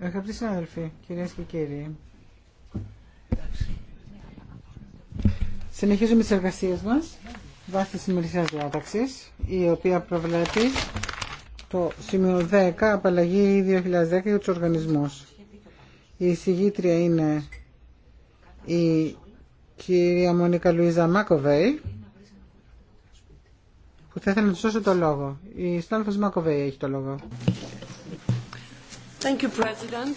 Αγαπητοί συνάδελφοι, κυρίες και κύριοι, συνεχίζουμε τις εργασίες μας βάσει της ημερησίας διάταξης, η οποία προβλέπει το σημείο 10, απαλλαγή 2010 για τους οργανισμούς. Η εισηγήτρια είναι η κυρία Μονίκα Λουίζα Μάκοβεϊ που θα ήθελα να του δώσω το λόγο. Η Στάλφος Μακοβέη έχει το λόγο. Thank you, President.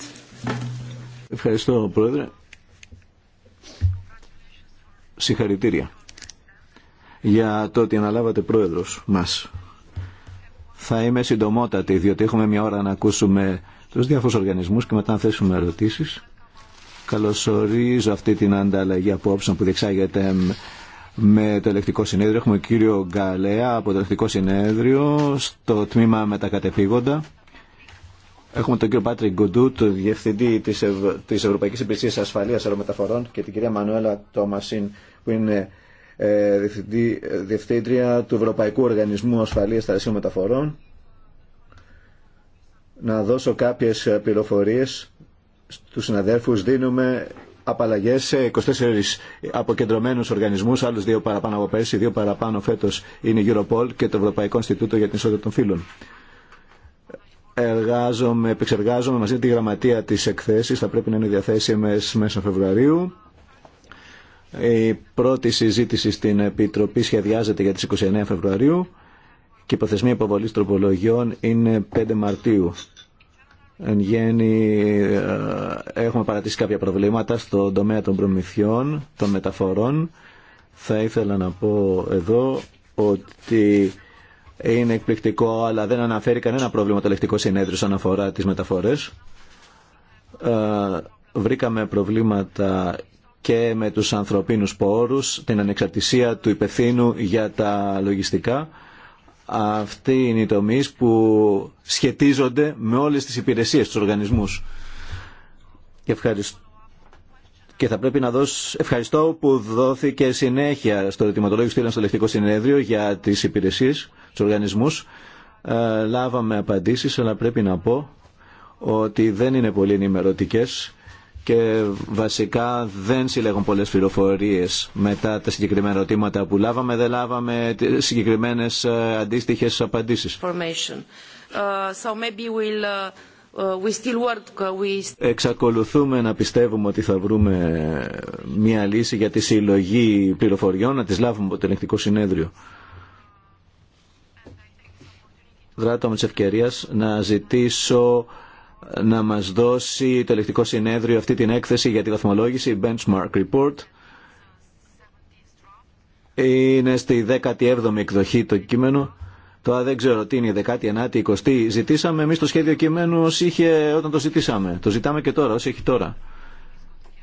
Ευχαριστώ, Πρόεδρε. Συγχαρητήρια για το ότι αναλάβατε πρόεδρος μας. Θα είμαι συντομότατη, διότι έχουμε μια ώρα να ακούσουμε τους διάφορους οργανισμούς και μετά να θέσουμε ερωτήσεις. Καλωσορίζω αυτή την ανταλλαγή απόψεων που διεξάγεται με το ελεκτικό συνέδριο. Έχουμε κύριο Γκαλέα από το ελεκτικό συνέδριο στο τμήμα με τα Έχουμε τον κύριο Πάτρικ Γκουντού, τον διευθυντή της, Ευ... της Ευρωπαϊκής Υπηρεσίας Ασφαλείας Αερομεταφορών και την κυρία Μανουέλα Τόμασιν που είναι ε, ε, διευθύντρια του Ευρωπαϊκού Οργανισμού Ασφαλείας Θαλασσίων Μεταφορών. Να δώσω κάποιες πληροφορίες στους συναδέλφους. Δίνουμε απαλλαγέ σε 24 αποκεντρωμένου οργανισμού, άλλου δύο παραπάνω από πέρσι, δύο παραπάνω φέτο είναι η Europol και το Ευρωπαϊκό Ινστιτούτο για την Ισότητα των Φύλων. Εργάζομαι, επεξεργάζομαι μαζί με τη γραμματεία τη εκθέση, θα πρέπει να είναι διαθέσιμε μέσα Φεβρουαρίου. Η πρώτη συζήτηση στην Επιτροπή σχεδιάζεται για τις 29 Φεβρουαρίου και η υποθεσμία υποβολής τροπολογιών είναι 5 Μαρτίου. Εν γέννη ε, έχουμε παρατήσει κάποια προβλήματα στον τομέα των προμηθειών, των μεταφορών. Θα ήθελα να πω εδώ ότι είναι εκπληκτικό αλλά δεν αναφέρει κανένα πρόβλημα το ελεκτικό συνέδριο σαν αφορά τις μεταφορές. Ε, βρήκαμε προβλήματα και με τους ανθρωπίνους πόρους, την ανεξαρτησία του υπευθύνου για τα λογιστικά αυτή είναι οι τομεί που σχετίζονται με όλες τις υπηρεσίες, του οργανισμούς. Και ευχαριστώ και θα πρέπει να δώσω ευχαριστώ που δόθηκε συνέχεια στο ερωτηματολόγιο του στο λεκτικό συνέδριο για τις υπηρεσίες, του οργανισμούς. Ε, λάβαμε απαντήσεις, αλλά πρέπει να πω ότι δεν είναι πολύ ενημερωτικέ και βασικά δεν συλλέγουν πολλές πληροφορίε μετά τα συγκεκριμένα ερωτήματα που λάβαμε, δεν λάβαμε συγκεκριμένες ε, αντίστοιχες απαντήσεις. Εξακολουθούμε να πιστεύουμε ότι θα βρούμε ε, μια λύση για τη συλλογή πληροφοριών, να τις λάβουμε από το ελεκτικό συνέδριο. Δράτω με της ευκαιρίας να ζητήσω να μας δώσει το ελεκτικό συνέδριο αυτή την έκθεση για τη βαθμολόγηση Benchmark Report. Είναι στη 17η εκδοχή το κείμενο. Τώρα δεν ξέρω τι είναι η 19η, 20η. Ζητήσαμε εμεί το σχέδιο κειμένου ως είχε όταν το ζητήσαμε. Το ζητάμε και τώρα, όσοι έχει τώρα.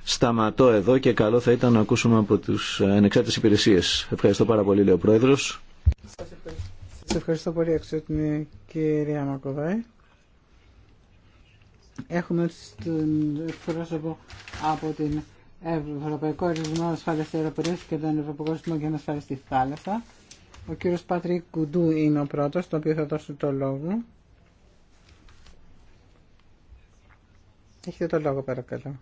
Σταματώ εδώ και καλό θα ήταν να ακούσουμε από τους ανεξάρτητες υπηρεσίες. Ευχαριστώ πάρα πολύ, λέει ο Πρόεδρος. Σας ευχαριστώ, ευχαριστώ πολύ, αξιότιμη κυρία Μακοβάη. Έχουμε τον εκπρόσωπο από την Ευρωπαϊκό Ορισμό Ασφάλεια Αεροπορία και τον Ευρωπαϊκό Ορισμό για να Ασφάλεια στη Θάλασσα. Ο κύριος Πάτρικ Κουντού είναι ο πρώτος, τον οποίο θα δώσω το λόγο. Έχετε το λόγο παρακαλώ.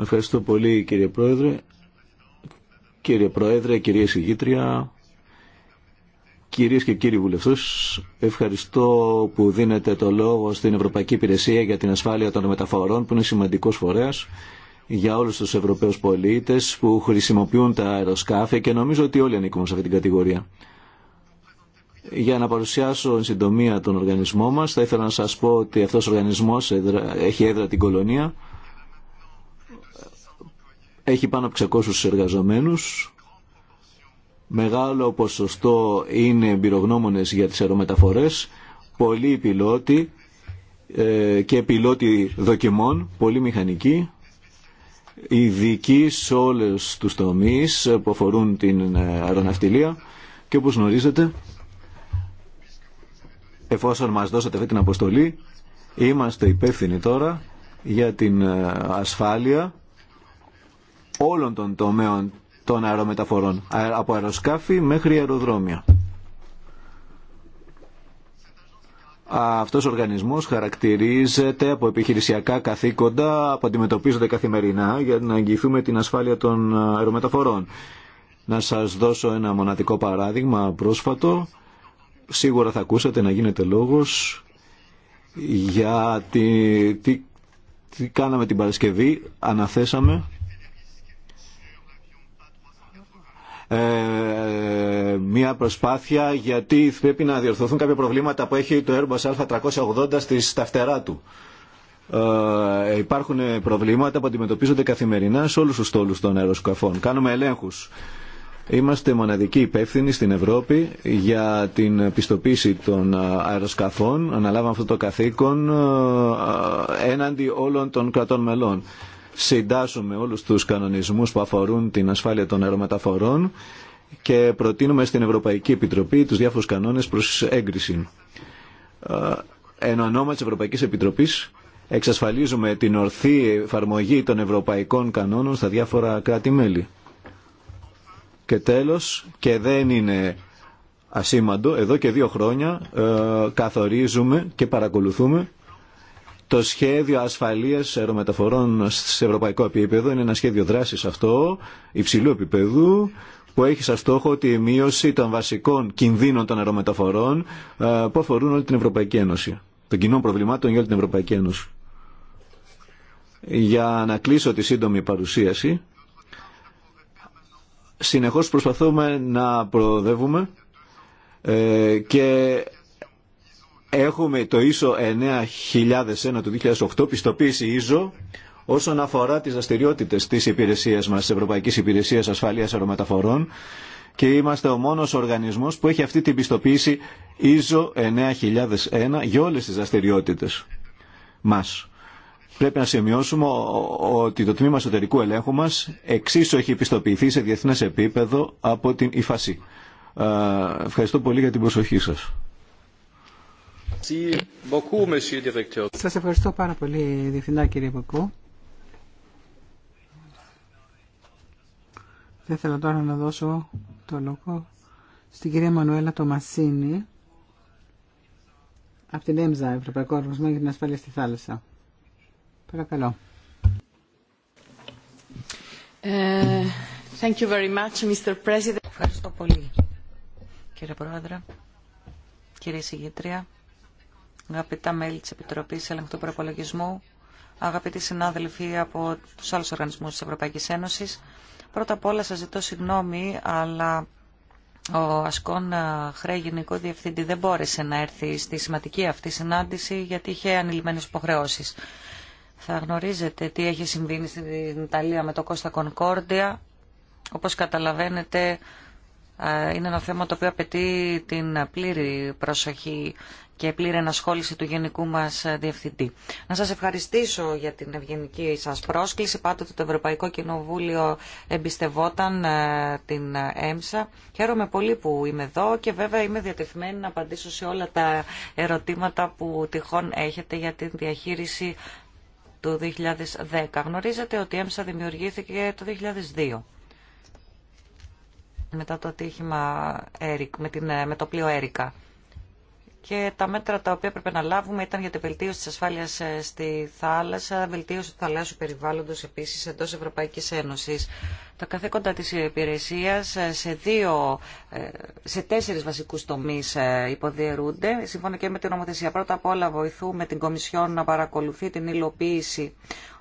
Ευχαριστώ πολύ κύριε Πρόεδρε. Κύριε Πρόεδρε, κυρία Συγήτρια, Κυρίες και κύριοι βουλευτές, ευχαριστώ που δίνετε το λόγο στην Ευρωπαϊκή Υπηρεσία για την Ασφάλεια των Μεταφορών, που είναι σημαντικός φορέας για όλους τους Ευρωπαίους πολίτες που χρησιμοποιούν τα αεροσκάφη και νομίζω ότι όλοι ανήκουμε σε αυτή την κατηγορία. Για να παρουσιάσω εν συντομία τον οργανισμό μας, θα ήθελα να σας πω ότι αυτός ο οργανισμός έχει έδρα την κολονία, έχει πάνω από 600 εργαζομένους, Μεγάλο ποσοστό είναι εμπειρογνώμονες για τις αερομεταφορές, πολλοί πιλότοι ε, και πιλότοι δοκιμών, πολλοί μηχανικοί, ειδικοί σε όλες τους τομείς που αφορούν την αεροναυτιλία και όπως γνωρίζετε, εφόσον μας δώσατε αυτή την αποστολή, είμαστε υπεύθυνοι τώρα για την ε, ασφάλεια όλων των τομέων των αερομεταφορών, από αεροσκάφη μέχρι αεροδρόμια. Αυτός ο οργανισμός χαρακτηρίζεται από επιχειρησιακά καθήκοντα που αντιμετωπίζονται καθημερινά για να αγγιθούμε την ασφάλεια των αερομεταφορών. Να σας δώσω ένα μοναδικό παράδειγμα πρόσφατο. Σίγουρα θα ακούσατε να γίνεται λόγος για τι, τι κάναμε την Παρασκευή. Αναθέσαμε Ε, μια προσπάθεια γιατί πρέπει να διορθωθούν κάποια προβλήματα που έχει το Airbus A380 στη σταυτερά του. Ε, υπάρχουν προβλήματα που αντιμετωπίζονται καθημερινά σε όλους τους στόλους των αεροσκαφών. Κάνουμε ελέγχους. Είμαστε μοναδικοί υπεύθυνοι στην Ευρώπη για την πιστοποίηση των αεροσκαφών. Αναλάβαμε αυτό το καθήκον ε, έναντι όλων των κρατών μελών συντάσσουμε όλους τους κανονισμούς που αφορούν την ασφάλεια των αερομεταφορών και προτείνουμε στην Ευρωπαϊκή Επιτροπή τους διάφορους κανόνες προς έγκριση. Ε, εν ονόμα της Ευρωπαϊκής Επιτροπής εξασφαλίζουμε την ορθή εφαρμογή των ευρωπαϊκών κανόνων στα διάφορα κράτη-μέλη. Και τέλος, και δεν είναι ασήμαντο, εδώ και δύο χρόνια ε, καθορίζουμε και παρακολουθούμε το σχέδιο ασφαλείας αερομεταφορών σε ευρωπαϊκό επίπεδο είναι ένα σχέδιο δράσης αυτό, υψηλού επίπεδου, που έχει σαν στόχο τη μείωση των βασικών κινδύνων των αερομεταφορών ε, που αφορούν όλη την Ευρωπαϊκή Ένωση. Των κοινών προβλημάτων για όλη την Ευρωπαϊκή Ένωση. Για να κλείσω τη σύντομη παρουσίαση, συνεχώς προσπαθούμε να προοδεύουμε ε, και Έχουμε το ISO 9001 του 2008, πιστοποίηση ISO, όσον αφορά τις δραστηριότητε της υπηρεσίας μας, της Ευρωπαϊκής Υπηρεσίας Ασφαλείας Αερομεταφορών και είμαστε ο μόνος οργανισμός που έχει αυτή την πιστοποίηση ISO 9001 για όλες τις δραστηριότητε μας. Πρέπει να σημειώσουμε ότι το τμήμα εσωτερικού ελέγχου μας εξίσου έχει πιστοποιηθεί σε διεθνές επίπεδο από την ΙΦΑΣΗ. Ε, ευχαριστώ πολύ για την προσοχή σας. Σας ευχαριστώ πάρα πολύ, Διευθυντά κύριε Μποκού. Θα ήθελα τώρα να δώσω το λόγο στην κυρία Μανουέλα Τομασίνη από την ΕΜΖΑ, Ευρωπαϊκό Οργανισμό για την Ασφάλεια στη Θάλασσα. Παρακαλώ. Ε, thank you very much, Mr. President. Ευχαριστώ πολύ, κύριε Πρόεδρε, κύριε Συγγήτρια, αγαπητά μέλη της Επιτροπής Ελέγχου Προπολογισμού, αγαπητοί συνάδελφοι από τους άλλους οργανισμούς της Ευρωπαϊκής Ένωσης, πρώτα απ' όλα σας ζητώ συγγνώμη, αλλά ο Ασκόν ε, Χρέη Γενικό Διευθυντή δεν μπόρεσε να έρθει στη σημαντική αυτή συνάντηση γιατί είχε ανηλυμένες υποχρεώσεις. Θα γνωρίζετε τι έχει συμβεί στην Ιταλία με το Κώστα Κονκόρντια. Όπως καταλαβαίνετε είναι ένα θέμα το οποίο απαιτεί την πλήρη προσοχή και πλήρη ενασχόληση του Γενικού μας Διευθυντή. Να σας ευχαριστήσω για την ευγενική σας πρόσκληση. Πάντοτε το Ευρωπαϊκό Κοινοβούλιο εμπιστευόταν ε, την ΕΜΣΑ. Χαίρομαι πολύ που είμαι εδώ και βέβαια είμαι διατεθειμένη να απαντήσω σε όλα τα ερωτήματα που τυχόν έχετε για την διαχείριση του 2010. Γνωρίζετε ότι η ΕΜΣΑ δημιουργήθηκε το 2002 μετά το ατύχημα με, την, με το πλοίο Έρικα. Και τα μέτρα τα οποία πρέπει να λάβουμε ήταν για την βελτίωση τη ασφάλεια ε, στη θάλασσα, βελτίωση του θαλάσσιου περιβάλλοντο επίση εντό Ευρωπαϊκή Ένωση. Τα καθήκοντα τη υπηρεσία ε, σε, δύο, ε, σε τέσσερις βασικούς τομείς υποδιαιρούνται, σύμφωνα και με την νομοθεσία. Πρώτα απ' όλα βοηθούμε την Κομισιόν να παρακολουθεί την υλοποίηση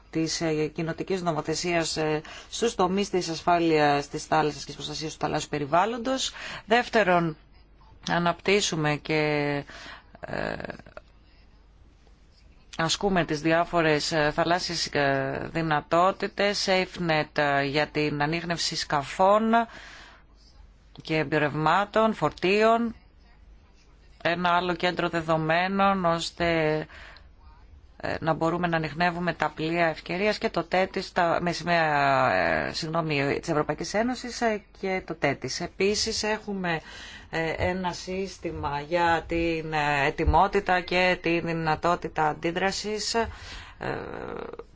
της ε, κοινοτικής νομοθεσίας ε, στους τομείς της ασφάλειας της θάλασσας και της προστασίας του θαλάσσιου περιβάλλοντος. Δεύτερον, αναπτύσσουμε και ε, ασκούμε τις διάφορες θαλάσσιες δυνατότητες, SafeNet για την ανείχνευση σκαφών και εμπειρευμάτων, φορτίων, ένα άλλο κέντρο δεδομένων ώστε ε, να μπορούμε να ανοιχνεύουμε τα πλοία ευκαιρία και το τέτη με σημαία ε, συγγνώμη, της Ευρωπαϊκής Ένωσης ε, και το τέτη. Επίσης έχουμε ένα σύστημα για την ετοιμότητα και τη δυνατότητα αντίδρασης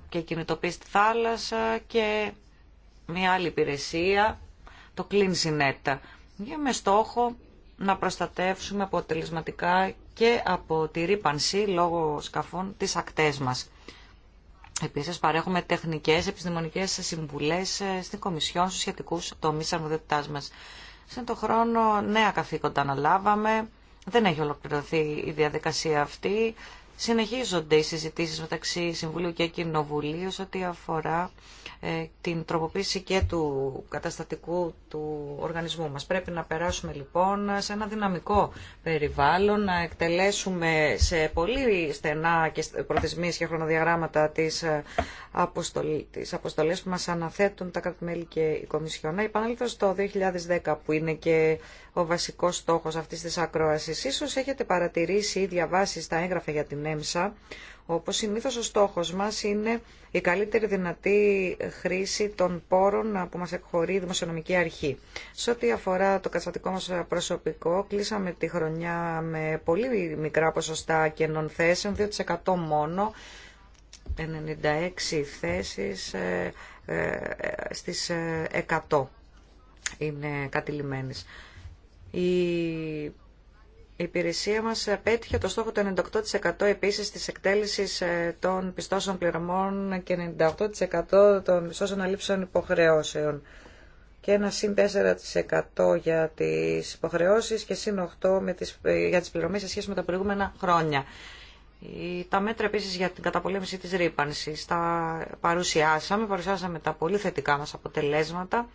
και κινητοποίηση στη θάλασσα και μια άλλη υπηρεσία, το CleanSynet, για με στόχο να προστατεύσουμε αποτελεσματικά και από τη ρήπανση λόγω σκαφών τις ακτές μας. Επίσης παρέχουμε τεχνικές επιστημονικές συμβουλές ε, στην Κομισιόν στους σχετικούς τομείς αρμοδιότητάς μας. Σε τον χρόνο νέα καθήκοντα αναλάβαμε. Δεν έχει ολοκληρωθεί η διαδικασία αυτή. Συνεχίζονται οι συζητήσεις μεταξύ Συμβουλίου και Κοινοβουλίου ό,τι αφορά ε, την τροποποίηση και του καταστατικού του οργανισμού μας. Πρέπει να περάσουμε λοιπόν σε ένα δυναμικό περιβάλλον, να εκτελέσουμε σε πολύ στενά και προθεσμίες και χρονοδιαγράμματα τις, ε, αποστολή αποστολές που μας αναθέτουν τα κρατημέλη και η Κομισιονά. στο 2010 που είναι και ο βασικό στόχο αυτή τη ακρόαση. Ίσως έχετε παρατηρήσει ή διαβάσει στα έγγραφα για την ΕΜΣΑ, Όπω συνήθω ο στόχο μα είναι η καλύτερη δυνατή χρήση των πόρων που μα εκχωρεί η Δημοσιονομική Αρχή. Σε ό,τι αφορά το καταστατικό μα προσωπικό, κλείσαμε τη χρονιά με πολύ μικρά ποσοστά κενών θέσεων, 2% μόνο, 96 θέσεις ε, ε, ε στις 100 ε, είναι κατηλημένες. Η υπηρεσία μας πέτυχε το στόχο του 98% επίσης της εκτέλεσης ε, των πιστώσεων πληρωμών και 98% των πιστώσεων αλήψεων υποχρεώσεων και ένα συν 4% για τις υποχρεώσεις και συν 8% με τις, ε, για τις πληρωμές σε σχέση με τα προηγούμενα χρόνια. Τα μέτρα επίση για την καταπολέμηση της ρήπανσης τα παρουσιάσαμε, παρουσιάσαμε τα πολύ θετικά μας αποτελέσματα.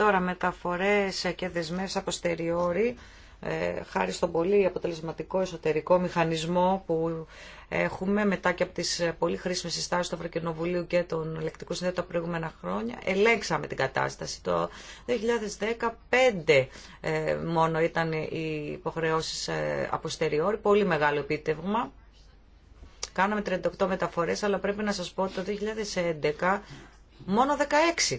Τώρα μεταφορές και δεσμεύσεις αποστεριώρη, ε, χάρη στον πολύ αποτελεσματικό εσωτερικό μηχανισμό που έχουμε μετά και από τις πολύ χρήσιμες συστάσεις του Ευρωκοινοβουλίου και των ελεκτικού συνέδριου τα προηγούμενα χρόνια, ελέγξαμε την κατάσταση. Το 2015 ε, μόνο ήταν οι υποχρεώσεις ε, στεριόρι, πολύ μεγάλο επίτευγμα. Κάναμε 38 μεταφορές, αλλά πρέπει να σας πω ότι το 2011 μόνο 16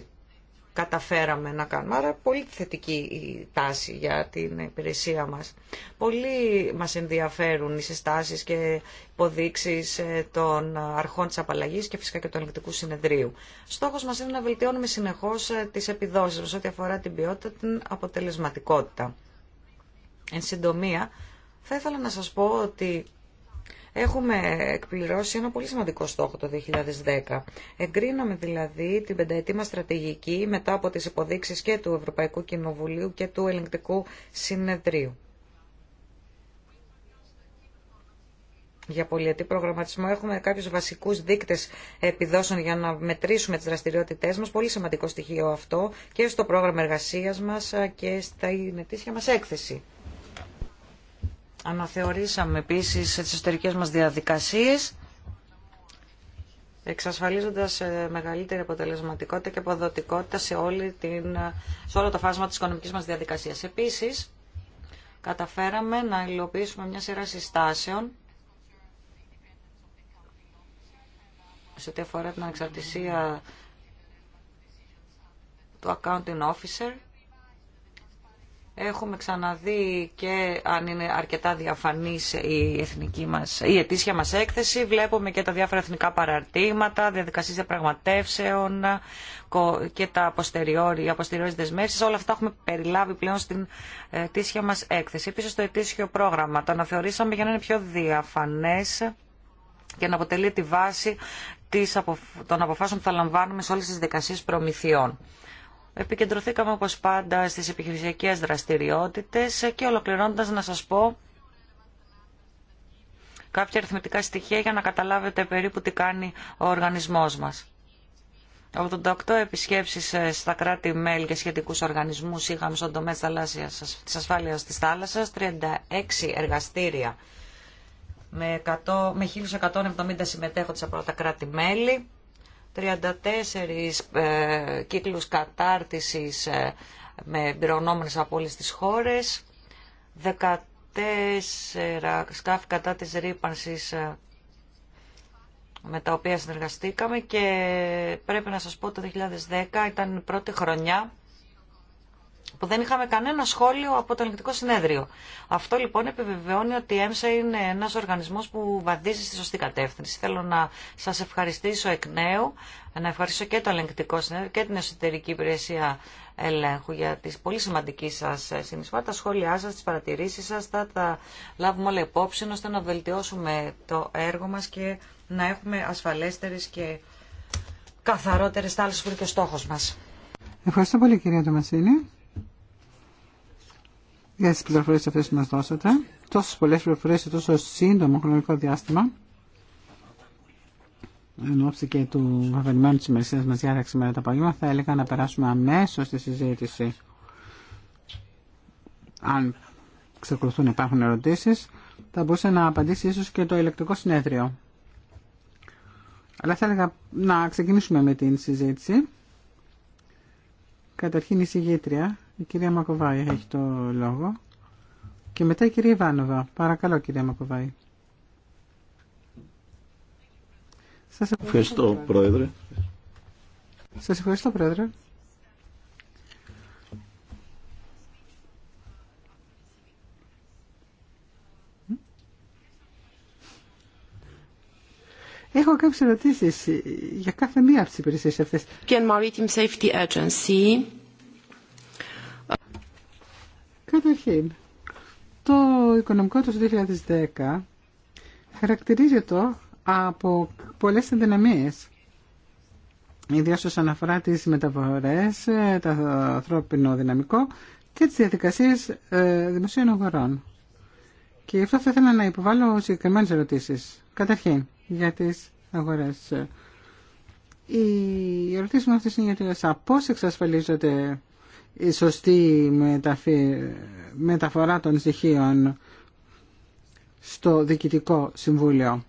καταφέραμε να κάνουμε. Άρα πολύ θετική η τάση για την υπηρεσία μας. Πολύ μας ενδιαφέρουν οι συστάσεις και υποδείξεις ε, των αρχών της απαλλαγής και φυσικά και του ελεγκτικού συνεδρίου. Στόχος μας είναι να βελτιώνουμε συνεχώς ε, τις επιδόσεις μας ό,τι αφορά την ποιότητα, την αποτελεσματικότητα. Εν συντομία, θα ήθελα να σας πω ότι έχουμε εκπληρώσει ένα πολύ σημαντικό στόχο το 2010. Εγκρίναμε δηλαδή την πενταετή μας στρατηγική μετά από τις υποδείξεις και του Ευρωπαϊκού Κοινοβουλίου και του Ελεγκτικού Συνεδρίου. για πολιετή προγραμματισμό έχουμε κάποιους βασικούς δείκτες επιδόσεων για να μετρήσουμε τις δραστηριότητές μας. Πολύ σημαντικό στοιχείο αυτό και στο πρόγραμμα εργασίας μας και στα ημετήσια μας έκθεση. Αναθεωρήσαμε επίσης τις εσωτερικές μας διαδικασίες εξασφαλίζοντας ε, μεγαλύτερη αποτελεσματικότητα και αποδοτικότητα σε, όλη την, όλο το φάσμα της οικονομικής μας διαδικασίας. Επίσης, καταφέραμε να υλοποιήσουμε μια σειρά συστάσεων σε ό,τι αφορά την ανεξαρτησία του accounting officer Έχουμε ξαναδεί και αν είναι αρκετά διαφανής η, εθνική μας, η ετήσια μας έκθεση. Βλέπουμε και τα διάφορα εθνικά παραρτήματα, διαδικασίες διαπραγματεύσεων και τα οι αποστεριώρες δεσμεύσεις. Όλα αυτά έχουμε περιλάβει πλέον στην ετήσια μας έκθεση. Επίσης το ετήσιο πρόγραμμα το αναθεωρήσαμε για να είναι πιο διαφανές και να αποτελεί τη βάση των αποφάσεων που θα λαμβάνουμε σε όλες τις δικασίες προμηθειών. Επικεντρωθήκαμε όπως πάντα στις επιχειρησιακές δραστηριότητες και ολοκληρώνοντας να σας πω κάποια αριθμητικά στοιχεία για να καταλάβετε περίπου τι κάνει ο οργανισμός μας. 88 επισκέψεις ε, στα κράτη-μέλη και σχετικούς οργανισμούς είχαμε στον τομέα της, θαλάσσιας, της ασφάλειας της θάλασσας, 36 εργαστήρια με, με 1.170 συμμετέχοντες από τα κράτη-μέλη, 34 ε, κύκλους κατάρτισης ε, με εμπειρονόμενες από όλες τις χώρες, 14 σκάφη κατά της ρήπανσης ε, με τα οποία συνεργαστήκαμε και πρέπει να σας πω το 2010 ήταν η πρώτη χρονιά που δεν είχαμε κανένα σχόλιο από το ελεγκτικό συνέδριο. Αυτό λοιπόν επιβεβαιώνει ότι η ΕΜΣΑ είναι ένα οργανισμό που βαδίζει στη σωστή κατεύθυνση. Θέλω να σα ευχαριστήσω εκ νέου, να ευχαριστήσω και το ελεγκτικό συνέδριο και την εσωτερική υπηρεσία ελέγχου για τι πολύ σημαντικέ σα συνεισφορά, τα σχόλιά σα, τι παρατηρήσει σα, θα τα λάβουμε όλα υπόψη ώστε να βελτιώσουμε το έργο μα και να έχουμε ασφαλέστερε και καθαρότερε θάλασσες που είναι και ο στόχο μα. Ευχαριστώ πολύ κυρία Τομασίνη για τις πληροφορίες αυτές που μας δώσατε. Τόσες πολλές πληροφορίες σε τόσο σύντομο χρονικό διάστημα. Εν ώψη και του βαβελμένου της ημερησίας μας για σήμερα το απόγευμα, θα έλεγα να περάσουμε αμέσως στη συζήτηση. Αν ξεκολουθούν να υπάρχουν ερωτήσεις, θα μπορούσε να απαντήσει ίσως και το ηλεκτρικό συνέδριο. Αλλά θα έλεγα να ξεκινήσουμε με την συζήτηση. Καταρχήν η συγγήτρια, η κυρία Μακοβάη έχει το λόγο. Και μετά η κυρία Ιβάνοβα. Παρακαλώ κυρία Μακοβάη. Σας ευχαριστώ, πρόεδρε. Σας ευχαριστώ πρόεδρε. Έχω κάποιες ερωτήσεις για κάθε μία από τις υπηρεσίες αυτές. Και Maritime Safety Agency Καταρχήν, το οικονομικό του 2010 χαρακτηρίζεται από πολλές ενδυναμίες. Ιδίως όσον αφορά τις μεταφορές, το ανθρώπινο δυναμικό και τις διαδικασίες ε, δημοσίων αγορών. Και αυτό θα ήθελα να υποβάλω συγκεκριμένε ερωτήσεις. Καταρχήν, για τις αγορές. Οι ερωτήσει μου αυτές είναι για πώ ΕΣΑ. Πώς εξασφαλίζονται η σωστή μεταφορά των στοιχείων στο Διοικητικό Συμβούλιο.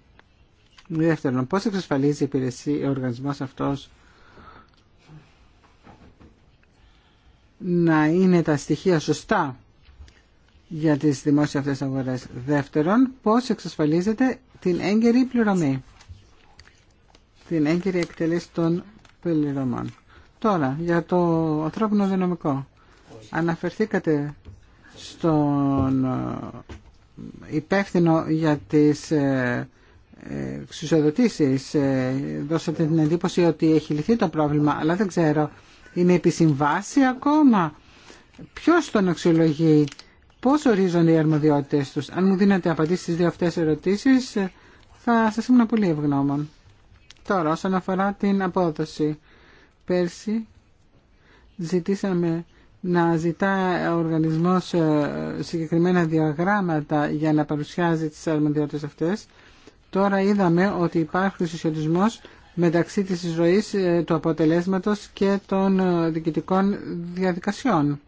Δεύτερον, πώς εξασφαλίζει η υπηρεσία, ο οργανισμός αυτός να είναι τα στοιχεία σωστά για τις δημόσιες αυτές αγορές. Δεύτερον, πώς εξασφαλίζεται την έγκαιρη πληρωμή, την έγκαιρη εκτελέση των πληρωμών. Τώρα, για το ανθρώπινο δυναμικό. Αναφερθήκατε στον ε, υπεύθυνο για τις ε, ε, εξουσιοδοτήσεις. Δώσατε την εντύπωση ότι έχει λυθεί το πρόβλημα, αλλά δεν ξέρω. Είναι επισυμβάση ακόμα. Ποιος τον αξιολογεί, πώς ορίζονται οι αρμοδιότητες τους. Αν μου δίνετε απαντήσεις στις δύο αυτές ερωτήσεις, θα σας ήμουν πολύ ευγνώμων. Τώρα, όσον αφορά την απόδοση πέρσι ζητήσαμε να ζητά ο οργανισμός ε, συγκεκριμένα διαγράμματα για να παρουσιάζει τις αρμοδιότητες αυτές. Τώρα είδαμε ότι υπάρχει συσχετισμός μεταξύ της ζωής ε, του αποτελέσματος και των ε, διοικητικών διαδικασιών.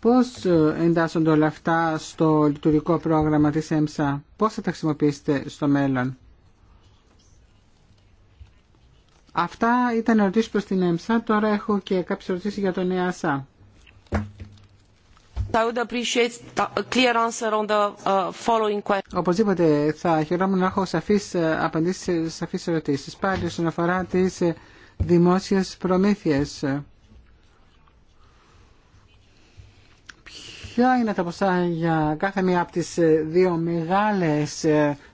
Πώς εντάσσονται όλα αυτά στο λειτουργικό πρόγραμμα της ΕΜΣΑ, πώς θα τα χρησιμοποιήσετε στο μέλλον. Αυτά ήταν ερωτήσει προ την ΕΜΣΑ. Τώρα έχω και κάποιε ερωτήσει για τον ΕΑΣΑ. Uh, Οπωσδήποτε θα χαιρόμουν να έχω σαφείς ε, απαντήσεις σε σαφεί ερωτήσει Πάλι όσον αφορά τι ε, δημόσιε προμήθειες. Ποια είναι τα ποσά για κάθε μία από τις ε, δύο μεγάλες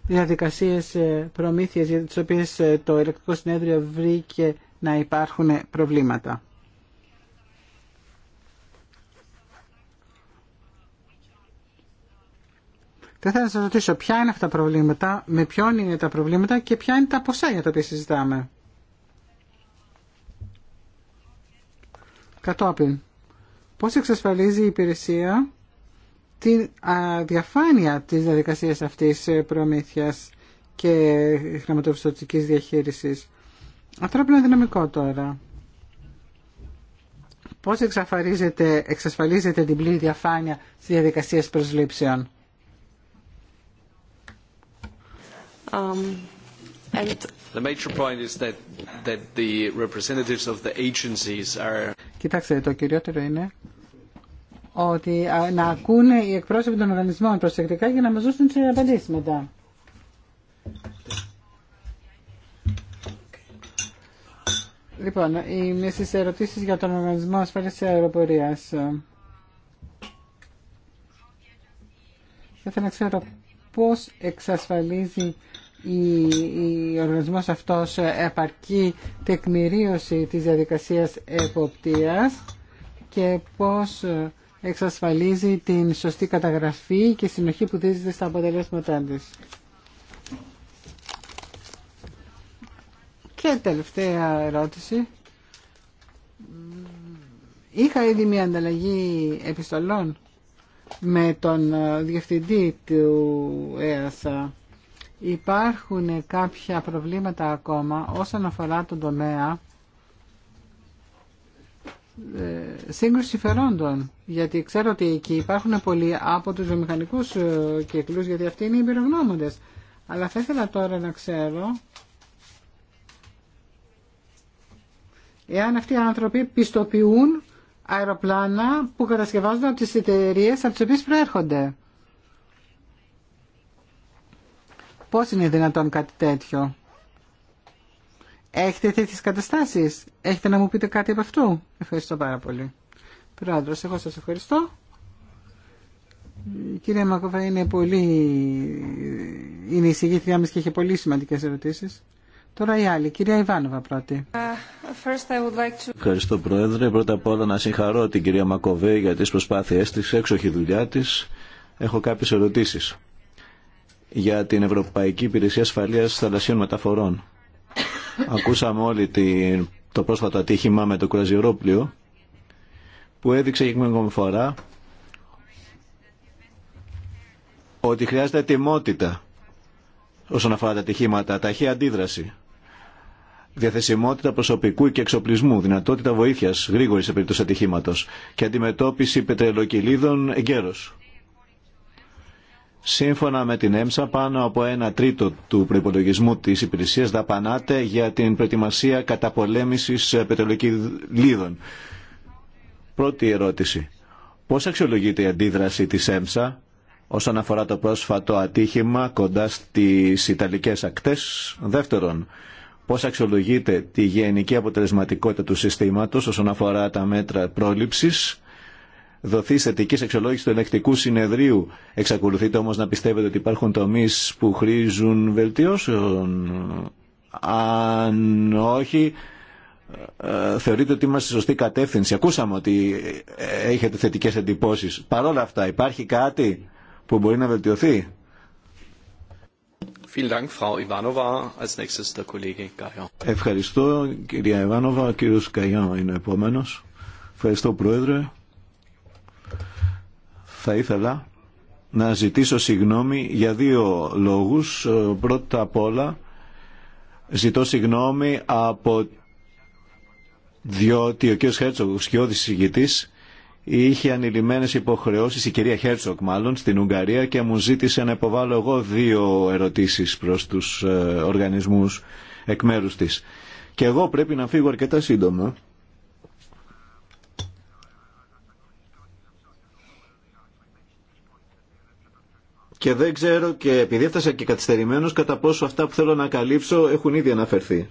Διαδικασίε ε, προμήθεια για τι οποίε ε, το ηλεκτρικό συνέδριο βρήκε να υπάρχουν προβλήματα. Θα ήθελα να σας ρωτήσω ποια είναι αυτά τα προβλήματα, με ποιον είναι τα προβλήματα και ποια είναι τα ποσά για τα οποία συζητάμε. Κατόπιν, πώς εξασφαλίζει η υπηρεσία την αδιαφάνεια της διαδικασίας αυτής ε, προμήθειας και χρηματοπιστωτικής διαχείρισης. είναι δυναμικό τώρα. Πώς εξαφαρίζεται, εξασφαλίζεται την πλήρη διαφάνεια στις διαδικασίες προσλήψεων. Um, and... The point is that, the representatives of the agencies are... Κοιτάξτε, το κυριότερο είναι ότι να ακούνε οι εκπρόσωποι των οργανισμών προσεκτικά για να μας δώσουν τις απαντήσεις μετά. Λοιπόν, οι στις ερωτήσεις για τον Οργανισμό Ασφάλειας Αεροπορίας. Θα ήθελα να ξέρω πώς εξασφαλίζει η, η οργανισμός αυτός επαρκή τεκμηρίωση της διαδικασίας εποπτείας και πώς εξασφαλίζει την σωστή καταγραφή και συνοχή που δίζεται στα αποτελέσματά της. Και τελευταία ερώτηση. Είχα ήδη μια ανταλλαγή επιστολών με τον ε, διευθυντή του ΕΑΣΑ. Υπάρχουν κάποια προβλήματα ακόμα όσον αφορά τον τομέα ε, σύγκρουση συμφερόντων. Γιατί ξέρω ότι εκεί υπάρχουν πολλοί από τους βιομηχανικούς ε, κύκλους, γιατί αυτοί είναι οι εμπειρογνώμοντες. Αλλά θα ήθελα τώρα να ξέρω εάν αυτοί οι άνθρωποι πιστοποιούν αεροπλάνα που κατασκευάζονται από τις εταιρείε από τις οποίες προέρχονται. Πώς είναι δυνατόν κάτι τέτοιο. Έχετε τέτοιες καταστάσεις. Έχετε να μου πείτε κάτι από αυτού. Ευχαριστώ πάρα πολύ. Πρόεδρος, εγώ σας ευχαριστώ. Η κυρία Μακόβα είναι πολύ... είναι η μας και έχει πολύ σημαντικές ερωτήσεις. Τώρα η άλλη, κυρία Ιβάνοβα πρώτη. Uh, ευχαριστώ Πρόεδρε. Πρώτα απ' όλα να συγχαρώ την κυρία Μακοβέ για τις προσπάθειές της, έξοχη δουλειά της. Έχω κάποιες ερωτήσεις για την Ευρωπαϊκή Υπηρεσία Ασφαλείας Θαλασσίων Μεταφορών. Ακούσαμε όλοι την, το πρόσφατο ατύχημα με το κουραζιερόπλιο που έδειξε για ακόμη φορά ότι χρειάζεται ετοιμότητα όσον αφορά τα ατυχήματα, ταχεία αντίδραση, διαθεσιμότητα προσωπικού και εξοπλισμού, δυνατότητα βοήθειας γρήγορη σε περίπτωση ατυχήματο και αντιμετώπιση πετρελοκυλίδων εγκαίρως. Σύμφωνα με την ΕΜΣΑ, πάνω από ένα τρίτο του προπολογισμού τη υπηρεσία δαπανάται για την προετοιμασία καταπολέμηση λίδων. Πρώτη ερώτηση. Πώς αξιολογείται η αντίδραση της ΕΜΣΑ όσον αφορά το πρόσφατο ατύχημα κοντά στις Ιταλικές ακτές. Δεύτερον, πώς αξιολογείται τη γενική αποτελεσματικότητα του συστήματος όσον αφορά τα μέτρα πρόληψης δοθεί θετική αξιολόγηση του ενεκτικού συνεδρίου. Εξακολουθείτε όμω να πιστεύετε ότι υπάρχουν τομεί που χρήζουν βελτιώσεων. Αν όχι, ε, θεωρείτε ότι είμαστε στη σωστή κατεύθυνση. Ακούσαμε ότι έχετε θετικέ εντυπωσει. παρόλα αυτά υπάρχει κάτι που μπορεί να βελτιωθεί. Ευχαριστώ κυρία Ιβάνοβα. Ο κύριος Καγιάν είναι επόμενος. Ευχαριστώ πρόεδρε. Θα ήθελα να ζητήσω συγγνώμη για δύο λόγους. Πρώτα απ' όλα ζητώ συγγνώμη από διότι ο κ. Χέρτσοκ, ο σκιώδης συγγητής, είχε ανηλυμένες υποχρεώσεις, η κυρία Χέρτσοκ μάλλον, στην Ουγγαρία και μου ζήτησε να υποβάλω εγώ δύο ερωτήσεις προς τους ε, οργανισμούς εκ μέρους της. Και εγώ πρέπει να φύγω αρκετά σύντομα και δεν ξέρω και επειδή έφτασα και καθυστερημένος κατά πόσο αυτά που θέλω να καλύψω έχουν ήδη αναφερθεί.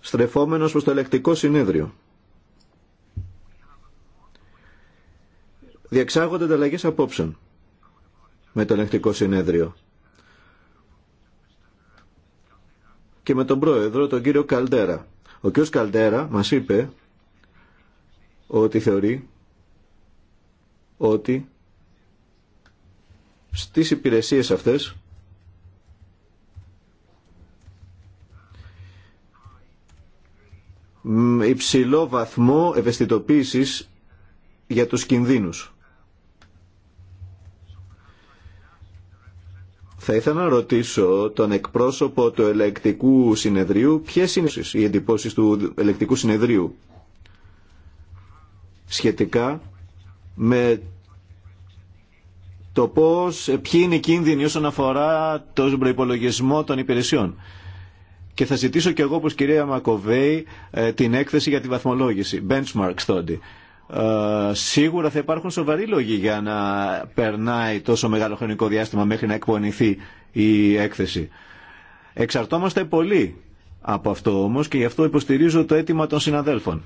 Στρεφόμενος προς το ελεκτικό συνέδριο. Διεξάγονται ανταλλαγέ απόψεων με το ελεκτικό συνέδριο και με τον πρόεδρο, τον κύριο Καλτέρα. Ο κύριο Καλτέρα μας είπε ότι θεωρεί ότι στις υπηρεσίες αυτές υψηλό βαθμό ευαισθητοποίησης για τους κινδύνους. Θα ήθελα να ρωτήσω τον εκπρόσωπο του ελεκτικού συνεδρίου ποιες είναι οι εντυπώσεις του ελεκτικού συνεδρίου σχετικά με το πώς, ποιοι είναι οι κίνδυνοι όσον αφορά τον προπολογισμό των υπηρεσιών. Και θα ζητήσω και εγώ, όπως κυρία Μακοβέη, ε, την έκθεση για τη βαθμολόγηση. Benchmark study. Ε, σίγουρα θα υπάρχουν σοβαροί λόγοι για να περνάει τόσο μεγάλο χρονικό διάστημα μέχρι να εκπονηθεί η έκθεση. Εξαρτόμαστε πολύ από αυτό όμως και γι' αυτό υποστηρίζω το αίτημα των συναδέλφων.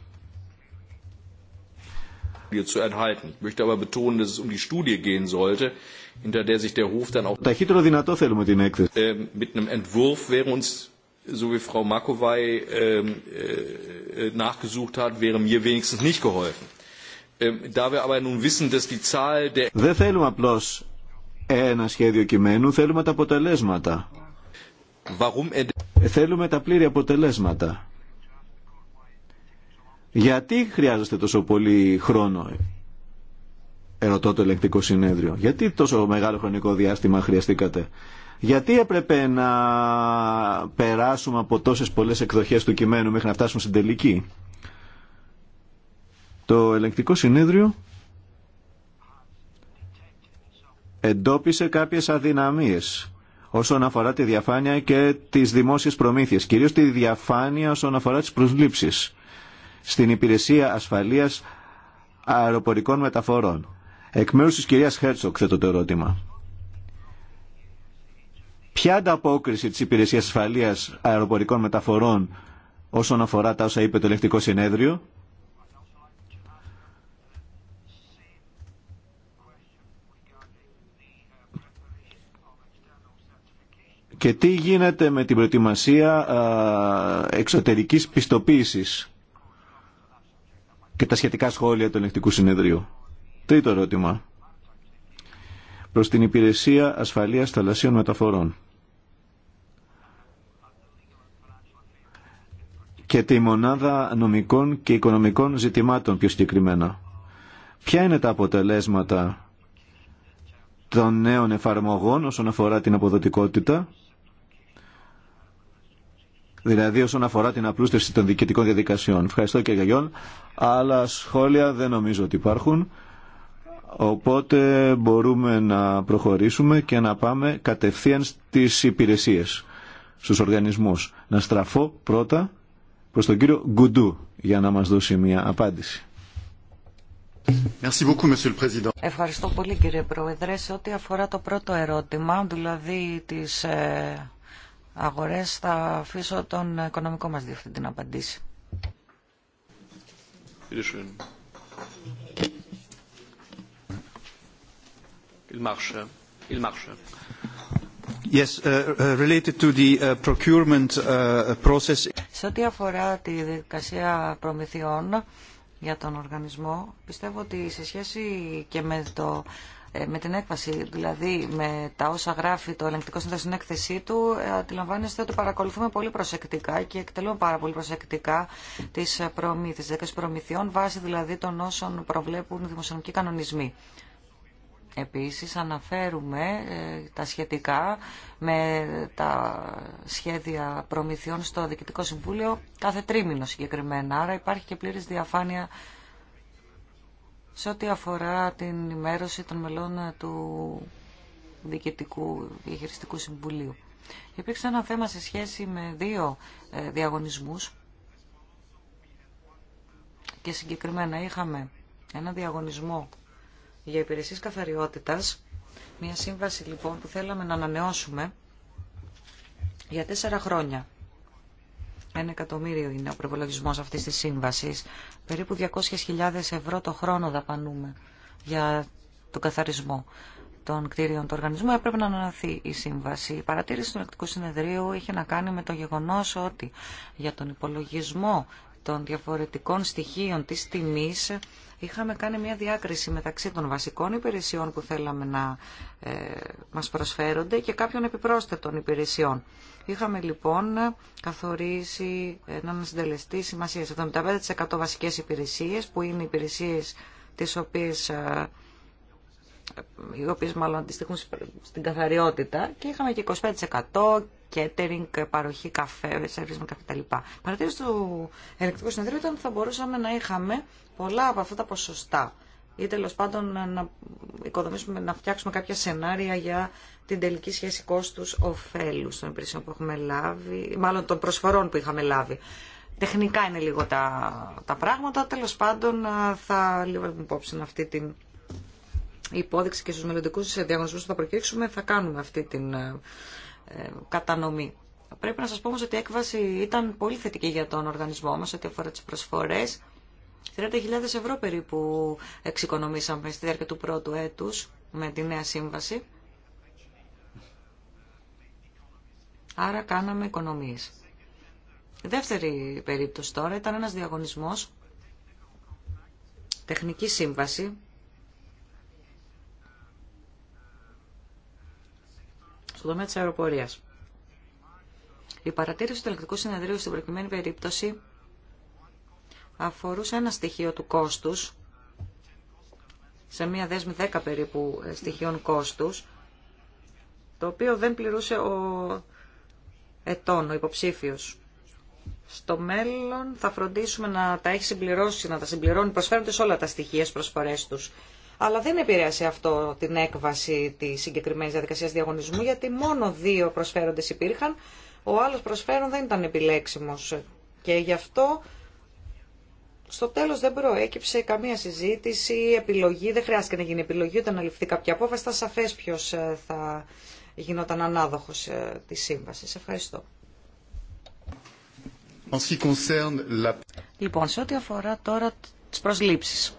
Papier zu enthalten. Ich möchte aber betonen, dass es um die Studie gehen sollte, hinter der sich der Hof dann auch mit einem Entwurf wäre uns, so wie Frau Makowai nachgesucht hat, wäre mir wenigstens nicht geholfen. Da wir aber nun wissen, dass die Zahl der ένα σχέδιο κειμένου, θέλουμε τα αποτελέσματα. Warum... Θέλουμε τα πλήρη αποτελέσματα. Γιατί χρειάζεστε τόσο πολύ χρόνο, ερωτώ το ελεκτικό συνέδριο. Γιατί τόσο μεγάλο χρονικό διάστημα χρειαστήκατε. Γιατί έπρεπε να περάσουμε από τόσες πολλές εκδοχές του κειμένου μέχρι να φτάσουμε στην τελική. Το ελεκτικό συνέδριο εντόπισε κάποιες αδυναμίες όσον αφορά τη διαφάνεια και τις δημόσιες προμήθειες, κυρίως τη διαφάνεια όσον αφορά τις προσλήψεις στην Υπηρεσία Ασφαλείας Αεροπορικών Μεταφορών. Εκ μέρου τη κυρίας Χέρτσοκ θέτω το ερώτημα. Ποια ανταπόκριση της Υπηρεσίας Ασφαλείας Αεροπορικών Μεταφορών όσον αφορά τα όσα είπε το Ελεκτικό Συνέδριο και τι γίνεται με την προετοιμασία εξωτερικής πιστοποίησης και τα σχετικά σχόλια του ελεγκτικού συνεδρίου. Τρίτο ερώτημα. Προς την Υπηρεσία Ασφαλείας Θαλασσίων Μεταφορών. και τη Μονάδα Νομικών και Οικονομικών Ζητημάτων πιο συγκεκριμένα. Ποια είναι τα αποτελέσματα των νέων εφαρμογών όσον αφορά την αποδοτικότητα δηλαδή όσον αφορά την απλούστευση των διοικητικών διαδικασιών. Ευχαριστώ και Γιον. Άλλα σχόλια δεν νομίζω ότι υπάρχουν. Οπότε μπορούμε να προχωρήσουμε και να πάμε κατευθείαν στις υπηρεσίες, στους οργανισμούς. Να στραφώ πρώτα προς τον κύριο Γκουντού για να μας δώσει μια απάντηση. Ευχαριστώ πολύ κύριε Πρόεδρε. Σε ό,τι αφορά το πρώτο ερώτημα, δηλαδή τις ε, αγορές θα αφήσω τον οικονομικό μας διευθυντή να απαντήσει. Yes, uh, uh, related to the uh, procurement process. Σε ό,τι αφορά τη διαδικασία προμηθειών για τον οργανισμό, πιστεύω ότι σε σχέση και με το με την έκβαση, δηλαδή με τα όσα γράφει το ελεγκτικό σύνδεσμο στην έκθεσή του, ε, αντιλαμβάνεστε ότι παρακολουθούμε πολύ προσεκτικά και εκτελούμε πάρα πολύ προσεκτικά τι ε, προμήθειε, προμηθειών, βάσει δηλαδή των όσων προβλέπουν οι δημοσιονομικοί κανονισμοί. Επίσης αναφέρουμε ε, τα σχετικά με τα σχέδια προμηθειών στο Διοικητικό Συμβούλιο κάθε τρίμηνο συγκεκριμένα. Άρα υπάρχει και πλήρης διαφάνεια σε ό,τι αφορά την ενημέρωση των μελών ε, του Διοικητικού Διαχειριστικού Συμβουλίου. Υπήρξε ένα θέμα σε σχέση με δύο ε, διαγωνισμούς και συγκεκριμένα είχαμε ένα διαγωνισμό για υπηρεσίες καθαριότητας, μια σύμβαση λοιπόν που θέλαμε να ανανεώσουμε για τέσσερα χρόνια. Ένα εκατομμύριο είναι ο προπολογισμό αυτή τη σύμβαση. Περίπου 200.000 ευρώ το χρόνο δαπανούμε για τον καθαρισμό των κτίριων του οργανισμού. Έπρεπε να αναθεί η σύμβαση. Η παρατήρηση του Ελεκτικού Συνεδρίου είχε να κάνει με το γεγονό ότι για τον υπολογισμό των διαφορετικών στοιχείων της τιμής είχαμε κάνει μια διάκριση μεταξύ των βασικών υπηρεσιών που θέλαμε να ε, μας προσφέρονται και κάποιων επιπρόσθετων υπηρεσιών. Είχαμε λοιπόν καθορίσει έναν συντελεστή σημασία 75% βασικές υπηρεσίες που είναι υπηρεσίες τις οποίες ε, οι οποίε μάλλον αντιστοιχούν στην καθαριότητα και είχαμε και 25% catering, παροχή καφέ, με καφέ λοιπά. Παρατήρηση του ελεκτρικού συνεδρίου ήταν ότι θα μπορούσαμε να είχαμε πολλά από αυτά τα ποσοστά ή τέλο πάντων να οικοδομήσουμε, να φτιάξουμε κάποια σενάρια για την τελική σχέση κόστου ωφέλου των υπηρεσιών που έχουμε λάβει, μάλλον των προσφορών που είχαμε λάβει. Τεχνικά είναι λίγο τα, τα πράγματα, τέλο πάντων θα την υπόψη αυτή την υπόδειξη και στους μελλοντικού διαγωνισμού που θα προκύξουμε θα κάνουμε αυτή την ε, ε, κατανομή. Πρέπει να σας πω όμως ότι η έκβαση ήταν πολύ θετική για τον οργανισμό μας ό,τι αφορά τις προσφορές. 30.000 ευρώ περίπου εξοικονομήσαμε στη διάρκεια του πρώτου έτους με τη νέα σύμβαση. Άρα κάναμε οικονομίες. Η δεύτερη περίπτωση τώρα ήταν ένας διαγωνισμός, τεχνική σύμβαση, στον τομέα της αεροπορίας. Η παρατήρηση του ελεκτικού συνεδρίου στην προκειμένη περίπτωση αφορούσε ένα στοιχείο του κόστους, σε μία δέσμη 10 περίπου ε, στοιχείων κόστους, το οποίο δεν πληρούσε ο ετών, ο υποψήφιος. Στο μέλλον θα φροντίσουμε να τα έχει συμπληρώσει, να τα συμπληρώνει σε όλα τα στοιχεία προσφορές τους. Αλλά δεν επηρέασε αυτό την έκβαση τη συγκεκριμένη διαδικασία διαγωνισμού, γιατί μόνο δύο προσφέροντες υπήρχαν. Ο άλλος προσφέρον δεν ήταν επιλέξιμος και γι' αυτό στο τέλος δεν προέκυψε καμία συζήτηση, επιλογή, δεν χρειάστηκε να γίνει επιλογή να ληφθεί κάποια απόφαση, Θα σαφές ποιος ε, θα γινόταν ανάδοχος ε, της σύμβασης. Ευχαριστώ. Λοιπόν, σε ό,τι αφορά τώρα τις προσλήψεις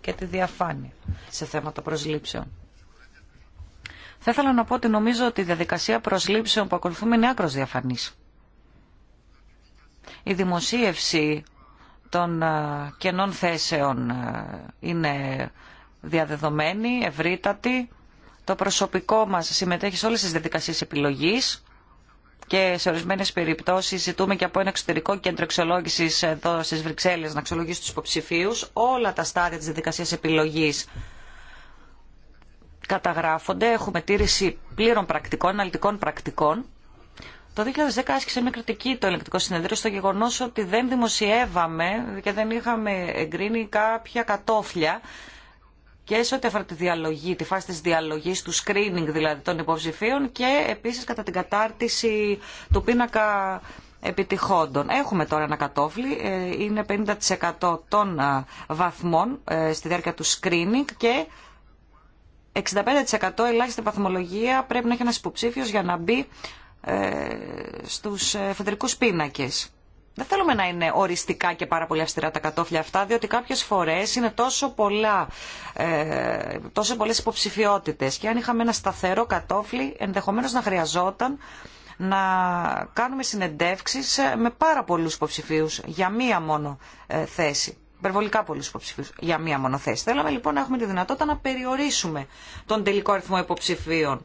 και τη διαφάνεια σε θέματα προσλήψεων. Θα ήθελα να πω ότι νομίζω ότι η διαδικασία προσλήψεων που ακολουθούμε είναι άκρος διαφανής. Η δημοσίευση των ε, κενών θέσεων ε, είναι διαδεδομένη, ευρύτατη. Το προσωπικό μας συμμετέχει σε όλες τις διαδικασίες επιλογής και σε ορισμένες περιπτώσεις ζητούμε και από ένα εξωτερικό κέντρο εξολόγηση εδώ στις Βρυξέλλες να εξολογήσει του υποψηφίου. Όλα τα στάδια της διαδικασία επιλογής καταγράφονται. Έχουμε τήρηση πλήρων πρακτικών, αναλυτικών πρακτικών. Το 2010 άσκησε μια κριτική το ελεγκτικό συνεδρίο στο γεγονό ότι δεν δημοσιεύαμε και δεν είχαμε εγκρίνει κάποια κατόφλια και σε ό,τι αφορά τη διαλογή, τη φάση της διαλογής, του screening δηλαδή των υποψηφίων και επίσης κατά την κατάρτιση του πίνακα επιτυχόντων. Έχουμε τώρα ένα κατόφλι, ε, είναι 50% των βαθμών ε, στη διάρκεια του screening και 65% ελάχιστη βαθμολογία πρέπει να έχει ένας υποψήφιος για να μπει ε, στους ε, φεντρικούς πίνακες. Δεν θέλουμε να είναι οριστικά και πάρα πολύ αυστηρά τα κατόφλια αυτά, διότι κάποιες φορές είναι τόσο, πολλά, ε, τόσο πολλές υποψηφιότητες και αν είχαμε ένα σταθερό κατόφλι ενδεχομένως να χρειαζόταν να κάνουμε συνεντεύξεις ε, με πάρα πολλούς υποψηφίου για μία μόνο θέση. Υπερβολικά πολλού υποψηφίου για μία μόνο θέση. Θέλαμε λοιπόν να έχουμε τη δυνατότητα να περιορίσουμε τον τελικό αριθμό υποψηφίων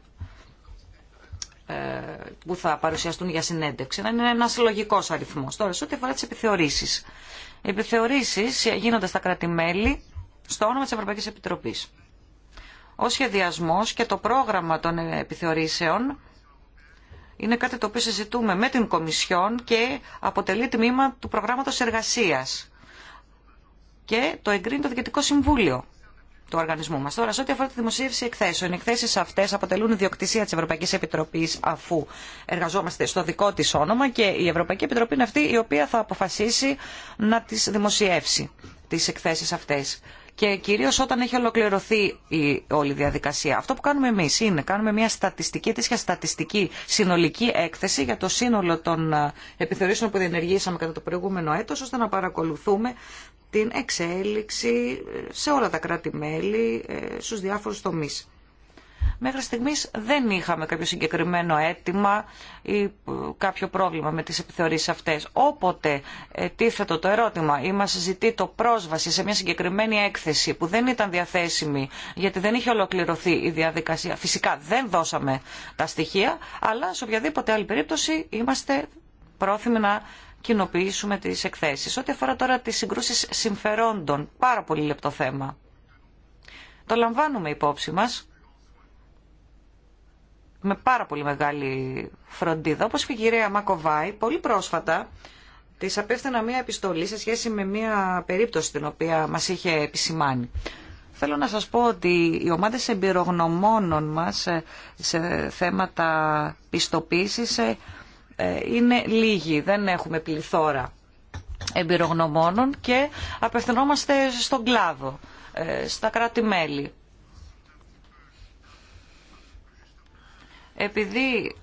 ε, που θα παρουσιαστούν για συνέντευξη. Να είναι ένα συλλογικό αριθμό. Τώρα, σε ό,τι αφορά τι επιθεωρήσει. Οι επιθεωρήσει γίνονται στα κράτη-μέλη στο όνομα τη Ευρωπαϊκή Επιτροπή. Ο σχεδιασμό και το πρόγραμμα των επιθεωρήσεων είναι κάτι το οποίο συζητούμε με την Κομισιόν και αποτελεί τμήμα του προγράμματος εργασίας. Και το εγκρίνει το Διοικητικό Συμβούλιο του οργανισμού μα. Τώρα, σε ό,τι αφορά τη δημοσίευση εκθέσεων, οι εκθέσει αυτέ αποτελούν ιδιοκτησία τη Ευρωπαϊκή Επιτροπή, αφού εργαζόμαστε στο δικό τη όνομα και η Ευρωπαϊκή Επιτροπή είναι αυτή η οποία θα αποφασίσει να τι δημοσιεύσει, τι εκθέσει αυτέ. Και κυρίω όταν έχει ολοκληρωθεί η όλη διαδικασία. Αυτό που κάνουμε εμεί είναι κάνουμε μια στατιστική, τέτοια στατιστική συνολική έκθεση για το σύνολο των ε, επιθεωρήσεων που διενεργήσαμε κατά το προηγούμενο έτο, ώστε να παρακολουθούμε την εξέλιξη ε, σε όλα τα κράτη-μέλη, ε, στους διάφορους τομείς. Μέχρι στιγμής δεν είχαμε κάποιο συγκεκριμένο αίτημα ή ε, κάποιο πρόβλημα με τις επιθεωρήσεις αυτές. Όποτε τίθετο το ερώτημα ή μας ζητεί το πρόσβαση σε μια συγκεκριμένη έκθεση που δεν ήταν διαθέσιμη γιατί δεν είχε ολοκληρωθεί η διαδικασία. Φυσικά δεν δώσαμε τα στοιχεία, αλλά σε οποιαδήποτε άλλη περίπτωση είμαστε πρόθυμοι να κοινοποιήσουμε τις εκθέσεις. Ό,τι αφορά τώρα τις συγκρούσεις συμφερόντων, πάρα πολύ λεπτό θέμα. Το λαμβάνουμε υπόψη μας με πάρα πολύ μεγάλη φροντίδα. Όπως είπε η κυρία Μακοβάη, πολύ πρόσφατα της απέφθανα μία επιστολή σε σχέση με μία περίπτωση την οποία μας είχε επισημάνει. Θέλω να σας πω ότι οι ομάδες εμπειρογνωμόνων μας σε θέματα πιστοποίησης ε, ε, είναι λίγοι, δεν έχουμε πληθώρα εμπειρογνωμόνων και απευθυνόμαστε στον κλάδο, ε, στα κράτη-μέλη. Επειδή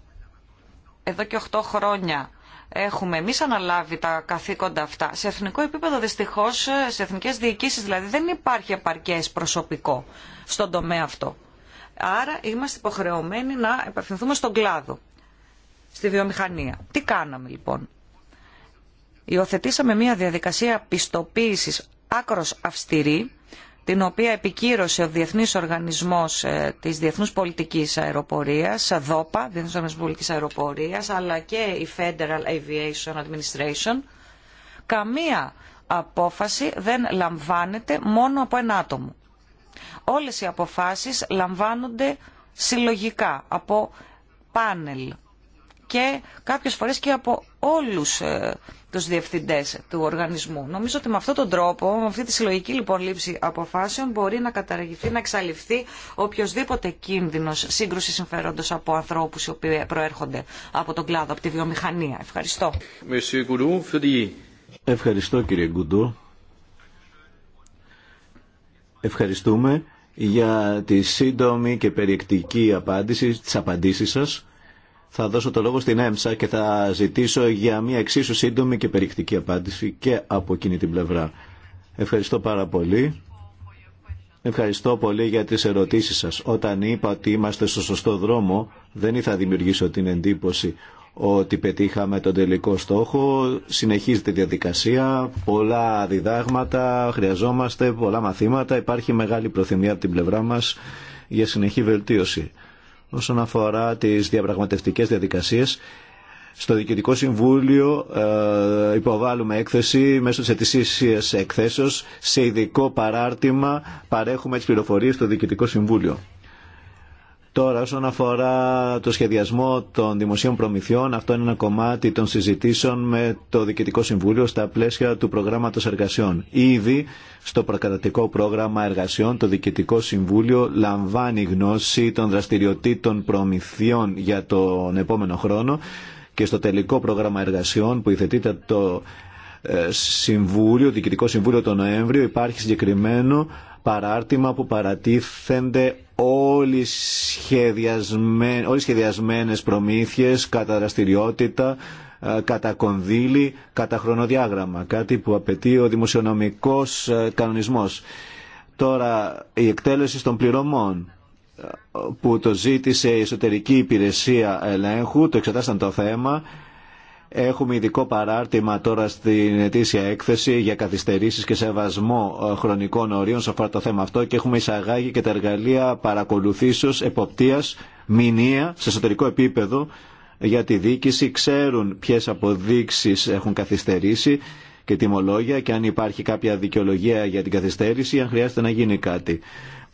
εδώ και 8 χρόνια έχουμε εμεί αναλάβει τα καθήκοντα αυτά. Σε εθνικό επίπεδο, δυστυχώ, ε, σε εθνικέ διοικήσει δηλαδή, δεν υπάρχει επαρκέ προσωπικό στον τομέα αυτό. Άρα είμαστε υποχρεωμένοι να επευθυνθούμε στον κλάδο στη βιομηχανία. Τι κάναμε λοιπόν. Υιοθετήσαμε μια διαδικασία πιστοποίησης άκρος αυστηρή, την οποία επικύρωσε ο Διεθνής Οργανισμός ε, της Διεθνούς Πολιτικής Αεροπορίας, ΔΟΠΑ, Διεθνούς Οργανισμός Πολιτικής Αεροπορίας, αλλά και η Federal Aviation Administration. Καμία απόφαση δεν λαμβάνεται μόνο από ένα άτομο. Όλες οι αποφάσεις λαμβάνονται συλλογικά από πάνελ και κάποιες φορές και από όλους ε, τους διευθυντές του οργανισμού. Νομίζω ότι με αυτόν τον τρόπο, με αυτή τη συλλογική λοιπόν λήψη αποφάσεων μπορεί να καταργηθεί, να εξαλειφθεί οποιοδήποτε κίνδυνος σύγκρουση συμφέροντος από ανθρώπους οι οποίοι προέρχονται από τον κλάδο, από τη βιομηχανία. Ευχαριστώ. Ευχαριστώ κύριε Γκουντού. Ευχαριστούμε για τη σύντομη και περιεκτική απάντηση, τις απαντήσεις σας θα δώσω το λόγο στην ΕΜΣΑ και θα ζητήσω για μια εξίσου σύντομη και περιεκτική απάντηση και από εκείνη την πλευρά. Ευχαριστώ πάρα πολύ. Ευχαριστώ πολύ για τις ερωτήσεις σας. Όταν είπα ότι είμαστε στο σωστό δρόμο, δεν ήθελα να δημιουργήσω την εντύπωση ότι πετύχαμε τον τελικό στόχο. Συνεχίζεται η διαδικασία, πολλά διδάγματα, χρειαζόμαστε πολλά μαθήματα. Υπάρχει μεγάλη προθυμία από την πλευρά μας για συνεχή βελτίωση όσον αφορά τις διαπραγματευτικές διαδικασίες. Στο Διοικητικό Συμβούλιο ε, υποβάλλουμε έκθεση μέσω της ετησίσιας εκθέσεως. Σε ειδικό παράρτημα παρέχουμε τις πληροφορίες στο Διοικητικό Συμβούλιο. Τώρα, όσον αφορά το σχεδιασμό των δημοσίων προμηθειών, αυτό είναι ένα κομμάτι των συζητήσεων με το Διοικητικό Συμβούλιο στα πλαίσια του προγράμματο εργασιών. Ήδη στο προκατατικό πρόγραμμα εργασιών, το Διοικητικό Συμβούλιο λαμβάνει γνώση των δραστηριοτήτων προμηθειών για τον επόμενο χρόνο και στο τελικό πρόγραμμα εργασιών που υθετείται το ε, Συμβούλιο, Διοικητικό Συμβούλιο τον Νοέμβριο, υπάρχει συγκεκριμένο παράρτημα που παρατίθενται όλοι σχεδιασμένε όλοι σχεδιασμένες προμήθειες κατά δραστηριότητα, ε, κατά κονδύλι, κατά χρονοδιάγραμμα, κάτι που απαιτεί ο δημοσιονομικός ε, κανονισμός. Τώρα, η εκτέλεση των πληρωμών ε, που το ζήτησε η εσωτερική υπηρεσία ελέγχου, το εξετάσαν το θέμα Έχουμε ειδικό παράρτημα τώρα στην ετήσια έκθεση για καθυστερήσεις και σεβασμό ε, χρονικών ορίων σε αυτό το θέμα αυτό και έχουμε εισαγάγει και τα εργαλεία παρακολουθήσεως, εποπτείας, μηνία σε εσωτερικό επίπεδο για τη δίκηση. Ξέρουν ποιες αποδείξεις έχουν καθυστερήσει και τιμολόγια και αν υπάρχει κάποια δικαιολογία για την καθυστέρηση, αν χρειάζεται να γίνει κάτι.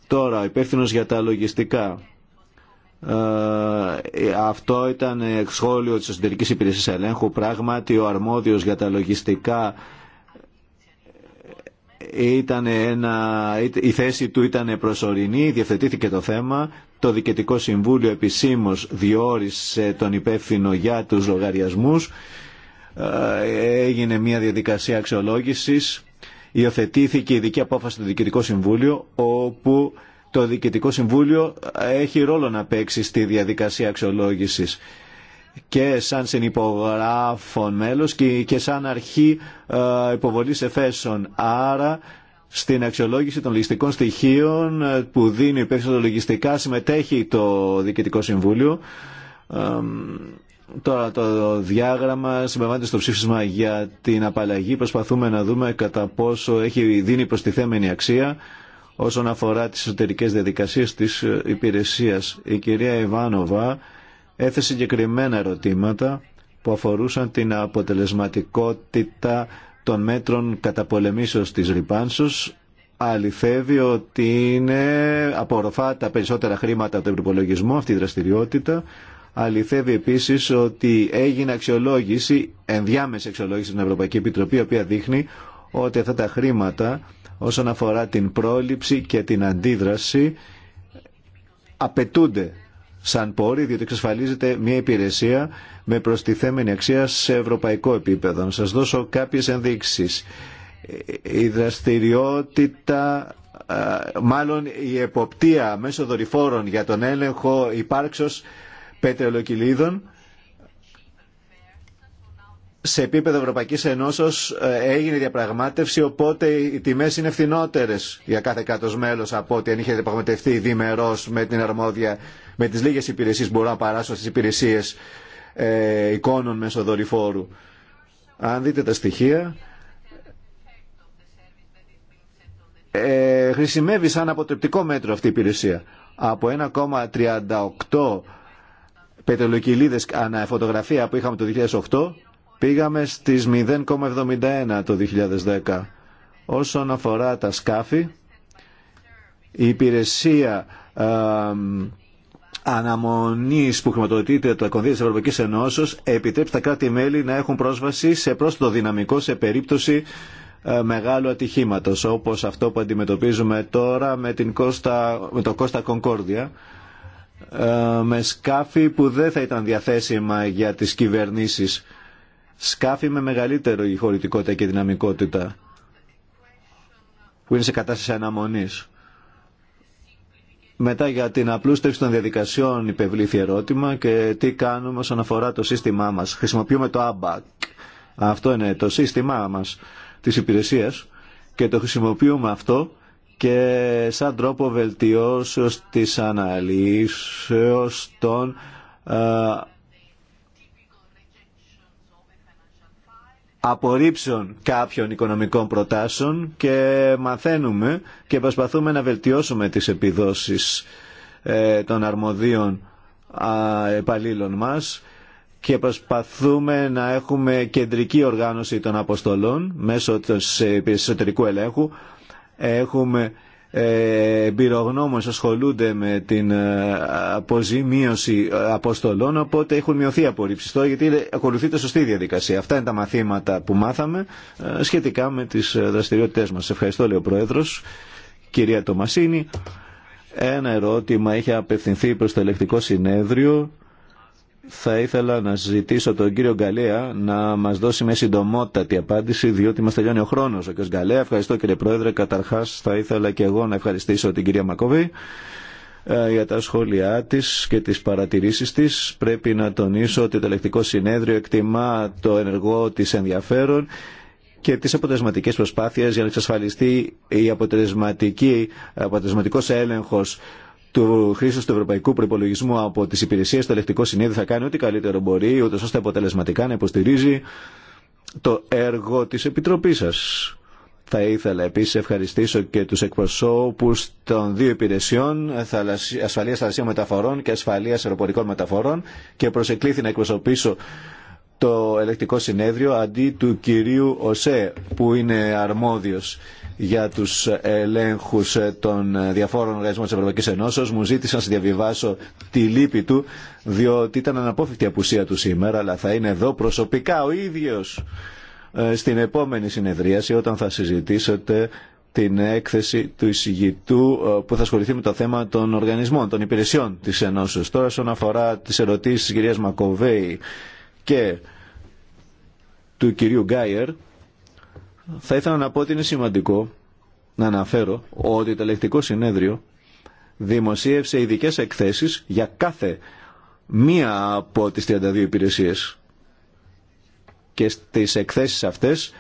Τώρα, υπεύθυνο για τα λογιστικά ε, αυτό ήταν σχόλιο της εσωτερικής υπηρεσίας ελέγχου. Πράγματι ο αρμόδιος για τα λογιστικά ήταν ένα, η θέση του ήταν προσωρινή, διευθετήθηκε το θέμα. Το Διοικητικό Συμβούλιο επισήμως διόρισε τον υπεύθυνο για τους λογαριασμούς. Ε, έγινε μια διαδικασία αξιολόγησης. Υιοθετήθηκε η ειδική απόφαση του Διοικητικού Συμβούλιο όπου το Διοικητικό Συμβούλιο έχει ρόλο να παίξει στη διαδικασία αξιολόγησης και σαν συνυπογράφων μέλος και, και σαν αρχή ε, υποβολής εφέσεων. Άρα στην αξιολόγηση των λογιστικών στοιχείων ε, που δίνει υπεύθυνο λογιστικά συμμετέχει το Διοικητικό Συμβούλιο. Ε, τώρα το διάγραμμα συμπεριλαμβάνεται στο ψήφισμα για την απαλλαγή. Προσπαθούμε να δούμε κατά πόσο έχει δίνει προστιθέμενη αξία όσον αφορά τις εσωτερικές διαδικασίες της ε, υπηρεσίας. Η κυρία Ιβάνοβα έθεσε συγκεκριμένα ερωτήματα που αφορούσαν την αποτελεσματικότητα των μέτρων καταπολεμήσεως της Ριπάνσος. Αληθεύει ότι είναι απορροφά τα περισσότερα χρήματα από τον υπολογισμό αυτή η δραστηριότητα. Αληθεύει επίσης ότι έγινε αξιολόγηση, ενδιάμεση αξιολόγηση στην Ευρωπαϊκή Επιτροπή, η οποία δείχνει ότι αυτά τα χρήματα όσον αφορά την πρόληψη και την αντίδραση απαιτούνται σαν πόροι, διότι εξασφαλίζεται μια υπηρεσία με προστιθέμενη αξία σε ευρωπαϊκό επίπεδο. Να σας δώσω κάποιες ενδείξεις. Η δραστηριότητα, μάλλον η εποπτεία μέσω δορυφόρων για τον έλεγχο υπάρξεως πετρελοκυλίδων σε επίπεδο Ευρωπαϊκής Ενώσεως ε, έγινε διαπραγμάτευση οπότε οι τιμές είναι φθηνότερες για κάθε κράτος μέλος από ό,τι αν είχε διαπραγματευτεί διμερός με την αρμόδια με τις λίγες υπηρεσίες που μπορούν να παράσουν στις υπηρεσίες ε, εικόνων μέσω δορυφόρου. Αν δείτε τα στοιχεία ε, χρησιμεύει σαν αποτρεπτικό μέτρο αυτή η υπηρεσία. Από 1,38 πετρελοκυλίδες αναφωτογραφία που είχαμε το 2008 Πήγαμε στις 0,71 το 2010. Όσον αφορά τα σκάφη, η υπηρεσία ε, αναμονής που χρηματοδοτείται το κονδύλια της Ευρωπαϊκής Ενώσεως επιτρέπει στα κράτη-μέλη να έχουν πρόσβαση σε πρόσθετο δυναμικό σε περίπτωση ε, μεγάλου ατυχήματος, όπως αυτό που αντιμετωπίζουμε τώρα με, την Κώστα, με το Κώστα Κονκόρδια ε, με σκάφη που δεν θα ήταν διαθέσιμα για τις κυβερνήσεις σκάφη με μεγαλύτερη χωρητικότητα και δυναμικότητα που είναι σε κατάσταση αναμονής. Μετά για την απλούστευση των διαδικασιών υπευλήθη ερώτημα και τι κάνουμε όσον αφορά το σύστημά μας. Χρησιμοποιούμε το ABAC. Αυτό είναι το σύστημά μας της υπηρεσίας και το χρησιμοποιούμε αυτό και σαν τρόπο βελτιώσεως της αναλύσεως των ε, απορρίψεων κάποιων οικονομικών προτάσεων και μαθαίνουμε και προσπαθούμε να βελτιώσουμε τις επιδόσεις ε, των αρμοδίων επαλλήλων μας και προσπαθούμε να έχουμε κεντρική οργάνωση των αποστολών μέσω του ε, εσωτερικού ελέγχου. Έχουμε εμπειρογνώμους ασχολούνται με την ε, αποζημίωση αποστολών οπότε έχουν μειωθεί απορρίψει απορρίψεις γιατί ακολουθείται σωστή διαδικασία. Αυτά είναι τα μαθήματα που μάθαμε ε, σχετικά με τις ε, δραστηριότητές μας. Ευχαριστώ λέει ο Πρόεδρος, κυρία Τομασίνη. Ένα ερώτημα είχε απευθυνθεί προς το ελεκτικό συνέδριο θα ήθελα να ζητήσω τον κύριο Γκαλέα να μα δώσει μια συντομότατη απάντηση, διότι μα τελειώνει ο χρόνο. Ο κύριο Γκαλέα, ευχαριστώ κύριε Πρόεδρε. Καταρχά, θα ήθελα και εγώ να ευχαριστήσω την κυρία Μακοβή ε, για τα σχόλιά τη και τι παρατηρήσει τη. Πρέπει να τονίσω ότι το ελεκτικό συνέδριο εκτιμά το ενεργό τη ενδιαφέρον και τις αποτελεσματικές προσπάθειες για να εξασφαλιστεί η αποτελεσματική, έλεγχο του χρήσεω του ευρωπαϊκού προπολογισμού από τι υπηρεσίε, το ελεκτικό συνέδριο θα κάνει ό,τι καλύτερο μπορεί, ούτω ώστε αποτελεσματικά να υποστηρίζει το έργο τη Επιτροπή σα. Θα ήθελα επίση ευχαριστήσω και του εκπροσώπου των δύο υπηρεσιών, ασφαλεία θαλασσίων μεταφορών και ασφαλεία αεροπορικών μεταφορών, και προσεκλήθη να εκπροσωπήσω το ελεκτικό συνέδριο αντί του κυρίου Οσέ, που είναι αρμόδιος για τους ελέγχου των διαφόρων οργανισμών τη Ευρωπαϊκή Ενώσεως. Μου ζήτησαν να διαβιβάσω τη λύπη του, διότι ήταν αναπόφευκτη απουσία του σήμερα, αλλά θα είναι εδώ προσωπικά ο ίδιος ε, στην επόμενη συνεδρίαση όταν θα συζητήσετε την έκθεση του εισηγητού ε, που θα ασχοληθεί με το θέμα των οργανισμών, των υπηρεσιών της Ενώσεως. Τώρα, όσον αφορά τις ερωτήσεις της κυρίας Μακοβέη και του κυρίου Γκάιερ, θα ήθελα να πω ότι είναι σημαντικό να αναφέρω ότι το ελεκτικό συνέδριο δημοσίευσε ειδικέ εκθέσεις για κάθε μία από τις 32 υπηρεσίες. Και στις εκθέσεις αυτές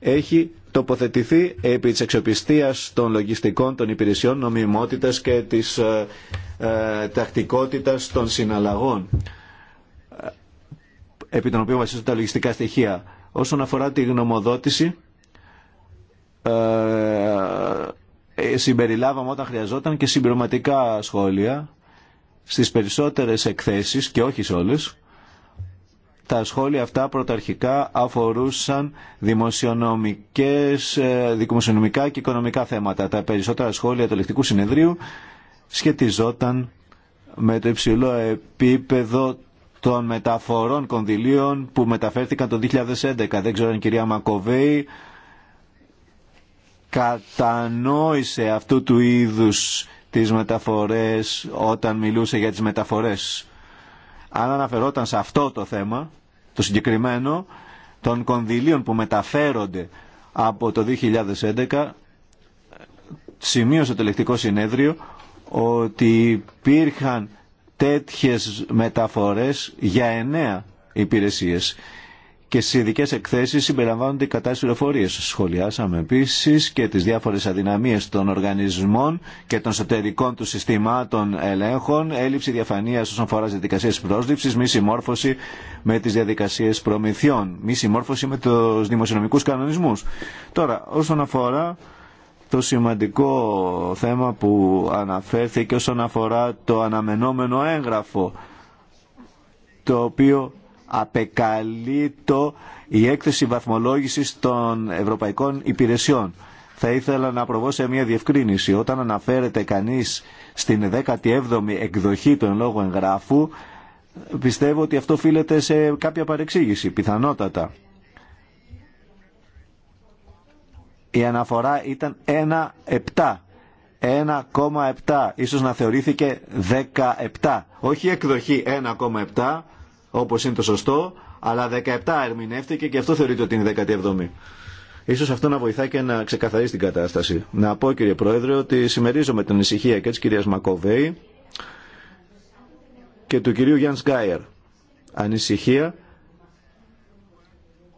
έχει τοποθετηθεί επί της εξοπιστίας των λογιστικών, των υπηρεσιών, νομιμότητας και της ε, ε τακτικότητας των συναλλαγών ε, επί των οποίων βασίζονται τα λογιστικά στοιχεία. Όσον αφορά τη γνωμοδότηση, ε, ε, συμπεριλάβαμε όταν χρειαζόταν και συμπληρωματικά σχόλια στις περισσότερες εκθέσεις και όχι σε όλες. Τα σχόλια αυτά πρωταρχικά αφορούσαν δημοσιονομικές, ε, δημοσιονομικά και οικονομικά θέματα. Τα περισσότερα σχόλια του ελεκτικού συνεδρίου σχετιζόταν με το υψηλό επίπεδο των μεταφορών κονδυλίων που μεταφέρθηκαν το 2011. Δεν ξέρω αν η κυρία Μακοβέη κατανόησε αυτού του είδους τις μεταφορές όταν μιλούσε για τις μεταφορές. Αν αναφερόταν σε αυτό το θέμα, το συγκεκριμένο, των κονδυλίων που μεταφέρονται από το 2011, σημείωσε το ελεκτικό συνέδριο ότι υπήρχαν τέτοιες μεταφορές για εννέα υπηρεσίες και στι ειδικέ εκθέσει συμπεριλαμβάνονται οι κατάλληλε πληροφορίε. Σχολιάσαμε επίση και τι διάφορε αδυναμίε των οργανισμών και των εσωτερικών του συστημάτων ελέγχων, έλλειψη διαφανεία όσον αφορά τι διαδικασίε πρόσληψη, μη συμμόρφωση με τι διαδικασίε προμηθειών, μη συμμόρφωση με του δημοσιονομικού κανονισμού. Τώρα, όσον αφορά το σημαντικό θέμα που αναφέρθηκε όσον αφορά το αναμενόμενο έγγραφο το οποίο απεκαλεί η έκθεση βαθμολόγησης των ευρωπαϊκών υπηρεσιών. Θα ήθελα να προβώ σε μια διευκρίνηση. Όταν αναφέρεται κανείς στην 17η εκδοχή των λόγων εγγράφου, πιστεύω ότι αυτό οφείλεται σε κάποια παρεξήγηση, πιθανότατα. Η αναφορά ήταν 1,7. 1,7. Ίσως να θεωρήθηκε 17. Όχι εκδοχή 1,7 όπως είναι το σωστό, αλλά 17 ερμηνεύτηκε και αυτό θεωρείται ότι είναι 17η. Ίσως αυτό να βοηθάει και να ξεκαθαρίσει την κατάσταση. Να πω κύριε Πρόεδρε ότι συμμερίζομαι την ησυχία και της κυρίας Μακοβέη και του κυρίου Γιάνν Σκάιερ. Ανησυχία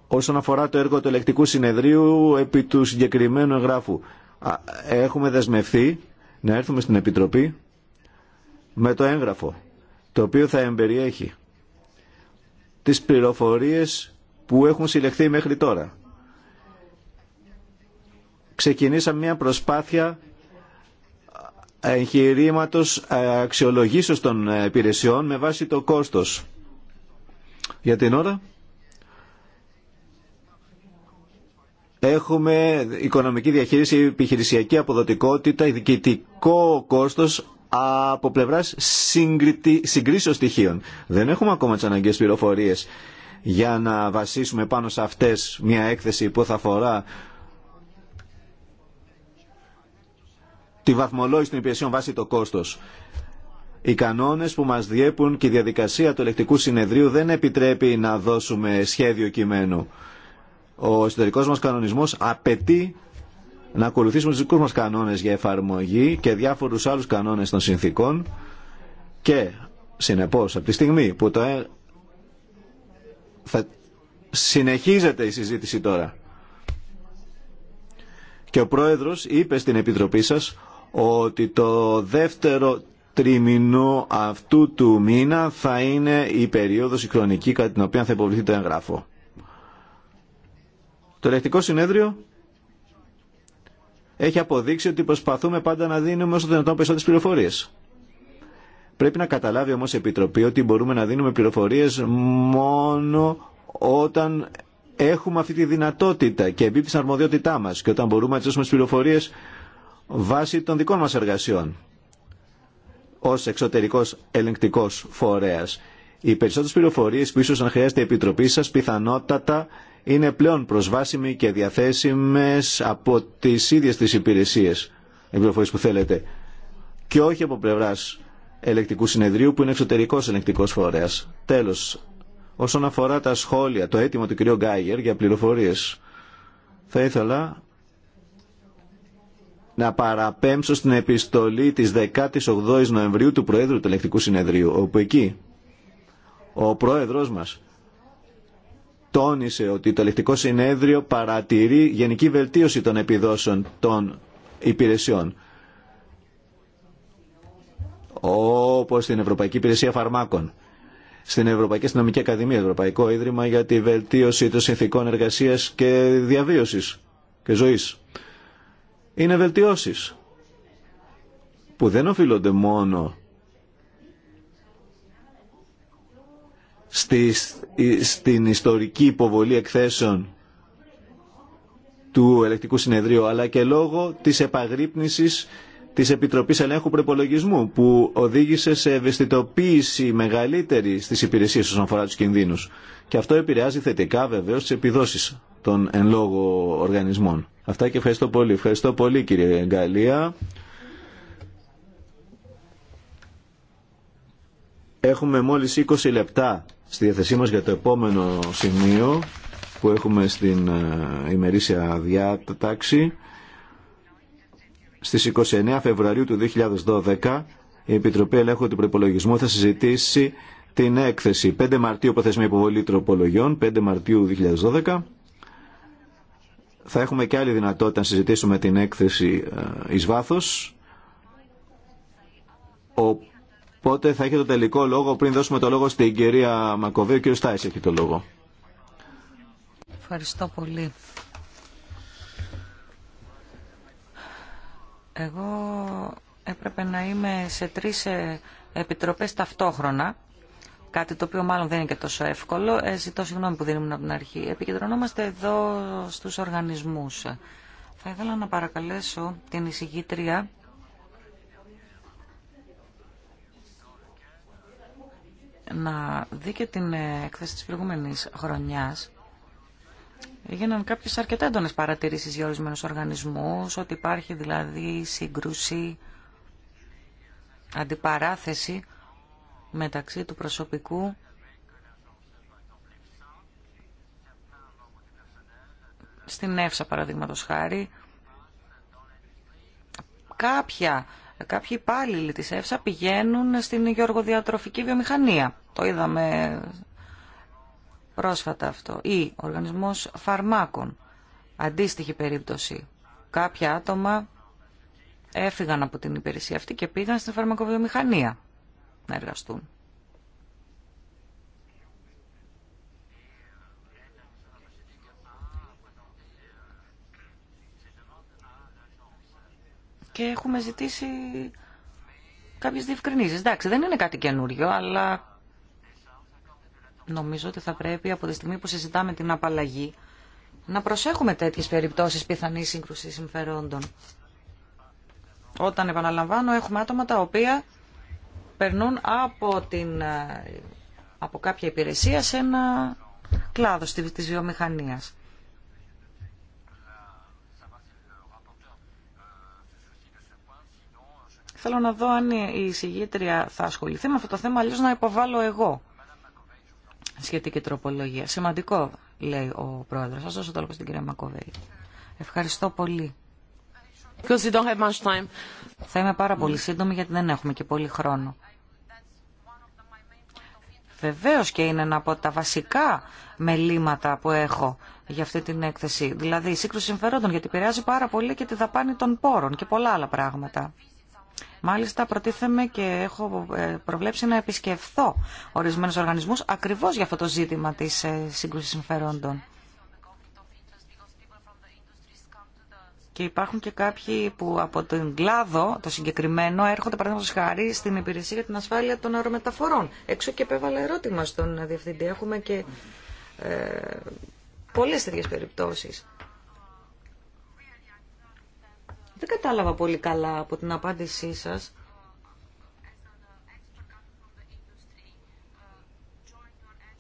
όσον αφορά το έργο του ελεκτικού συνεδρίου επί του συγκεκριμένου εγγράφου. Έχουμε δεσμευθεί να έρθουμε στην Επιτροπή με το έγγραφο, το οποίο θα εμπεριέχει τις πληροφορίες που έχουν συλλεχθεί μέχρι τώρα. Ξεκινήσαμε μια προσπάθεια εγχειρήματο αξιολογήσεως των υπηρεσιών με βάση το κόστος. Για την ώρα έχουμε οικονομική διαχείριση, επιχειρησιακή αποδοτικότητα, διοικητικό κόστος από πλευρά συγκρίσεων στοιχείων. Δεν έχουμε ακόμα τι αναγκαίε πληροφορίε για να βασίσουμε πάνω σε αυτές μια έκθεση που θα αφορά τη βαθμολόγηση των υπηρεσιών βάσει το κόστος. Οι κανόνες που μας διέπουν και η διαδικασία του ελεκτικού συνεδρίου δεν επιτρέπει να δώσουμε σχέδιο κειμένου. Ο εσωτερικό μας κανονισμό απαιτεί να ακολουθήσουμε τους δικούς μας κανόνες για εφαρμογή και διάφορους άλλους κανόνες των συνθήκων και συνεπώς από τη στιγμή που το ε... θα συνεχίζεται η συζήτηση τώρα και ο Πρόεδρος είπε στην Επιτροπή σας ότι το δεύτερο τριμηνό αυτού του μήνα θα είναι η περίοδος η χρονική κατά την οποία θα υποβληθεί το εγγράφο. Το ελεκτικό συνέδριο έχει αποδείξει ότι προσπαθούμε πάντα να δίνουμε όσο δυνατόν περισσότερες πληροφορίες. Πρέπει να καταλάβει όμως η Επιτροπή ότι μπορούμε να δίνουμε πληροφορίες μόνο όταν έχουμε αυτή τη δυνατότητα και εμπίπτει στην αρμοδιότητά μας και όταν μπορούμε να τι δώσουμε τις πληροφορίες βάσει των δικών μας εργασιών Ω εξωτερικό ελεγκτικός φορέας. Οι περισσότερε πληροφορίε που ίσω να χρειάζεται η Επιτροπή σα πιθανότατα είναι πλέον προσβάσιμοι και διαθέσιμες από τις ίδιες τις υπηρεσίες οι που θέλετε και όχι από πλευράς ελεκτικού συνεδρίου που είναι εξωτερικός ελεκτικός φορέας. Τέλος, όσον αφορά τα σχόλια, το αίτημα του κ. Γκάιγερ για πληροφορίες, θα ήθελα να παραπέμψω στην επιστολή της 18 η Νοεμβρίου του Προέδρου του Ελεκτικού Συνεδρίου, όπου εκεί ο Πρόεδρος μας τόνισε ότι το ελεκτικό συνέδριο παρατηρεί γενική βελτίωση των επιδόσεων των υπηρεσιών Όπω στην Ευρωπαϊκή Υπηρεσία Φαρμάκων, στην Ευρωπαϊκή Αστυνομική Ακαδημία, Ευρωπαϊκό Ίδρυμα για τη βελτίωση των συνθηκών εργασία και διαβίωσης και ζωής. Είναι βελτιώσει που δεν οφείλονται μόνο στη, στην ιστορική υποβολή εκθέσεων του ελεκτικού συνεδρίου, αλλά και λόγω της επαγρύπνησης της Επιτροπής Ελέγχου Προπολογισμού, που οδήγησε σε ευαισθητοποίηση μεγαλύτερη στις υπηρεσίες όσον αφορά τους κινδύνους. Και αυτό επηρεάζει θετικά βεβαίως τις επιδόσεις των εν λόγω οργανισμών. Αυτά και ευχαριστώ πολύ. Ευχαριστώ πολύ κύριε Γκαλία. Έχουμε μόλις 20 λεπτά στη διαθεσή μας για το επόμενο σημείο που έχουμε στην ε, ημερήσια διάταξη. Στις 29 Φεβρουαρίου του 2012 η Επιτροπή Ελέγχου του Προπολογισμού θα συζητήσει την έκθεση 5 Μαρτίου που Προθεσμία Υποβολή Τροπολογιών, 5 Μαρτίου 2012. Θα έχουμε και άλλη δυνατότητα να συζητήσουμε την έκθεση ε, εις βάθος Οπότε θα έχει το τελικό λόγο πριν δώσουμε το λόγο στην κυρία Μακοβίου. Κύριο Στάις έχει το λόγο. Ευχαριστώ πολύ. Εγώ έπρεπε να είμαι σε τρεις ε, επιτροπές ταυτόχρονα, κάτι το οποίο μάλλον δεν είναι και τόσο εύκολο. Ε, ζητώ συγγνώμη που δεν ήμουν από την αρχή. Επικεντρωνόμαστε εδώ στους οργανισμούς. Θα ήθελα να παρακαλέσω την εισηγήτρια να δει και την ε, έκθεση της προηγούμενης χρονιάς, έγιναν κάποιες αρκετά έντονες παρατηρήσεις για ορισμένους οργανισμούς, ότι υπάρχει δηλαδή σύγκρουση, αντιπαράθεση μεταξύ του προσωπικού στην ΕΦΣΑ παραδείγματος χάρη, κάποια Κάποιοι υπάλληλοι της ΕΦΣΑ πηγαίνουν στην γεωργοδιατροφική βιομηχανία. Το είδαμε πρόσφατα αυτό. Ή οργανισμός φαρμάκων. Αντίστοιχη περίπτωση. Κάποια άτομα έφυγαν από την υπηρεσία αυτή και πήγαν στην φαρμακοβιομηχανία να εργαστούν. και έχουμε ζητήσει κάποιες διευκρινίσεις. Εντάξει, δεν είναι κάτι καινούριο, αλλά νομίζω ότι θα πρέπει από τη στιγμή που συζητάμε την απαλλαγή να προσέχουμε τέτοιες περιπτώσεις πιθανής σύγκρουση συμφερόντων. Όταν επαναλαμβάνω έχουμε άτομα τα οποία περνούν από, την, ε, από κάποια υπηρεσία σε ένα κλάδο της βιομηχανίας. Θέλω να δω αν η συγγήτρια θα ασχοληθεί με αυτό το θέμα, αλλιώς να υποβάλω εγώ σχετική τροπολογία. Σημαντικό, λέει ο πρόεδρος. Σας δώσω το λόγο στην κυρία Μακοβέη. Ευχαριστώ πολύ. Θα είμαι πάρα πολύ σύντομη γιατί δεν έχουμε και πολύ χρόνο. Βεβαίω και είναι ένα από τα βασικά μελήματα που έχω για αυτή την έκθεση. Δηλαδή η σύγκρουση συμφερόντων γιατί επηρεάζει πάρα πολύ και τη δαπάνη των πόρων και πολλά άλλα πράγματα. Μάλιστα προτίθεμαι και έχω ε, προβλέψει να επισκεφθώ ορισμένους οργανισμούς ακριβώς για αυτό το ζήτημα της ε, σύγκρουσης συμφερόντων. Και υπάρχουν και κάποιοι που από τον κλάδο, το συγκεκριμένο, έρχονται παραδείγματο χάρη στην υπηρεσία για την ασφάλεια των αερομεταφορών. Έξω και επέβαλα ερώτημα στον διευθυντή. Έχουμε και ε, πολλές τέτοιες περιπτώσεις. Δεν κατάλαβα πολύ καλά από την απάντησή σας.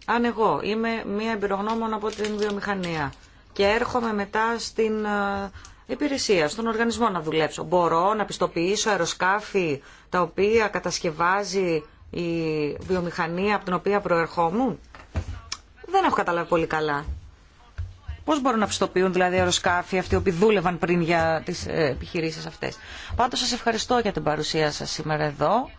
Αν εγώ είμαι μία εμπειρογνώμων από την βιομηχανία και έρχομαι μετά στην ε, υπηρεσία, στον οργανισμό να δουλέψω, μπορώ να πιστοποιήσω αεροσκάφη τα οποία κατασκευάζει η βιομηχανία από την οποία προερχόμουν. Δεν έχω καταλάβει πολύ καλά. Πώ μπορούν να πιστοποιούν δηλαδή αεροσκάφη αυτοί που δούλευαν πριν για τι ε, επιχειρήσει αυτέ. Πάντω σα ευχαριστώ για την παρουσία σα σήμερα εδώ.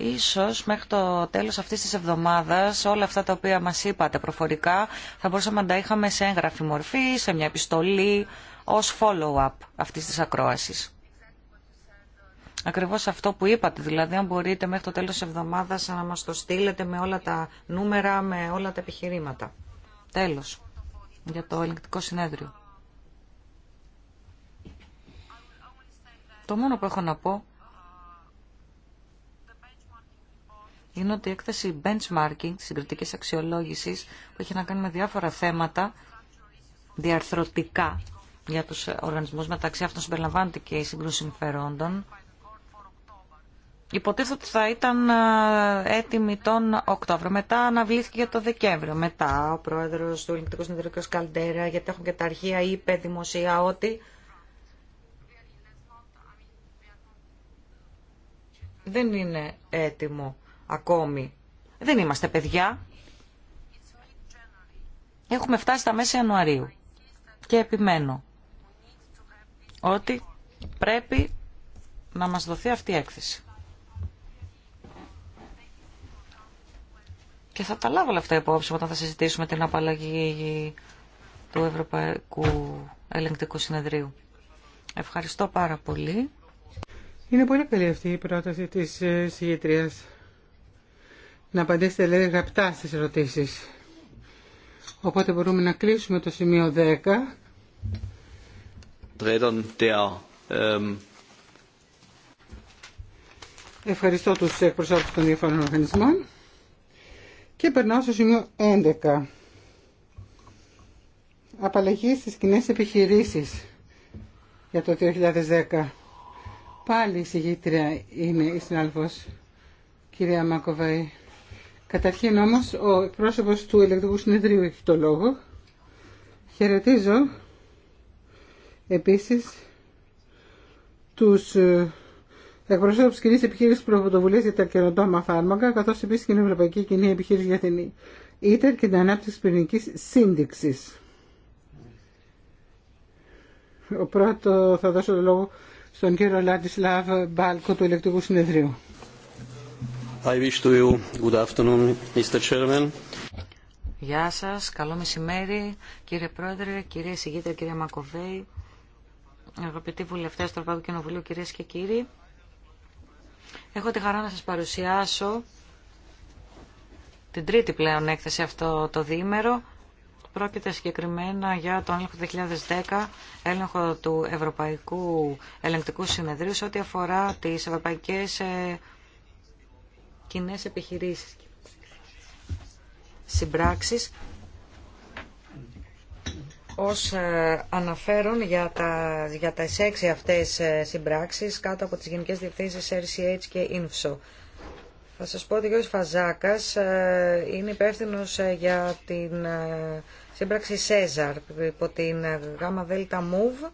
Ίσως μέχρι το τέλος αυτής της εβδομάδας όλα αυτά τα οποία μας είπατε προφορικά θα μπορούσαμε να τα είχαμε σε έγγραφη μορφή, σε μια επιστολή, ως follow-up αυτής της ακρόασης. Ακριβώς αυτό που είπατε, δηλαδή αν μπορείτε μέχρι το τέλος της εβδομάδας να μας το στείλετε με όλα τα νούμερα, με όλα τα επιχειρήματα. Τέλος για το ελεγκτικό συνέδριο. Το μόνο που έχω να πω είναι ότι η έκθεση benchmarking, συγκριτική αξιολόγηση, που έχει να κάνει με διάφορα θέματα διαρθρωτικά για τους οργανισμούς, μεταξύ αυτών συμπεριλαμβάνονται και η σύγκρουση συμφερόντων, Υποτίθεται ότι θα ήταν ε, έτοιμη τον Οκτώβριο. Μετά αναβλήθηκε για το Δεκέμβριο. Μετά ο πρόεδρο του Ελληνικού Συνδρομικού Καλντέρα, γιατί έχουν και τα αρχεία, είπε δημοσία ότι. Δεν είναι έτοιμο ακόμη. Δεν είμαστε παιδιά. Έχουμε φτάσει στα μέσα Ιανουαρίου. Και επιμένω ότι πρέπει να μας δοθεί αυτή η έκθεση. Και θα τα λάβω όλα αυτά υπόψη όταν θα συζητήσουμε την απαλλαγή του Ευρωπαϊκού Ελεγκτικού Συνεδρίου. Ευχαριστώ πάρα πολύ. Είναι πολύ καλή αυτή η πρόταση της ε, συγγετρίας. Να απαντήσετε λέει γραπτά στις ερωτήσεις. Οπότε μπορούμε να κλείσουμε το σημείο 10. Ευχαριστώ τους εκπροσώπους των διαφορών οργανισμών. Και περνάω στο σημείο 11. Απαλλαγή στις κοινέ επιχειρήσεις για το 2010. Πάλι η συγγήτρια είναι η συνάλφος, κυρία Μακοβαή. Καταρχήν όμως ο πρόσωπος του ηλεκτρικού συνεδρίου έχει το λόγο. Χαιρετίζω επίσης τους ε, εκπροσώπου τη κοινή επιχείρηση πρωτοβουλία για τα καινοτόμα φάρμακα, καθώ επίση και την Ευρωπαϊκή Κοινή Επιχείρηση για την ΙΤΕΡ και την ανάπτυξη πυρηνική σύνδεξη. Ο πρώτο θα δώσω το λόγο στον κύριο Λάντισλαβ Μπάλκο του Ελεκτικού Συνεδρίου. Γεια σας, καλό μεσημέρι, κύριε Πρόεδρε, κύριε Συγγήτρια, κύριε Μακοβέη, αγαπητοί βουλευτές του Ευρωπαϊκού Κοινοβουλίου, κυρίε και κύριοι. Έχω τη χαρά να σας παρουσιάσω την τρίτη πλέον έκθεση αυτό το διήμερο. Πρόκειται συγκεκριμένα για τον έλεγχο 2010, έλεγχο του Ευρωπαϊκού Ελεγκτικού Συνεδρίου σε ό,τι αφορά τις ευρωπαϊκές ε, επιχειρήσεις συμπράξεις ως ε, αναφέρον για, τα, για τα έξι αυτές ε, συμπράξεις κάτω από τις Γενικές Διευθύνσεις RCH και INFSO. Θα σας πω ότι ο Γιώργος Φαζάκας ε, είναι υπεύθυνο για την σύμπραξη ΣΕΖΑΡ υπό την γάμα δέλτα Move.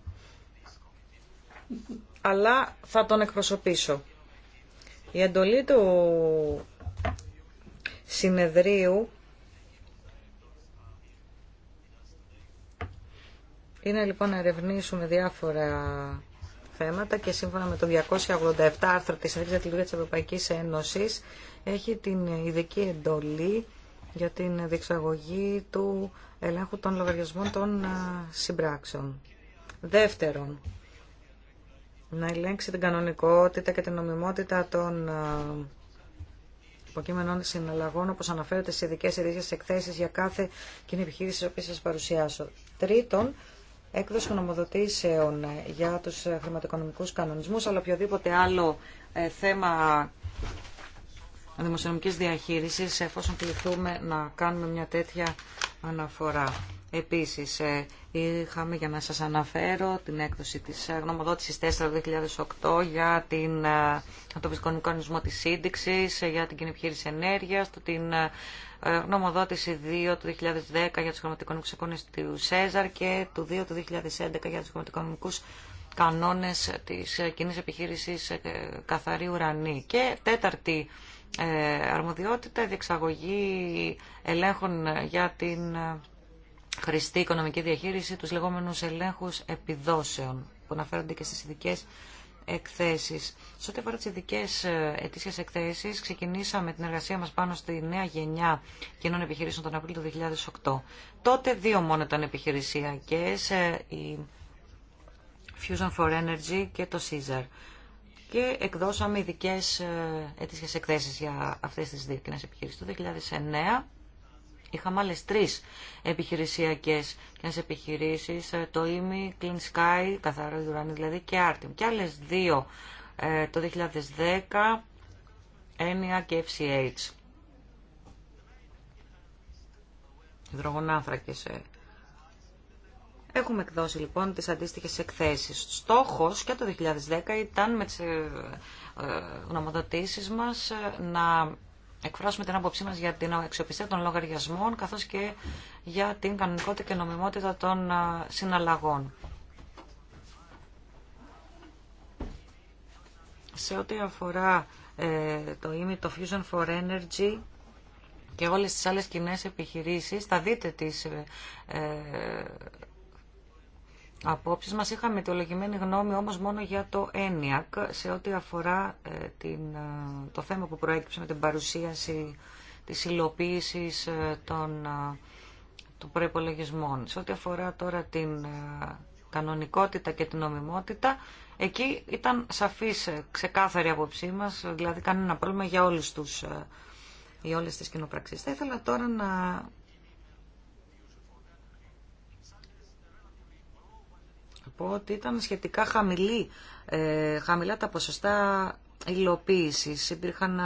αλλά θα τον εκπροσωπήσω. Η εντολή του συνεδρίου είναι λοιπόν να ερευνήσουμε διάφορα θέματα και σύμφωνα με το 287 άρθρο της Συνθήκης Ατλητικής της Ευρωπαϊκής Ένωσης έχει την ειδική εντολή για την διεξαγωγή του ελέγχου των λογαριασμών των συμπράξεων. Δεύτερον, να ελέγξει την κανονικότητα και την νομιμότητα των υποκείμενων συναλλαγών, όπως αναφέρεται σε ειδικέ ειδικές εκθέσεις για κάθε κοινή επιχείρηση, που σας παρουσιάσω. Τρίτον, έκδοση γνωμοδοτήσεων για τους ε, χρηματοοικονομικούς κανονισμούς, αλλά οποιοδήποτε άλλο ε, θέμα δημοσιονομικής διαχείρισης, εφόσον κληθούμε να κάνουμε μια τέτοια αναφορά. Επίσης, ε, είχαμε για να σας αναφέρω την έκδοση της γνωμοδότησης 4-2008 για την, τον οικονομικό κανονισμό της σύνδεξης, για την κοινή επιχείρηση ενέργειας, την γνωμοδότηση 2 του 2010 για τους χρηματοοικονομικούς εικόνες του ΣΕΖΑΡ και του 2 του 2011 για τους χρηματοοικονομικούς κανόνες της κοινή επιχείρησης ε, καθαρή ουρανή. Και τέταρτη ε, αρμοδιότητα, διεξαγωγή ελέγχων για την ε, χρηστή οικονομική διαχείριση, τους λεγόμενους ελέγχους επιδόσεων που αναφέρονται και στις ειδικέ εκθέσεις. Σε ό,τι αφορά τι ειδικέ ε, ετήσιε εκθέσει, ξεκινήσαμε την εργασία μα πάνω στη νέα γενιά κοινών επιχειρήσεων τον Απρίλιο του 2008. Τότε δύο μόνο ήταν επιχειρησιακέ, ε, η Fusion for Energy και το Caesar. Και εκδώσαμε ειδικέ ε, ετήσιες εκθέσει για αυτέ τι δύο κοινέ επιχειρήσει. Το 2009 Είχαμε άλλε τρει επιχειρησιακέ επιχειρήσει, ε, το ΙΜΗ, Clean Sky, καθαρό ουρανή δηλαδή, και Artem. Και άλλε δύο ε, το 2010, Ένια και FCH. Ε. Έχουμε εκδώσει λοιπόν τις αντίστοιχες εκθέσεις. Στόχος και το 2010 ήταν με τις γνωμοδοτήσεις μας να εκφράσουμε την άποψή μας για την αξιοπιστία των λογαριασμών καθώς και για την κανονικότητα και νομιμότητα των συναλλαγών. Σε ό,τι αφορά ε, το ΙΜΗ, το Fusion for Energy και όλες τις άλλες κοινέ επιχειρήσεις, θα δείτε τις ε, ε, απόψεις μας. Είχαμε αιτιολογημένη γνώμη όμως μόνο για το ΕΝΙΑΚ σε ό,τι αφορά ε, την, ε, το θέμα που προέκυψε με την παρουσίαση της υλοποίηση ε, των, των προϋπολογισμών. Σε ό,τι αφορά τώρα την κανονικότητα και την νομιμότητα, εκεί ήταν σαφής, ξεκάθαρη απόψή μας, δηλαδή κανένα πρόβλημα για όλους τους για όλες τις κοινοπραξίες. Θα ήθελα τώρα να πω ότι ήταν σχετικά χαμηλή, ε, χαμηλά τα ποσοστά υλοποίηση. Υπήρχαν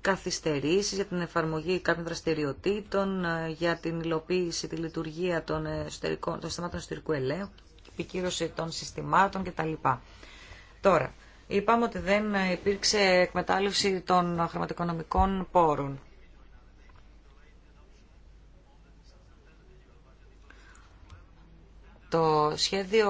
καθυστερήσεις για την εφαρμογή κάποιων δραστηριοτήτων, για την υλοποίηση, τη λειτουργία των, των συστημάτων εσωτερικού ελέγχου, επικύρωση των συστημάτων κτλ. Τώρα, είπαμε ότι δεν υπήρξε εκμετάλλευση των χρηματοοικονομικών πόρων. Το σχέδιο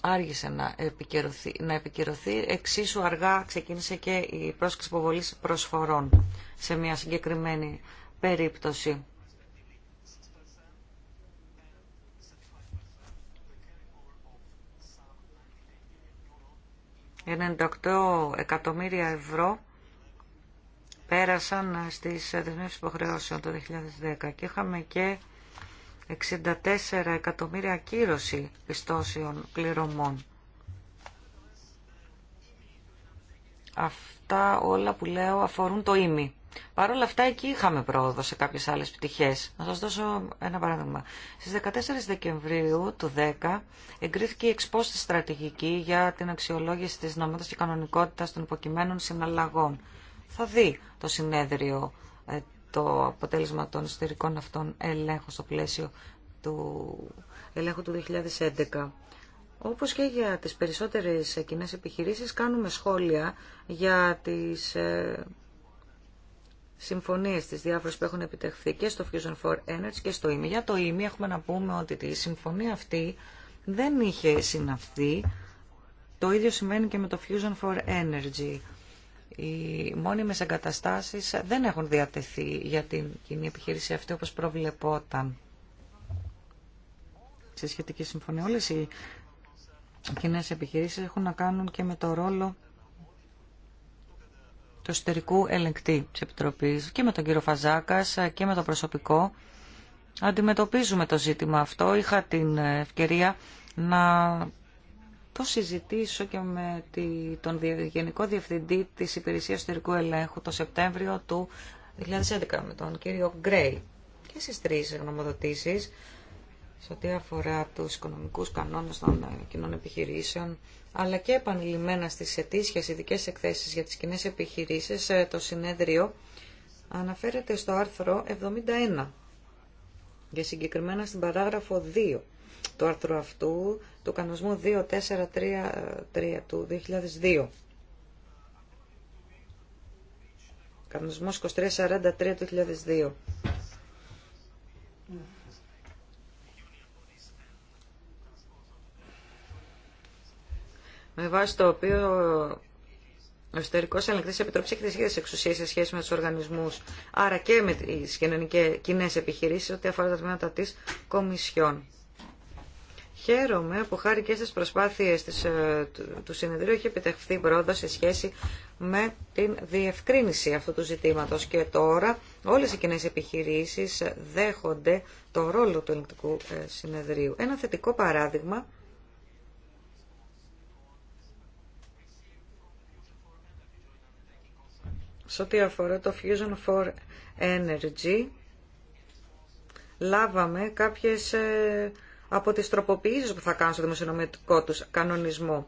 άργησε να επικυρωθεί, να επικυρωθεί. Εξίσου αργά ξεκίνησε και η πρόσκληση υποβολή προσφορών σε μια συγκεκριμένη περίπτωση. ...98 εκατομμύρια ευρώ πέρασαν στις δεσμεύσεις υποχρεώσεων το 2010 και είχαμε και 64 εκατομμύρια κύρωση πιστώσεων πληρωμών. Αυτά όλα που λέω αφορούν το ίμι. Παρ' όλα αυτά εκεί είχαμε πρόοδο σε κάποιες άλλες πτυχές. Να σας δώσω ένα παράδειγμα. Στις 14 Δεκεμβρίου του 10 εγκρίθηκε η εξπόστη στρατηγική για την αξιολόγηση της νομότητας και κανονικότητας των υποκειμένων συναλλαγών. Θα δει το συνέδριο ε, το αποτέλεσμα των εσωτερικών αυτών ελέγχων στο πλαίσιο του ελέγχου του 2011. Όπως και για τις περισσότερες κοινέ επιχειρήσεις κάνουμε σχόλια για τις ε, συμφωνίες τις διάφορες που έχουν επιτευχθεί και στο Fusion for Energy και στο ΙΜΗ. Για το ΙΜΗ έχουμε να πούμε ότι τη συμφωνία αυτή δεν είχε συναυθεί. Το ίδιο σημαίνει και με το Fusion for Energy οι μόνιμες εγκαταστάσεις δεν έχουν διατεθεί για την κοινή επιχείρηση αυτή όπως προβλεπόταν. Σε σχετική συμφωνία όλες οι κοινέ επιχειρήσεις έχουν να κάνουν και με το ρόλο του εσωτερικού ελεγκτή της Επιτροπής και με τον κύριο Φαζάκας και με το προσωπικό. Αντιμετωπίζουμε το ζήτημα αυτό. Είχα την ευκαιρία να το συζητήσω και με τον Γενικό Διευθυντή της Υπηρεσίας στερικού Ελέγχου το Σεπτέμβριο του 2011 με τον κύριο Γκρέι και στις τρεις γνωμοδοτήσεις σε ό,τι αφορά τους οικονομικούς κανόνες των ε, κοινών επιχειρήσεων αλλά και επανειλημμένα στις ετήσιες ειδικέ εκθέσεις για τις κοινέ επιχειρήσεις ε, το συνέδριο αναφέρεται στο άρθρο 71 και συγκεκριμένα στην παράγραφο 2 του άρθρου αυτού του κανονισμού 2433 του 2002. κανονισμό 2343 του 2002. με βάση το οποίο ο εσωτερικό ελεγκτή επιτροπή έχει τι ίδιε εξουσίε σε σχέση με του οργανισμού, άρα και με τι κοινέ επιχειρήσει, ό,τι αφορά τα τμήματα τη Κομισιόν. Χαίρομαι που χάρη και στις προσπάθειες ε, του συνεδρίου έχει επιτευχθεί πρώτα σε σχέση με την διευκρίνηση αυτού του ζητήματος και τώρα όλες οι κοινέ επιχειρήσεις δέχονται το ρόλο του ελληνικού ε, συνεδρίου. Ένα θετικό παράδειγμα σε ό,τι αφορά το Fusion for Energy λάβαμε κάποιες ε, από τις τροποποιήσεις που θα κάνουν στο δημοσιονομικό τους κανονισμό.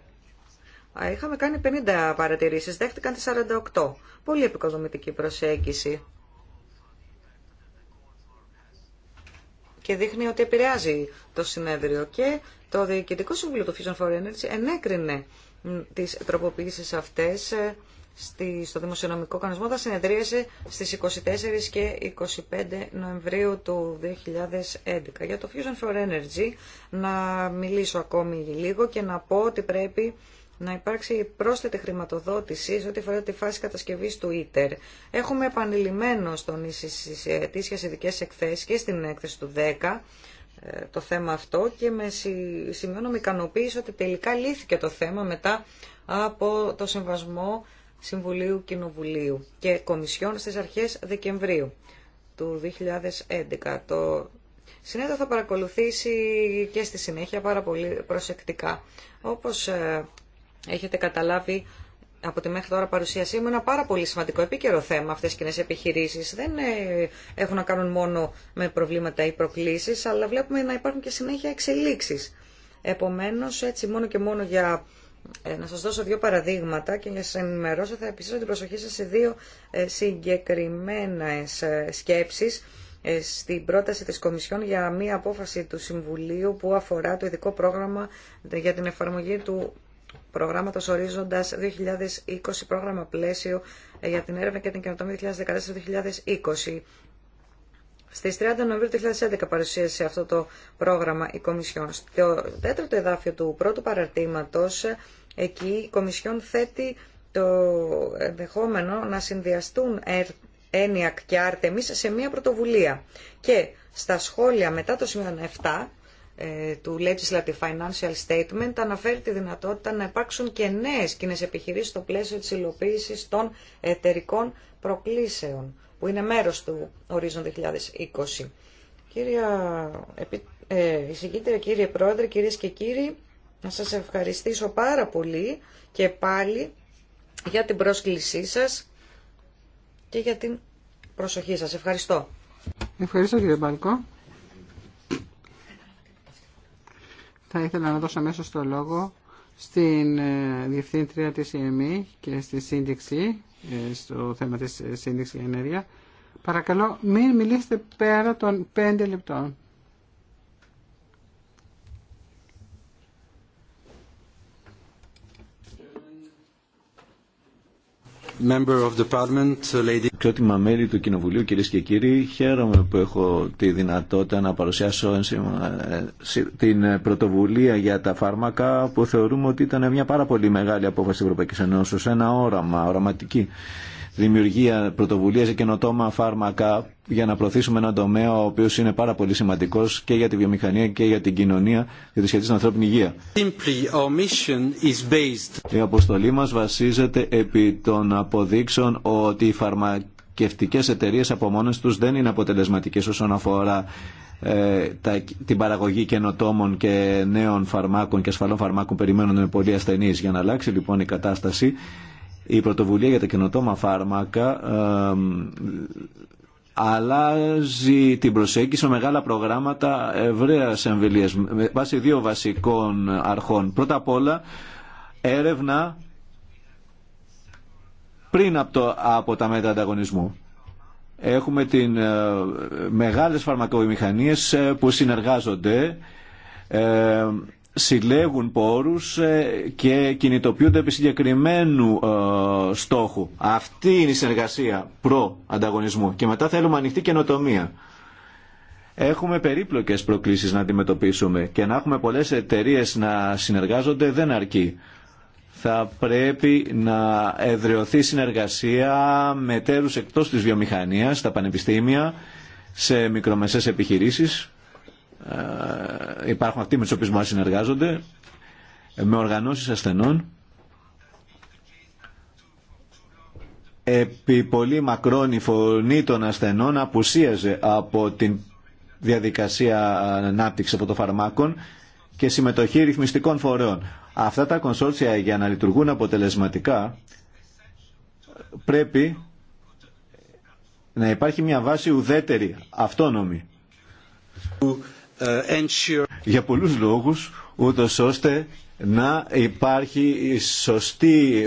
Είχαμε κάνει 50 παρατηρήσεις, δέχτηκαν τις 48. Πολύ επικοδομητική προσέγγιση. Και δείχνει ότι επηρεάζει το συνέδριο και το Διοικητικό Συμβούλιο του Fusion for Energy ενέκρινε τις τροποποιήσεις αυτές ε, στο δημοσιονομικό κανονισμό θα συνεδρίασε στις 24 και 25 Νοεμβρίου του 2011. Για το Fusion for Energy να μιλήσω ακόμη λίγο και να πω ότι πρέπει να υπάρξει πρόσθετη χρηματοδότηση σε ό,τι αφορά τη φάση κατασκευής του ΙΤΕΡ. Έχουμε επανειλημμένο στον ετήσιας ειδικέ εκθέσεις και στην έκθεση του 10 ε, το θέμα αυτό και με σημειώνω με ικανοποίηση ότι τελικά λύθηκε το θέμα μετά από το συμβασμό Συμβουλίου Κοινοβουλίου και Κομισιόν στις αρχές Δεκεμβρίου του 2011. Το συνέδριο θα παρακολουθήσει και στη συνέχεια πάρα πολύ προσεκτικά. Όπως ε, έχετε καταλάβει από τη μέχρι τώρα παρουσίασή μου, ένα πάρα πολύ σημαντικό επίκαιρο θέμα αυτές οι κοινέ επιχειρήσεις. Δεν ε, έχουν να κάνουν μόνο με προβλήματα ή προκλήσεις, αλλά βλέπουμε να υπάρχουν και συνέχεια εξελίξεις. Επομένως, έτσι μόνο και μόνο για ε, να σας δώσω δύο παραδείγματα και για να σας ενημερώσω θα επιστήσω την προσοχή σας σε δύο ε, συγκεκριμένες ε, σκέψεις στην πρόταση της Κομισιόν για μία απόφαση του Συμβουλίου που αφορά το ειδικό πρόγραμμα για την εφαρμογή του προγράμματος Ορίζοντας 2020, πρόγραμμα πλαίσιο για την έρευνα και την καινοτομία 2014-2020. Στι 30 Νοεμβρίου 2011 παρουσίασε αυτό το πρόγραμμα η Κομισιόν. Στο τέταρτο εδάφιο του πρώτου παραρτήματος, εκεί η Κομισιόν θέτει το ενδεχόμενο να συνδυαστούν ένιακ και άρτεμις σε μία πρωτοβουλία. Και στα σχόλια μετά το σημείο 7 ε, του Legislative Financial Statement αναφέρει τη δυνατότητα να υπάρξουν και νέες κοινέ επιχειρήσεις στο πλαίσιο της υλοποίησης των εταιρικών προκλήσεων που είναι μέρος του ορίζον 2020. Κύρια ε, εισηγήτρια, κύριε Πρόεδρε, κυρίες και κύριοι, να σας ευχαριστήσω πάρα πολύ και πάλι για την πρόσκλησή σας και για την προσοχή σας. Ευχαριστώ. Ευχαριστώ κύριε Μπαλκό. Θα ήθελα να δώσω μέσα το λόγο στην ε, Διευθύντρια της ΕΜΗ και στη σύνδεξη ε, στο θέμα της ε, σύνδεξης για ενέργεια. Παρακαλώ μην μιλήσετε πέρα των πέντε λεπτών. Member of the Parliament, uh, lady. μέλη του Κοινοβουλίου, κυρίε και κύριοι, χαίρομαι που έχω τη δυνατότητα να παρουσιάσω ε, την ε, πρωτοβουλία για τα φάρμακα που θεωρούμε ότι ήταν μια πάρα πολύ μεγάλη απόφαση τη Ευρωπαϊκή Ένωση, ένα όραμα, οραματική δημιουργία πρωτοβουλία για καινοτόμα φάρμακα για να προωθήσουμε έναν τομέα ο οποίο είναι πάρα πολύ σημαντικό και για τη βιομηχανία και για την κοινωνία και τη με την ανθρώπινη υγεία. Simply, based. Η αποστολή μα βασίζεται επί των αποδείξεων ότι οι φαρμακευτικέ εταιρείε από μόνε του δεν είναι αποτελεσματικέ όσον αφορά ε, τα, την παραγωγή καινοτόμων και νέων φαρμάκων και ασφαλών φαρμάκων περιμένουν πολύ ασθενεί. Για να αλλάξει λοιπόν η κατάσταση η πρωτοβουλία για τα καινοτόμα φάρμακα αλλάζει την προσέγγιση με μεγάλα προγράμματα ευρέα εμβελία με βάση δύο βασικών αρχών. Πρώτα απ' όλα, έρευνα πριν από, το, από τα μέτρα ανταγωνισμού. Έχουμε την, ε, μεγάλες φαρμακοβιομηχανίες ε, που συνεργάζονται ε, συλλέγουν πόρους ε, και κινητοποιούνται επί συγκεκριμένου ε, στόχου. Αυτή είναι η συνεργασία προ-ανταγωνισμού. Και μετά θέλουμε ανοιχτή καινοτομία. Έχουμε περίπλοκες προκλήσεις να αντιμετωπίσουμε και να έχουμε πολλές εταιρείε να συνεργάζονται δεν αρκεί. Θα πρέπει να εδραιωθεί συνεργασία με τέρους εκτός της βιομηχανίας, στα πανεπιστήμια, σε μικρομεσές επιχειρήσεις ε, υπάρχουν αυτοί με τους οποίους μας συνεργάζονται, με οργανώσεις ασθενών. Επί πολύ μακρόν η φωνή των ασθενών απουσίαζε από την διαδικασία ανάπτυξη από το φαρμάκων και συμμετοχή ρυθμιστικών φορέων. Αυτά τα κονσόρτσια για να λειτουργούν αποτελεσματικά πρέπει να υπάρχει μια βάση ουδέτερη, αυτόνομη. Uh, για πολλούς λόγους, ούτως ώστε να υπάρχει σωστή,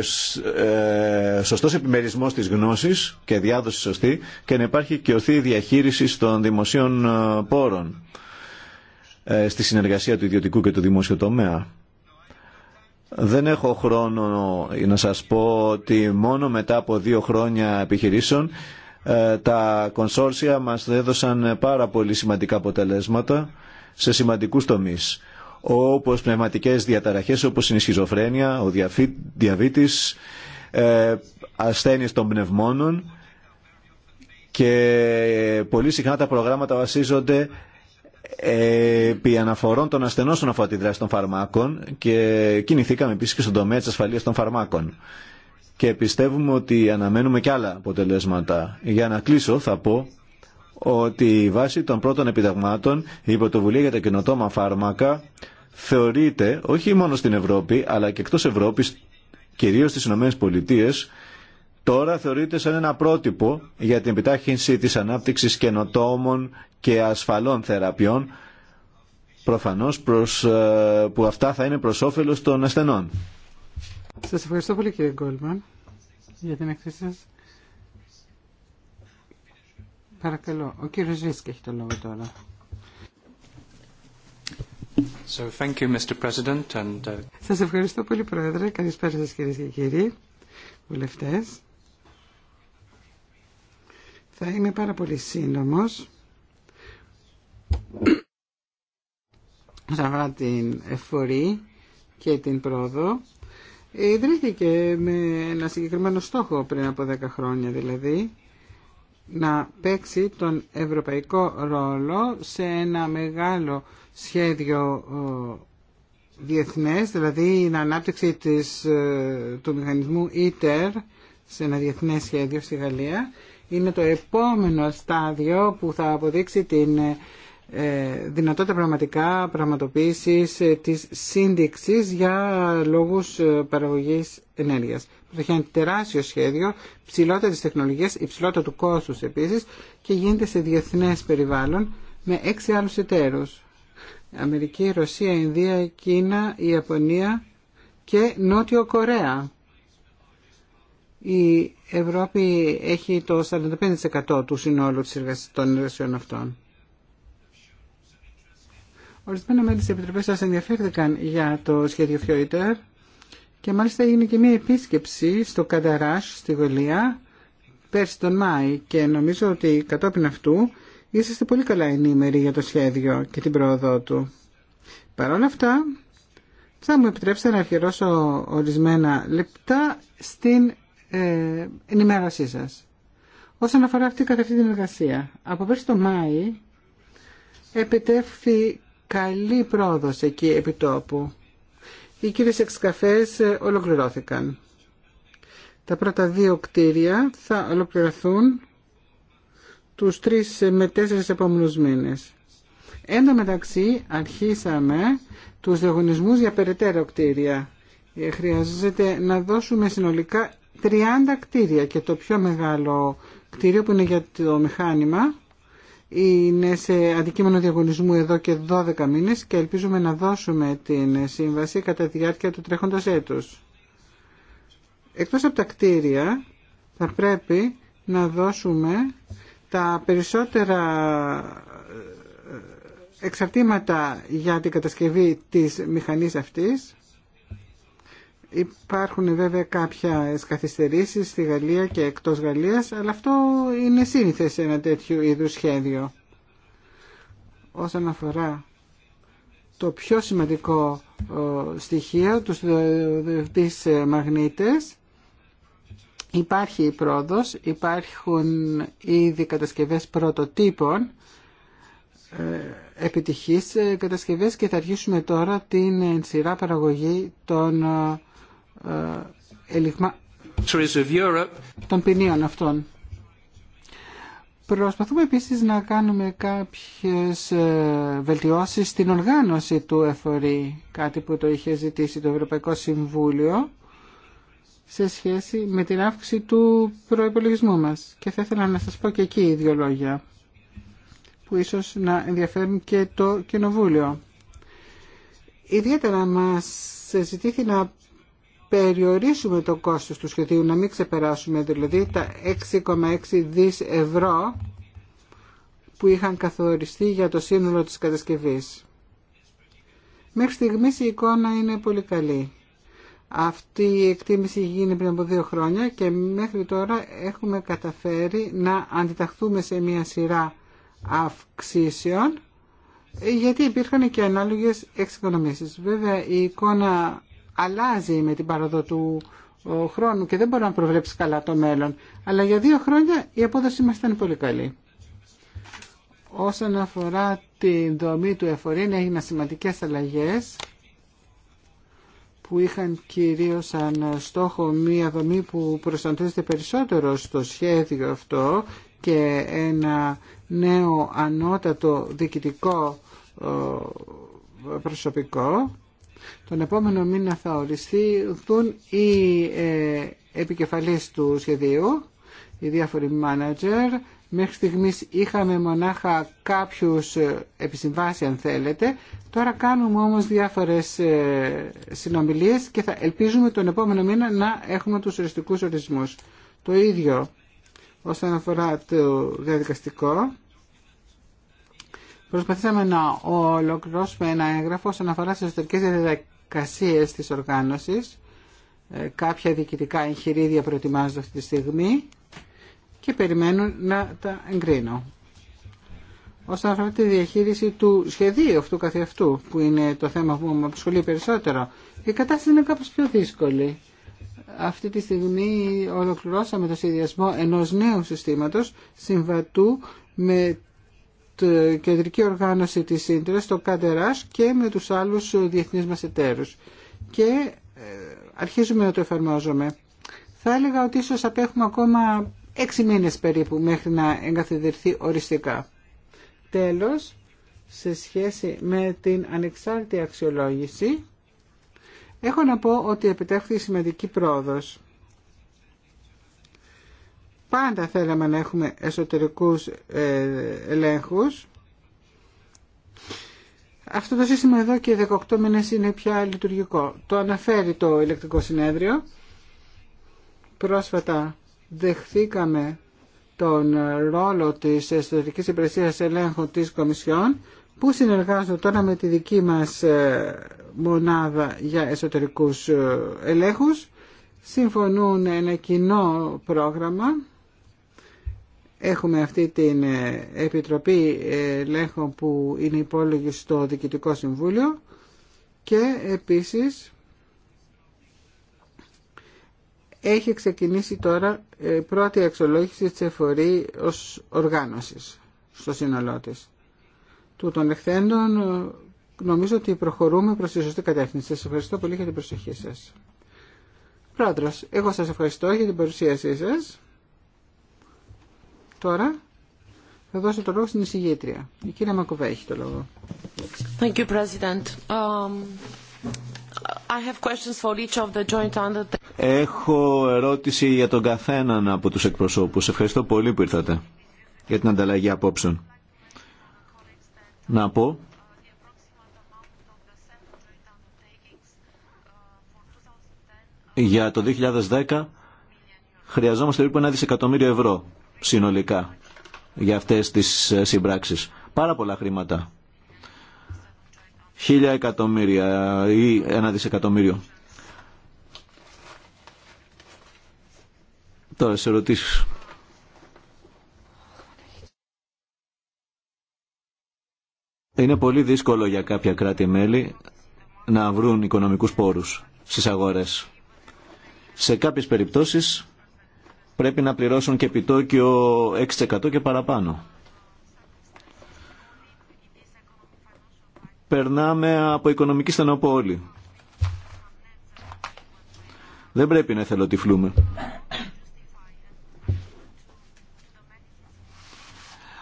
ε, σωστός επιμερισμός της γνώσης και διάδοση σωστή και να υπάρχει και οθή διαχείριση των δημοσίων ε, πόρων ε, στη συνεργασία του ιδιωτικού και του δημόσιου τομέα. Δεν έχω χρόνο να σας πω ότι μόνο μετά από δύο χρόνια επιχειρήσεων ε, τα κονσόρσια μας έδωσαν πάρα πολύ σημαντικά αποτελέσματα σε σημαντικούς τομείς όπως πνευματικές διαταραχές όπως είναι η σχιζοφρένεια, ο διαβήτης, ε, ασθένειες των πνευμόνων και πολύ συχνά τα προγράμματα βασίζονται ε, επί αναφορών των ασθενών στον αφορά τη δράση των φαρμάκων και κινηθήκαμε επίσης και στον τομέα της ασφαλείας των φαρμάκων και πιστεύουμε ότι αναμένουμε και άλλα αποτελέσματα. Για να κλείσω θα πω ότι η βάση των πρώτων επιταγμάτων η πρωτοβουλία για τα καινοτόμα φάρμακα θεωρείται όχι μόνο στην Ευρώπη αλλά και εκτός Ευρώπης κυρίως στις Ηνωμένες Πολιτείες τώρα θεωρείται σαν ένα πρότυπο για την επιτάχυνση της ανάπτυξης καινοτόμων και ασφαλών θεραπείων προφανώς προς, ε, που αυτά θα είναι προς όφελος των ασθενών. Σας ευχαριστώ πολύ κύριε Γκόλμαν για την εκθέση σας. Παρακαλώ, ο κύριος Ρίσκ έχει το λόγο τώρα. So, thank you, Mr. President, and... Uh, σας ευχαριστώ πολύ Πρόεδρε. Καλησπέρα σας κυρίες και κύριοι βουλευτές. Θα είμαι πάρα πολύ σύντομος. Θα την εφορή και την πρόοδο ιδρύθηκε με ένα συγκεκριμένο στόχο πριν από 10 χρόνια δηλαδή να παίξει τον ευρωπαϊκό ρόλο σε ένα μεγάλο σχέδιο διεθνές, δηλαδή η ανάπτυξη της, ε, του μηχανισμού ITER σε ένα διεθνές σχέδιο στη Γαλλία. Είναι το επόμενο στάδιο που θα αποδείξει την ε, ε, δυνατότητα πραγματικά πραγματοποίησης ε, της σύνδεξης για λόγους ε, παραγωγής ενέργειας. έχει ένα τεράστιο σχέδιο, ψηλότητα της τεχνολογίας, υψηλότητα του κόστους επίσης και γίνεται σε διεθνές περιβάλλον με έξι άλλους εταίρους. Αμερική, Ρωσία, Ινδία, Κίνα, Ιαπωνία και Νότιο Κορέα. Η Ευρώπη έχει το 45% του συνόλου των εργασιών αυτών. Ορισμένα μέλη τη Επιτροπή σα ενδιαφέρθηκαν για το σχέδιο Φιόιτερ και μάλιστα έγινε και μια επίσκεψη στο Κανταράσ στη Γαλλία πέρσι τον Μάη και νομίζω ότι κατόπιν αυτού είσαστε πολύ καλά ενήμεροι για το σχέδιο και την πρόοδό του. Παρ' όλα αυτά, θα μου επιτρέψετε να αφιερώσω ορισμένα λεπτά στην ε, ενημέρωσή σας. Όσον αφορά αυτή αυτή την εργασία, από πέρσι τον Μάη επιτεύχθη καλή πρόοδος εκεί επί τόπου. Οι κύριες εξκαφές ολοκληρώθηκαν. Τα πρώτα δύο κτίρια θα ολοκληρωθούν τους τρεις με τέσσερις επόμενους μήνες. Εν τω μεταξύ αρχίσαμε τους διαγωνισμούς για περαιτέρω κτίρια. Ε, χρειάζεται να δώσουμε συνολικά 30 κτίρια και το πιο μεγάλο κτίριο που είναι για το μηχάνημα είναι σε αντικείμενο διαγωνισμού εδώ και 12 μήνες και ελπίζουμε να δώσουμε την σύμβαση κατά τη διάρκεια του τρέχοντος έτους. Εκτός από τα κτίρια θα πρέπει να δώσουμε τα περισσότερα ε, εξαρτήματα για την κατασκευή της μηχανής αυτής Υπάρχουν βέβαια κάποια καθυστερήσεις στη Γαλλία και εκτός Γαλλίας, αλλά αυτό είναι σύνηθε σε ένα τέτοιο είδου σχέδιο. Όσον αφορά το πιο σημαντικό ε, στοιχείο, τους τις ε, μαγνήτες, υπάρχει η πρόοδος, υπάρχουν ήδη κατασκευές πρωτοτύπων, ε, επιτυχής κατασκευές και θα αρχίσουμε τώρα την σειρά παραγωγή των ε, των ποινίων αυτών. Προσπαθούμε επίσης να κάνουμε κάποιες ε, βελτιώσεις στην οργάνωση του εφορεί, κάτι που το είχε ζητήσει το Ευρωπαϊκό Συμβούλιο σε σχέση με την αύξηση του προϋπολογισμού μας. Και θα ήθελα να σας πω και εκεί δύο λόγια, που ίσως να ενδιαφέρουν και το Κοινοβούλιο. Ιδιαίτερα μας ζητήθηκε να περιορίσουμε το κόστος του σχεδίου, να μην ξεπεράσουμε δηλαδή τα 6,6 δις ευρώ που είχαν καθοριστεί για το σύνολο της κατασκευής. Μέχρι στιγμής η εικόνα είναι πολύ καλή. Αυτή η εκτίμηση γίνεται γίνει πριν από δύο χρόνια και μέχρι τώρα έχουμε καταφέρει να αντιταχθούμε σε μια σειρά αυξήσεων γιατί υπήρχαν και ανάλογες εξοικονομήσεις. Βέβαια η εικόνα αλλάζει με την παρόδο του χρόνου και δεν μπορεί να προβλέψει καλά το μέλλον. Αλλά για δύο χρόνια η απόδοση μας ήταν πολύ καλή. Όσον αφορά την δομή του εφορίν έγιναν σημαντικές αλλαγές που είχαν κυρίως σαν στόχο μία δομή που προσανατολίζεται περισσότερο στο σχέδιο αυτό και ένα νέο ανώτατο διοικητικό προσωπικό τον επόμενο μήνα θα οριστούν οι ε, επικεφαλής του σχεδίου, οι διάφοροι μάνατζερ. Μέχρι στιγμής είχαμε μονάχα κάποιους ε, επισυμβάσει αν θέλετε. Τώρα κάνουμε όμως διάφορες ε, συνομιλίες και θα ελπίζουμε τον επόμενο μήνα να έχουμε τους οριστικούς ορισμούς. Το ίδιο όσον αφορά το διαδικαστικό Προσπαθήσαμε να ολοκληρώσουμε ένα έγγραφο όσον αφορά στι εσωτερικέ διαδικασίε τη οργάνωση. Ε, κάποια διοικητικά εγχειρίδια προετοιμάζονται αυτή τη στιγμή και περιμένουν να τα εγκρίνω. Όσον αφορά τη διαχείριση του σχεδίου αυτού καθεαυτού, που είναι το θέμα που μου απασχολεί περισσότερο, η κατάσταση είναι κάπως πιο δύσκολη. Αυτή τη στιγμή ολοκληρώσαμε το σχεδιασμό ενός νέου συστήματος συμβατού με ε, κεντρική οργάνωση της Ίντρας, το Καντεράς και με τους άλλους διεθνείς μας εταίρους. Και ε, αρχίζουμε να το εφαρμόζουμε. Θα έλεγα ότι ίσως απέχουμε ακόμα έξι μήνες περίπου μέχρι να εγκαθιδερθεί οριστικά. Τέλος, σε σχέση με την ανεξάρτητη αξιολόγηση, έχω να πω ότι επιτέχθηκε σημαντική πρόοδος. Πάντα θέλαμε να έχουμε εσωτερικούς ε, ελέγχους. Αυτό το σύστημα εδώ και 18 μήνες είναι πια λειτουργικό. Το αναφέρει το ηλεκτρικό συνέδριο. Πρόσφατα δεχθήκαμε τον ρόλο της εσωτερικής υπηρεσίας ελέγχου της Κομισιόν που συνεργάζονται τώρα με τη δική μας ε, μονάδα για εσωτερικούς ε, ελέγχους συμφωνούν ένα κοινό πρόγραμμα Έχουμε αυτή την ε, Επιτροπή Ελέγχων που είναι υπόλογη στο Διοικητικό Συμβούλιο και επίσης έχει ξεκινήσει τώρα η ε, πρώτη αξιολόγηση της εφορή ως οργάνωσης στο σύνολό τη. Του των εχθέντων ε, νομίζω ότι προχωρούμε προς τη σωστή κατεύθυνση. Σας ευχαριστώ πολύ για την προσοχή σας. Πρόεδρος, εγώ σας ευχαριστώ για την παρουσίασή σας. Τώρα θα δώσω το λόγο στην εισηγήτρια. Η κυρία Μακοβέ έχει το λόγο. Thank you, President. Um... I have questions for each of the joint Έχω ερώτηση για τον καθέναν από τους εκπροσώπους. Ευχαριστώ πολύ που ήρθατε για την ανταλλαγή απόψεων. Να πω για το 2010 χρειαζόμαστε περίπου ένα δισεκατομμύριο ευρώ συνολικά για αυτές τις ε, συμπράξεις. Πάρα πολλά χρήματα. Χίλια εκατομμύρια ή ένα δισεκατομμύριο. Τώρα σε ερωτήσεις. Είναι πολύ δύσκολο για κάποια κράτη-μέλη να βρουν οικονομικούς πόρους στις αγορές. Σε κάποιες περιπτώσεις πρέπει να πληρώσουν και επιτόκιο 6% και παραπάνω. Περνάμε από οικονομική στενοπόλη. Δεν πρέπει να εθελοτυφλούμε.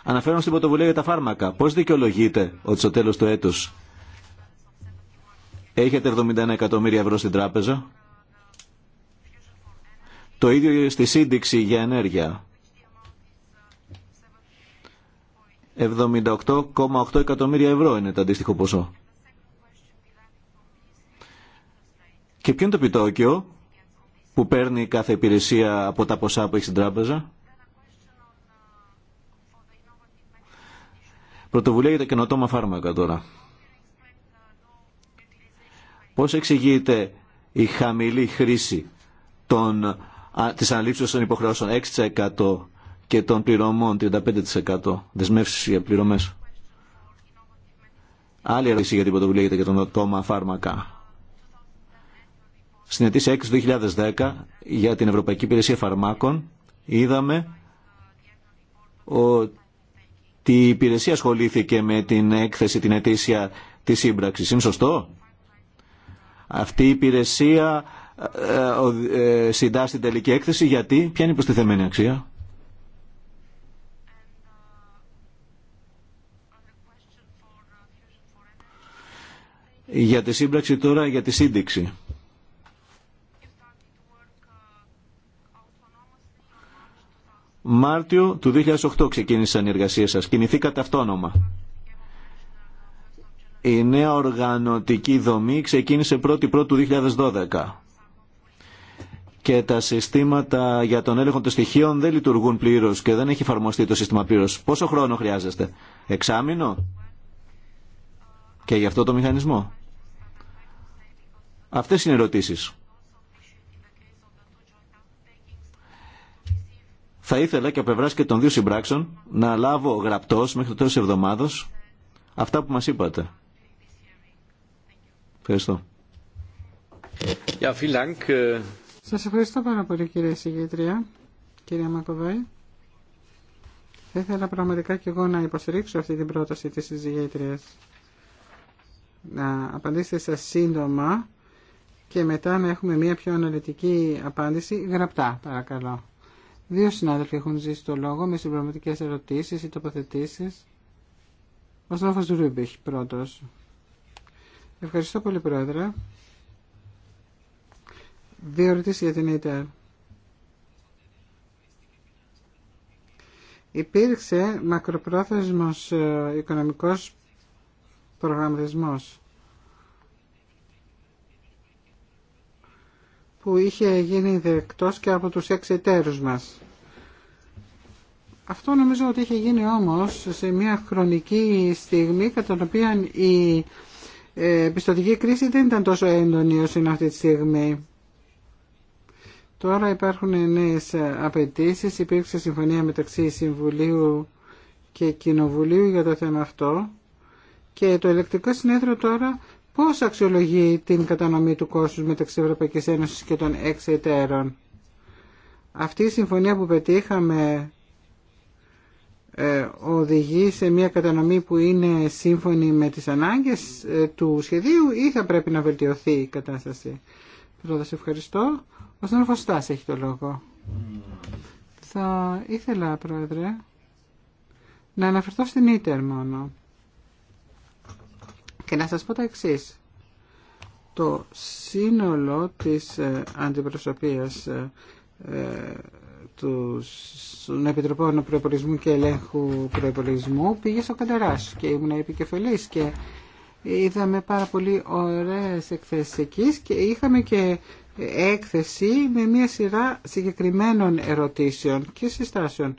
Αναφέρομαι στην πρωτοβουλία για τα φάρμακα. Πώς δικαιολογείται ότι στο τέλος του έτους έχετε 71 εκατομμύρια ευρώ στην τράπεζα το ίδιο στη σύνδεξη για ενέργεια. 78,8 εκατομμύρια ευρώ είναι το αντίστοιχο ποσό. Και ποιο είναι το επιτόκιο που παίρνει κάθε υπηρεσία από τα ποσά που έχει στην τράπεζα. Πρωτοβουλία για τα καινοτόμα φάρμακα τώρα. Πώς εξηγείται η χαμηλή χρήση των της αναλήψεως των υποχρεώσεων 6% και των πληρωμών 35% δεσμεύσεις για πληρωμές. Άλλη ερώτηση για την πρωτοβουλία για τον τόμα φάρμακα. Στην ετήσια 6 του 2010 για την Ευρωπαϊκή Υπηρεσία Φαρμάκων είδαμε ότι η υπηρεσία ασχολήθηκε με την έκθεση την ετήσια της σύμπραξης. Είναι σωστό? Αυτή η υπηρεσία ε, ε, συντάσσει την τελική έκθεση. Γιατί, ποια είναι η προστιθεμένη αξία. Για τη σύμπραξη τώρα, για τη σύνδεξη. Μάρτιο του 2008 ξεκίνησαν οι εργασίες σας. Κινηθήκατε αυτόνομα. Η νέα οργανωτική ξεκίνησε η του 2012 και τα συστήματα για τον έλεγχο των στοιχείων δεν λειτουργούν πλήρω και δεν έχει εφαρμοστεί το σύστημα πλήρω. Πόσο χρόνο χρειάζεστε, Εξάμεινο και γι' αυτό το μηχανισμό. Αυτές είναι οι ερωτήσεις. Θα ήθελα και από και των δύο συμπράξεων να λάβω γραπτός μέχρι το τέλος της εβδομάδος αυτά που μας είπατε. Ευχαριστώ. Ja, äh, σας ευχαριστώ πάρα πολύ κυρία Συγγετρία, κυρία Μακοβάη. Θα ήθελα πραγματικά και εγώ να υποστηρίξω αυτή την πρόταση της συζητήτριας. Να απαντήσετε σα σύντομα και μετά να έχουμε μια πιο αναλυτική απάντηση γραπτά, παρακαλώ. Δύο συνάδελφοι έχουν ζήσει το λόγο με συμπληρωματικέ ερωτήσει ή τοποθετήσει. Ο Σνόφο Ρούμπιχ πρώτο. Ευχαριστώ πολύ, Πρόεδρε. Δύο ερωτήσει για την ΕΤΑΡ. Υπήρξε μακροπρόθεσμος ε, οικονομικός προγραμματισμός που είχε γίνει δεκτός και από τους έξι εταίρους μας. Αυτό νομίζω ότι είχε γίνει όμως σε μια χρονική στιγμή κατά την οποία η ε, πιστοτική κρίση δεν ήταν τόσο έντονη όσο είναι αυτή τη στιγμή. Τώρα υπάρχουν νέες απαιτήσεις. Υπήρξε συμφωνία μεταξύ Συμβουλίου και Κοινοβουλίου για το θέμα αυτό. Και το ελεκτικό συνέδριο τώρα πώς αξιολογεί την κατανομή του κόστους μεταξύ Ευρωπαϊκής Ένωσης και των έξι εταίρων. Αυτή η συμφωνία που πετύχαμε ε, οδηγεί σε μια κατανομή που είναι σύμφωνη με τις ανάγκες ε, του σχεδίου ή θα πρέπει να βελτιωθεί η κατάσταση. Πρώτα ευχαριστώ. Ο συνάδελφος έχει το λόγο. Θα ήθελα, Πρόεδρε, να αναφερθώ στην Ίτερ μόνο. Και να σας πω τα εξή. Το σύνολο της ε, αντιπροσωπείας ε, των Επιτροπών Προεπολισμού και Ελέγχου Προεπολισμού πήγε στο Καντεράς και ήμουν επικεφαλής και είδαμε πάρα πολύ ωραίες εκθέσεις εκεί και είχαμε και έκθεση με μια σειρά συγκεκριμένων ερωτήσεων και συστάσεων.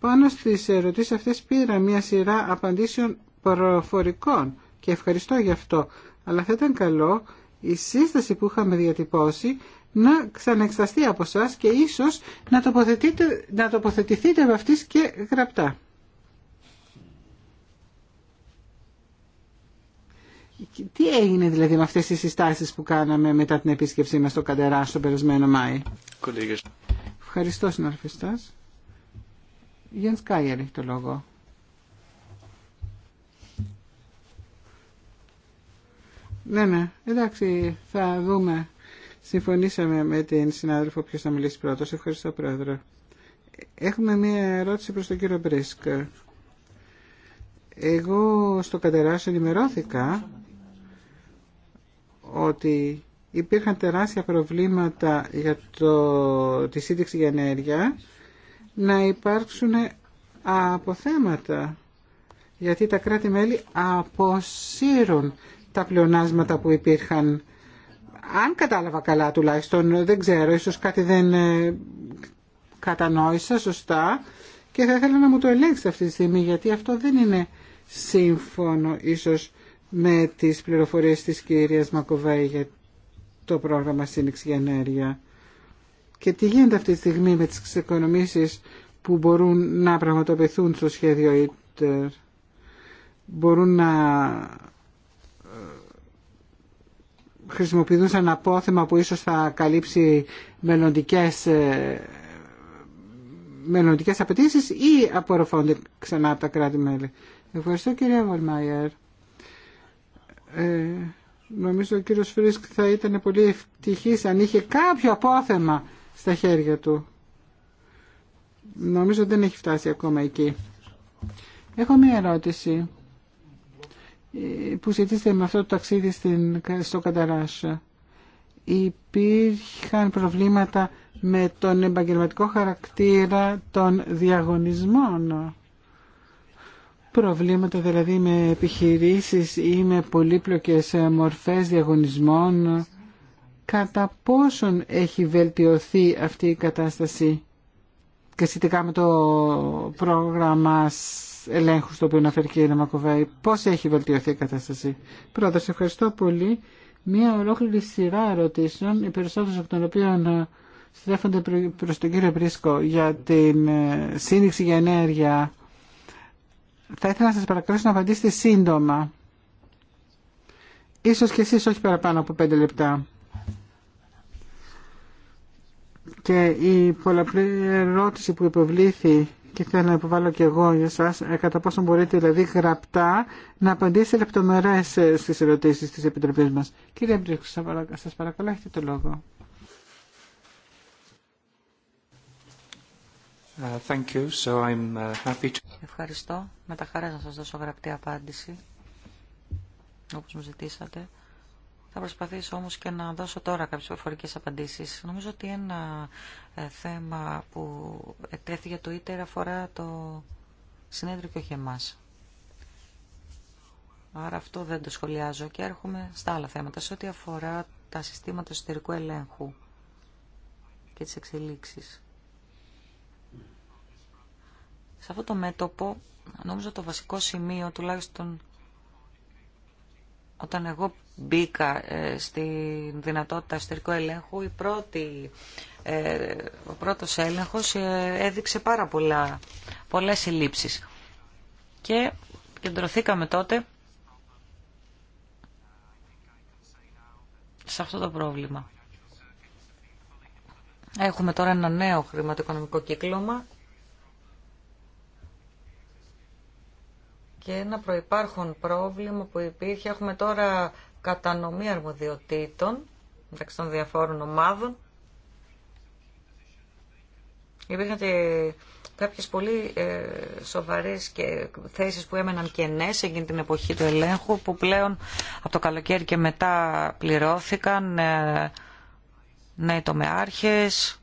Πάνω στις ερωτήσεις αυτές πήρα μια σειρά απαντήσεων προφορικών και ευχαριστώ γι' αυτό. Αλλά θα ήταν καλό η σύσταση που είχαμε διατυπώσει να ξαναεξαστεί από εσά και ίσως να, να τοποθετηθείτε με αυτής και γραπτά. Τι έγινε δηλαδή με αυτές τις συστάσεις που κάναμε μετά την επίσκεψή μας στο Καντερά στο περασμένο Μάη. Ευχαριστώ συναρφιστάς. Γιάννης Κάιερ έχει το λόγο. Ναι, ναι, εντάξει, θα δούμε. Συμφωνήσαμε με την συνάδελφο ποιος θα μιλήσει πρώτος. Ευχαριστώ, Πρόεδρε. Έχουμε μία ερώτηση προς τον κύριο Μπρίσκ. Εγώ στο Καντεράς ενημερώθηκα ότι υπήρχαν τεράστια προβλήματα για το, τη σύνδεξη για ενέργεια να υπάρξουν αποθέματα γιατί τα κράτη-μέλη αποσύρουν τα πλεονάσματα που υπήρχαν αν κατάλαβα καλά τουλάχιστον δεν ξέρω ίσως κάτι δεν ε, κατανόησα σωστά και θα ήθελα να μου το ελέγξετε αυτή τη στιγμή γιατί αυτό δεν είναι σύμφωνο ίσως με τις πληροφορίες της κυρίας Μακοβέη για το πρόγραμμα σύνδεξη για Ενέργεια και τι γίνεται αυτή τη στιγμή με τις εξοικονομήσεις που μπορούν να πραγματοποιηθούν στο σχέδιο ΙΤΕΡ μπορούν να ε, χρησιμοποιηθούν σαν απόθεμα που ίσως θα καλύψει μελλοντικές, ε, μελλοντικές απαιτήσεις ή απορροφώνται ξανά από τα κράτη-μέλη. Ευχαριστώ κυρία Βολμάιερ. Ε, νομίζω ο κύριος Φρίσκ θα ήταν πολύ ευτυχής αν είχε κάποιο απόθεμα στα χέρια του. Νομίζω δεν έχει φτάσει ακόμα εκεί. Έχω μία ερώτηση ε, που ζητήσετε με αυτό το ταξίδι στην, στο Καταράς. Υπήρχαν προβλήματα με τον επαγγελματικό χαρακτήρα των διαγωνισμών προβλήματα δηλαδή με επιχειρήσεις ή με πολύπλοκες ε, μορφές διαγωνισμών κατά πόσον έχει βελτιωθεί αυτή η κατάσταση και σχετικά με το πρόγραμμα ελέγχου στο οποίο αναφέρει η κυρία πώς έχει βελτιωθεί η κατάσταση πρώτα ευχαριστώ πολύ μια ολόκληρη σειρά ερωτήσεων οι περισσότερες από των οποίων ε, στρέφονται προς τον κύριο Βρίσκο για την ε, σύνδεξη για ενέργεια θα ήθελα να σας παρακολουθήσω να απαντήσετε σύντομα. Ίσως και εσείς όχι παραπάνω από πέντε λεπτά. Και η πολλαπλή ερώτηση που υποβλήθη και θέλω να υποβάλω και εγώ για σας, ε, κατά πόσο μπορείτε δηλαδή γραπτά να απαντήσετε λεπτομερές ε, στις ερωτήσεις της Επιτροπής μας. Κύριε Μπρίξου, σας παρακαλώ, έχετε το λόγο. Uh, uh, Ευχαριστώ. Με τα χαρά να σας δώσω γραπτή απάντηση, όπως μου ζητήσατε. Θα προσπαθήσω όμως και να δώσω τώρα κάποιες προφορικές απαντήσεις. Νομίζω ότι ένα ε, θέμα που εκτέθηκε το ίτερ αφορά το συνέδριο και όχι εμάς. Άρα αυτό δεν το σχολιάζω και έρχομαι στα άλλα θέματα σε ό,τι αφορά τα συστήματα εσωτερικού ελέγχου και τις εξελίξεις. Σε αυτό το μέτωπο, νομίζω το βασικό σημείο, τουλάχιστον όταν εγώ μπήκα ε, στη δυνατότητα εσωτερικού ελέγχου, η πρώτη, ε, ο πρώτος έλεγχος ε, έδειξε πάρα πολλά, πολλές συλλήψεις. Και κεντρωθήκαμε τότε σε αυτό το πρόβλημα. Έχουμε τώρα ένα νέο χρηματοοικονομικό κύκλωμα και ένα προϋπάρχον πρόβλημα που υπήρχε. Έχουμε τώρα κατανομή αρμοδιοτήτων μεταξύ των διαφόρων ομάδων. Υπήρχαν και κάποιες πολύ ε, σοβαρές και θέσεις που έμεναν κενές εκείνη την εποχή του ελέγχου που πλέον από το καλοκαίρι και μετά πληρώθηκαν ε, νέοι τομεάρχες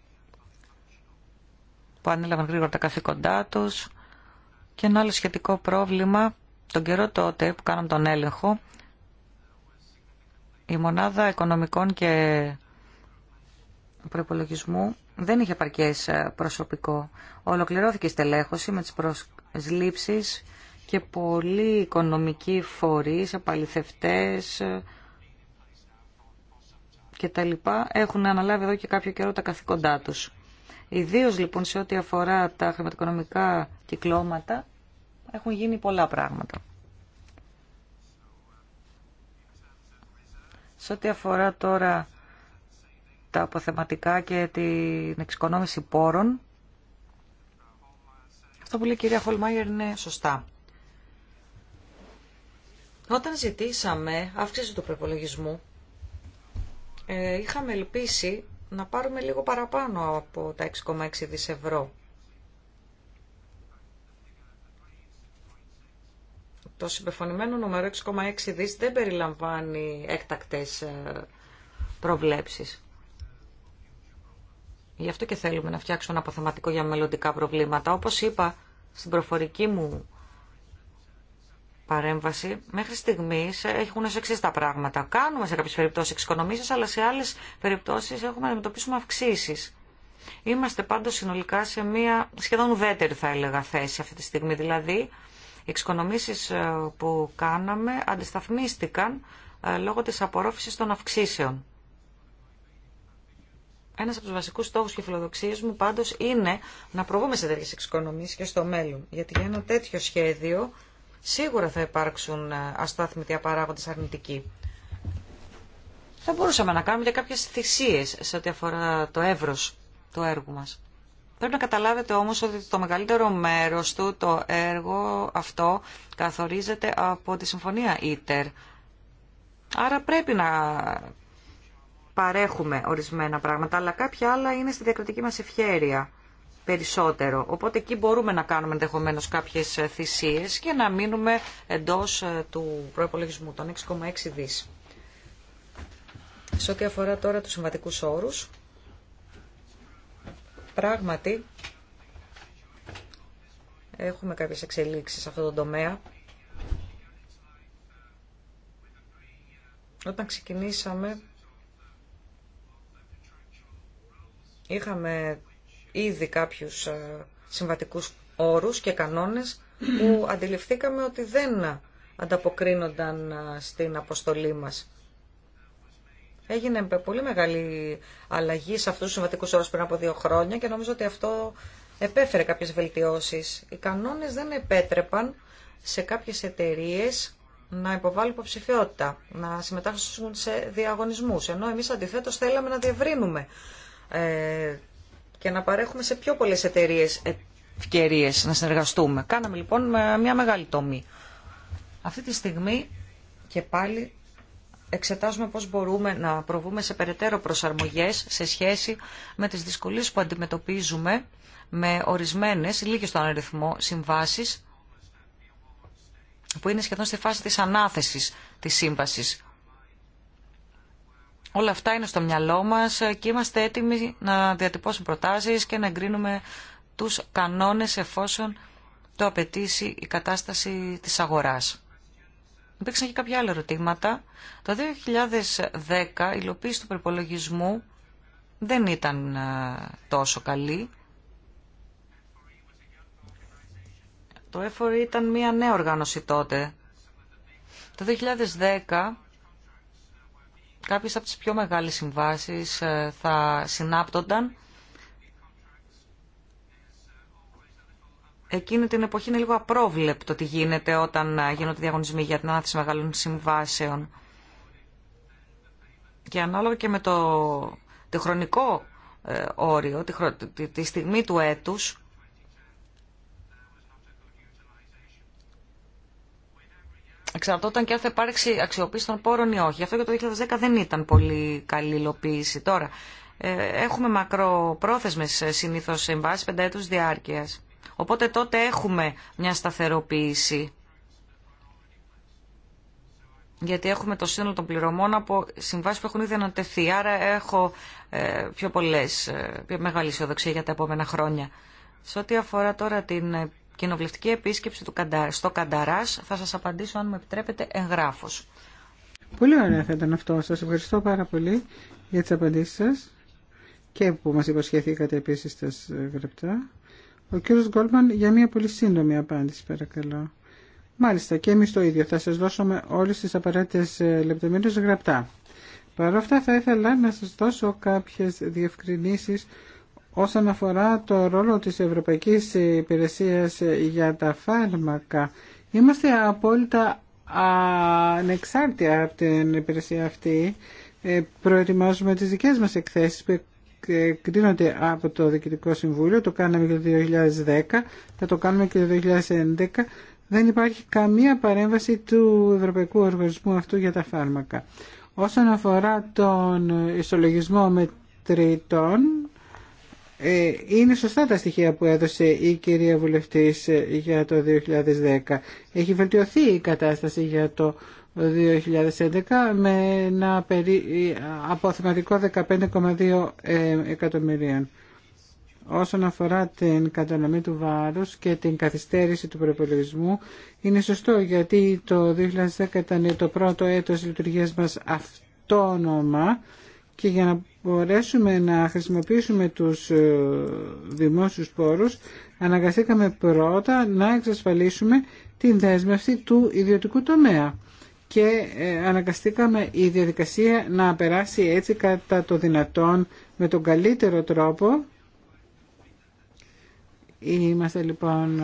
που ανέλαβαν γρήγορα τα καθήκοντά τους και ένα άλλο σχετικό πρόβλημα, τον καιρό τότε που κάναμε τον έλεγχο, η μονάδα οικονομικών και προπολογισμού δεν είχε παρκές ε, προσωπικό. Ολοκληρώθηκε η στελέχωση με τις προσλήψεις και πολλοί οικονομικοί φορείς, απαληθευτές ε, και τα λοιπά έχουν αναλάβει εδώ και κάποιο καιρό τα καθήκοντά τους. Ιδίω λοιπόν σε ό,τι αφορά τα χρηματοοικονομικά κυκλώματα έχουν γίνει πολλά πράγματα. Σε ό,τι αφορά τώρα τα αποθεματικά και την εξοικονόμηση πόρων, αυτό που λέει η κυρία Χολμάγερ είναι σωστά. Όταν ζητήσαμε αύξηση του προπολογισμού, ε, είχαμε ελπίσει να πάρουμε λίγο παραπάνω από τα 6,6 δις ευρώ. Το συμπεφωνημένο νούμερο 6,6 δις δεν περιλαμβάνει έκτακτες ε, προβλέψεις. Γι' αυτό και θέλουμε να φτιάξουμε ένα αποθεματικό για μελλοντικά προβλήματα. Όπως είπα στην προφορική μου παρέμβαση, μέχρι στιγμής έχουν ως εξή τα πράγματα. Κάνουμε σε κάποιες περιπτώσεις εξοικονομήσεις, αλλά σε άλλες περιπτώσεις έχουμε να αντιμετωπίσουμε αυξήσει. Είμαστε πάντως συνολικά σε μια σχεδόν ουδέτερη θα έλεγα θέση αυτή τη στιγμή. Δηλαδή εξοικονομήσεις ε, που κάναμε αντισταθμίστηκαν ε, λόγω της απορρόφησης των αυξήσεων. Ένας από τους βασικούς στόχους και φιλοδοξίες μου πάντως είναι να προβούμε σε τέτοιες εξοικονομήσεις και στο μέλλον. Γιατί για ένα τέτοιο σχέδιο σίγουρα θα υπάρξουν ε, αστάθμητοι απαράγοντες αρνητικοί. Θα μπορούσαμε να κάνουμε και κάποιες θυσίες σε ό,τι αφορά το εύρος του έργου μας. Πρέπει να καταλάβετε όμως ότι το μεγαλύτερο μέρος του το έργο αυτό καθορίζεται από τη Συμφωνία ΙΤΕΡ. Άρα πρέπει να παρέχουμε ορισμένα πράγματα, αλλά κάποια άλλα είναι στη διακριτική μας ευχέρεια περισσότερο. Οπότε εκεί μπορούμε να κάνουμε ενδεχομένω κάποιες θυσίες και να μείνουμε εντός ε, του προϋπολογισμού των 6,6 δις. Σε ό,τι αφορά τώρα τους συμβατικούς όρους, Πράγματι, έχουμε κάποιες εξελίξεις σε αυτό το τομέα. Όταν ξεκινήσαμε, είχαμε ήδη κάποιους ε, συμβατικούς όρους και κανόνες που αντιληφθήκαμε ότι δεν ανταποκρίνονταν ε, στην αποστολή μας. Έγινε πολύ μεγάλη αλλαγή σε αυτούς τους συμβατικούς όρους πριν από δύο χρόνια και νομίζω ότι αυτό επέφερε κάποιες βελτιώσεις. Οι κανόνες δεν επέτρεπαν σε κάποιες εταιρείε να υποβάλουν υποψηφιότητα, να συμμετάσχουν σε διαγωνισμούς. Ενώ εμείς αντιθέτως θέλαμε να διευρύνουμε ε, και να παρέχουμε σε πιο πολλές εταιρείε ευκαιρίε να συνεργαστούμε. Κάναμε λοιπόν μια μεγάλη τομή. Αυτή τη στιγμή και πάλι εξετάζουμε πώς μπορούμε να προβούμε σε περαιτέρω προσαρμογές σε σχέση με τις δυσκολίες που αντιμετωπίζουμε με ορισμένες, λίγες στον αριθμό, συμβάσεις που είναι σχεδόν στη φάση της ανάθεσης της σύμβασης. Όλα αυτά είναι στο μυαλό μας και είμαστε έτοιμοι να διατυπώσουμε προτάσεις και να εγκρίνουμε τους κανόνες εφόσον το απαιτήσει η κατάσταση της αγοράς. Υπήρξαν και κάποια άλλα ερωτήματα. Το 2010 η υλοποίηση του προπολογισμού δεν ήταν ε, τόσο καλή. Το ΕΦΟΡ ήταν μια νέα οργάνωση τότε. Το 2010 κάποιες από τις πιο μεγάλες συμβάσεις ε, θα συνάπτονταν Εκείνη την εποχή είναι λίγο απρόβλεπτο τι γίνεται όταν ε, γίνονται διαγωνισμοί για την ανάθεση μεγάλων συμβάσεων. Και ανάλογα και με το, το χρονικό ε, όριο, τη, τη, στιγμή του έτους, εξαρτώταν και αν θα υπάρξει αξιοποίηση των πόρων ή όχι. Αυτό και το 2010 δεν ήταν πολύ καλή υλοποίηση. Τώρα, ε, έχουμε μακροπρόθεσμες συνήθως συμβάσεις πενταέτους διάρκειας. Οπότε τότε έχουμε μια σταθεροποίηση. Γιατί έχουμε το σύνολο των πληρωμών από συμβάσεις που έχουν ήδη ανατεθεί. Άρα έχω ε, πιο πολλές, ε, πιο μεγάλη αισιοδοξία για τα επόμενα χρόνια. Σε ό,τι αφορά τώρα την ε, κοινοβουλευτική επίσκεψη του στο Κανταράς, θα σας απαντήσω αν μου επιτρέπετε εγγράφος. Πολύ ωραία θα ήταν αυτό. Σας ευχαριστώ πάρα πολύ για τις απαντήσεις σας και που μας υποσχεθήκατε επίσης τα γραπτά. Ο κύριος Γκόλμαν για μια πολύ σύντομη απάντηση παρακαλώ. Μάλιστα και εμείς το ίδιο. Θα σας δώσουμε όλες τις απαραίτητες ε, λεπτομέρειες γραπτά. Παρ' αυτά θα ήθελα να σας δώσω κάποιες διευκρινήσεις όσον αφορά το ρόλο της Ευρωπαϊκής Υπηρεσίας ε, για τα φάρμακα. Είμαστε απόλυτα ανεξάρτητα από την υπηρεσία αυτή. Ε, προετοιμάζουμε τις δικές μας εκθέσεις κρίνονται από το Διοικητικό Συμβούλιο, το κάναμε και το 2010, θα το κάνουμε και το 2011, δεν υπάρχει καμία παρέμβαση του Ευρωπαϊκού Οργανισμού αυτού για τα φάρμακα. Όσον αφορά τον ισολογισμό μετρητών, ε, είναι σωστά τα στοιχεία που έδωσε η κυρία Βουλευτής ε, για το 2010. Έχει βελτιωθεί η κατάσταση για το 2011 με ένα περί... αποθηματικό 15,2 ε, εκατομμυρίων. Όσον αφορά την κατανομή του βάρους και την καθυστέρηση του προπολογισμού, είναι σωστό γιατί το 2010 ήταν το πρώτο έτος λειτουργίας μας αυτόνομα και για να μπορέσουμε να χρησιμοποιήσουμε τους ε, δημόσιους πόρους αναγκαστήκαμε πρώτα να εξασφαλίσουμε την δέσμευση του ιδιωτικού τομέα και ε, ανακαστήκαμε η διαδικασία να περάσει έτσι κατά το δυνατόν με τον καλύτερο τρόπο. Είμαστε λοιπόν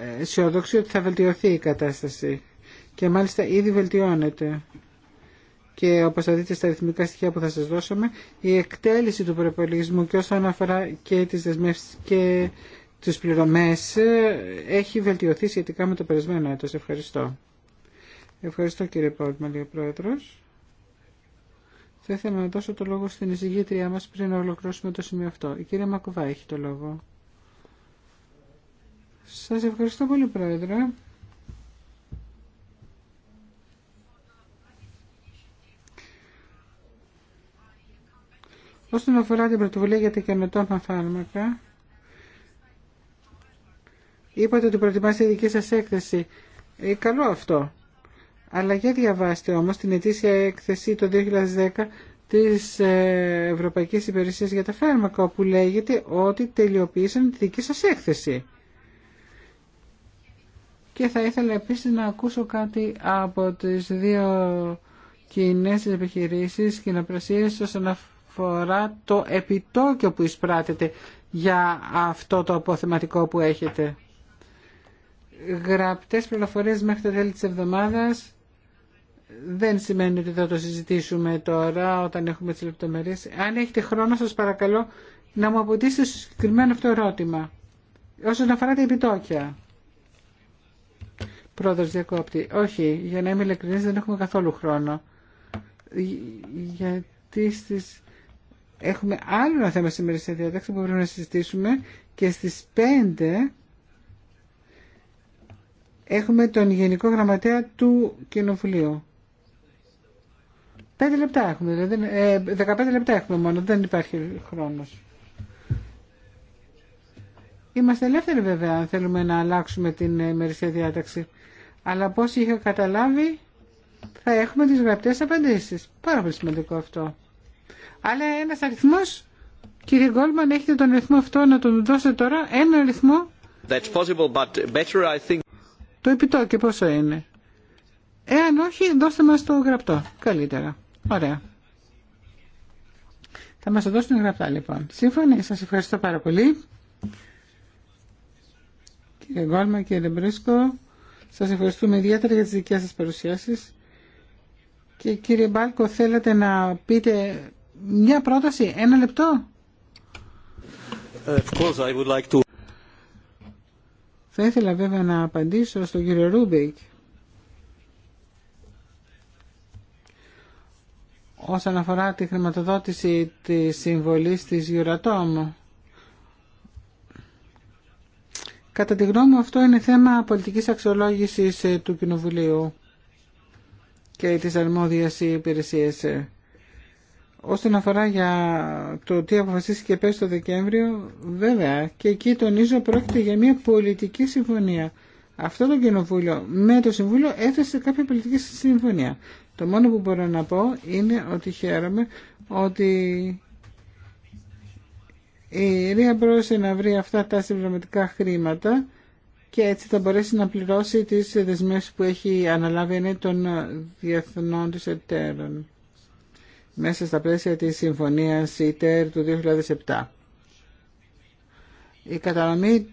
ε, αισιοδόξοι ότι θα βελτιωθεί η κατάσταση και μάλιστα ήδη βελτιώνεται. Και όπως θα δείτε στα αριθμικά στοιχεία που θα σας δώσουμε η εκτέλεση του προπολογισμού και όσον αφορά και τις δεσμεύσεις και τις πληρωμές ε, έχει βελτιωθεί σχετικά με το περισμένο έτος. Ευχαριστώ. Ευχαριστώ κύριε Πόρτμα, ο Πρόεδρος. Θα ήθελα να δώσω το λόγο στην εισηγήτριά μας πριν να ολοκληρώσουμε το σημείο αυτό. Η κυρία Μακουβά έχει το λόγο. Σας ευχαριστώ πολύ Πρόεδρε. Όσον αφορά την πρωτοβουλία για τα καινοτόμα φάρμακα, Είπατε ότι η δική σας έκθεση. Ε, καλό αυτό. Αλλά για διαβάστε όμως την ετήσια έκθεση το 2010 της ε, Ευρωπαϊκής Υπηρεσίας για τα Φάρμακα όπου λέγεται ότι τελειοποίησαν τη δική σας έκθεση. Και θα ήθελα επίσης να ακούσω κάτι από τις δύο κοινέ επιχειρήσεις κοινοπρασίες όσον αφορά το επιτόκιο που εισπράτεται για αυτό το αποθεματικό που έχετε γραπτές πληροφορίες μέχρι τα τέλη της εβδομάδας δεν σημαίνει ότι θα το συζητήσουμε τώρα όταν έχουμε τις λεπτομέρειες. Αν έχετε χρόνο σας παρακαλώ να μου απαντήσετε στο συγκεκριμένο αυτό ερώτημα. Όσον αφορά τα επιτόκια. Πρόεδρος διακόπτη. Όχι, για να είμαι ειλικρινής δεν έχουμε καθόλου χρόνο. Γιατί στις... έχουμε άλλο ένα θέμα σήμερα σε διάταξη που πρέπει να συζητήσουμε και στις 5 έχουμε τον Γενικό Γραμματέα του Κοινοβουλίου. Πέντε λεπτά έχουμε, δηλαδή, 15 ε, λεπτά έχουμε μόνο, δεν υπάρχει χρόνος. Είμαστε ελεύθεροι βέβαια αν θέλουμε να αλλάξουμε την ημερησία διάταξη. Αλλά πώς είχα καταλάβει θα έχουμε τις γραπτές απαντήσεις. Πάρα πολύ σημαντικό αυτό. Αλλά ένας αριθμός, κύριε Γκόλμαν, έχετε τον αριθμό αυτό να τον δώσετε τώρα, ένα αριθμό. That's possible, but better I think το επιτόκιο πόσο είναι. Εάν όχι, δώστε μας το γραπτό. Καλύτερα. Ωραία. Θα μας το δώσουν γραπτά λοιπόν. Σύμφωνοι, σας ευχαριστώ πάρα πολύ. Κύριε Γκόλμα, κύριε Μπρίσκο, σας ευχαριστούμε ιδιαίτερα για τις δικές σας παρουσιάσεις. Και κύριε Μπάλκο, θέλετε να πείτε μια πρόταση, ένα λεπτό. Of course, I would θα ήθελα βέβαια να απαντήσω στον κύριο Ρούμπικ. όσον αφορά τη χρηματοδότηση της συμβολής της Euratom. Κατά τη γνώμη μου αυτό είναι θέμα πολιτικής αξιολόγησης ε, του Κοινοβουλίου και της αρμόδιας υπηρεσίας. Ε. Όσον αφορά για το τι αποφασίστηκε πέρσι το Δεκέμβριο, βέβαια και εκεί τονίζω πρόκειται για μια πολιτική συμφωνία. Αυτό το κοινοβούλιο με το Συμβούλιο έθεσε κάποια πολιτική συμφωνία. Το μόνο που μπορώ να πω είναι ότι χαίρομαι ότι η Ρία μπορούσε να βρει αυτά τα συμπληρωματικά χρήματα και έτσι θα μπορέσει να πληρώσει τις δεσμεύσεις που έχει αναλάβει τον των διεθνών της εταίρων μέσα στα πλαίσια της Συμφωνίας ΙΤΕΡ του 2007. Η κατανομή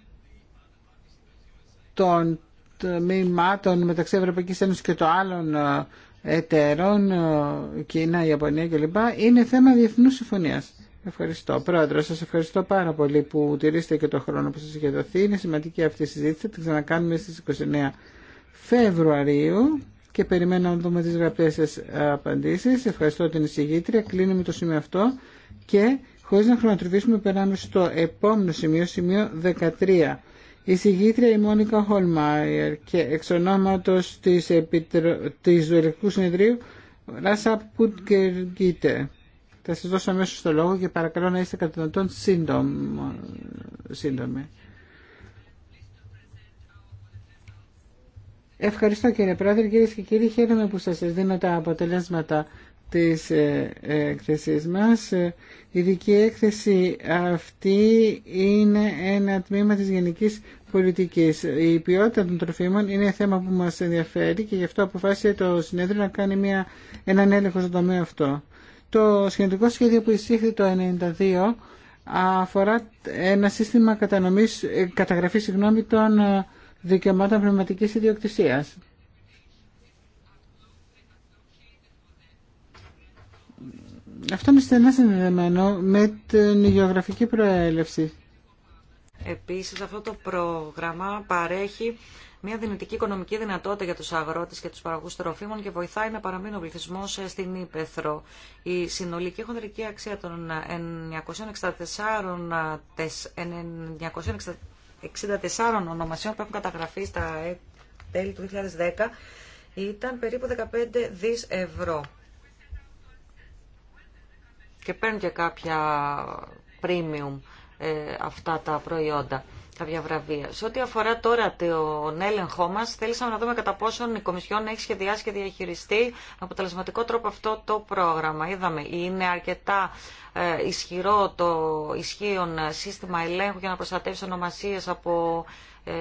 των τμήματων μεταξύ Ευρωπαϊκής Ένωσης και των άλλων ε, εταίρων, ε, Κίνα, Ιαπωνία κλπ. είναι θέμα διεθνού συμφωνίας. Ευχαριστώ. Πρόεδρο, σα ευχαριστώ πάρα πολύ που τηρήσετε και το χρόνο που σα είχε δοθεί. Είναι σημαντική αυτή η συζήτηση. Θα την ξανακάνουμε στι 29 Φεβρουαρίου και περιμένω να δούμε τις γραπτές σας ε, απαντήσεις. Ευχαριστώ την εισηγήτρια. Κλείνουμε το σημείο αυτό και χωρίς να χρονοτριβήσουμε περνάμε στο επόμενο σημείο, σημείο 13. Η εισηγήτρια η Μόνικα Χολμάιερ και εξ ονόματος της, Επιτρο... της Δουλευτικού Συνεδρίου Ράσα Πουτκεργίτε. Θα σας δώσω αμέσως το λόγο και παρακαλώ να είστε κατά τον σύντομοι. Ευχαριστώ κύριε Πρόεδρε, κύριε και κύριοι. Χαίρομαι που σας δίνω τα αποτελέσματα της έκθεσης ε, ε, μας. Ε, η δική έκθεση αυτή είναι ένα τμήμα της γενικής πολιτικής. Η ποιότητα των τροφίμων είναι θέμα που μας ενδιαφέρει και γι' αυτό αποφάσισε το συνέδριο να κάνει μια, έναν έλεγχο στο τομέα αυτό. Το σχετικό σχέδιο που εισήχθη το 1992 αφορά ένα σύστημα κατανομής, καταγραφής συγγνώμη, των δικαιωμάτων πνευματικής ιδιοκτησίας. Αυτό είναι στενά συνδεδεμένο με την γεωγραφική προέλευση. Επίσης αυτό το πρόγραμμα παρέχει μια δυνητική οικονομική δυνατότητα για τους αγρότες και τους παραγωγούς τροφίμων και βοηθάει να παραμείνει ο πληθυσμό στην Ήπεθρο. Η συνολική χονδρική αξία των 964, 964 64 ονομασιών που έχουν καταγραφεί στα ε, τέλη του 2010 ήταν περίπου 15 δις ευρώ. Και παίρνουν και κάποια premium ε, αυτά τα προϊόντα κάποια βραβεία. Σε ό,τι αφορά τώρα τον έλεγχό μα, θέλησαμε να δούμε κατά πόσον η Κομισιόν έχει σχεδιάσει και διαχειριστεί αποτελεσματικό τρόπο αυτό το πρόγραμμα. Είδαμε, είναι αρκετά ε, ισχυρό το ισχύον σύστημα ελέγχου για να προστατεύσει ονομασίε από ε,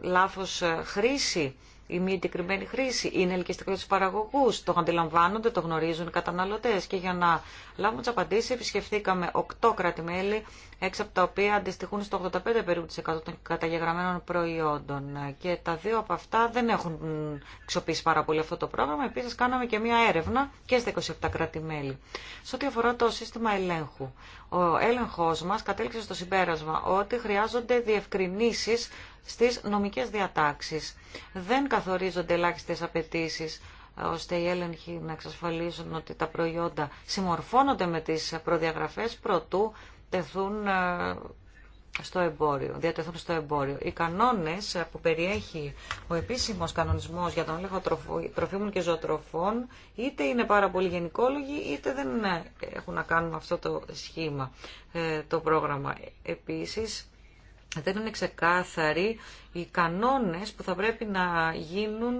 λάθο χρήση ή μη εγκεκριμένη χρήση. Είναι ελκυστικό για του παραγωγού. Το αντιλαμβάνονται, το γνωρίζουν οι καταναλωτέ. Και για να λάβουμε τι απαντήσει, επισκεφθήκαμε 8 κράτη-μέλη έξι από τα οποία αντιστοιχούν στο 85 των καταγεγραμμένων προϊόντων. Και τα δύο από αυτά δεν έχουν ξοπίσει πάρα πολύ αυτό το πρόγραμμα. Επίσης κάναμε και μία έρευνα και στα 27 κράτη-μέλη. Σε ό,τι αφορά το σύστημα ελέγχου. Ο έλεγχος μας κατέληξε στο συμπέρασμα ότι χρειάζονται διευκρινήσεις στις νομικές διατάξεις. Δεν καθορίζονται ελάχιστε απαιτήσει ώστε οι έλεγχοι να εξασφαλίσουν ότι τα προϊόντα συμμορφώνονται με τις προδιαγραφές προτού τεθούν ε, στο εμπόριο, διατεθούν στο εμπόριο. Οι κανόνες που περιέχει ο επίσημος κανονισμός για τον έλεγχο τροφίμων και ζωοτροφών είτε είναι πάρα πολύ γενικόλογοι είτε δεν ε, έχουν να κάνουν αυτό το σχήμα, ε, το πρόγραμμα. Επίσης, δεν είναι ξεκάθαροι οι κανόνες που θα πρέπει να γίνουν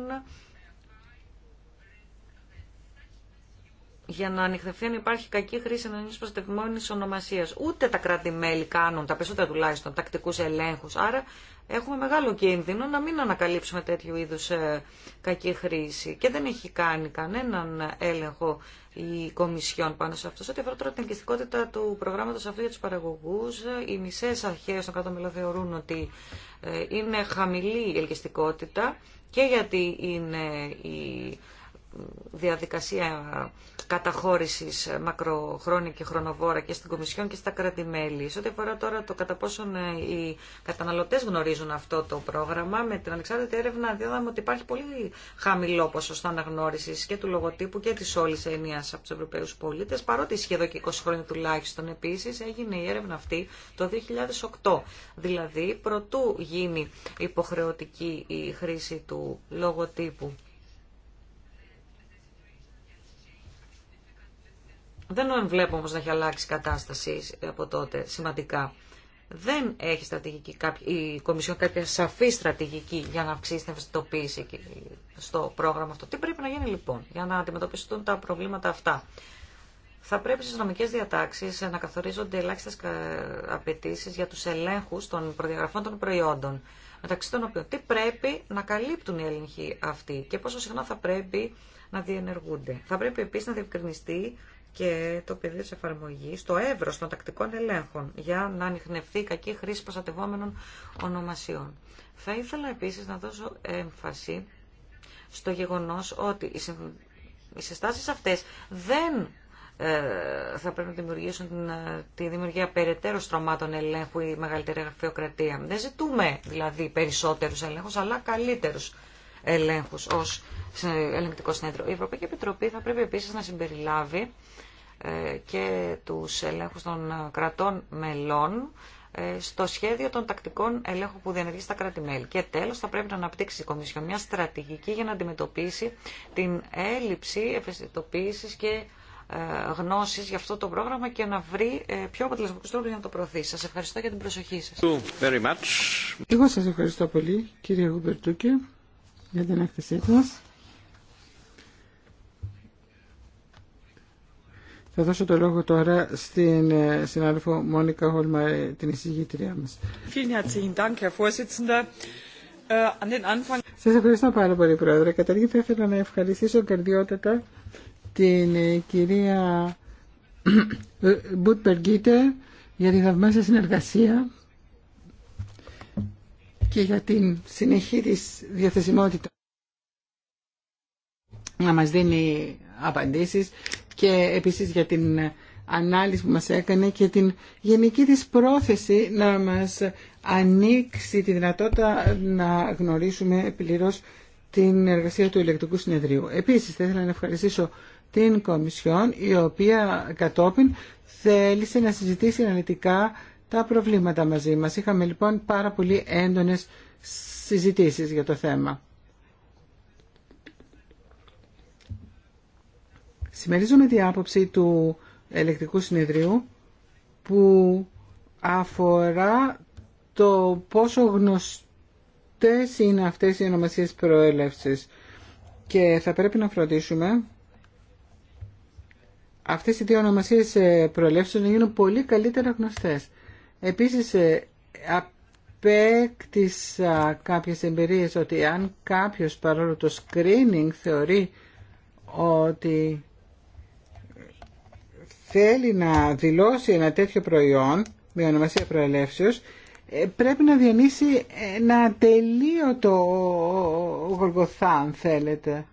για να ανοιχτευτεί αν υπάρχει κακή χρήση ενό προστατευμένη ονομασία. Ούτε τα κράτη-μέλη κάνουν, τα περισσότερα τουλάχιστον, τακτικού ελέγχου. Άρα έχουμε μεγάλο κίνδυνο να μην ανακαλύψουμε τέτοιου είδου ε, κακή χρήση. Και δεν έχει κάνει κανέναν έλεγχο η Κομισιόν πάνω σε αυτό. Σε ό,τι αφορά τώρα την ελκυστικότητα του προγράμματο αυτού για του παραγωγού, οι μισέ αρχέ των κρατών θεωρούν ότι ε, είναι χαμηλή η ελκυστικότητα και γιατί είναι η διαδικασία καταχώρησης μακροχρόνια και χρονοβόρα και στην Κομισιόν και στα κράτη-μέλη. Σε ό,τι αφορά τώρα το κατά πόσον ε, οι καταναλωτές γνωρίζουν αυτό το πρόγραμμα, με την ανεξάρτητη έρευνα δίδαμε ότι υπάρχει πολύ χαμηλό ποσοστό αναγνώριση και του λογοτύπου και της όλης έννοιας από τους Ευρωπαίους πολίτες, παρότι σχεδόν και 20 χρόνια τουλάχιστον. Επίσης έγινε η έρευνα αυτή το 2008, δηλαδή προτού γίνει υποχρεωτική η χρήση του λογοτύπου. Δεν βλέπω όμως να έχει αλλάξει η κατάσταση από τότε σημαντικά. Δεν έχει στρατηγική, η Κομισιόν κάποια σαφή στρατηγική για να αυξήσει την ευαισθητοποίηση στο πρόγραμμα αυτό. Τι πρέπει να γίνει λοιπόν για να αντιμετωπιστούν τα προβλήματα αυτά. Θα πρέπει στι νομικέ διατάξει να καθορίζονται ελάχιστε απαιτήσει για του ελέγχου των προδιαγραφών των προϊόντων. Μεταξύ των οποίων τι πρέπει να καλύπτουν οι έλεγχοι αυτοί και πόσο συχνά θα πρέπει να διενεργούνται. Θα πρέπει επίση να διευκρινιστεί και το πεδίο τη εφαρμογή το εύρο των τακτικών ελέγχων για να ανοιχνευτεί η κακή χρήση προστατευόμενων ονομασιών. Θα ήθελα επίση να δώσω έμφαση στο γεγονό ότι οι συστάσει αυτέ δεν ε, θα πρέπει να δημιουργήσουν ε, τη δημιουργία περαιτέρω στρωμάτων ελέγχου ή μεγαλύτερη γραφειοκρατία. Δεν ζητούμε δηλαδή περισσότερους ελέγχους, αλλά καλύτερους ελέγχους ως ελεγκτικό συνέδριο. Η μεγαλυτερη γραφειοκρατια δεν ζητουμε δηλαδη περισσοτερου ελεγχου αλλα καλυτερου ελεγχου ω ελεγκτικο συνεδριο η ευρωπαικη επιτροπη θα πρέπει επίση να συμπεριλάβει ε, και τους ελέγχους των κρατών μελών ε, στο σχέδιο των τακτικών ελέγχων που διενεργεί στα κράτη-μέλη. Και τέλος, θα πρέπει να αναπτύξει η Κομισιόν μια στρατηγική για να αντιμετωπίσει την έλλειψη ευαισθητοποίησης και ε, γνώση για αυτό το πρόγραμμα και να βρει πιο αποτελεσματικού τρόπου για να το προωθήσει. Σα ευχαριστώ για την προσοχή σα. Εγώ σα ευχαριστώ πολύ, κύριε Γουμπερτούκη, για την έκθεσή σα. Θα δώσω το λόγο τώρα στην ε, συνάδελφο Μόνικα Χόλμα, την εισηγήτριά μας. Äh, Σας ευχαριστώ πάρα πολύ, Πρόεδρε. Καταρχήν θα ήθελα να ευχαριστήσω καρδιότατα την ε, κυρία Μπουτπεργκίτε για τη θαυμάσια συνεργασία και για την συνεχή της διαθεσιμότητα να μας δίνει απαντήσεις και επίσης για την ανάλυση που μας έκανε και την γενική της πρόθεση να μας ανοίξει τη δυνατότητα να γνωρίσουμε πλήρως την εργασία του ηλεκτρικού συνεδρίου. Επίσης, θα ήθελα να ευχαριστήσω την Κομισιόν, η οποία κατόπιν θέλησε να συζητήσει αναλυτικά τα προβλήματα μαζί μας. Είχαμε λοιπόν πάρα πολύ έντονες συζητήσεις για το θέμα. Συμμερίζομαι την άποψη του ελεκτικού συνεδρίου που αφορά το πόσο γνωστές είναι αυτές οι ονομασίες προέλευσης και θα πρέπει να φροντίσουμε αυτές οι δύο ονομασίες ε, προέλευσης να γίνουν πολύ καλύτερα γνωστές. Επίσης, ε, απέκτησα κάποιες εμπειρίες ότι αν κάποιος παρόλο το screening θεωρεί ότι θέλει να δηλώσει ένα τέτοιο προϊόν με ονομασία προελεύσεως ε, πρέπει να διανύσει ένα ε, τελείωτο γολγοθά αν θέλετε.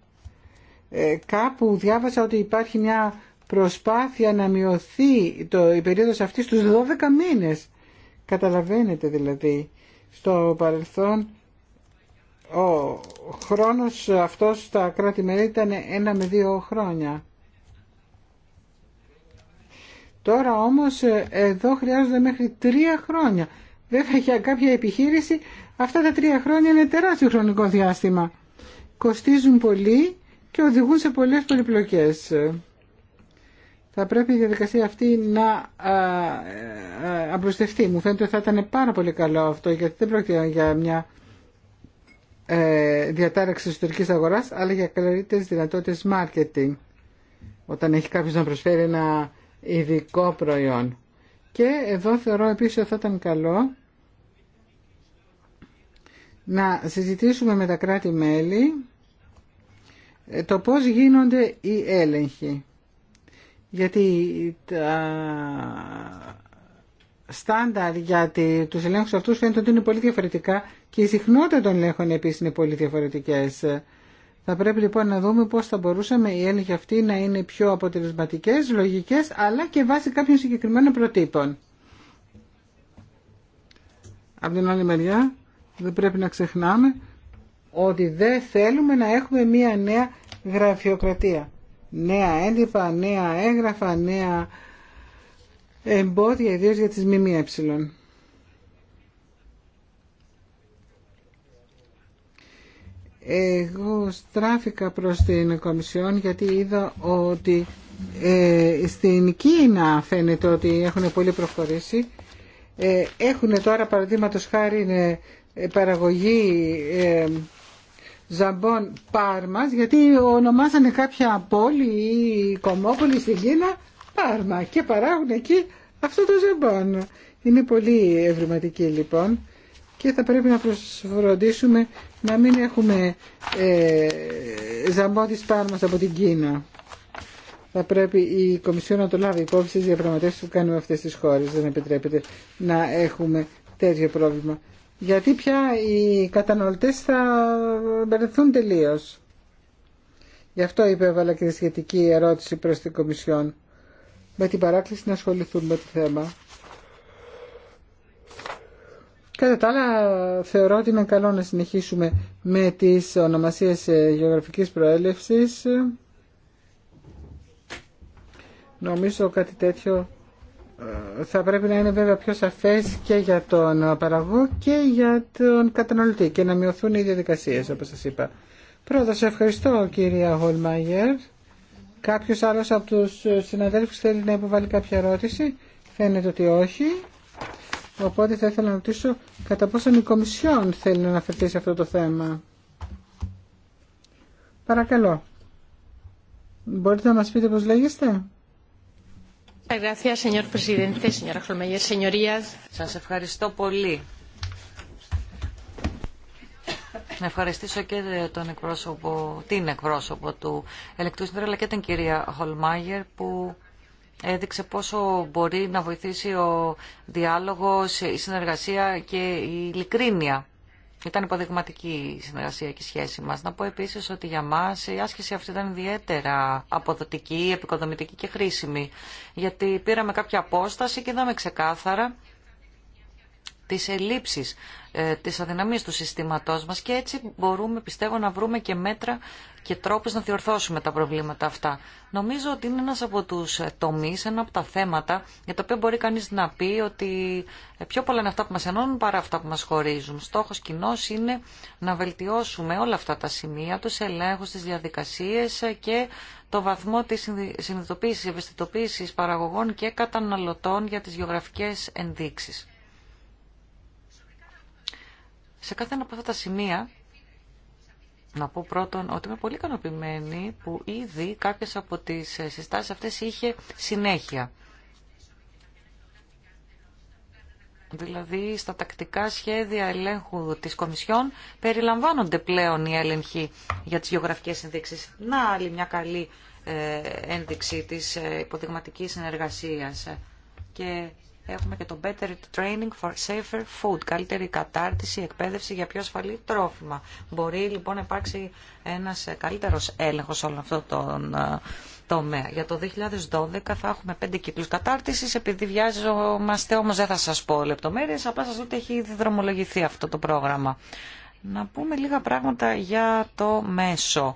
Ε, κάπου διάβασα ότι υπάρχει μια προσπάθεια να μειωθεί το, η περίοδος αυτή στους 12 μήνες. Καταλαβαίνετε δηλαδή στο παρελθόν ο χρόνος αυτός στα κράτη-μέλη ήταν ένα με δύο χρόνια. Τώρα όμως ε, εδώ χρειάζονται μέχρι τρία χρόνια. Βέβαια για κάποια επιχείρηση αυτά τα τρία χρόνια είναι τεράστιο χρονικό διάστημα. Κοστίζουν πολύ και οδηγούν σε πολλές πολυπλοκές. Θα πρέπει η διαδικασία αυτή να ε, ε, απλουστευτεί. Μου φαίνεται ότι θα ήταν πάρα πολύ καλό αυτό γιατί δεν πρόκειται για μια ε, διατάραξη εσωτερικής αγοράς αλλά για καλύτερε δυνατότητες marketing. Όταν έχει κάποιος να προσφέρει ένα ειδικό προϊόν. Και εδώ θεωρώ επίσης ότι θα ήταν καλό να συζητήσουμε με τα κράτη-μέλη ε, το πώς γίνονται οι έλεγχοι. Γιατί τα στάνταρ για τους ελέγχους αυτούς φαίνεται ότι είναι πολύ διαφορετικά και η συχνότητα των ελέγχων επίσης είναι πολύ διαφορετικές. Θα πρέπει λοιπόν να δούμε πώς θα μπορούσαμε οι έλεγχοι αυτοί να είναι πιο αποτελεσματικές, λογικές, αλλά και βάσει κάποιων συγκεκριμένων προτύπων. Από την άλλη μεριά δεν πρέπει να ξεχνάμε ότι δεν θέλουμε να έχουμε μία νέα γραφειοκρατία. Νέα έντυπα, νέα έγγραφα, νέα εμπόδια ιδίως για τις ΜΜΕ. Εγώ στράφηκα προς την Κομισιόν γιατί είδα ότι ε, στην Κίνα φαίνεται ότι έχουν πολύ προχωρήσει. Ε, έχουν τώρα παραδείγματο χάρη παραγωγή ε, ζαμπών Πάρμας γιατί ονομάζανε κάποια πόλη ή κομμόπολη στην Κίνα Πάρμα και παράγουν εκεί αυτό το ζαμπόν. Είναι πολύ ευρηματική λοιπόν και θα πρέπει να προσφροντίσουμε να μην έχουμε ε, ζαμπότης πάνω από την Κίνα. Θα πρέπει η Κομισιόν να το λάβει υπόψη στις διαπραγματεύσεις που κάνουμε αυτές τις χώρες. Δεν επιτρέπεται να έχουμε τέτοιο πρόβλημα. Γιατί πια οι καταναλωτές θα μπερδευτούν τελείως. Γι' αυτό υπέβαλα και τη σχετική ερώτηση προς την Κομισιόν με την παράκληση να ασχοληθούν με το θέμα. Κατά τα άλλα θεωρώ ότι είναι καλό να συνεχίσουμε με τις ονομασίες ε, γεωγραφικής προέλευσης. Νομίζω κάτι τέτοιο ε, θα πρέπει να είναι βέβαια πιο σαφές και για τον παραγωγό και για τον καταναλωτή και να μειωθούν οι διαδικασίες όπως σας είπα. Πρώτα σε ευχαριστώ κυρία Χολμάγερ. Κάποιος άλλος από τους συναδέλφους θέλει να υποβάλει κάποια ερώτηση. Φαίνεται ότι όχι. Οπότε θα ήθελα να ρωτήσω κατά πόσον η Κομισιόν θέλει να αναφερθεί σε αυτό το θέμα. Παρακαλώ. Μπορείτε να μας πείτε πώς λέγεστε. Σας ευχαριστώ πολύ. Να ευχαριστήσω και τον εκπρόσωπο, την εκπρόσωπο του Ελεκτού αλλά και την κυρία Χολμάγερ που έδειξε πόσο μπορεί να βοηθήσει ο διάλογος, η συνεργασία και η ειλικρίνεια. Ήταν υποδειγματική η συνεργασία και η σχέση μας. Να πω επίσης ότι για μας η άσκηση αυτή ήταν ιδιαίτερα αποδοτική, επικοδομητική και χρήσιμη. Γιατί πήραμε κάποια απόσταση και είδαμε ξεκάθαρα τις ελλείψεις, ε, τις αδυναμίες του συστήματός μας και έτσι μπορούμε πιστεύω να βρούμε και μέτρα και τρόπους να διορθώσουμε τα προβλήματα αυτά. Νομίζω ότι είναι ένας από τους τομείς, ένα από τα θέματα για τα οποία μπορεί κανείς να πει ότι ε, πιο πολλά είναι αυτά που μας ενώνουν παρά αυτά που μας χωρίζουν. Στόχος κοινό είναι να βελτιώσουμε όλα αυτά τα σημεία, του ελέγχους, τις διαδικασίες και το βαθμό της συνειδητοποίησης, ευαισθητοποίησης παραγωγών και καταναλωτών για τις γεωγραφικές ενδείξεις. Σε κάθε ένα από αυτά τα σημεία να πω πρώτον ότι είμαι πολύ ικανοποιημένη που ήδη κάποιες από τις συστάσεις αυτές είχε συνέχεια. Δηλαδή στα τακτικά σχέδια ελέγχου της Κομισιόν περιλαμβάνονται πλέον οι έλεγχοι για τις γεωγραφικές ενδείξεις. Να άλλη μια καλή ε, ένδειξη της ε, υποδειγματικής συνεργασίας. Και Έχουμε και το Better Training for Safer Food, καλύτερη κατάρτιση, εκπαίδευση για πιο ασφαλή τρόφιμα. Μπορεί λοιπόν να υπάρξει ένας καλύτερος έλεγχος όλο αυτό το ε, τομέα. Για το 2012 θα έχουμε πέντε κύκλους κατάρτισης, επειδή βιάζομαστε όμως δεν θα σας πω λεπτομέρειες, απλά σας δω ότι έχει ήδη δρομολογηθεί αυτό το πρόγραμμα. Να πούμε λίγα πράγματα για το μέσο.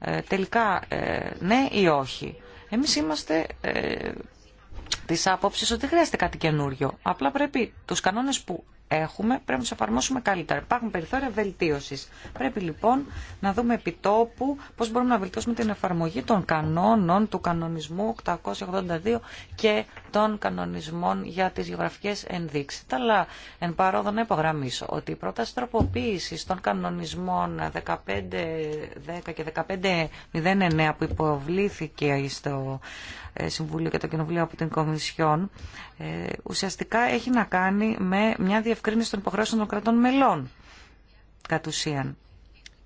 Ε, τελικά ε, ναι ή όχι. Εμείς είμαστε ε, Τη άποψη ότι δεν χρειάζεται κάτι καινούριο. Απλά πρέπει του κανόνε που έχουμε πρέπει να του εφαρμόσουμε καλύτερα. Υπάρχουν περιθώρια βελτίωση. Πρέπει λοιπόν να δούμε επιτόπου πώ μπορούμε να βελτιώσουμε την εφαρμογή των κανόνων του κανονισμού 882 και των κανονισμών για τι γεωγραφικέ ενδείξει. Αλλά εν παρόδο να υπογραμμίσω ότι η πρόταση τροποποίηση των κανονισμών 1510 και 1509 που υποβλήθηκε στο Συμβούλιο και το Κοινοβούλιο από την Κομισιόν ε, ουσιαστικά έχει να κάνει με μια διευκρίνηση των υποχρεώσεων των κρατών μελών κατ' ουσίαν.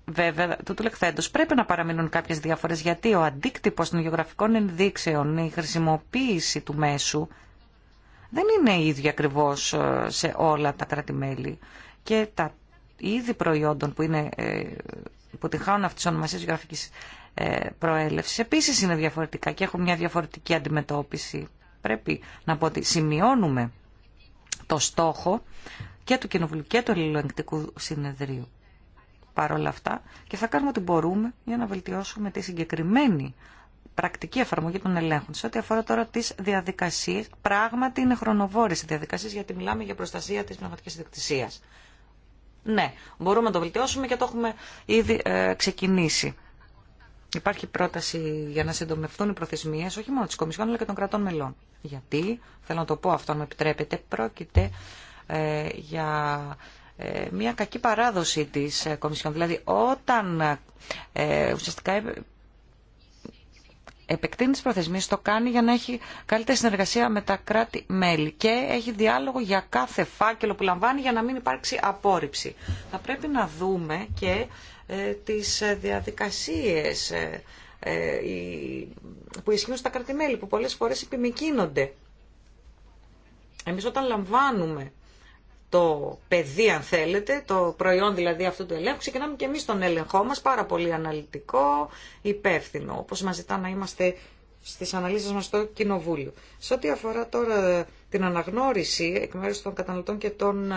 Βέβαια, το λεχθέντος πρέπει να παραμείνουν κάποιες διαφορές γιατί ο αντίκτυπος των γεωγραφικών ενδείξεων, η χρησιμοποίηση του μέσου δεν είναι ίδια ακριβώ ε, σε όλα τα κράτη-μέλη και τα είδη προϊόντων που είναι, ε, που τυχάνουν αυτής τι ε, προέλευσης επίσης είναι διαφορετικά και έχουν μια διαφορετική αντιμετώπιση. Πρέπει να πω ότι σημειώνουμε το στόχο και του Κοινοβουλίου και του Ελληνικού Συνεδρίου παρόλα αυτά και θα κάνουμε ό,τι μπορούμε για να βελτιώσουμε τη συγκεκριμένη πρακτική εφαρμογή των ελέγχων. Σε ό,τι αφορά τώρα τι διαδικασίε, πράγματι είναι χρονοβόρε οι διαδικασίε γιατί μιλάμε για προστασία τη πνευματική ιδιοκτησία. Ναι, μπορούμε να το βελτιώσουμε και το έχουμε ήδη ε, ξεκινήσει. Υπάρχει πρόταση για να συντομευθούν οι προθεσμίε όχι μόνο τη Κομισιόν αλλά και των κρατών μελών. Γιατί, θέλω να το πω αυτό αν με επιτρέπετε, πρόκειται ε, για ε, μια κακή παράδοση τη ε, Κομισιόν. Δηλαδή, όταν ε, ουσιαστικά επεκτείνει τι προθεσμίε, το κάνει για να έχει καλύτερη συνεργασία με τα κράτη-μέλη και έχει διάλογο για κάθε φάκελο που λαμβάνει για να μην υπάρξει απόρριψη. Θα πρέπει να δούμε και ε, τις διαδικασίες ε, ε, που ισχύουν στα κρατημέλη, που πολλές φορές επιμηκύνονται. Εμείς όταν λαμβάνουμε το παιδί, αν θέλετε, το προϊόν δηλαδή αυτού του ελέγχου, ξεκινάμε και εμείς τον έλεγχό μας, πάρα πολύ αναλυτικό, υπεύθυνο, όπως μας ζητά να είμαστε στις αναλύσεις μας στο Κοινοβούλιο. Σε ό,τι αφορά τώρα την αναγνώριση εκ μέρους των καταναλωτών και των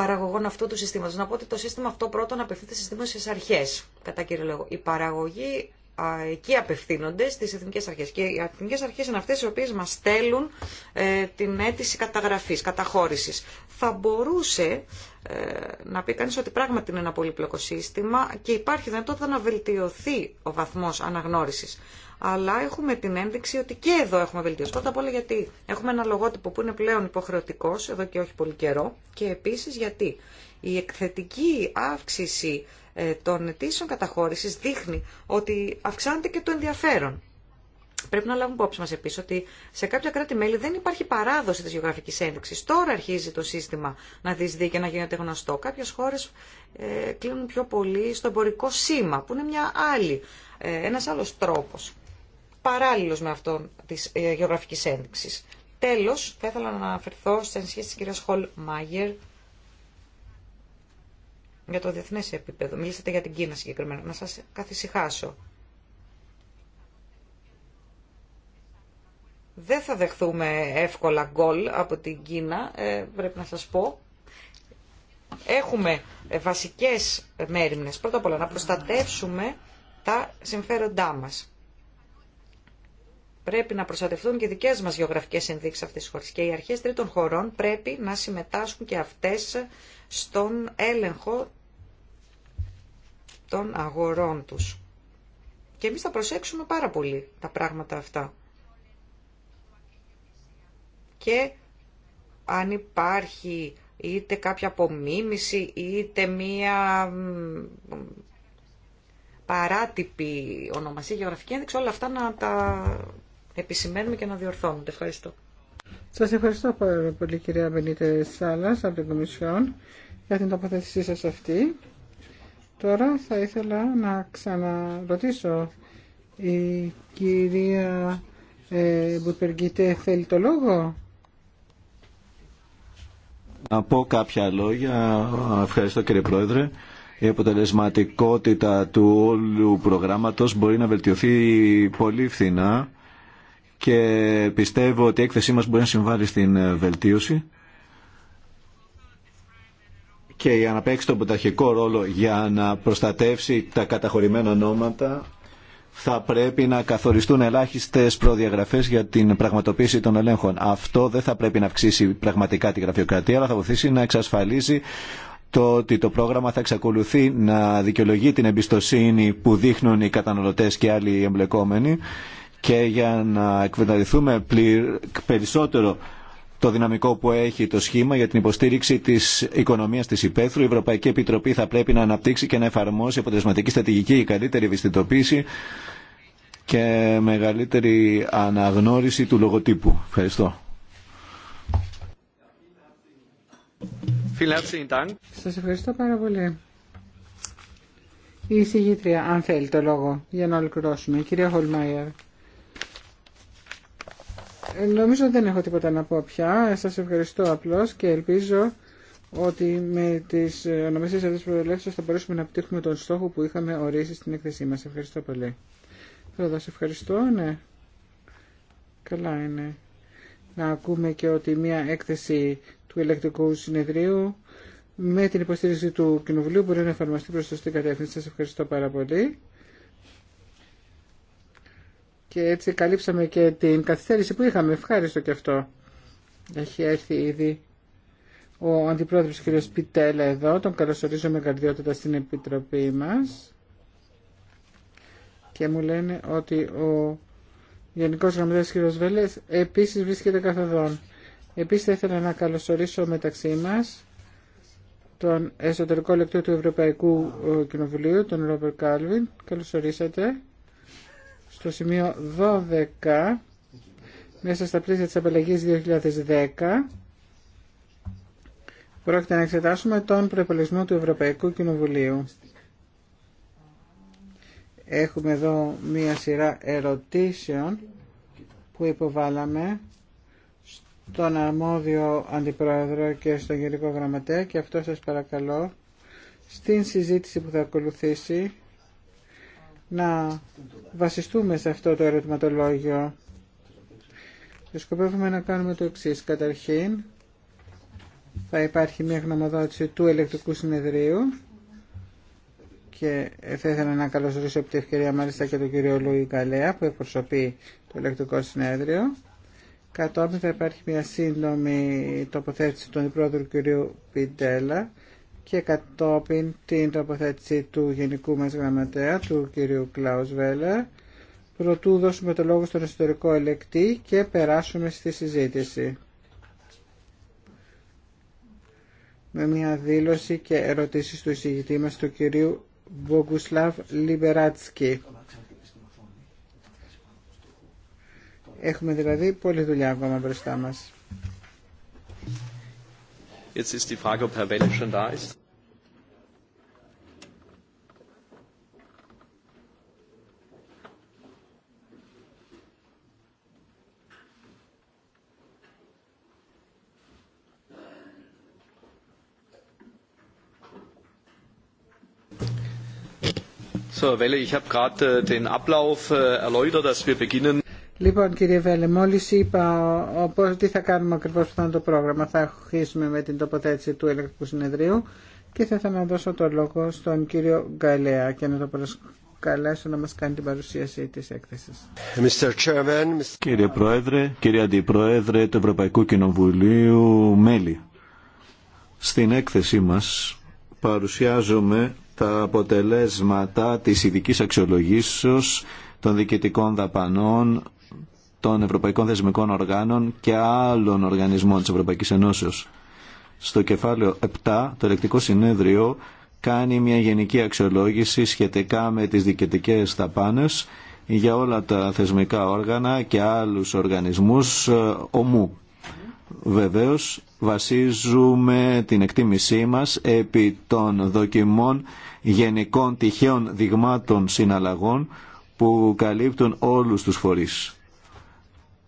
παραγωγών αυτού του συστήματος. Να πω ότι το σύστημα αυτό πρώτον απευθύνεται στις δημόσιες αρχές, κατά κύριο λόγο. Η παραγωγή εκεί απευθύνονται στις εθνικές αρχές. Και οι εθνικές αρχές είναι αυτές οι οποίες μας στέλνουν ε, την αίτηση καταγραφής, καταχώρησης. Θα μπορούσε ε, να πει κανείς ότι πράγματι είναι ένα πολύπλοκο σύστημα και υπάρχει δυνατότητα να βελτιωθεί ο βαθμός αναγνώρισης. Αλλά έχουμε την ένδειξη ότι και εδώ έχουμε βελτιώσει. Πρώτα απ' όλα γιατί έχουμε ένα λογότυπο που είναι πλέον υποχρεωτικό εδώ και όχι πολύ καιρό και επίση γιατί η εκθετική αύξηση ε, των αιτήσεων καταχώρησης δείχνει ότι αυξάνεται και το ενδιαφέρον. Πρέπει να λάβουμε υπόψη μα επίση ότι σε κάποια κράτη-μέλη δεν υπάρχει παράδοση τη γεωγραφική ένδειξη. Τώρα αρχίζει το σύστημα να δει και να γίνεται γνωστό. Κάποιε χώρε ε, κλείνουν πιο πολύ στο εμπορικό σήμα, που είναι μια άλλη, ε, ένα άλλο τρόπο. Παράλληλο με αυτόν τη ε, γεωγραφική ένδειξη. Τέλο, θα ήθελα να αναφερθώ στι ενισχύσει τη κυρία Χολ Μάγερ για το διεθνέ επίπεδο. Μιλήσατε για την Κίνα συγκεκριμένα. Να σα καθησυχάσω. Δεν θα δεχθούμε εύκολα γκολ από την Κίνα, ε, πρέπει να σας πω. Έχουμε ε, βασικές μέρημνες. Πρώτα απ' όλα να προστατεύσουμε τα συμφέροντά μας. Πρέπει να προστατευτούν και δικές μας γεωγραφικές ενδείξεις αυτές τις χώρες. Και οι αρχές τρίτων χωρών πρέπει να συμμετάσχουν και αυτές στον έλεγχο των αγορών τους. Και εμείς θα προσέξουμε πάρα πολύ τα πράγματα αυτά. Και αν υπάρχει είτε κάποια απομίμηση, είτε μία παράτυπη ονομασία γεωγραφική ένδειξη, όλα αυτά να τα επισημαίνουμε και να διορθώνονται. Ευχαριστώ. Σας ευχαριστώ πολύ κυρία Μπενίτε Σάλλας από την Κομισιόν για την τοποθέτησή σας αυτή. Τώρα θα ήθελα να ξαναρωτήσω η κυρία ε, θέλει το λόγο. Να πω κάποια λόγια. Ευχαριστώ κύριε Πρόεδρε. Η αποτελεσματικότητα του όλου προγράμματος μπορεί να βελτιωθεί πολύ φθηνά και πιστεύω ότι η έκθεσή μας μπορεί να συμβάλλει στην βελτίωση και για να παίξει τον πρωταρχικό ρόλο για να προστατεύσει τα καταχωρημένα νόματα θα πρέπει να καθοριστούν ελάχιστες προδιαγραφές για την πραγματοποίηση των ελέγχων. Αυτό δεν θα πρέπει να αυξήσει πραγματικά τη γραφειοκρατία, αλλά θα βοηθήσει να εξασφαλίσει το ότι το πρόγραμμα θα εξακολουθεί να δικαιολογεί την εμπιστοσύνη που δείχνουν οι καταναλωτές και άλλοι εμπλεκόμενοι και για να εκμεταλλευτούμε περισσότερο το δυναμικό που έχει το σχήμα για την υποστήριξη τη οικονομία τη υπαίθρου. Η Ευρωπαϊκή Επιτροπή θα πρέπει να αναπτύξει και να εφαρμόσει αποτελεσματική στρατηγική, καλύτερη ευαισθητοποίηση και μεγαλύτερη αναγνώριση του λογοτύπου. Ευχαριστώ. Σας ευχαριστώ πάρα πολύ. Η εισηγήτρια, αν θέλει το λόγο, για να ολοκληρώσουμε. Κυρία Χολμάιερ. Νομίζω δεν έχω τίποτα να πω πια. Σας ευχαριστώ απλώς και ελπίζω ότι με τις ονομασίες αυτής προελεύσεως θα μπορέσουμε να πετύχουμε τον στόχο που είχαμε ορίσει στην έκθεσή μας. Ευχαριστώ πολύ. Θέλω να ευχαριστώ, ναι. Καλά είναι. Να ακούμε και ότι μια έκθεση του ηλεκτρικού συνεδρίου με την υποστήριξη του Κοινοβουλίου μπορεί να εφαρμοστεί προς σωστή κατεύθυνση. Σας ευχαριστώ πάρα πολύ και έτσι καλύψαμε και την καθυστέρηση που είχαμε. Ευχαριστώ και αυτό. Έχει έρθει ήδη ο Αντιπρόεδρος κ. Πιτέλα εδώ. Τον καλωσορίζω με καρδιότητα στην Επιτροπή μας. Και μου λένε ότι ο Γενικός Γραμματέας κ. Βέλες επίσης βρίσκεται καθοδόν. Επίσης θα ήθελα να καλωσορίσω μεταξύ μας τον εσωτερικό λεκτό του Ευρωπαϊκού ε, Κοινοβουλίου, τον Ρόμπερ Κάλβιν. Καλωσορίσατε στο σημείο 12 μέσα στα πλαίσια της απαλλαγής 2010 πρόκειται να εξετάσουμε τον προπολογισμό του Ευρωπαϊκού Κοινοβουλίου. Έχουμε εδώ μία σειρά ερωτήσεων που υποβάλαμε στον αρμόδιο αντιπρόεδρο και στον γενικό γραμματέα και αυτό σας παρακαλώ στην συζήτηση που θα ακολουθήσει να βασιστούμε σε αυτό το ερωτηματολόγιο. σκοπεύουμε να κάνουμε το εξή. Καταρχήν, θα υπάρχει μια γνωμοδότηση του ελεκτικού συνεδρίου και θα ήθελα να καλωσορίσω από την ευκαιρία μάλιστα και τον κύριο Λούι Καλέα που εκπροσωπεί το ηλεκτρικό συνέδριο. Κατόπιν θα υπάρχει μια σύντομη τοποθέτηση του αντιπρόεδρου κυρίου Πιντέλα και κατόπιν την τοποθέτηση του Γενικού μας Γραμματέα, του κυρίου Κλάους Βέλλερ, προτού δώσουμε το λόγο στον ιστορικό ελεκτή και περάσουμε στη συζήτηση. Με μια δήλωση και ερωτήσεις του εισηγητή μας, του κυρίου Μπογκουσλάβ Λιμπεράτσκι. Έχουμε δηλαδή πολλή δουλειά ακόμα μπροστά μας. Jetzt ist die Frage, ob Herr Welle schon da ist. So, Herr Welle, ich habe gerade den Ablauf erläutert, dass wir beginnen. Λοιπόν κύριε Βέλε, μόλις είπα πώς, τι θα κάνουμε ακριβώς που θα είναι το πρόγραμμα. Θα αρχίσουμε με την τοποθέτηση του ηλεκτρικού συνεδρίου και θα ήθελα να δώσω το λόγο στον κύριο Γκαλέα και να το προσκαλέσω να μας κάνει την παρουσίαση της έκθεσης. Κύριε Πρόεδρε, κύριε Αντιπρόεδρε του Ευρωπαϊκού Κοινοβουλίου, μέλη. Στην έκθεσή μας παρουσιάζουμε τα αποτελέσματα της ειδική αξιολογήσεως των διοικητικών δαπανών, των Ευρωπαϊκών Θεσμικών Οργάνων και άλλων οργανισμών της Ευρωπαϊκής Ενώσεως. Στο κεφάλαιο 7, το ελεκτικό συνέδριο κάνει μια γενική αξιολόγηση σχετικά με τις διοικητικές δαπάνες για όλα τα θεσμικά όργανα και άλλους οργανισμούς ε, ομού. Βεβαίως βασίζουμε την εκτίμησή μας επί των δοκιμών γενικών τυχαίων δειγμάτων συναλλαγών που καλύπτουν όλους τους φορείς.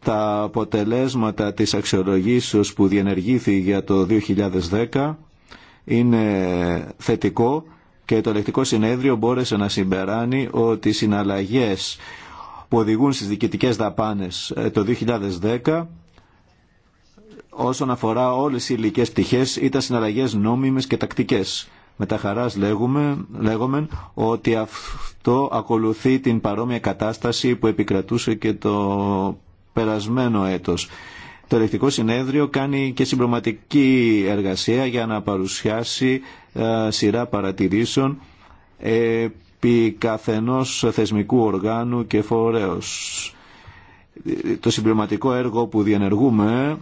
Τα αποτελέσματα της αξιολογήσεως που διενεργήθη για το 2010 είναι θετικό και το ελεκτικό συνέδριο μπόρεσε να συμπεράνει ότι οι συναλλαγές που οδηγούν στις διοικητικές δαπάνες ε, το 2010 όσον αφορά όλες οι υλικές πτυχές ήταν συναλλαγές νόμιμες και τακτικές με τα χαράς λέγουμε, ότι αυτό ακολουθεί την παρόμοια κατάσταση που επικρατούσε και το περασμένο έτος. Το ελεκτικό συνέδριο κάνει και συμπροματική εργασία για να παρουσιάσει ε, σειρά παρατηρήσεων επί καθενός θεσμικού οργάνου και φορέως. Το συμπληρωματικό έργο που διενεργούμε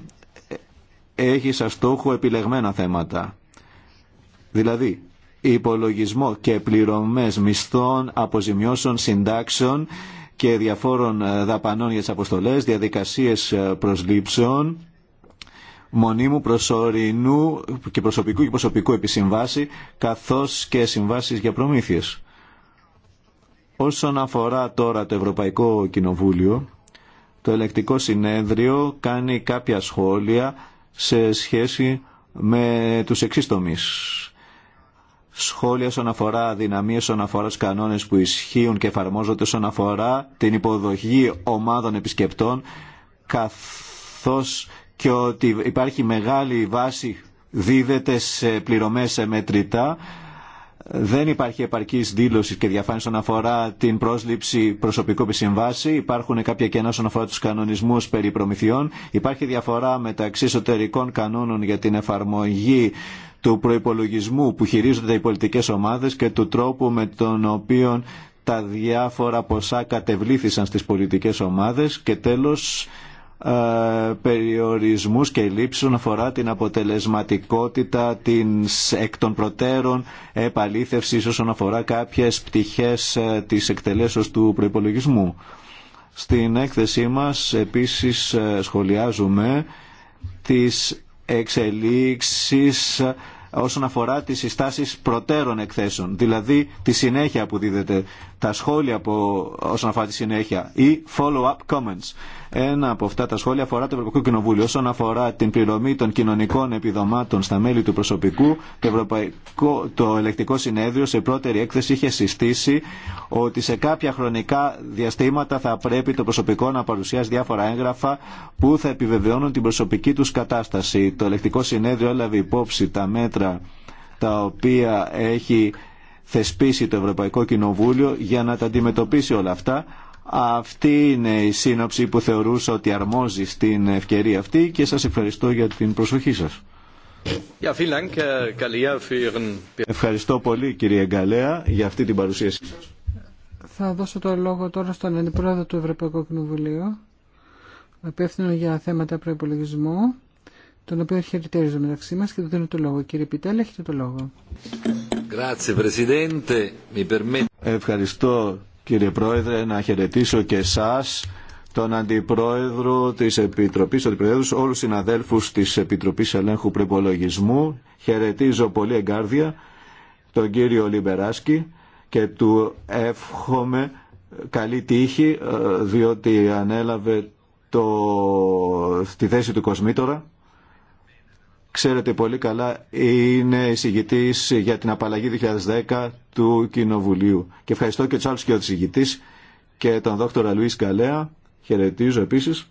έχει σαν στόχο επιλεγμένα θέματα. Δηλαδή, υπολογισμό και πληρωμές μισθών, αποζημιώσεων, συντάξεων και διαφόρων ε, δαπανών για τις αποστολές, διαδικασίες ε, προσλήψεων, μονίμου προσωρινού και προσωπικού και προσωπικού επισυμβάση, καθώς και συμβάσεις για προμήθειες. Όσον αφορά τώρα το Ευρωπαϊκό Κοινοβούλιο, το ελεκτικό συνέδριο κάνει κάποια σχόλια σε σχέση με τους εξής τομείς σχόλια όσον αφορά αδυναμίες όσον αφορά κανόνες που ισχύουν και εφαρμόζονται όσον αφορά την υποδοχή ομάδων επισκεπτών καθώς και ότι υπάρχει μεγάλη βάση δίδεται σε πληρωμές σε μετρητά δεν υπάρχει επαρκή δήλωση και διαφάνεια όσον αφορά την πρόσληψη προσωπικού επισυμβάση. Υπάρχουν κάποια κενά όσον αφορά του κανονισμού περί προμηθειών. Υπάρχει διαφορά μεταξύ εσωτερικών κανόνων για την εφαρμογή του προϋπολογισμού που χειρίζονται οι πολιτικές ομάδες και του τρόπου με τον οποίο τα διάφορα ποσά κατεβλήθησαν στις πολιτικές ομάδες και τέλος ε, περιορισμούς και λήψεων αφορά την αποτελεσματικότητα της εκ των προτέρων επαλήθευσης όσον αφορά κάποιες πτυχές ε, της εκτελέσεως του προϋπολογισμού. Στην έκθεσή μας επίσης ε, σχολιάζουμε τις εξελίξεις όσον αφορά τις συστάσεις προτέρων εκθέσεων, δηλαδή τη συνέχεια που δίδεται τα σχόλια που, όσον αφορά τη συνέχεια ή follow-up comments. Ένα από αυτά τα σχόλια αφορά το Ευρωπαϊκό Κοινοβούλιο. Όσον αφορά την πληρωμή των κοινωνικών επιδομάτων στα μέλη του προσωπικού, το, Ευρωπαϊκό, το Ελεκτικό Συνέδριο σε πρώτερη έκθεση είχε συστήσει ότι σε κάποια χρονικά διαστήματα θα πρέπει το προσωπικό να παρουσιάσει διάφορα έγγραφα που θα επιβεβαιώνουν την προσωπική του κατάσταση. Το Ελεκτικό Συνέδριο έλαβε υπόψη τα μέτρα τα οποία έχει θεσπίσει το Ευρωπαϊκό Κοινοβούλιο για να τα αντιμετωπίσει όλα αυτά. Αυτή είναι η σύνοψη που θεωρούσα ότι αρμόζει στην ευκαιρία αυτή και σας ευχαριστώ για την προσοχή σας. Ευχαριστώ πολύ κύριε Γκαλέα για αυτή την παρουσίαση σας. Θα δώσω το λόγο τώρα στον Αντιπρόεδρο του Ευρωπαϊκού Κοινοβουλίου, υπεύθυνο για θέματα προπολογισμού, τον οποίο χαιρετίζω μεταξύ μας και του δίνω το λόγο. Κύριε Πιτέλα, έχετε το λόγο. Ευχαριστώ κύριε Πρόεδρε να χαιρετήσω και εσάς τον Αντιπρόεδρο της Επιτροπής, τον Αντιπρόεδρο, όλους τους συναδέλφους της Επιτροπής Ελέγχου Προπολογισμού. Χαιρετίζω πολύ εγκάρδια τον κύριο Λιμπεράσκη και του εύχομαι καλή τύχη ε, διότι ανέλαβε το, τη θέση του Κοσμήτωρα. Ξέρετε πολύ καλά, είναι εισηγητή για την απαλλαγή 2010 του Κοινοβουλίου. Και ευχαριστώ και του άλλου και εισηγητή και τον δόκτωρα Λουί Καλέα. Χαιρετίζω επίση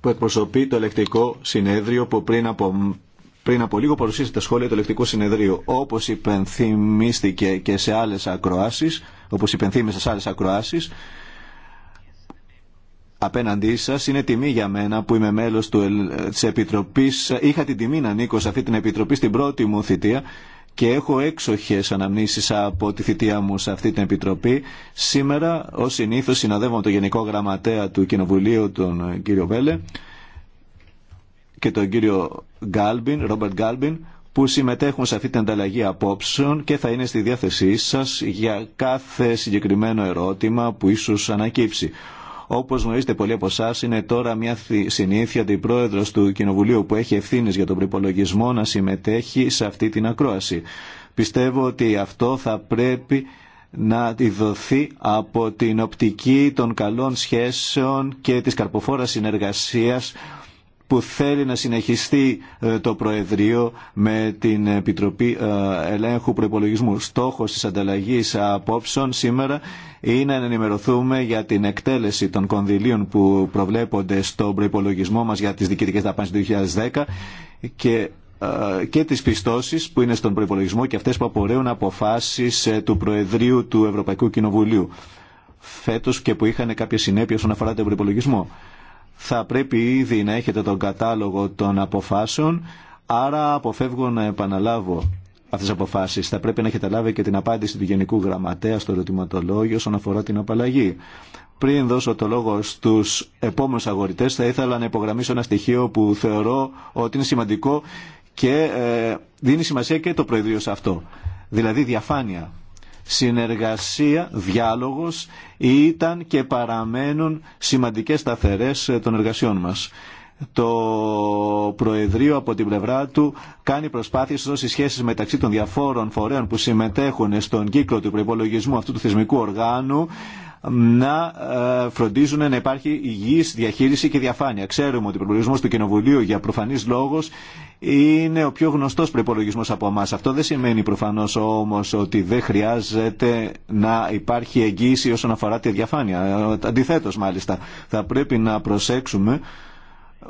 που εκπροσωπεί το ελεκτικό συνέδριο που πριν από, πριν από λίγο παρουσίασε τα σχόλια του ελεκτικού συνεδρίου. Όπως υπενθυμίστηκε και σε άλλε ακροασει, όπως υπενθύμησε σε άλλες ακροάσεις, απέναντί σα, Είναι τιμή για μένα που είμαι μέλο τη της Επιτροπής. Είχα την τιμή να ανήκω σε αυτή την Επιτροπή στην πρώτη μου θητεία και έχω έξοχε αναμνήσεις από τη θητεία μου σε αυτή την Επιτροπή. Σήμερα, ως συνήθω συνοδεύω με τον Γενικό Γραμματέα του Κοινοβουλίου, τον κύριο Βέλε, και τον κύριο Γκάλμπιν, Ρόμπερτ Γκάλμπιν, που συμμετέχουν σε αυτή την ανταλλαγή απόψεων και θα είναι στη διάθεσή σας για κάθε συγκεκριμένο ερώτημα που ίσως ανακύψει. Όπω γνωρίζετε πολλοί από εσά, είναι τώρα μια συνήθεια η πρόεδρο του Κοινοβουλίου που έχει ευθύνε για τον προπολογισμό να συμμετέχει σε αυτή την ακρόαση. Πιστεύω ότι αυτό θα πρέπει να τη από την οπτική των καλών σχέσεων και της καρποφόρας συνεργασίας που θέλει να συνεχιστεί ε, το Προεδρείο με την Επιτροπή ε, Ελέγχου Προπολογισμού. Στόχο τη ανταλλαγή απόψεων σήμερα είναι να ενημερωθούμε για την εκτέλεση των κονδυλίων που προβλέπονται στον προπολογισμό μα για τι διοικητικέ δαπάνε του 2010 και ε, και τις πιστώσεις που είναι στον προϋπολογισμό και αυτές που απορρέουν αποφάσεις του Προεδρείου του Ευρωπαϊκού Κοινοβουλίου φέτος και που είχαν κάποια συνέπεια όσον αφορά τον προϋπολογισμό θα πρέπει ήδη να έχετε τον κατάλογο των αποφάσεων, άρα αποφεύγω να επαναλάβω αυτέ τι αποφάσει. Θα πρέπει να έχετε λάβει και την απάντηση του Γενικού Γραμματέα στο ερωτηματολόγιο όσον αφορά την απαλλαγή. Πριν δώσω το λόγο στου επόμενου αγορητέ, θα ήθελα να υπογραμμίσω ένα στοιχείο που θεωρώ ότι είναι σημαντικό και ε, δίνει σημασία και το Προεδρείο σε αυτό. Δηλαδή διαφάνεια συνεργασία, διάλογος ήταν και παραμένουν σημαντικές σταθερές ε, των εργασιών μας το Προεδρείο από την πλευρά του κάνει προσπάθειες ώστε οι σχέσεις μεταξύ των διαφόρων φορέων που συμμετέχουν στον κύκλο του προπολογισμού αυτού του θεσμικού οργάνου να ε, φροντίζουν να υπάρχει υγιής διαχείριση και διαφάνεια. Ξέρουμε ότι ο προπολογισμό του Κοινοβουλίου για προφανή λόγος είναι ο πιο γνωστός προπολογισμό από εμά. Αυτό δεν σημαίνει προφανώς όμως ότι δεν χρειάζεται να υπάρχει εγγύηση όσον αφορά τη διαφάνεια. Αντιθέτως μάλιστα θα πρέπει να προσέξουμε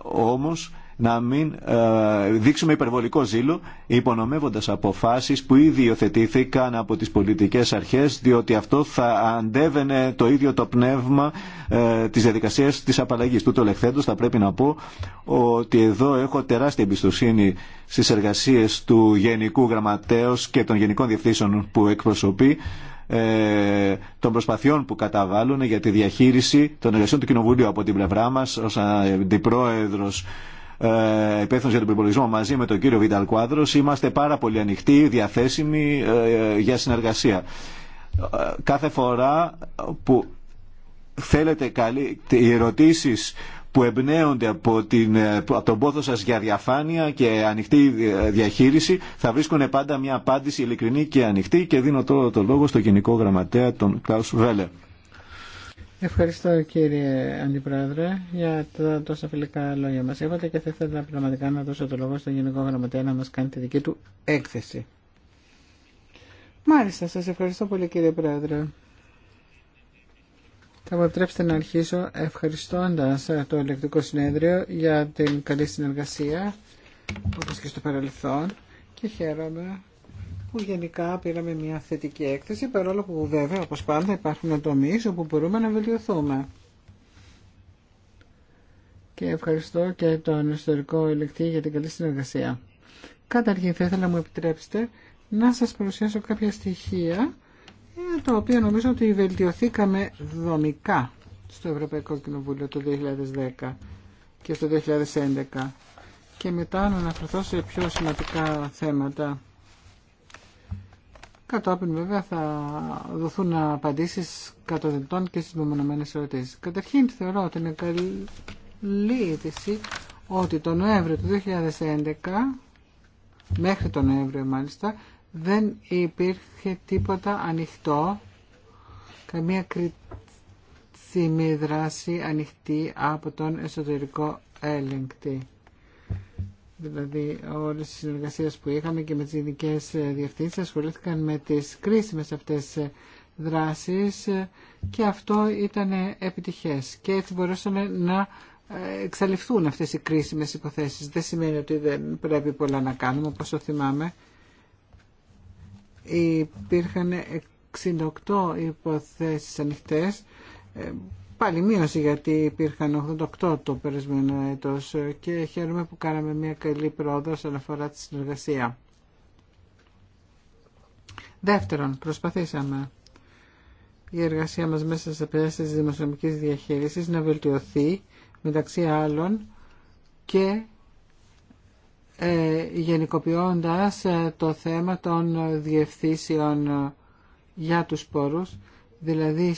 όμως να μην ε, δείξουμε υπερβολικό ζήλο υπονομεύοντας αποφάσεις που ήδη υιοθετήθηκαν από τις πολιτικές αρχές διότι αυτό θα αντέβαινε το ίδιο το πνεύμα ε, της διαδικασίας της απαλλαγής. Τούτο λεχθέντος θα πρέπει να πω ότι εδώ έχω τεράστια εμπιστοσύνη στις εργασίες του Γενικού Γραμματέως και των Γενικών Διευθύνσεων που εκπροσωπεί ε, των προσπαθειών που καταβάλουν για τη διαχείριση των εργασιών του Κοινοβουλίου από την πλευρά μας ως αντιπρόεδρος ε, υπεύθυνο για τον προπολογισμό μαζί με τον κύριο Βίταλ είμαστε πάρα πολύ ανοιχτοί, διαθέσιμοι ε, για συνεργασία. Ε, κάθε φορά που θέλετε καλή, οι ερωτήσεις που εμπνέονται από, την, ε, από τον πόθο σας για διαφάνεια και ανοιχτή ε, διαχείριση θα βρίσκουν πάντα μια απάντηση ειλικρινή και ανοιχτή και δίνω τώρα το λόγο στο Γενικό Γραμματέα τον Κλάους Βέλε. Ευχαριστώ κύριε Αντιπρόεδρε για τα τόσα φιλικά λόγια μας είπατε και θα ήθελα πραγματικά να δώσω το λόγο στον Γενικό Γραμματέα να μας κάνει τη δική του έκθεση. Μάλιστα, σας ευχαριστώ πολύ κύριε Πρόεδρε. Θα μου επιτρέψετε να αρχίσω ευχαριστώντας ε, το Ελεκτικό Συνέδριο για την καλή συνεργασία, όπως και στο παρελθόν, και χαίρομαι που γενικά πήραμε μια θετική έκθεση, παρόλο που βέβαια, όπως πάντα, υπάρχουν τομεί όπου μπορούμε να βελτιωθούμε. Και ευχαριστώ και τον ιστορικό ελεκτή για την καλή συνεργασία. Καταρχήν θα ήθελα να μου επιτρέψετε να σας παρουσιάσω κάποια στοιχεία ε, το οποίο νομίζω ότι βελτιωθήκαμε δομικά στο Ευρωπαϊκό Κοινοβούλιο το 2010 και στο 2011 και μετά να αναφερθώ σε πιο σημαντικά θέματα. Κατόπιν βέβαια θα δοθούν απαντήσεις κατοδελτών και στις μεμονωμένες ερωτήσεις. Καταρχήν θεωρώ ότι είναι καλή αίτηση ότι το Νοέμβριο του 2011, μέχρι τον Νοέμβριο μάλιστα, δεν υπήρχε τίποτα ανοιχτό, καμία κρίσιμη δράση ανοιχτή από τον εσωτερικό έλεγκτη. Δηλαδή όλες οι συνεργασίες που είχαμε και με τις γενικέ διευθύνσεις ασχολήθηκαν με τις κρίσιμες αυτές δράσεις και αυτό ήταν επιτυχές και έτσι μπορούσαμε να ε, εξαλειφθούν αυτές οι κρίσιμες υποθέσεις. Δεν σημαίνει ότι δεν πρέπει πολλά να κάνουμε, όπως το θυμάμαι υπήρχαν 68 υποθέσεις ανοιχτές ε, πάλι μείωση γιατί υπήρχαν 88 το περίσμενο έτος και χαίρομαι που κάναμε μια καλή πρόοδο σε αφορά τη συνεργασία. Δεύτερον, προσπαθήσαμε η εργασία μας μέσα σε πέραση της δημοσιονομικής διαχείρισης να βελτιωθεί μεταξύ άλλων και ε, γενικοποιώντας ε, το θέμα των διευθύνσεων ε, για τους πόρους, δηλαδή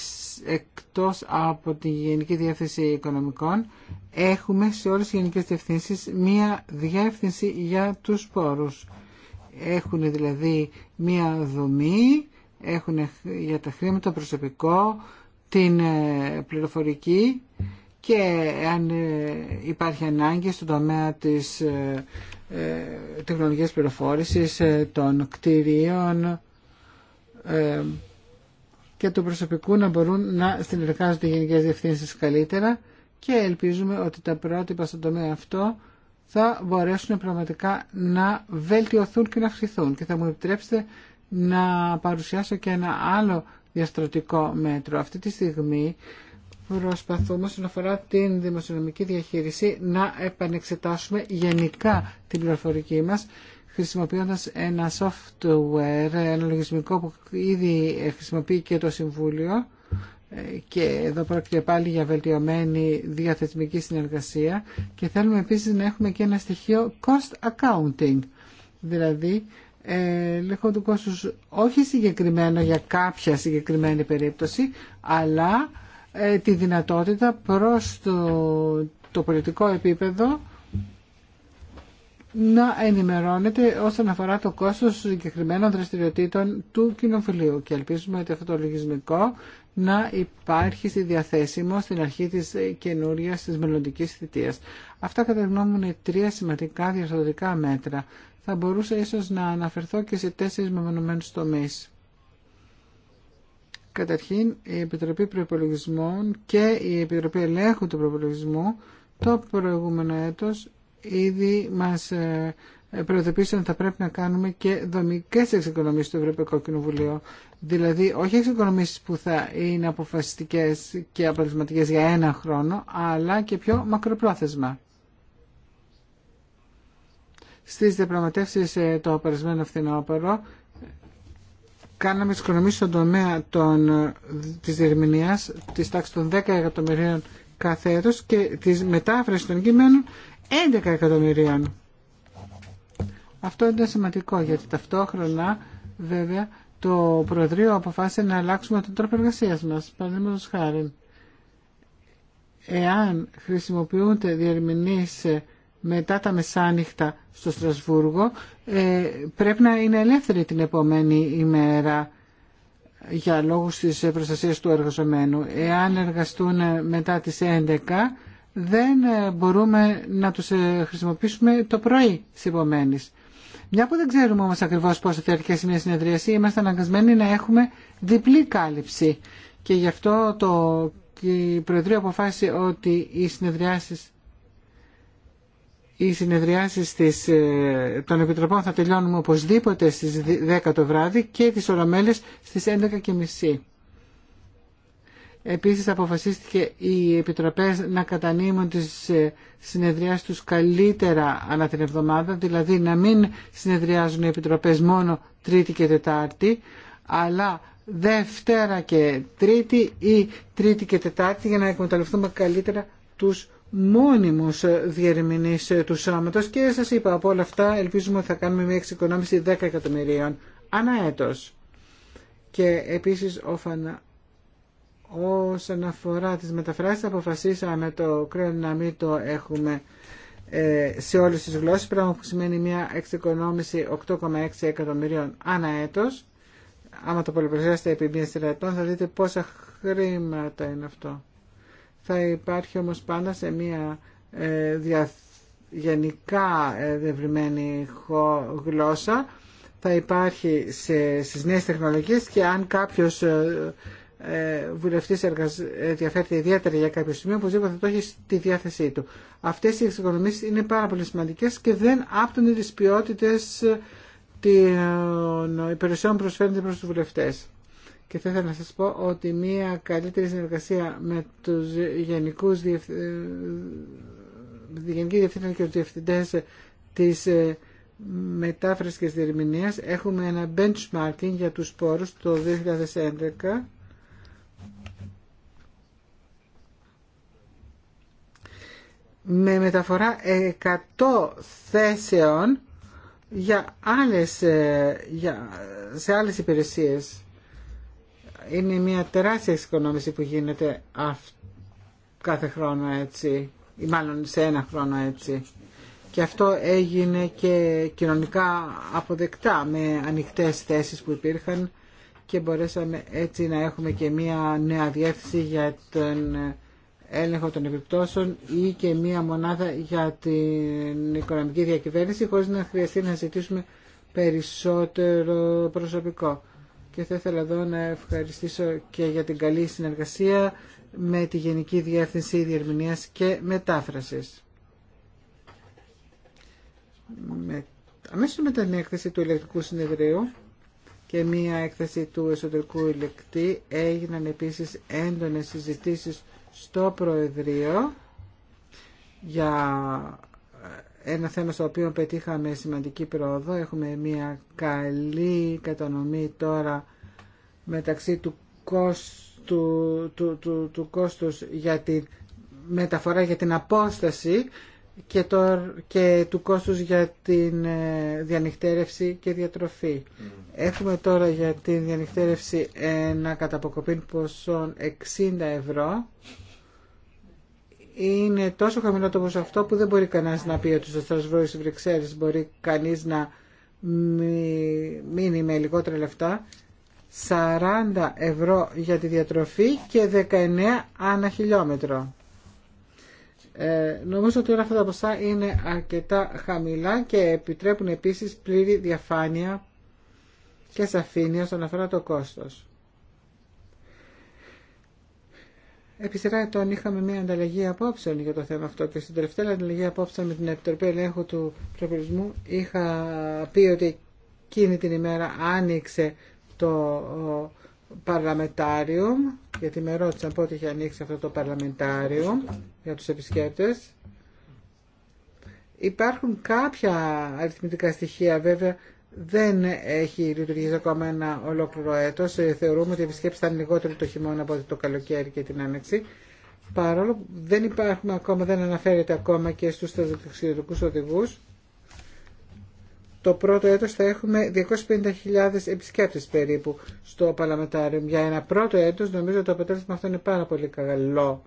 εκτός από τη Γενική Διεύθυνση Οικονομικών, έχουμε σε όλες τις γενικές διευθύνσεις μία διεύθυνση για τους πόρους. Έχουν δηλαδή μία δομή, έχουν για τα χρήματα προσωπικό, την πληροφορική και αν υπάρχει ανάγκη στον τομέα της ε, τεχνολογίες πληροφόρησης ε, των κτηρίων ε, και του προσωπικού να μπορούν να συνεργάζονται οι γενικές διευθύνσεις καλύτερα και ελπίζουμε ότι τα πρότυπα στον τομέα αυτό θα μπορέσουν πραγματικά να βελτιωθούν και να αυξηθούν. Και θα μου επιτρέψετε να παρουσιάσω και ένα άλλο διαστρωτικό μέτρο. Αυτή τη στιγμή προσπαθούμε όσον αφορά την δημοσιονομική διαχείριση να επανεξετάσουμε γενικά την πληροφορική μας χρησιμοποιώντας ένα software, ένα λογισμικό που ήδη χρησιμοποιεί και το Συμβούλιο και εδώ πρόκειται πάλι για βελτιωμένη διαθεσμική συνεργασία και θέλουμε επίσης να έχουμε και ένα στοιχείο cost accounting, δηλαδή ε, λίγο του κόστους όχι συγκεκριμένο για κάποια συγκεκριμένη περίπτωση, αλλά ε, τη δυνατότητα προς το, πολιτικό επίπεδο να ενημερώνεται όσον αφορά το κόστος συγκεκριμένων δραστηριοτήτων του κοινοβουλίου και ελπίζουμε ότι αυτό το λογισμικό να υπάρχει στη διαθέσιμο στην αρχή της καινούριας της μελλοντική θητείας. Αυτά κατά γνώμη είναι τρία σημαντικά διορθωτικά μέτρα. Θα μπορούσα ίσως να αναφερθώ και σε τέσσερις μεμονωμένους τομείς. Καταρχήν, η Επιτροπή Προπολογισμών και η Επιτροπή Ελέγχου του Προπολογισμού το προηγούμενο έτος ήδη μας ε, προειδοποίησαν ότι θα πρέπει να κάνουμε και δομικές εξοικονομήσεις στο Ευρωπαϊκό Κοινοβουλίο. Δηλαδή, όχι εξοικονομήσεις που θα είναι αποφασιστικές και αποτελεσματικές για ένα χρόνο, αλλά και πιο μακροπρόθεσμα. Στις διαπραγματεύσεις ε, το περασμένο φθηνόπερο κάναμε τις οικονομίες στον τομέα των, της τη της τάξης των 10 εκατομμυρίων κάθε και της μετάφραση των κειμένων 11 εκατομμυρίων. Αυτό ήταν σημαντικό γιατί ταυτόχρονα βέβαια το Προεδρείο αποφάσισε να αλλάξουμε τον τρόπο εργασία μα. Παραδείγματο χάρη, εάν χρησιμοποιούνται διερμηνεί μετά τα μεσάνυχτα στο Στρασβούργο ε, πρέπει να είναι ελεύθερη την επόμενη ημέρα για λόγους της προστασίας του εργαζομένου. Εάν εργαστούν μετά τις 11 δεν μπορούμε να τους ε, χρησιμοποιήσουμε το πρωί της επομένης. Μια που δεν ξέρουμε όμως ακριβώς πώς θα αρχίσει μια συνεδρίαση, είμαστε αναγκασμένοι να έχουμε διπλή κάλυψη. Και γι' αυτό το η Προεδρία αποφάσισε ότι οι συνεδριάσεις οι συνεδριάσεις της, ε, των Επιτροπών θα τελειώνουμε οπωσδήποτε στις 10 το βράδυ και τις οραμέλες στις 11.30. Επίσης αποφασίστηκε οι επιτροπές να κατανείμουν τις ε, συνεδριάσεις τους καλύτερα ανά την εβδομάδα, δηλαδή να μην συνεδριάζουν οι επιτροπές μόνο Τρίτη και Τετάρτη, αλλά Δευτέρα και Τρίτη ή Τρίτη και Τετάρτη για να εκμεταλλευτούμε καλύτερα τους μόνιμους διερμηνείς του σώματος και σας είπα από όλα αυτά ελπίζουμε ότι θα κάνουμε μια εξοικονόμηση 10 εκατομμυρίων ανά έτος. Και επίσης όσον αφορά τις μεταφράσεις αποφασίσαμε το κρέο να μην το έχουμε ε, σε όλες τις γλώσσες πράγμα που σημαίνει μια εξοικονόμηση 8,6 εκατομμυρίων ανά έτος. Άμα το πολυπλασιάσετε επί μια σειρά ετών θα δείτε πόσα χρήματα είναι αυτό. Θα υπάρχει όμως πάντα σε μια ε, δια, γενικά ε, δευρυμένη γλώσσα. Θα υπάρχει σε, στις νέες τεχνολογίες και αν κάποιος ε, ε, βουλευτής εργαζ... Ε, ιδιαίτερα για κάποιο σημείο, οπωσδήποτε θα το έχει στη διάθεσή του. Αυτές οι εξοικονομήσεις είναι πάρα πολύ σημαντικές και δεν άπτονται τις ποιότητες ε, των υπηρεσιών που προσφέρονται προς τους βουλευτές. Και θα ήθελα να σας πω ότι μια καλύτερη συνεργασία με τους γενικούς διευθ... διευθύντες και τους διευθυντές της ε, μετάφρασης και της διερμηνίας έχουμε ένα benchmarking για τους πόρους το 2011 με μεταφορά 100 θέσεων για άλλες, ε, για, σε άλλες υπηρεσίες είναι μια τεράστια εξοικονόμηση που γίνεται κάθε χρόνο έτσι ή μάλλον σε ένα χρόνο έτσι. Και αυτό έγινε και κοινωνικά αποδεκτά με ανοιχτές θέσεις που υπήρχαν και μπορέσαμε έτσι να έχουμε και μια νέα διεύθυνση για τον έλεγχο των επιπτώσεων ή και μια μονάδα για την οικονομική διακυβέρνηση χωρίς να χρειαστεί να ζητήσουμε περισσότερο προσωπικό και θα ήθελα εδώ να ευχαριστήσω και για την καλή συνεργασία με τη Γενική Διεύθυνση Διερμηνίας και Μετάφρασης. Με, αμέσως μετά την έκθεση του ηλεκτρικού συνεδρίου και μία έκθεση του εσωτερικού Ελεκτή έγιναν επίσης έντονες συζητήσεις στο Προεδρείο για ένα θέμα στο οποίο πετύχαμε σημαντική πρόοδο. Έχουμε μια καλή κατανομή τώρα μεταξύ του κόστου, του, του, του, κόστους για τη μεταφορά για την απόσταση και, το, και του κόστους για την ε, διανυκτέρευση και διατροφή. Έχουμε τώρα για την διανυκτέρευση ένα καταποκοπήν ποσόν 60 ευρώ είναι τόσο χαμηλό το ποσοστό που δεν μπορεί κανένα να πει ότι στο Στρασβούργο τη Βρυξέλλες μπορεί κανείς να μείνει με λιγότερα λεφτά 40 ευρώ για τη διατροφή και 19 ανά χιλιόμετρο. Ε, νομίζω ότι όλα αυτά τα ποσά είναι αρκετά χαμηλά και επιτρέπουν επίσης πλήρη διαφάνεια και σαφήνεια στον αφορά το κόστος. Επί σειρά ετών είχαμε μια ανταλλαγή απόψεων για το θέμα αυτό και στην τελευταία ανταλλαγή απόψεων με την Επιτροπή Ελέγχου του Προπολισμού είχα πει ότι εκείνη την ημέρα άνοιξε το παρλαμετάριο γιατί με ρώτησαν πότε είχε ανοίξει αυτό το παρλαμετάριο για τους επισκέπτες υπάρχουν κάποια αριθμητικά στοιχεία βέβαια δεν έχει λειτουργήσει ακόμα ένα ολόκληρο έτο. Ε, θεωρούμε ότι οι επισκέψει θα είναι λιγότερο το χειμώνα από το καλοκαίρι και την άνοιξη. Παρόλο που δεν υπάρχουμε ακόμα, δεν αναφέρεται ακόμα και στους ταξιδιωτικού οδηγούς. Το πρώτο έτος θα έχουμε 250.000 επισκέπτες περίπου στο Παλαμετάριο. Για ένα πρώτο έτος νομίζω το αποτέλεσμα αυτό είναι πάρα πολύ καλό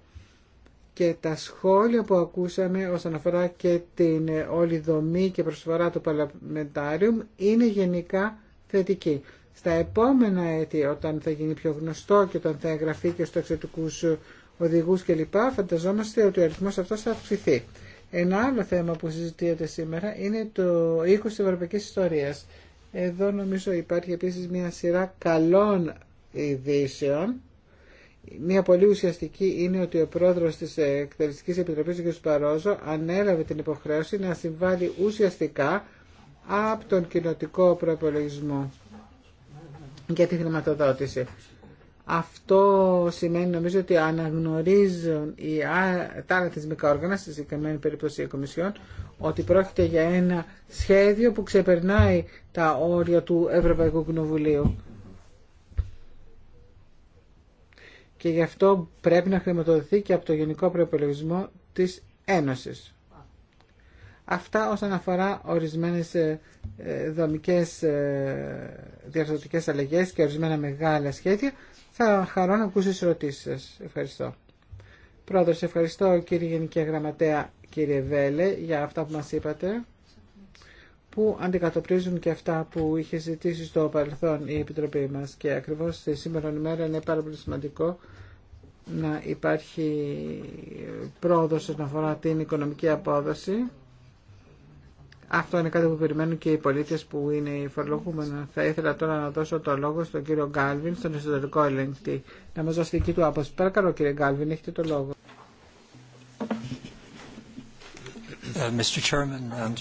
και τα σχόλια που ακούσαμε όσον αφορά και την όλη δομή και προσφορά του Παρλαμεντάριου είναι γενικά θετική. Στα επόμενα έτη, όταν θα γίνει πιο γνωστό και όταν θα εγγραφεί και στο εξωτικούς οδηγούς κλπ, φανταζόμαστε ότι ο αριθμό αυτός θα αυξηθεί. Ένα άλλο θέμα που συζητείται σήμερα είναι το ήχος της Ευρωπαϊκής Ιστορίας. Εδώ νομίζω υπάρχει επίσης μια σειρά καλών ειδήσεων Μία πολύ ουσιαστική είναι ότι ο πρόεδρος της Εκτελεστικής Επιτροπής, ο κ. Παρόζο, ανέλαβε την υποχρέωση να συμβάλλει ουσιαστικά από τον κοινοτικό προπολογισμό για τη χρηματοδότηση. Αυτό σημαίνει νομίζω ότι αναγνωρίζουν οι, τα άλλα θεσμικά όργανα, στη συγκεκριμένη περίπτωση η Κομισιόν, ότι πρόκειται για ένα σχέδιο που ξεπερνάει τα όρια του Ευρωπαϊκού Κοινοβουλίου. και γι' αυτό πρέπει να χρηματοδοτηθεί και από το Γενικό Προπολογισμό της Ένωσης. Αυτά όσον αφορά ορισμένες ε, ε, δομικές ε, διαρθρωτικές αλλαγές και ορισμένα μεγάλα σχέδια. Θα χαρώ να ακούσω τις ερωτήσεις σας. Ευχαριστώ. Πρόεδρος, ευχαριστώ κύριε Γενική Γραμματέα, κύριε Βέλε, για αυτά που μας είπατε που αντικατοπτρίζουν και αυτά που είχε ζητήσει στο παρελθόν η Επιτροπή μας και ακριβώς στη σήμερα ημέρα είναι πάρα πολύ σημαντικό να υπάρχει πρόοδος όσον αφορά την οικονομική απόδοση. Αυτό είναι κάτι που περιμένουν και οι πολίτες που είναι οι φορολογούμενοι. Θα ήθελα τώρα να δώσω το λόγο στον κύριο Γκάλβιν, στον εσωτερικό ελεγκτή, να μας δώσει δική του άποψη. Παρακαλώ κύριε Γκάλβιν, έχετε το λόγο. Uh,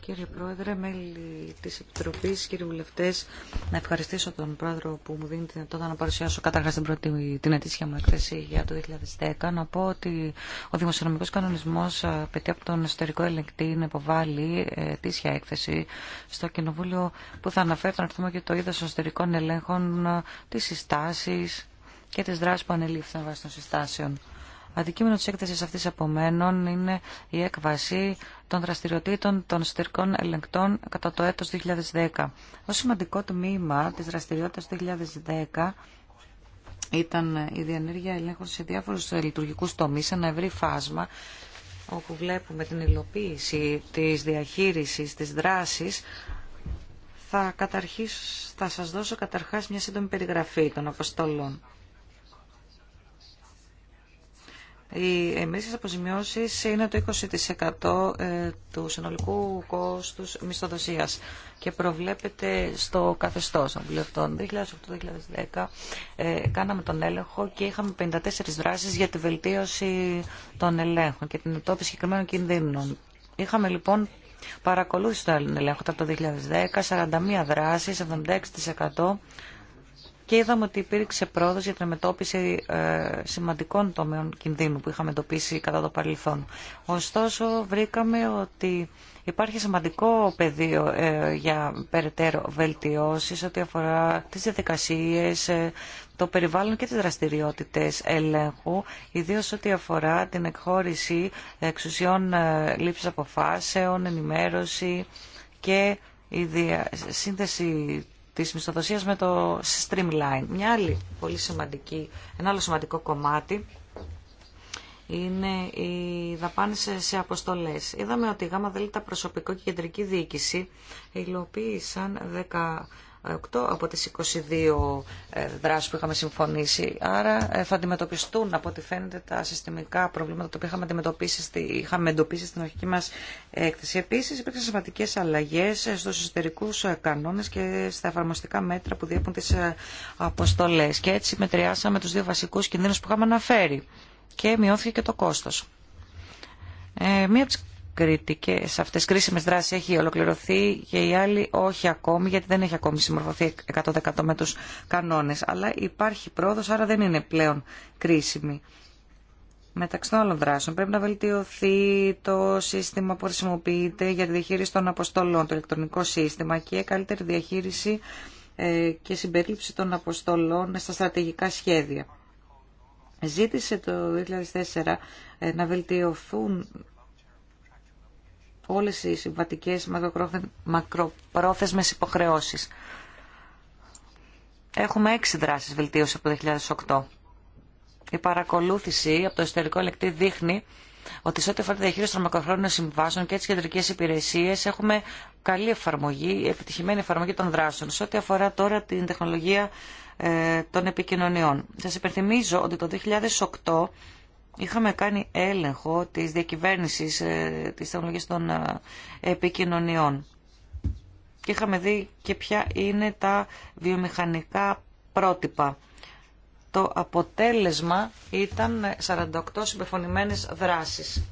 Κύριε Πρόεδρε, μέλη της Επιτροπής, κύριοι βουλευτές, να ευχαριστήσω τον Πρόεδρο που μου δίνει τη δυνατότητα να παρουσιάσω καταρχάς την, πρώτη, την ετήσια μου έκθεση για το 2010. Να πω ότι ο δημοσιονομικός κανονισμός απαιτεί από τον εσωτερικό ελεγκτή να υποβάλει ετήσια έκθεση στο Κοινοβούλιο που θα αναφέρει τον αριθμό και το είδος εσωτερικών ελέγχων, τις συστάσει και τις δράσεις που ανελήφθησαν βάσει των συστάσεων. Αντικείμενο τη έκθεσης αυτή απομένων είναι η έκβαση των δραστηριοτήτων των εσωτερικών ελεγκτών κατά το έτος 2010. Το σημαντικό τμήμα της δραστηριότητας 2010 ήταν η διενέργεια ελέγχων σε διάφορους λειτουργικούς τομείς, ένα ευρύ φάσμα, όπου βλέπουμε την υλοποίηση της διαχείρισης, της δράσης, θα, θα σας δώσω καταρχάς μια σύντομη περιγραφή των αποστολών. Οι εμείς αποζημιώσεις είναι το 20% ε, του συνολικού κόστους μισθοδοσίας και προβλέπεται στο καθεστώς των 2008 2008-2010 ε, κάναμε τον έλεγχο και είχαμε 54 δράσεις για τη βελτίωση των ελέγχων και την εντόπιση συγκεκριμένων κινδύνων. Είχαμε λοιπόν παρακολούθηση των ελέγχων από το 2010, 41 δράσεις, 76% και είδαμε ότι υπήρξε πρόοδος για την μετώπιση ε, σημαντικών τομέων κινδύνου που είχαμε εντοπίσει κατά το παρελθόν. Ωστόσο, βρήκαμε ότι υπάρχει σημαντικό πεδίο ε, για περαιτέρω βελτιώσεις ό,τι αφορά τις διαδικασίες, ε, το περιβάλλον και τις δραστηριότητες ελέγχου, ιδίως ό,τι αφορά την εκχώρηση εξουσιών λήψης αποφάσεων, ενημέρωση και η σύνθεση της μισθοδοσίας με το streamline. Μια άλλη πολύ σημαντική, ένα άλλο σημαντικό κομμάτι είναι οι δαπάνες σε αποστολές. Είδαμε ότι η ΓΔ προσωπικό και κεντρική διοίκηση υλοποίησαν από τις 22 ε, δράσεις που είχαμε συμφωνήσει. Άρα ε, θα αντιμετωπιστούν από ό,τι φαίνεται τα συστημικά προβλήματα που είχαμε αντιμετωπίσει, είχαμε εντοπίσει στην αρχική μας έκθεση. Επίσης υπήρξαν σημαντικές αλλαγές ε, στους εσωτερικούς κανόνες και στα εφαρμοστικά μέτρα που διέπουν τις αποστολές. Και έτσι μετριάσαμε τους δύο βασικούς κινδύνους που είχαμε αναφέρει και μειώθηκε και το κόστος. Ε, μία από τις κριτικές αυτές κρίσιμες δράσεις έχει ολοκληρωθεί και οι άλλοι όχι ακόμη γιατί δεν έχει ακόμη συμμορφωθεί 100% με τους κανόνες. Αλλά υπάρχει πρόοδος άρα δεν είναι πλέον κρίσιμη. Μεταξύ των άλλων δράσεων πρέπει να βελτιωθεί το σύστημα που χρησιμοποιείται για τη διαχείριση των αποστολών, το ηλεκτρονικό σύστημα και καλύτερη διαχείριση ε, και συμπερίληψη των αποστολών στα στρατηγικά σχέδια. Ζήτησε το 2004 ε, να βελτιωθούν όλες οι συμβατικές μακροπρόθεσμες υποχρεώσεις. Έχουμε έξι δράσεις βελτίωση από το 2008. Η παρακολούθηση από το εσωτερικό ελεκτή δείχνει ότι σε ό,τι αφορά τη διαχείριση των μακροχρόνων συμβάσεων και τι κεντρικέ υπηρεσίε, έχουμε καλή εφαρμογή, επιτυχημένη εφαρμογή των δράσεων. Σε ό,τι αφορά τώρα την τεχνολογία ε, των επικοινωνιών. Σα υπενθυμίζω ότι το 2008 είχαμε κάνει έλεγχο της διακυβέρνησης ε, της τεχνολογίας των ε, επικοινωνιών και είχαμε δει και ποια είναι τα βιομηχανικά πρότυπα. Το αποτέλεσμα ήταν 48 συμπεφωνημένες δράσεις.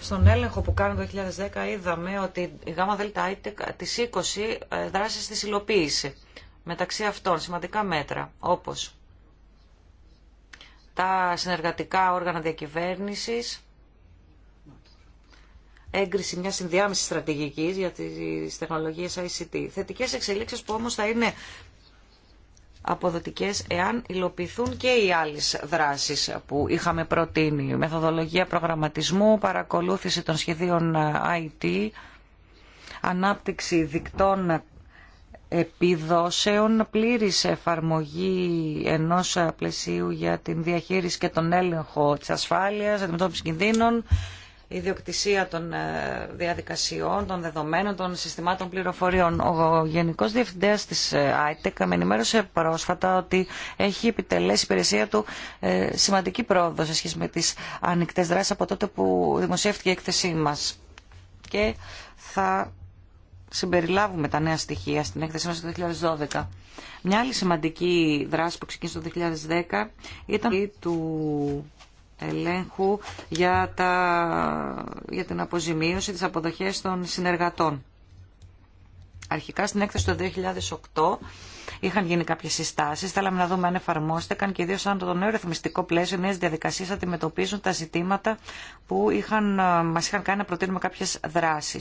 Στον έλεγχο που κάνουμε το 2010 είδαμε ότι η ΓΑΜΑ ΔΕΛΤΑ 20 δράσεις της υλοποίησε. Μεταξύ αυτών σημαντικά μέτρα όπως τα συνεργατικά όργανα διακυβέρνησης, έγκριση μιας συνδιάμεσης στρατηγικής για τις τεχνολογίες ICT. Θετικές εξελίξεις που όμως θα είναι αποδοτικές εάν υλοποιηθούν και οι άλλες δράσεις που είχαμε προτείνει. Μεθοδολογία προγραμματισμού, παρακολούθηση των σχεδίων IT, ανάπτυξη δικτών επιδόσεων πλήρης εφαρμογή ενός πλαισίου για την διαχείριση και τον έλεγχο της ασφάλειας, αντιμετώπιση κινδύνων, ιδιοκτησία των ε, διαδικασιών, των δεδομένων, των συστημάτων πληροφοριών. Ο Γενικός Διευθυντής της ε, ITEC με ενημέρωσε πρόσφατα ότι έχει επιτελέσει η υπηρεσία του ε, σημαντική πρόοδο σε σχέση με τις ανοιχτές δράσεις από τότε που δημοσιεύτηκε η έκθεσή μας συμπεριλάβουμε τα νέα στοιχεία στην έκθεση μας το 2012. Μια άλλη σημαντική δράση που ξεκίνησε το 2010 ήταν η του ελέγχου για, τα, για την αποζημίωση της αποδοχής των συνεργατών. Αρχικά στην έκθεση το 2008 είχαν γίνει κάποιε συστάσει. Θέλαμε να δούμε αν εφαρμόστηκαν και ιδίω αν το νέο ρυθμιστικό πλαίσιο, οι νέε διαδικασίε αντιμετωπίζουν τα ζητήματα που μα είχαν κάνει να προτείνουμε κάποιε δράσει.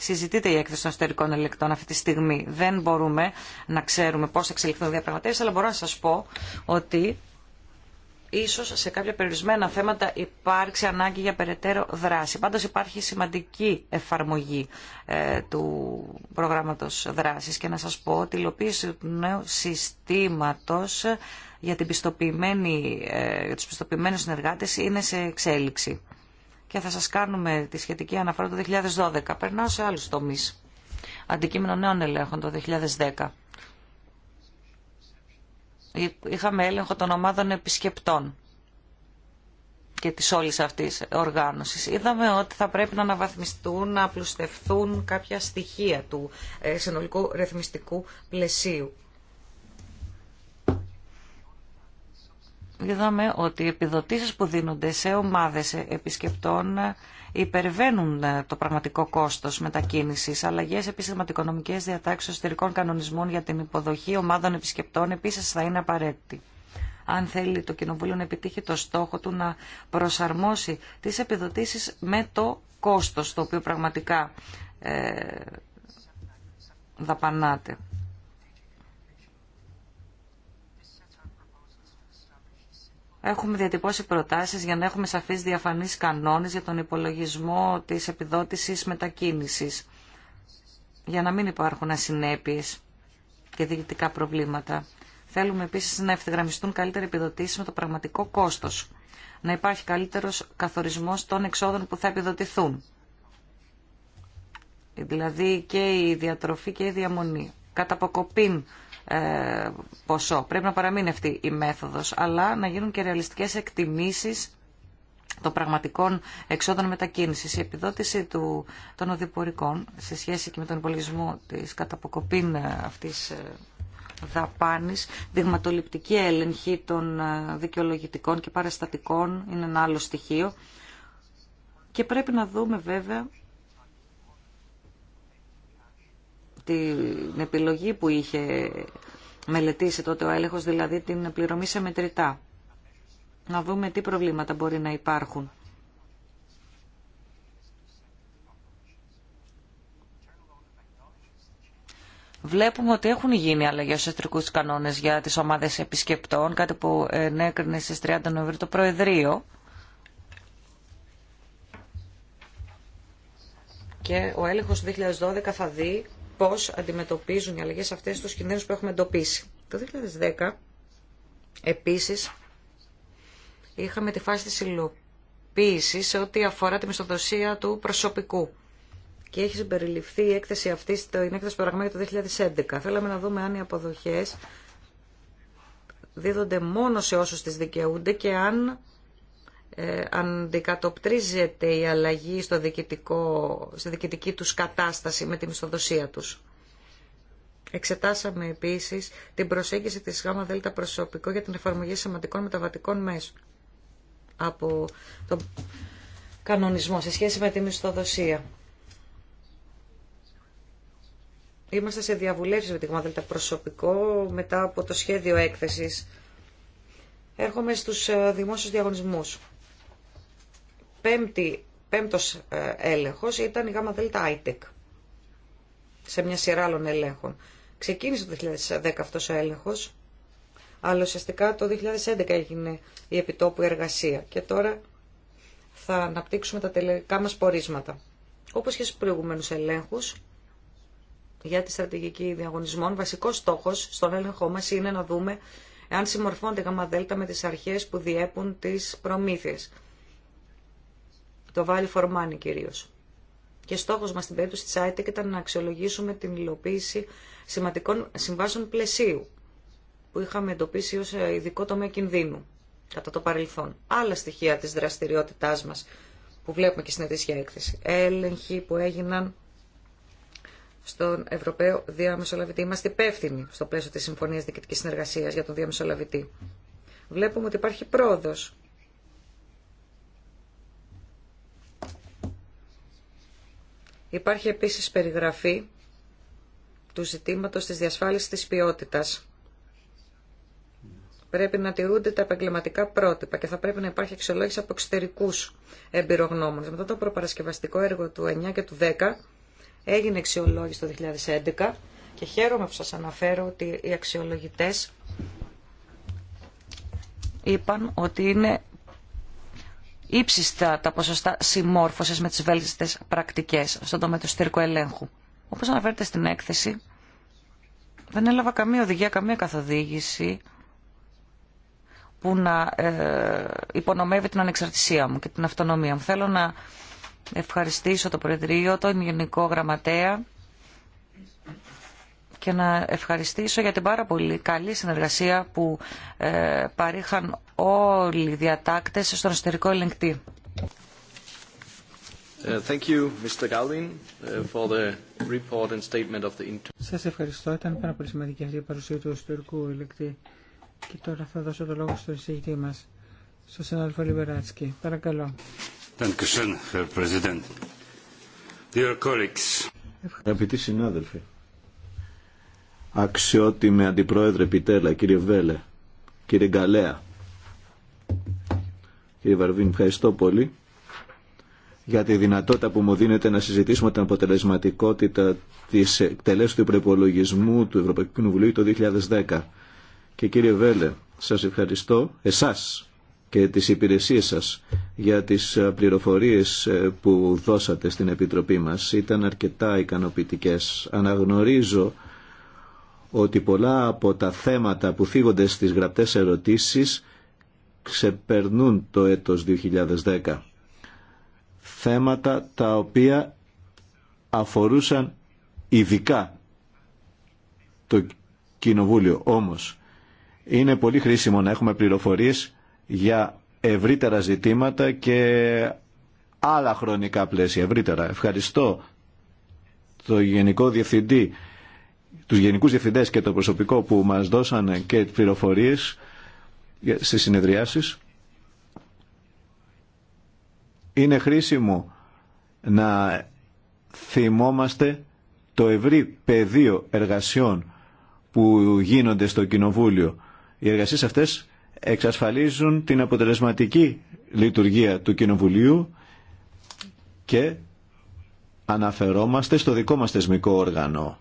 Συζητείται η έκθεση των εσωτερικών ελεκτών αυτή τη στιγμή. Δεν μπορούμε να ξέρουμε πώ θα εξελιχθούν οι διαπραγματεύσει, αλλά μπορώ να σα πω ότι ίσω σε κάποια περιορισμένα θέματα υπάρξει ανάγκη για περαιτέρω δράση. Πάντω υπάρχει σημαντική εφαρμογή ε, του προγράμματο δράση και να σα πω ότι η υλοποίηση του νέου συστήματο για, την πιστοποιημένη, ε, για του πιστοποιημένου συνεργάτε είναι σε εξέλιξη και θα σας κάνουμε τη σχετική αναφορά το 2012. Περνάω σε άλλους τομείς. Αντικείμενο νέων ελέγχων το 2010. Είχαμε έλεγχο των ομάδων επισκεπτών και της όλης αυτής οργάνωσης. Είδαμε ότι θα πρέπει να αναβαθμιστούν, να απλουστευτούν κάποια στοιχεία του ε, συνολικού ρυθμιστικού πλαισίου. είδαμε ότι οι επιδοτήσεις που δίνονται σε ομάδες επισκεπτών υπερβαίνουν το πραγματικό κόστος μετακίνησης. Αλλαγές επιστηματικονομικές διατάξεις εσωτερικών κανονισμών για την υποδοχή ομάδων επισκεπτών επίσης θα είναι απαραίτητη. Αν θέλει το Κοινοβούλιο να επιτύχει το στόχο του να προσαρμόσει τις επιδοτήσεις με το κόστος το οποίο πραγματικά ε, δαπανάται. Έχουμε διατυπώσει προτάσεις για να έχουμε σαφείς διαφανείς κανόνες για τον υπολογισμό της επιδότησης μετακίνησης, για να μην υπάρχουν ασυνέπειες και διοικητικά προβλήματα. Θέλουμε επίσης να ευθυγραμμιστούν καλύτερα επιδοτήσεις με το πραγματικό κόστος, να υπάρχει καλύτερος καθορισμός των εξόδων που θα επιδοτηθούν, δηλαδή και η διατροφή και η διαμονή. Κατά ε, ποσό. Πρέπει να παραμείνει αυτή η μέθοδος, αλλά να γίνουν και ρεαλιστικές εκτιμήσεις των πραγματικών εξόδων μετακίνησης. Η επιδότηση του, των οδηπορικών σε σχέση και με τον υπολογισμό της καταποκοπήν ε, αυτής ε, δαπάνης, δειγματοληπτική έλεγχη των δικαιολογητικών και παραστατικών είναι ένα άλλο στοιχείο. Και πρέπει να δούμε βέβαια την επιλογή που είχε μελετήσει τότε ο έλεγχος, δηλαδή την πληρωμή σε μετρητά. Να δούμε τι προβλήματα μπορεί να υπάρχουν. Βλέπουμε ότι έχουν γίνει αλλαγέ στου εσωτερικού κανόνε για τι ομάδε επισκεπτών, κάτι που ενέκρινε στι 30 Νοεμβρίου το Προεδρείο. Και ο έλεγχο του 2012 θα δει πώς αντιμετωπίζουν οι αλλαγές αυτές του κινδύνους που έχουμε εντοπίσει. Το 2010, επίσης, είχαμε τη φάση της υλοποίησης σε ό,τι αφορά τη μισθοδοσία του προσωπικού. Και έχει συμπεριληφθεί η έκθεση αυτή στην έκθεση προγραμμάτια του 2011. Θέλαμε να δούμε αν οι αποδοχές δίδονται μόνο σε όσους τις δικαιούνται και αν ε, αντικατοπτρίζεται η αλλαγή στο διοικητικό, στη διοικητική τους κατάσταση με τη μισθοδοσία τους. Εξετάσαμε επίσης την προσέγγιση της ΓΔ προσωπικό για την εφαρμογή σημαντικών μεταβατικών μέσων από τον κανονισμό σε σχέση με τη μισθοδοσία. Είμαστε σε διαβουλεύσεις με τη ΓΔ προσωπικό μετά από το σχέδιο έκθεσης. Έρχομαι στους ε, δημόσιους διαγωνισμούς πέμπτη, πέμπτος ε, έλεγχος ήταν η ΓΑΜΑ ΔΕΛΤΑ e σε μια σειρά άλλων ελέγχων. Ξεκίνησε το 2010 αυτός ο έλεγχος, αλλά ουσιαστικά το 2011 έγινε η επιτόπου εργασία και τώρα θα αναπτύξουμε τα τελικά μας πορίσματα. Όπως και στους προηγούμενους ελέγχους για τη στρατηγική διαγωνισμών, βασικός στόχος στον έλεγχό μας είναι να δούμε εάν συμμορφώνται γαμα με τις αρχές που διέπουν τις προμήθειες το value for money κυρίω. Και στόχο μα στην περίπτωση τη ITEC ήταν να αξιολογήσουμε την υλοποίηση σημαντικών συμβάσεων πλαισίου που είχαμε εντοπίσει ω ειδικό τομέα κινδύνου κατά το παρελθόν. Άλλα στοιχεία τη δραστηριότητά μα που βλέπουμε και στην ετήσια έκθεση. Έλεγχοι που έγιναν στον Ευρωπαίο Διαμεσολαβητή. Είμαστε υπεύθυνοι στο πλαίσιο τη Συμφωνία Διοικητική Συνεργασία για τον Διαμεσολαβητή. Βλέπουμε ότι υπάρχει πρόοδο. Υπάρχει επίσης περιγραφή του ζητήματος της διασφάλισης της ποιότητας. Πρέπει να τηρούνται τα επαγγελματικά πρότυπα και θα πρέπει να υπάρχει αξιολόγηση από εξωτερικού εμπειρογνώμων. Μετά το προπαρασκευαστικό έργο του 9 και του 10 έγινε αξιολόγηση το 2011 και χαίρομαι που σας αναφέρω ότι οι αξιολογητές είπαν ότι είναι ύψιστα τα ποσοστά συμμόρφωσης με τις βέλτιστες πρακτικές στον τομέα του εσωτερικού ελέγχου. Όπως αναφέρεται στην έκθεση, δεν έλαβα καμία οδηγία, καμία καθοδήγηση που να ε, υπονομεύει την ανεξαρτησία μου και την αυτονομία μου. Θέλω να ευχαριστήσω το Προεδρείο, τον Γενικό Γραμματέα και να ευχαριστήσω για την πάρα πολύ καλή συνεργασία που ε, παρήχαν όλοι οι διατάκτες στον εσωτερικό ελεγκτή. Σα ε, ε, Σας ευχαριστώ. Ήταν πάρα πολύ σημαντική αυτή η παρουσία του εσωτερικού ελεγκτή. Και τώρα θα δώσω το λόγο στον εισηγητή μας, στον συνάδελφο Λιμπεράτσκι. Παρακαλώ. Αγαπητοί συνάδελφοι, Αξιότιμη αντιπρόεδρε Πιτέλα, κύριε Βέλε, κύριε Γκαλέα, Κύριε Βαρβίν, ευχαριστώ πολύ για τη δυνατότητα που μου δίνεται να συζητήσουμε την αποτελεσματικότητα της εκτελέσεως του προπολογισμού του Ευρωπαϊκού Κοινοβουλίου το 2010. Και κύριε Βέλε, σας ευχαριστώ εσάς και τις υπηρεσίες σας για τις πληροφορίες ε, που δώσατε στην Επιτροπή μας. Ήταν αρκετά ικανοποιητικές. Αναγνωρίζω ότι πολλά από τα θέματα που θίγονται στις γραπτές ερωτήσεις ξεπερνούν το έτος 2010. Θέματα τα οποία αφορούσαν ειδικά το Κοινοβούλιο. Όμως, είναι πολύ χρήσιμο να έχουμε πληροφορίες για ευρύτερα ζητήματα και άλλα χρονικά πλαίσια ευρύτερα. Ευχαριστώ το Γενικό Διευθυντή, τους Γενικούς Διευθυντές και το προσωπικό που μας δώσανε και πληροφορίες στις συνεδριάσεις. Είναι χρήσιμο να θυμόμαστε το ευρύ πεδίο εργασιών που γίνονται στο Κοινοβούλιο. Οι εργασίες αυτές εξασφαλίζουν την αποτελεσματική λειτουργία του Κοινοβουλίου και αναφερόμαστε στο δικό μας θεσμικό όργανο.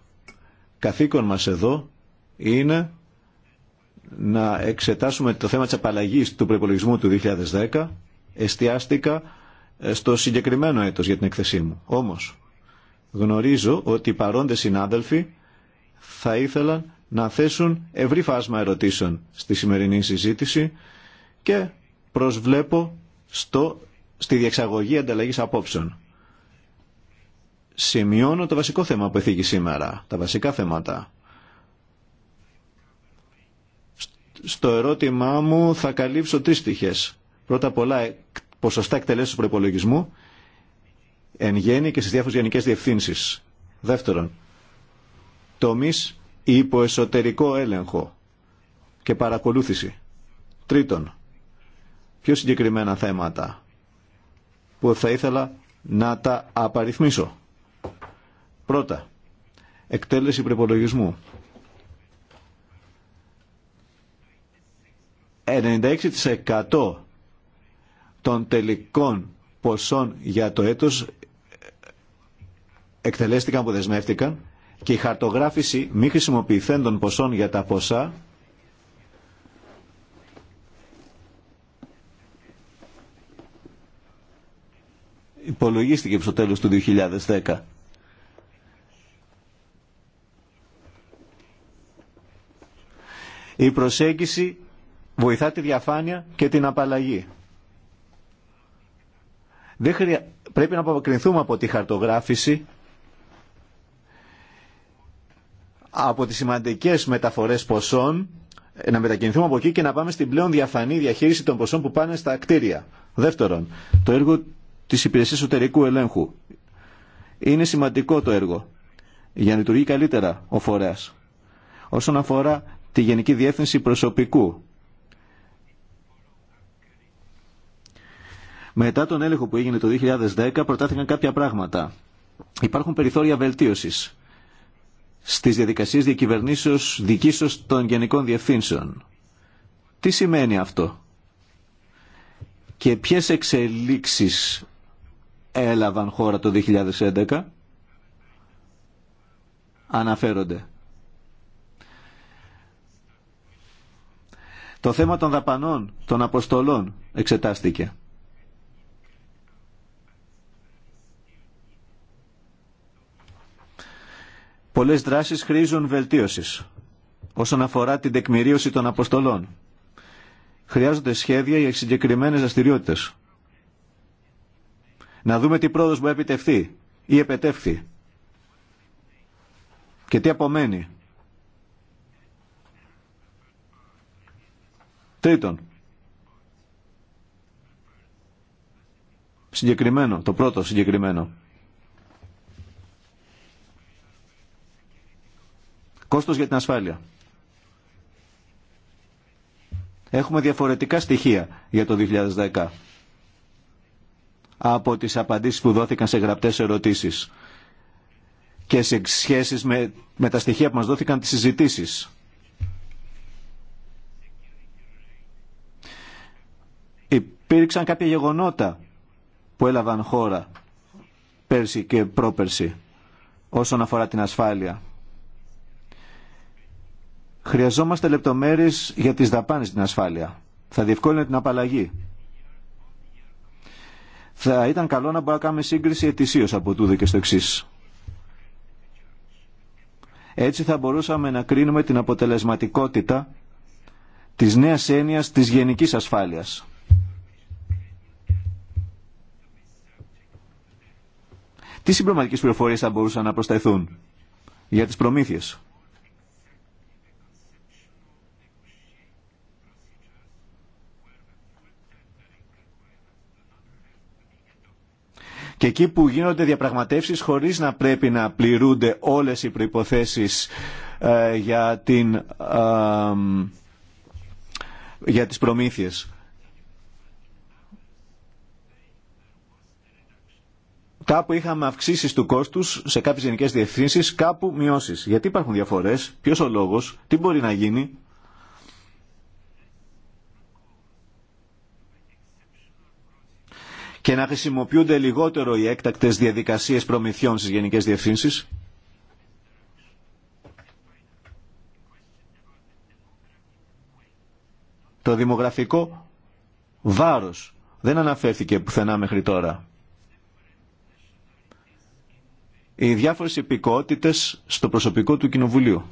Καθήκον μας εδώ είναι να εξετάσουμε το θέμα της απαλλαγής του προπολογισμού του 2010 εστιάστηκα ε, στο συγκεκριμένο έτος για την εκθεσή μου. Όμως γνωρίζω ότι οι παρόντες συνάδελφοι θα ήθελαν να θέσουν ευρύ φάσμα ερωτήσεων στη σημερινή συζήτηση και προσβλέπω στο, στη διεξαγωγή ανταλλαγής απόψεων. Σημειώνω το βασικό θέμα που εθίγει σήμερα, τα βασικά θέματα Στο ερώτημά μου θα καλύψω τρεις στοιχές. Πρώτα πολλά, ποσοστά εκτελέσεις του προπολογισμού εν γέννη και στις διάφορες γενικές διευθύνσεις. Δεύτερον, τομείς υπό εσωτερικό έλεγχο και παρακολούθηση. Τρίτον, πιο συγκεκριμένα θέματα που θα ήθελα να τα απαριθμίσω. Πρώτα, εκτέλεση προπολογισμού. 96% των τελικών ποσών για το έτος εκτελέστηκαν που δεσμεύτηκαν και η χαρτογράφηση μη χρησιμοποιηθέντων ποσών για τα ποσά υπολογίστηκε στο τέλος του 2010. Η προσέγγιση βοηθά τη διαφάνεια και την απαλλαγή. Δεν Πρέπει να αποκρινθούμε από τη χαρτογράφηση, από τις σημαντικές μεταφορές ποσών, ε, να μετακινηθούμε από εκεί και να πάμε στην πλέον διαφανή διαχείριση των ποσών που πάνε στα κτίρια. Δεύτερον, το έργο της υπηρεσίας εσωτερικού ελέγχου. Είναι σημαντικό το έργο για να λειτουργεί καλύτερα ο φορέας. Όσον αφορά τη Γενική Διεύθυνση Προσωπικού, Μετά τον έλεγχο που έγινε το 2010 προτάθηκαν κάποια πράγματα. Υπάρχουν περιθώρια βελτίωσης στις διαδικασίες διακυβερνήσεως δικήσεως των γενικών διευθύνσεων. Τι σημαίνει αυτό και ποιες εξελίξεις έλαβαν χώρα το 2011 αναφέρονται. Το θέμα των δαπανών, των αποστολών εξετάστηκε. Πολλές δράσεις χρήζουν βελτίωσης όσον αφορά την τεκμηρίωση των αποστολών. Χρειάζονται σχέδια για συγκεκριμένες δραστηριότητε. Να δούμε τι πρόοδος μπορεί να ή επετεύχθη και τι απομένει. Τρίτον, συγκεκριμένο, το πρώτο συγκεκριμένο. Κόστος για την ασφάλεια. Έχουμε διαφορετικά στοιχεία για το 2010 από τις απαντήσεις που δόθηκαν σε γραπτές ερωτήσεις και σε σχέσεις με, με τα στοιχεία που μας δόθηκαν τις συζητήσεις. Υπήρξαν κάποια γεγονότα που έλαβαν χώρα πέρσι και πρόπερσι όσον αφορά την ασφάλεια Χρειαζόμαστε λεπτομέρειες για τις δαπάνες στην ασφάλεια. Θα διευκόλυνε την απαλλαγή. Θα ήταν καλό να μπορούμε να κάνουμε σύγκριση ετησίω από τούδο και στο εξή. Έτσι θα μπορούσαμε να κρίνουμε την αποτελεσματικότητα της νέας έννοιας της γενικής ασφάλειας. Τι συμπληρωματικές πληροφορίες θα μπορούσαν να προσταθούν για τις προμήθειες. και εκεί που γίνονται διαπραγματεύσεις χωρίς να πρέπει να πληρούνται όλες οι προϋποθέσεις ε, για, την, ε, για τις προμήθειες. Κάπου είχαμε αυξήσει του κόστου σε κάποιε γενικέ διευθύνσει, κάπου μειώσει. Γιατί υπάρχουν διαφορέ, ποιο ο λόγο, τι μπορεί να γίνει. και να χρησιμοποιούνται λιγότερο οι έκτακτες διαδικασίες προμηθειών στις γενικές διευθύνσεις. Το δημογραφικό βάρος δεν αναφέρθηκε πουθενά μέχρι τώρα. Οι διάφορες επικότητες στο προσωπικό του Κοινοβουλίου.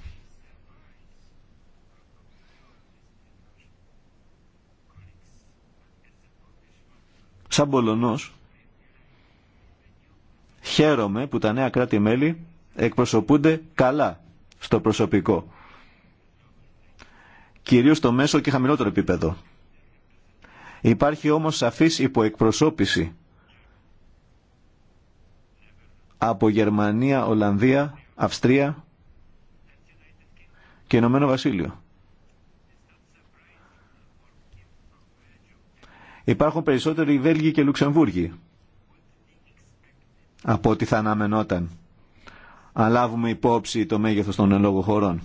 Σαν Πολωνός, χαίρομαι που τα νέα κράτη-μέλη εκπροσωπούνται καλά στο προσωπικό. Κυρίως στο μέσο και χαμηλότερο επίπεδο. Υπάρχει όμως σαφής υποεκπροσώπηση από Γερμανία, Ολλανδία, Αυστρία και Ηνωμένο Βασίλειο. Υπάρχουν περισσότεροι Βέλγοι και Λουξεμβούργοι από ό,τι θα αναμενόταν αν λάβουμε υπόψη το μέγεθος των ελόγων χωρών.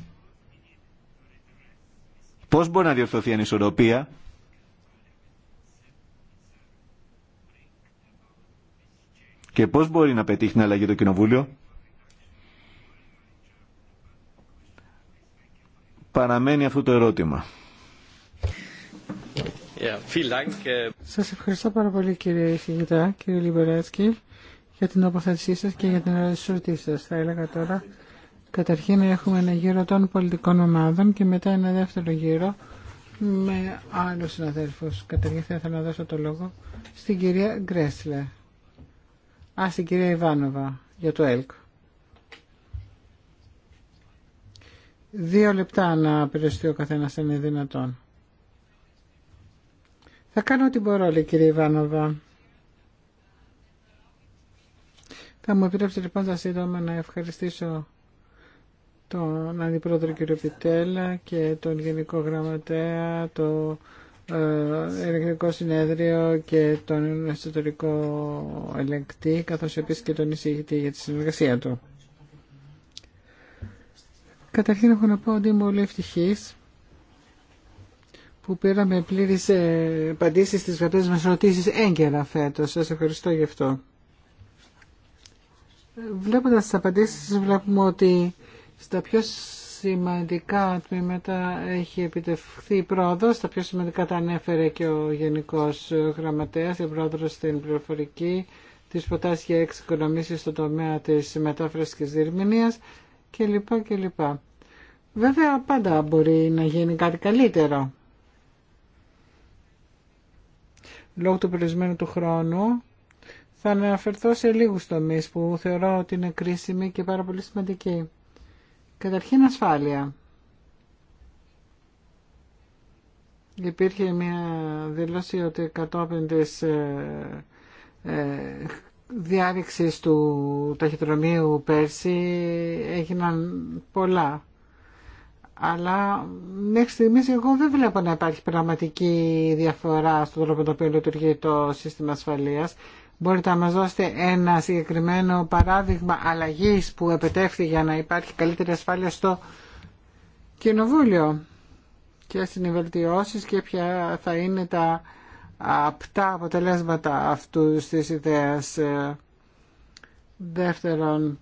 Πώς μπορεί να διορθωθεί η ανισορροπία και πώς μπορεί να πετύχει την αλλαγή το Κοινοβούλιο. Παραμένει αυτό το ερώτημα. Äh, σας ευχαριστώ πάρα πολύ κύριε Σιγητά, κύριε Λιμπεράτσκι, για την αποθέτησή σας και για την ερώτησή σας. Θα έλεγα τώρα, καταρχήν έχουμε ένα γύρο των πολιτικών ομάδων και μετά ένα δεύτερο γύρο με άλλους συναδέλφους. Καταρχήν θα ήθελα να δώσω το λόγο στην κυρία Γκρέσλε. Α, στην κυρία Ιβάνοβα για το ΕΛΚ. Δύο λεπτά να περιοριστεί ο καθένας αν είναι δυνατόν. Θα κάνω ό,τι μπορώ, λέει κύριε Ιβάνοβα. Θα μου επιτρέψετε λοιπόν τα σύντομα να ευχαριστήσω τον Αντιπρόεδρο κύριο Πιτέλα και τον Γενικό Γραμματέα, το ε, Ελεκτρικό Συνέδριο και τον Εσωτερικό Ελεγκτή, καθώς επίσης και τον εισηγητή για τη συνεργασία του. Καταρχήν έχω να πω ότι είμαι πολύ ευτυχής που πήραμε πλήρες απαντήσει απαντήσεις στις γραπτές μας ρωτήσεις έγκαιρα φέτος. Σας ευχαριστώ γι' αυτό. Βλέποντας τις απαντήσεις βλέπουμε ότι στα πιο σημαντικά τμήματα έχει επιτευχθεί η πρόοδο. Τα πιο σημαντικά τα ανέφερε και ο Γενικός Γραμματέας, η πρόεδρο στην πληροφορική, τις προτάσεις για εξοικονομήσεις στο τομέα της μετάφρασης και της διερμηνίας κλπ. κλπ. Βέβαια πάντα μπορεί να γίνει κάτι καλύτερο. λόγω του περιορισμένου του χρόνου, θα αναφερθώ σε λίγους τομείς που θεωρώ ότι είναι κρίσιμοι και πάρα πολύ σημαντικοί. Καταρχήν ασφάλεια. Υπήρχε μια δήλωση ότι κατόπιν της ε, ε, διάρρηξης του ταχυδρομείου πέρσι έγιναν πολλά αλλά μέχρι στιγμής εγώ δεν βλέπω να υπάρχει πραγματική διαφορά στον τρόπο τον οποίο λειτουργεί το σύστημα ασφαλείας. Μπορείτε να μας δώσετε ένα συγκεκριμένο παράδειγμα αλλαγής που επετεύχθη για να υπάρχει καλύτερη ασφάλεια στο κοινοβούλιο. και στην βελτιώσει και ποια θα είναι τα απτά αποτελέσματα αυτού της ιδέας. Δεύτερον,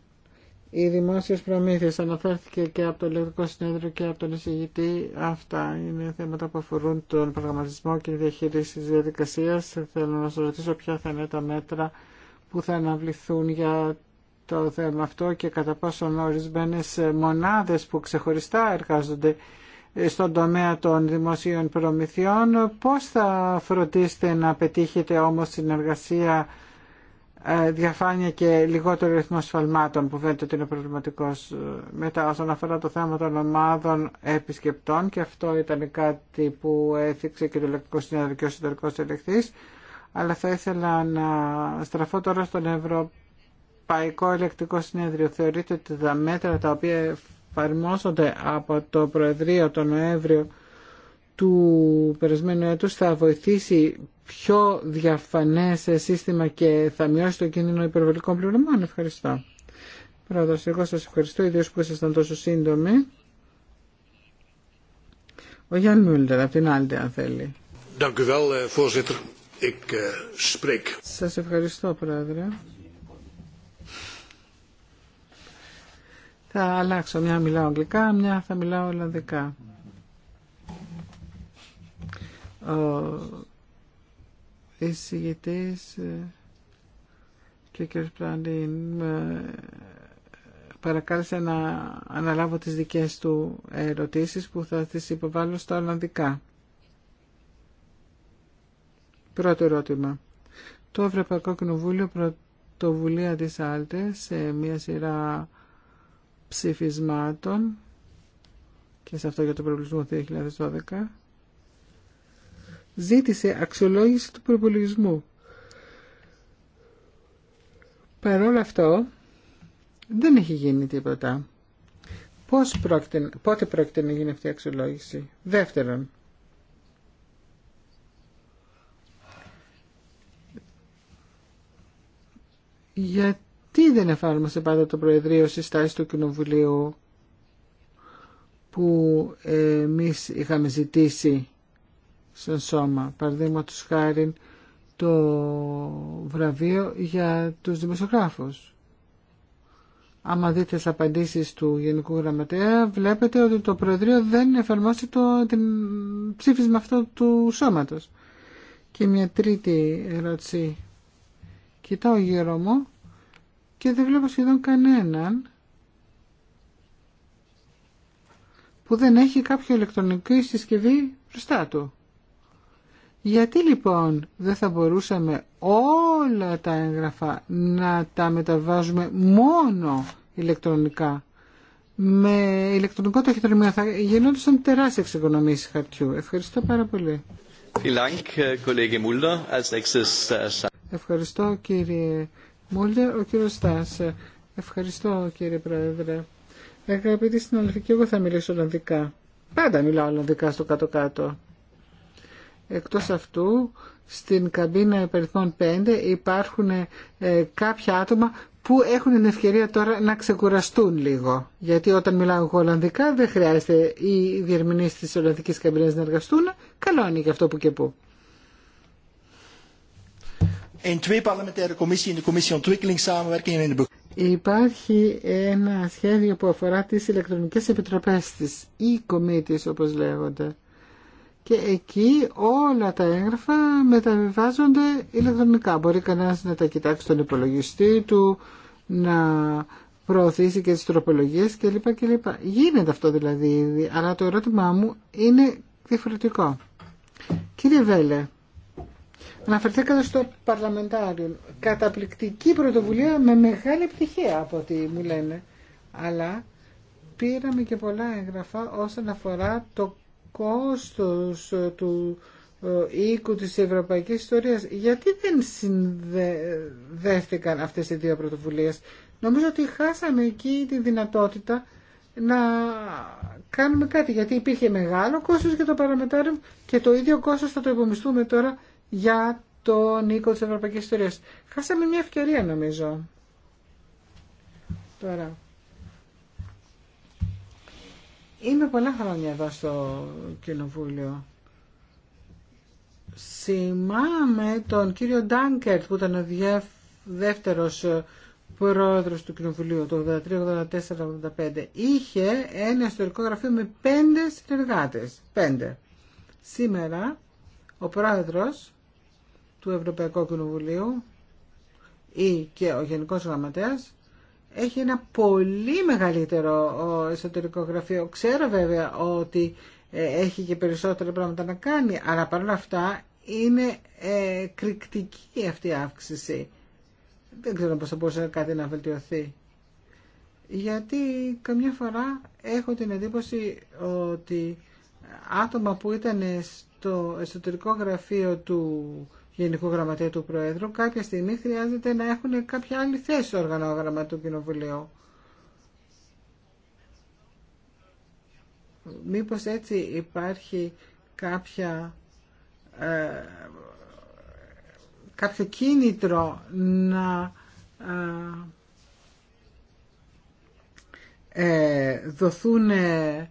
οι δημόσιε προμήθειε αναφέρθηκε και από το ηλεκτρικό συνέδριο και από τον εισηγητή. Αυτά είναι θέματα που αφορούν τον προγραμματισμό και τη διαχείριση τη διαδικασία. Θέλω να σα ρωτήσω ποια θα είναι τα μέτρα που θα αναβληθούν για το θέμα αυτό και κατά πόσο ορισμένε μονάδες που ξεχωριστά εργάζονται στον τομέα των δημοσίων προμηθειών. Πώς θα φροντίσετε να πετύχετε όμως συνεργασία ε, διαφάνεια και λιγότερο ρυθμό σφαλμάτων που φαίνεται ότι είναι προβληματικό ε, μετά όσον αφορά το θέμα των ομάδων επισκεπτών και αυτό ήταν κάτι που έθιξε και το ηλεκτρικό Συνέδριο και ο Συντορικός αλλά θα ήθελα να στραφώ τώρα στον Ευρωπαϊκό Ελεκτικό Συνέδριο θεωρείτε ότι τα μέτρα τα οποία εφαρμόζονται από το Προεδρείο τον Νοέμβριο του περασμένου έτους θα βοηθήσει πιο διαφανές σύστημα και θα μειώσει το κίνδυνο υπερβολικών πληρωμών. Ευχαριστώ. Πρόεδρος, εγώ σας ευχαριστώ, ιδίως που ήσασταν τόσο σύντομοι. Ο Γιάννη Μιούλτερ, από την άλλη, αν θέλει. Eh, eh, σας ευχαριστώ, Πρόεδρε. Θα αλλάξω. Μια μιλάω αγγλικά, μια θα μιλάω ολλανδικά ο εισηγητής ε, και ο κ. Ε, παρακάλεσε να αναλάβω τις δικές του ερωτήσεις που θα τις υποβάλω στα Ολλανδικά. Πρώτο ερώτημα. Το Ευρωπαϊκό Κοινοβούλιο πρωτοβουλία της Άλτε σε μια σειρά ψηφισμάτων και σε αυτό για το προβλησμό 2012 ζήτησε αξιολόγηση του προπολογισμού. Παρ' όλο αυτό δεν έχει γίνει τίποτα. Πώς πότε πρόκειται να γίνει αυτή η αξιολόγηση. Δεύτερον, γιατί δεν εφάρμοσε πάντα το Προεδρείο συστάσεις του Κοινοβουλίου που εμείς είχαμε ζητήσει σε σώμα. Παραδείγματο χάρη το βραβείο για τους δημοσιογράφους. Άμα δείτε τις απαντήσεις του Γενικού Γραμματέα, βλέπετε ότι το Προεδρείο δεν εφαρμόσει το την ψήφισμα αυτό του σώματος. Και μια τρίτη ερώτηση. Κοιτάω γύρω μου και δεν βλέπω σχεδόν κανέναν που δεν έχει κάποιο ηλεκτρονική συσκευή μπροστά του. Γιατί λοιπόν δεν θα μπορούσαμε όλα τα έγγραφα να τα μεταβάζουμε μόνο ηλεκτρονικά. Με ηλεκτρονικό ταχυδρομείο θα γινόντουσαν τεράστιες εξοικονομήσεις χαρτιού. Ευχαριστώ πάρα πολύ. Äh, äh, ευχαριστώ κύριε Μούλτερ, ο κύριος Στάς. Ε, ευχαριστώ κύριε Πρόεδρε. Αγαπητοί συναδελφοί, και εγώ θα μιλήσω Ολλανδικά. Πάντα μιλάω Ολλανδικά στο κάτω-κάτω. Εκτός αυτού, στην καμπίνα περιθμών 5 υπάρχουν ε, κάποια άτομα που έχουν την ευκαιρία τώρα να ξεκουραστούν λίγο. Γιατί όταν μιλάω Ολλανδικά δεν χρειάζεται οι διερμηνείς της Ολλανδικής καμπίνας να εργαστούν. Καλό είναι και αυτό που και που. Υπάρχει ένα σχέδιο που αφορά τις ηλεκτρονικές επιτροπές της, ή e όπως λέγονται και εκεί όλα τα έγγραφα μεταβιβάζονται ηλεκτρονικά. Μπορεί κανένας να τα κοιτάξει στον υπολογιστή του, να προωθήσει και τις τροπολογίες κλπ. Γίνεται αυτό δηλαδή ήδη, αλλά το ερώτημά μου είναι διαφορετικό. Κύριε Βέλε, αναφερθήκατε στο Παρλαμεντάριο. Καταπληκτική πρωτοβουλία με μεγάλη επιτυχία από ό,τι μου λένε. Αλλά πήραμε και πολλά έγγραφα όσον αφορά το κόστος ε, του ε, οίκου της Ευρωπαϊκής Ιστορίας. Γιατί δεν συνδέθηκαν αυτές οι δύο πρωτοβουλίες. Νομίζω ότι χάσαμε εκεί τη δυνατότητα να κάνουμε κάτι. Γιατί υπήρχε μεγάλο κόστος για το παραμετάριο και το ίδιο κόστος θα το υπομισθούμε τώρα για τον οίκο της Ευρωπαϊκής Ιστορίας. Χάσαμε μια ευκαιρία νομίζω. Τώρα. Είμαι πολλά χρόνια εδώ στο Κοινοβούλιο. Σημάμαι τον κύριο Ντάνκερτ που ήταν ο δεύτερος ε, πρόεδρος του Κοινοβουλίου το 1983, 84 Είχε ένα ιστορικό γραφείο με πέντε συνεργάτες. Πέντε. Σήμερα ο πρόεδρος του Ευρωπαϊκού Κοινοβουλίου ή και ο Γενικός Γραμματέας έχει ένα πολύ μεγαλύτερο εσωτερικό γραφείο. Ξέρω βέβαια ότι ε, έχει και περισσότερα πράγματα να κάνει, αλλά παρόλα αυτά είναι ε, κρυκτική αυτή η αύξηση. Δεν ξέρω πώς θα μπορούσε κάτι να βελτιωθεί. Γιατί καμιά φορά έχω την εντύπωση ότι άτομα που ήταν στο εσωτερικό γραφείο του Γενικού Γραμματέα του Προέδρου, κάποια στιγμή χρειάζεται να έχουν κάποια άλλη θέση στο οργανόγραμμα του Κοινοβουλίου. Μήπως έτσι υπάρχει κάποια, ε, κάποιο κίνητρο να ε, ε δοθούν ε, ε,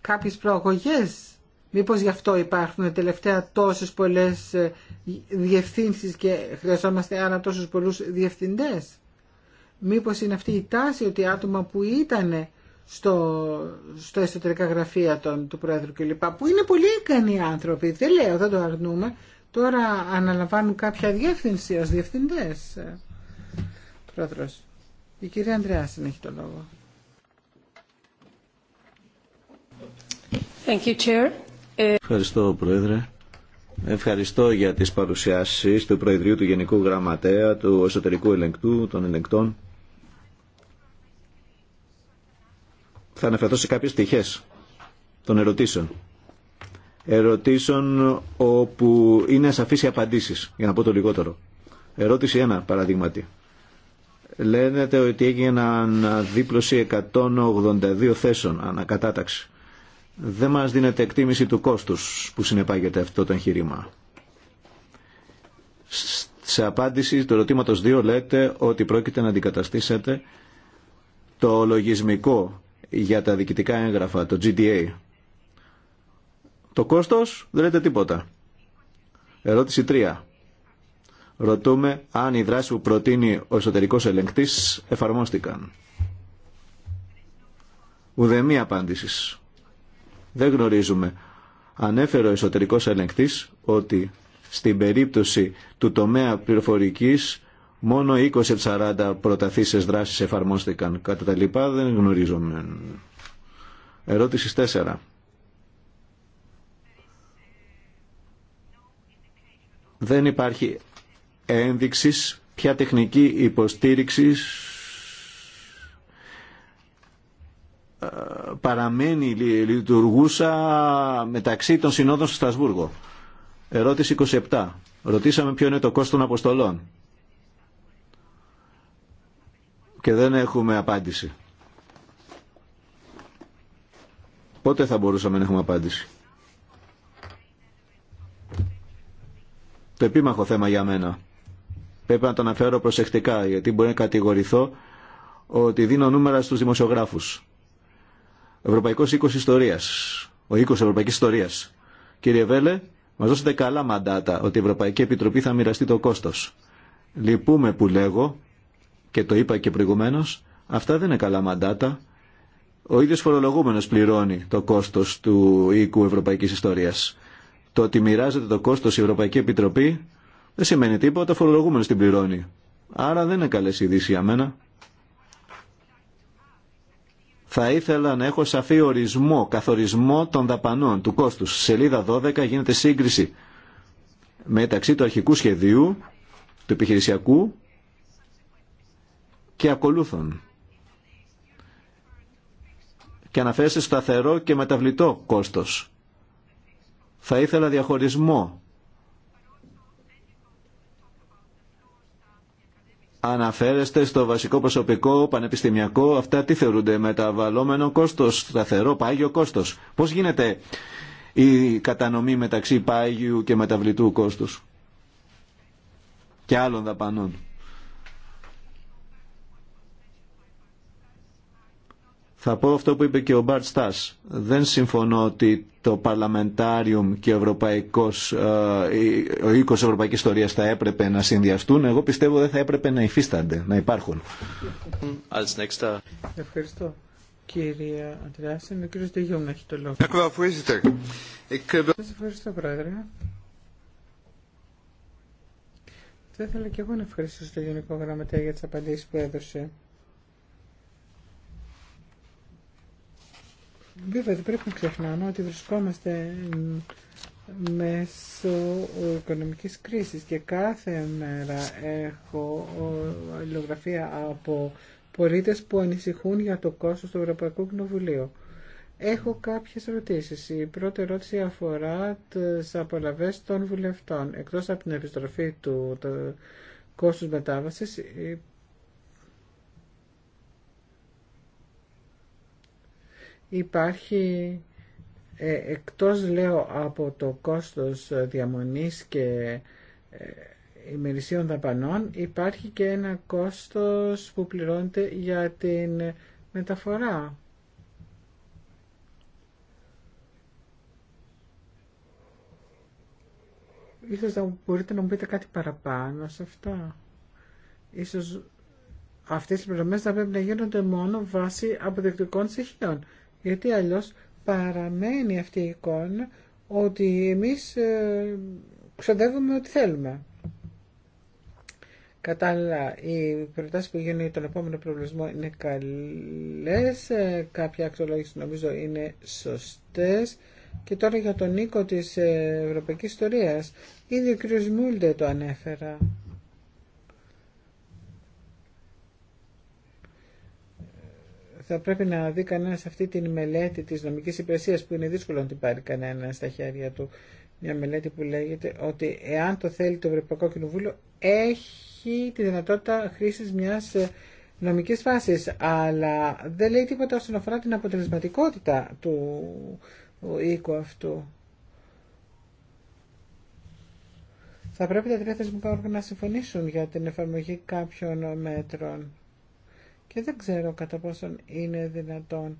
κάποιες προαγωγές Μήπως γι' αυτό υπάρχουν τελευταία τόσες πολλές ε, διευθύνσεις και χρειαζόμαστε άρα τόσους πολλούς διευθυντές. Μήπως είναι αυτή η τάση ότι άτομα που ήταν στο, στο εσωτερικά γραφεία των, του Πρόεδρου κλπ. που είναι πολύ ικανοί άνθρωποι, δεν λέω, δεν το αρνούμε, τώρα αναλαμβάνουν κάποια διεύθυνση ως διευθυντές. Ε, πρόεδρος. Η κυρία Ανδρεάσιν έχει το λόγο. Thank you, Chair. Ευχαριστώ Πρόεδρε. Ευχαριστώ για τις παρουσιάσεις του Προεδρείου του Γενικού Γραμματέα, του Εσωτερικού Ελεγκτού, των Ελεγκτών. Θα αναφερθώ σε κάποιες πτυχές των ερωτήσεων. Ερωτήσεων όπου είναι ασαφείς οι απαντήσεις, για να πω το λιγότερο. Ερώτηση 1, παραδείγματι. Λένετε ότι έγιναν δίπλωση 182 θέσεων ανακατάταξη δεν μας δίνεται εκτίμηση του κόστους που συνεπάγεται αυτό το εγχείρημα. Σε απάντηση του ερωτήματος 2 λέτε ότι πρόκειται να αντικαταστήσετε το λογισμικό για τα διοικητικά έγγραφα, το GDA. Το κόστος δεν λέτε τίποτα. Ερώτηση 3. Ρωτούμε αν οι δράσεις που προτείνει ο εσωτερικός ελεγκτής εφαρμόστηκαν. Ουδεμή απάντησης. Δεν γνωρίζουμε. Ανέφερε ο εσωτερικός ελεγκτής ότι στην περίπτωση του τομέα πληροφορικής μόνο 20-40 προταθήσεις δράσεις εφαρμόστηκαν. Κατά τα λοιπά δεν γνωρίζουμε. Ερώτηση 4. Δεν υπάρχει ένδειξης ποια τεχνική υποστήριξης παραμένει λειτουργούσα μεταξύ των συνόδων στο Στρασβούργο. Ερώτηση 27. Ρωτήσαμε ποιο είναι το κόστος των αποστολών. Και δεν έχουμε απάντηση. Πότε θα μπορούσαμε να έχουμε απάντηση. Το επίμαχο θέμα για μένα. Πρέπει να το αναφέρω προσεκτικά γιατί μπορεί να κατηγορηθώ ότι δίνω νούμερα στους δημοσιογράφους Ευρωπαϊκό Οίκο ιστορία, ο Οίκο ευρωπαϊκή ιστορία. Κύριε Βέλε, μας δώσετε καλά μαντάτα ότι η Ευρωπαϊκή Επιτροπή θα μοιραστεί το κόστο. Λυπούμε που λέγω, και το είπα και προηγουμένω, αυτά δεν είναι καλά μαντάτα. Ο ίδιο φορολογούμενος πληρώνει το κόστο του οίκου Ευρωπαϊκή Ιστορίας. Το ότι μοιράζεται το κόστο η Ευρωπαϊκή Επιτροπή δεν σημαίνει τίποτα, ο φορολογούμενος την πληρώνει. Άρα δεν είναι καλέ ειδήσει για μένα. Θα ήθελα να έχω σαφή ορισμό, καθορισμό των δαπανών, του κόστους. Σελίδα 12 γίνεται σύγκριση μεταξύ του αρχικού σχεδίου, του επιχειρησιακού και ακολούθων. Και αναφέρεστε σταθερό και μεταβλητό κόστος. Θα ήθελα διαχωρισμό αναφέρεστε στο βασικό προσωπικό, πανεπιστημιακό, αυτά τι θεωρούνται μεταβαλλόμενο κόστος, σταθερό, πάγιο κόστος. Πώς γίνεται η κατανομή μεταξύ πάγιου και μεταβλητού κόστους και άλλων δαπανών. Θα πω αυτό που είπε και ο Μπαρτ Στάς. Δεν συμφωνώ ότι το Παρλαμεντάριουμ και ο, Ευρωπαϊκός, ε, ο οίκος Ευρωπαϊκής Ιστορίας θα έπρεπε να συνδυαστούν. Εγώ πιστεύω δεν θα έπρεπε να υφίστανται, να υπάρχουν. Ευχαριστώ. Κύριε Αντρέασεν, ο κύριος να έχει το λόγο. Σας ευχαριστώ, Πρόεδρε. Θα ήθελα και εγώ να ευχαριστήσω το Γενικό Γραμματέα για τις απαντήσεις που έδωσε. Βέβαια δεν πρέπει να ξεχνάμε ότι βρισκόμαστε μέσω οικονομικής κρίσης και κάθε μέρα έχω αλληλογραφία από πολίτες που ανησυχούν για το κόστος του Ευρωπαϊκού Κοινοβουλίου. Έχω κάποιες ερωτήσεις. Η πρώτη ερώτηση αφορά τις απολαβές των βουλευτών. Εκτός από την επιστροφή του το κόστος μετάβασης, υπάρχει ε, εκτός λέω από το κόστος διαμονής και ε, ημερησίων δαπανών υπάρχει και ένα κόστος που πληρώνεται για την μεταφορά. Ίσως να μπορείτε να μου πείτε κάτι παραπάνω σε αυτά. Ίσως αυτές οι πληρωμές θα πρέπει να γίνονται μόνο βάσει αποδεκτικών στοιχείων γιατί αλλιώς παραμένει αυτή η εικόνα ότι εμείς ε, ξοδεύουμε ό,τι θέλουμε. Κατάλληλα, οι προτάσει που γίνουν για τον επόμενο προβλησμό είναι καλές, ε, κάποια αξιολόγηση νομίζω είναι σωστές. Και τώρα για τον οίκο της ε, Ευρωπαϊκής Ιστορίας, ήδη ο κ. Μούλντε το ανέφερα. θα πρέπει να δει κανένας αυτή τη μελέτη της νομικής υπηρεσίας που είναι δύσκολο να την πάρει κανένα στα χέρια του. Μια μελέτη που λέγεται ότι εάν το θέλει το Ευρωπαϊκό Κοινοβούλιο έχει τη δυνατότητα χρήσης μιας ε, νομικής φάσης, αλλά δεν λέει τίποτα όσον αφορά την αποτελεσματικότητα του οίκου αυτού. Θα πρέπει τα τρία θεσμικά όργανα να συμφωνήσουν για την εφαρμογή κάποιων μέτρων και δεν ξέρω κατά πόσον είναι δυνατόν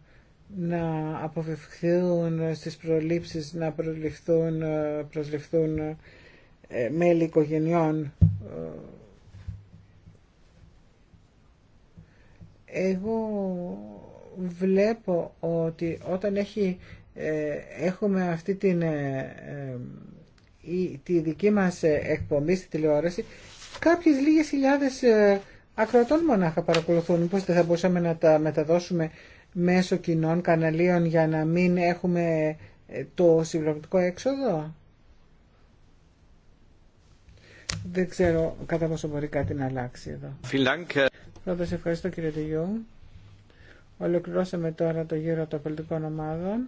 να αποφευχθούν στις προλήψεις, να προληφθούν, προσληφθούν ε, μέλη οικογενειών. Εγώ βλέπω ότι όταν έχει, ε, έχουμε αυτή την, ε, τη δική μας εκπομπή στη τηλεόραση, κάποιες λίγες χιλιάδες ακροατών μονάχα παρακολουθούν. Πώς δεν θα μπορούσαμε να τα μεταδώσουμε μέσω κοινών καναλίων για να μην έχουμε ε, το συμπληρωματικό έξοδο. Δεν ξέρω κατά πόσο μπορεί κάτι να αλλάξει εδώ. Πρώτα σε ευχαριστώ κύριε Τιγιού. Ολοκληρώσαμε τώρα το γύρο των πολιτικών ομάδων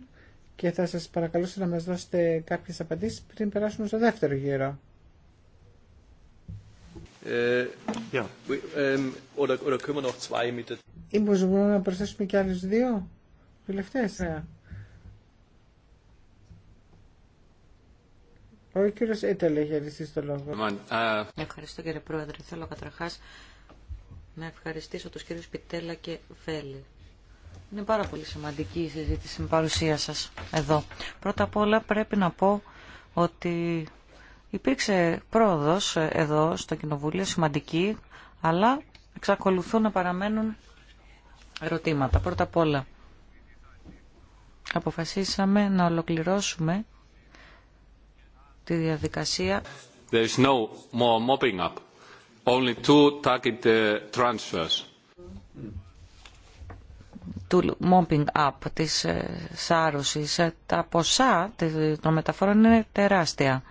και θα σας παρακαλούσα να μας δώσετε κάποιες απαντήσεις πριν περάσουμε στο δεύτερο γύρο. Ή μπορούμε να προσθέσουμε και άλλους δύο βουλευτές. Ε. Ο κύριος Έτελε έχει αριστεί το λόγο. Uh, Ευχαριστώ κύριε Πρόεδρε. Θέλω καταρχάς να ευχαριστήσω τους κύριους Πιτέλα και Βέλη. Είναι πάρα πολύ σημαντική η συζήτηση με παρουσία σας εδώ. Πρώτα απ' όλα πρέπει να πω ότι Υπήρξε πρόοδος εδώ στο Κοινοβούλιο, σημαντική, αλλά εξακολουθούν να παραμένουν ερωτήματα. Πρώτα απ' όλα, αποφασίσαμε να ολοκληρώσουμε τη διαδικασία. There is no mopping up. Only two uh, transfers. Του mopping up, της ε, σάρωσης. Τα ποσά των μεταφορών είναι τεράστια.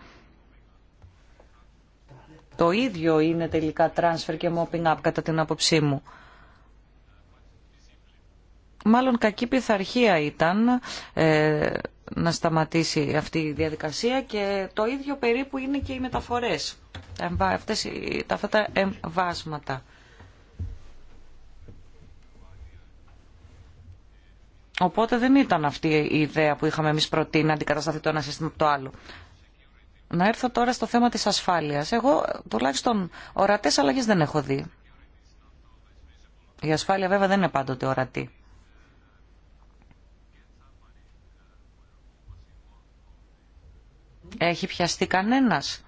Το ίδιο είναι τελικά transfer και mopping up κατά την άποψή μου. Μάλλον κακή πειθαρχία ήταν ε, να σταματήσει αυτή η διαδικασία και το ίδιο περίπου είναι και οι μεταφορές, αυτές, αυτά τα εμβάσματα. Οπότε δεν ήταν αυτή η ιδέα που είχαμε εμείς προτείνει να αντικατασταθεί το ένα σύστημα από το άλλο. Να έρθω τώρα στο θέμα της ασφάλειας. Εγώ τουλάχιστον ορατές αλλαγές δεν έχω δει. Η ασφάλεια βέβαια δεν είναι πάντοτε ορατή. Έχει πιαστεί κανένας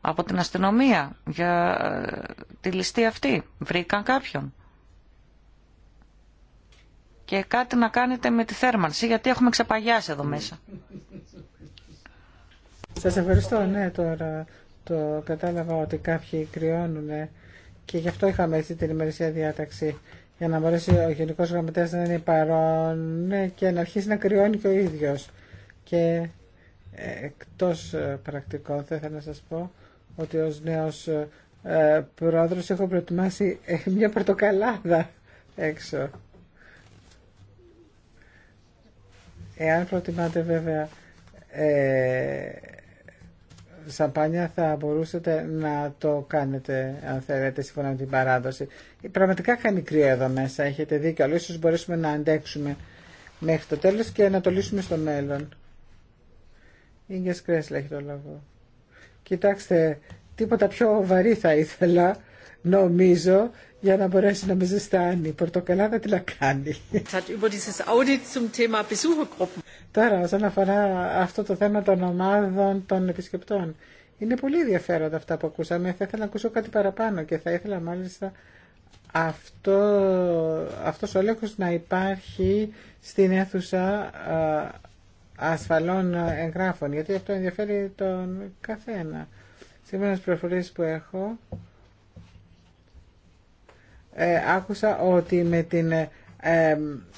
από την αστυνομία για ε, τη ληστεία αυτή. Βρήκαν κάποιον. Και κάτι να κάνετε με τη θέρμανση, γιατί έχουμε ξεπαγιάσει εδώ μέσα. Σας ευχαριστώ. Ναι, τώρα το κατάλαβα ότι κάποιοι κρυώνουν και γι' αυτό είχαμε έτσι την ημερησία διάταξη για να μπορέσει ο γενικό γραμματέα να είναι παρόν ναι, και να αρχίσει να κρυώνει και ο ίδιο. Και ε, εκτό ε, πρακτικών, θα ήθελα να σα πω ότι ω νέο ε, πρόεδρο έχω προετοιμάσει ε, μια πορτοκαλάδα έξω. Εάν προτιμάτε βέβαια ε, σαμπάνια θα μπορούσατε να το κάνετε αν θέλετε σύμφωνα με την παράδοση. Πραγματικά κάνει κρύο εδώ μέσα, έχετε δίκιο, αλλά ίσως μπορέσουμε να αντέξουμε μέχρι το τέλος και να το λύσουμε στο μέλλον. Ίγκες σκρέσλα έχει το λόγο. Κοιτάξτε, τίποτα πιο βαρύ θα ήθελα, νομίζω, για να μπορέσει να με ζεστάνει. Η πορτοκαλάδα τι να κάνει. Τώρα, όσον αφορά αυτό το θέμα των ομάδων των επισκεπτών, είναι πολύ ενδιαφέροντα αυτά που ακούσαμε. Θα ήθελα να ακούσω κάτι παραπάνω και θα ήθελα μάλιστα αυτό, αυτός ο έλεγχος να υπάρχει στην αίθουσα ασφαλών εγγράφων, γιατί αυτό ενδιαφέρει τον καθένα. Σήμερα τις προφορίες που έχω ε, άκουσα ότι με την ε,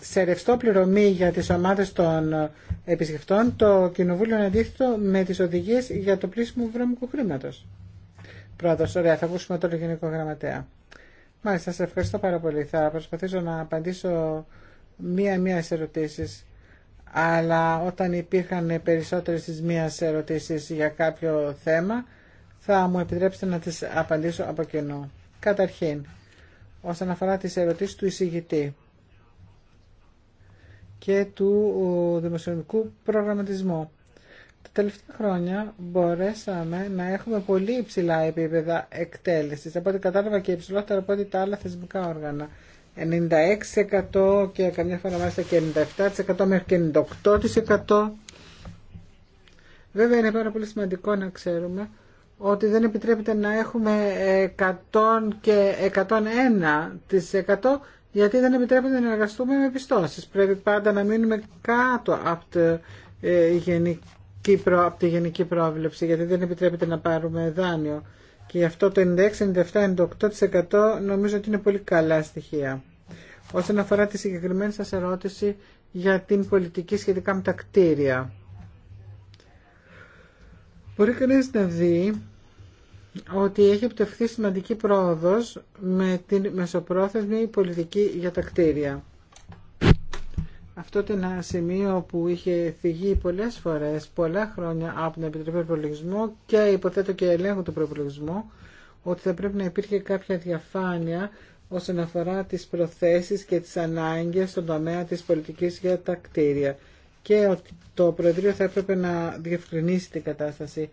σε ρευστό πληρωμή για τις ομάδες των ε, επισκεφτών το Κοινοβούλιο είναι αντίθετο με τις οδηγίες για το πλήσιμο βρώμικου χρήματος. Πρώτος, ωραία, θα ακούσουμε τώρα Γενικό Γραμματέα. Μάλιστα, σας ευχαριστώ πάρα πολύ. Θα προσπαθήσω να απαντήσω μία-μία σε ερωτήσεις. Αλλά όταν υπήρχαν περισσότερες της μία ερωτήσεις για κάποιο θέμα, θα μου επιτρέψετε να τις απαντήσω από κοινού. Καταρχήν, όσον αφορά τις ερωτήσεις του εισηγητή και του δημοσιονομικού προγραμματισμού. Τα τελευταία χρόνια μπορέσαμε να έχουμε πολύ υψηλά επίπεδα εκτέλεσης, από ό,τι κατάλαβα και υψηλότερα από ό,τι τα άλλα θεσμικά όργανα. 96% και καμιά φορά μάλιστα και 97% μέχρι και 98%. Βέβαια είναι πάρα πολύ σημαντικό να ξέρουμε ότι δεν επιτρέπεται να έχουμε 100 ε, και 101% γιατί δεν επιτρέπεται να εργαστούμε με πιστώσεις. Πρέπει πάντα να μείνουμε κάτω από τη ε, γενική, από τη γενική πρόβλεψη γιατί δεν επιτρέπεται να πάρουμε δάνειο. Και γι' αυτό το 96, 97, 98% νομίζω ότι είναι πολύ καλά στοιχεία. Όσον αφορά τη συγκεκριμένη σας ερώτηση για την πολιτική σχετικά με τα κτίρια. Μπορεί κανείς να δει ότι έχει επιτευχθεί σημαντική πρόοδος με την μεσοπρόθεσμη πολιτική για τα κτίρια. Αυτό ήταν ένα σημείο που είχε θυγεί πολλές φορές, πολλά χρόνια από την Επιτροπή Προπολογισμού και υποθέτω και ελέγχω του προπολογισμού, ότι θα πρέπει να υπήρχε κάποια διαφάνεια όσον αφορά τις προθέσεις και τις ανάγκες στον τομέα της πολιτικής για τα κτίρια και ότι το Προεδρείο θα έπρεπε να διευκρινίσει την κατάσταση.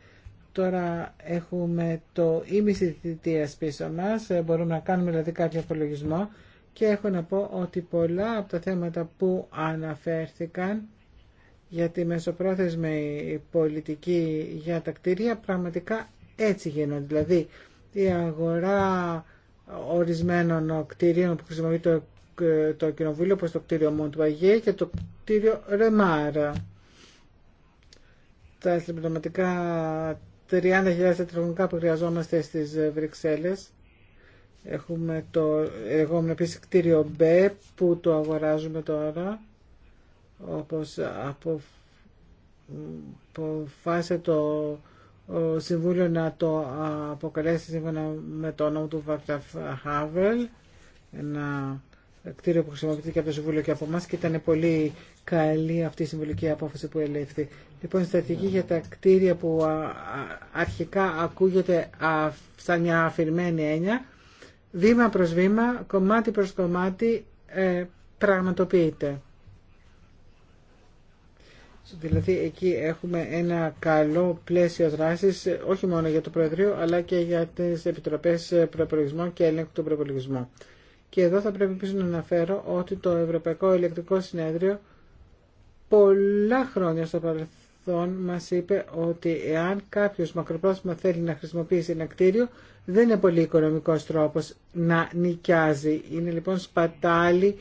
Τώρα έχουμε το ίμιση θητείας πίσω μας, ε, μπορούμε να κάνουμε δηλαδή κάποιο απολογισμό και έχω να πω ότι πολλά από τα θέματα που αναφέρθηκαν για τη μεσοπρόθεσμη πολιτική για τα κτίρια πραγματικά έτσι γίνονται. Δηλαδή η αγορά ορισμένων κτίριων που χρησιμοποιεί το ε, το κοινοβούλιο προς το κτίριο Μοντουαγέ και το κτίριο Ρεμάρα. Τα συμπληρωματικά 30.000 τετραγωνικά που χρειαζόμαστε στις ε, Βρυξέλλες. Έχουμε το λεγόμενο επίσης κτίριο B που το αγοράζουμε τώρα όπως αποφάσισε το Συμβούλιο να το αποκαλέσει σύμφωνα με το όνομα του Βακταφ Χάβελ ένα κτίριο που χρησιμοποιήθηκε και από το Συμβούλιο και από εμά και ήταν πολύ καλή αυτή η συμβουλική απόφαση που ελήφθη. Λοιπόν, η στρατηγική για τα κτίρια που αρχικά ακούγεται σαν μια αφηρημένη έννοια, βήμα προς βήμα, κομμάτι προς κομμάτι ε, πραγματοποιείται. Δηλαδή εκεί έχουμε ένα καλό πλαίσιο δράσης όχι μόνο για το Προεδρείο αλλά και για τις Επιτροπές Προπολογισμών και Έλεγχου του Προπολογισμού. Και εδώ θα πρέπει επίσης να αναφέρω ότι το Ευρωπαϊκό Ελεκτρικό Συνέδριο πολλά χρόνια στο παρελθόν μας είπε ότι εάν κάποιος μακροπρόθεσμα θέλει να χρησιμοποιήσει ένα κτίριο δεν είναι πολύ οικονομικός τρόπος να νοικιάζει. Είναι λοιπόν σπατάλη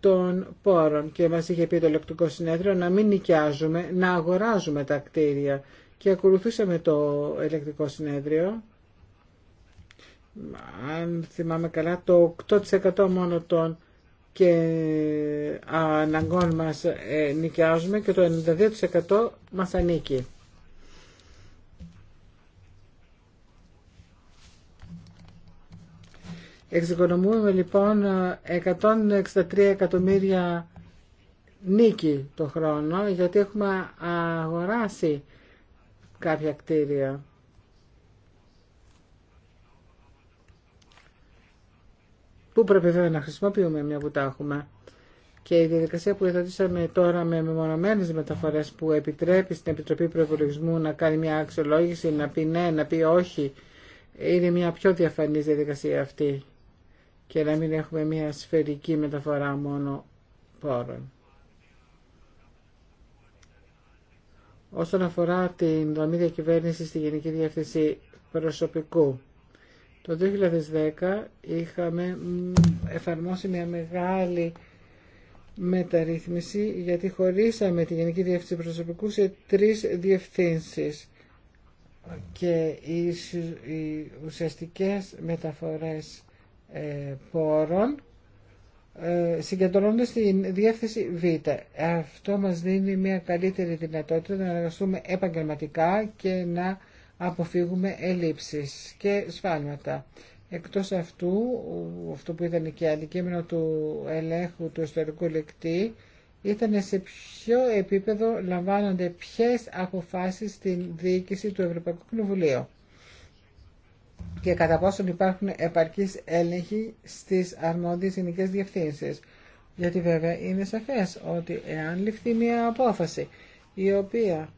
των πόρων και μας είχε πει το Ελεκτρικό Συνέδριο να μην νοικιάζουμε, να αγοράζουμε τα κτίρια και ακολουθούσαμε το Ελεκτρικό Συνέδριο αν θυμάμαι καλά, το 8% μόνο των και αναγκών μας ε, νοικιάζουμε και το 92% μας ανήκει. Εξοικονομούμε λοιπόν 163 εκατομμύρια νίκη το χρόνο γιατί έχουμε αγοράσει κάποια κτίρια. που πρέπει βέβαια να χρησιμοποιούμε μια που τα έχουμε. Και η διαδικασία που ειδωτήσαμε τώρα με μεμονωμένες μεταφορές που επιτρέπει στην Επιτροπή Προπολογισμού να κάνει μια αξιολόγηση, να πει ναι, να πει όχι, είναι μια πιο διαφανής διαδικασία αυτή και να μην έχουμε μια σφαιρική μεταφορά μόνο πόρων. Όσον αφορά την δομή διακυβέρνηση στη Γενική Διεύθυνση Προσωπικού, το 2010 είχαμε εφαρμόσει μια μεγάλη μεταρρύθμιση γιατί χωρίσαμε τη Γενική Διεύθυνση Προσωπικού σε τρεις διευθύνσεις και οι ουσιαστικές μεταφορές ε, πόρων ε, συγκεντρώνονται στην διεύθυνση Β. Αυτό μας δίνει μια καλύτερη δυνατότητα να εργαστούμε επαγγελματικά και να αποφύγουμε ελλείψεις και σφάλματα. Εκτός αυτού, αυτό που ήταν και αντικείμενο του ελέγχου του ιστορικού λεκτή, ήταν σε ποιο επίπεδο λαμβάνονται ποιες αποφάσεις στην διοίκηση του Ευρωπαϊκού Κοινοβουλίου και κατά πόσον υπάρχουν επαρκείς έλεγχοι στις αρμόδιες γενικές διευθύνσεις. Γιατί βέβαια είναι σαφές ότι εάν ληφθεί μια απόφαση η οποία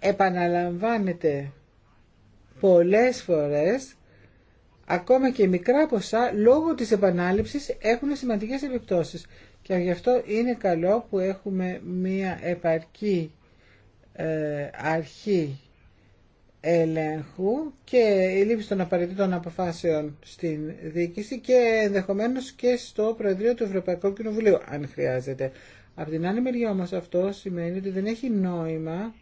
επαναλαμβάνεται πολλές φορές ακόμα και μικρά ποσά λόγω της επανάληψης έχουν σημαντικές επιπτώσεις και γι' αυτό είναι καλό που έχουμε μία επαρκή ε, αρχή ελέγχου και η λήψη των απαραίτητων αποφάσεων στην διοίκηση και ενδεχομένως και στο Προεδρείο του Ευρωπαϊκού Κοινοβουλίου αν χρειάζεται. Από την άλλη μεριά όμως αυτό σημαίνει ότι δεν έχει νόημα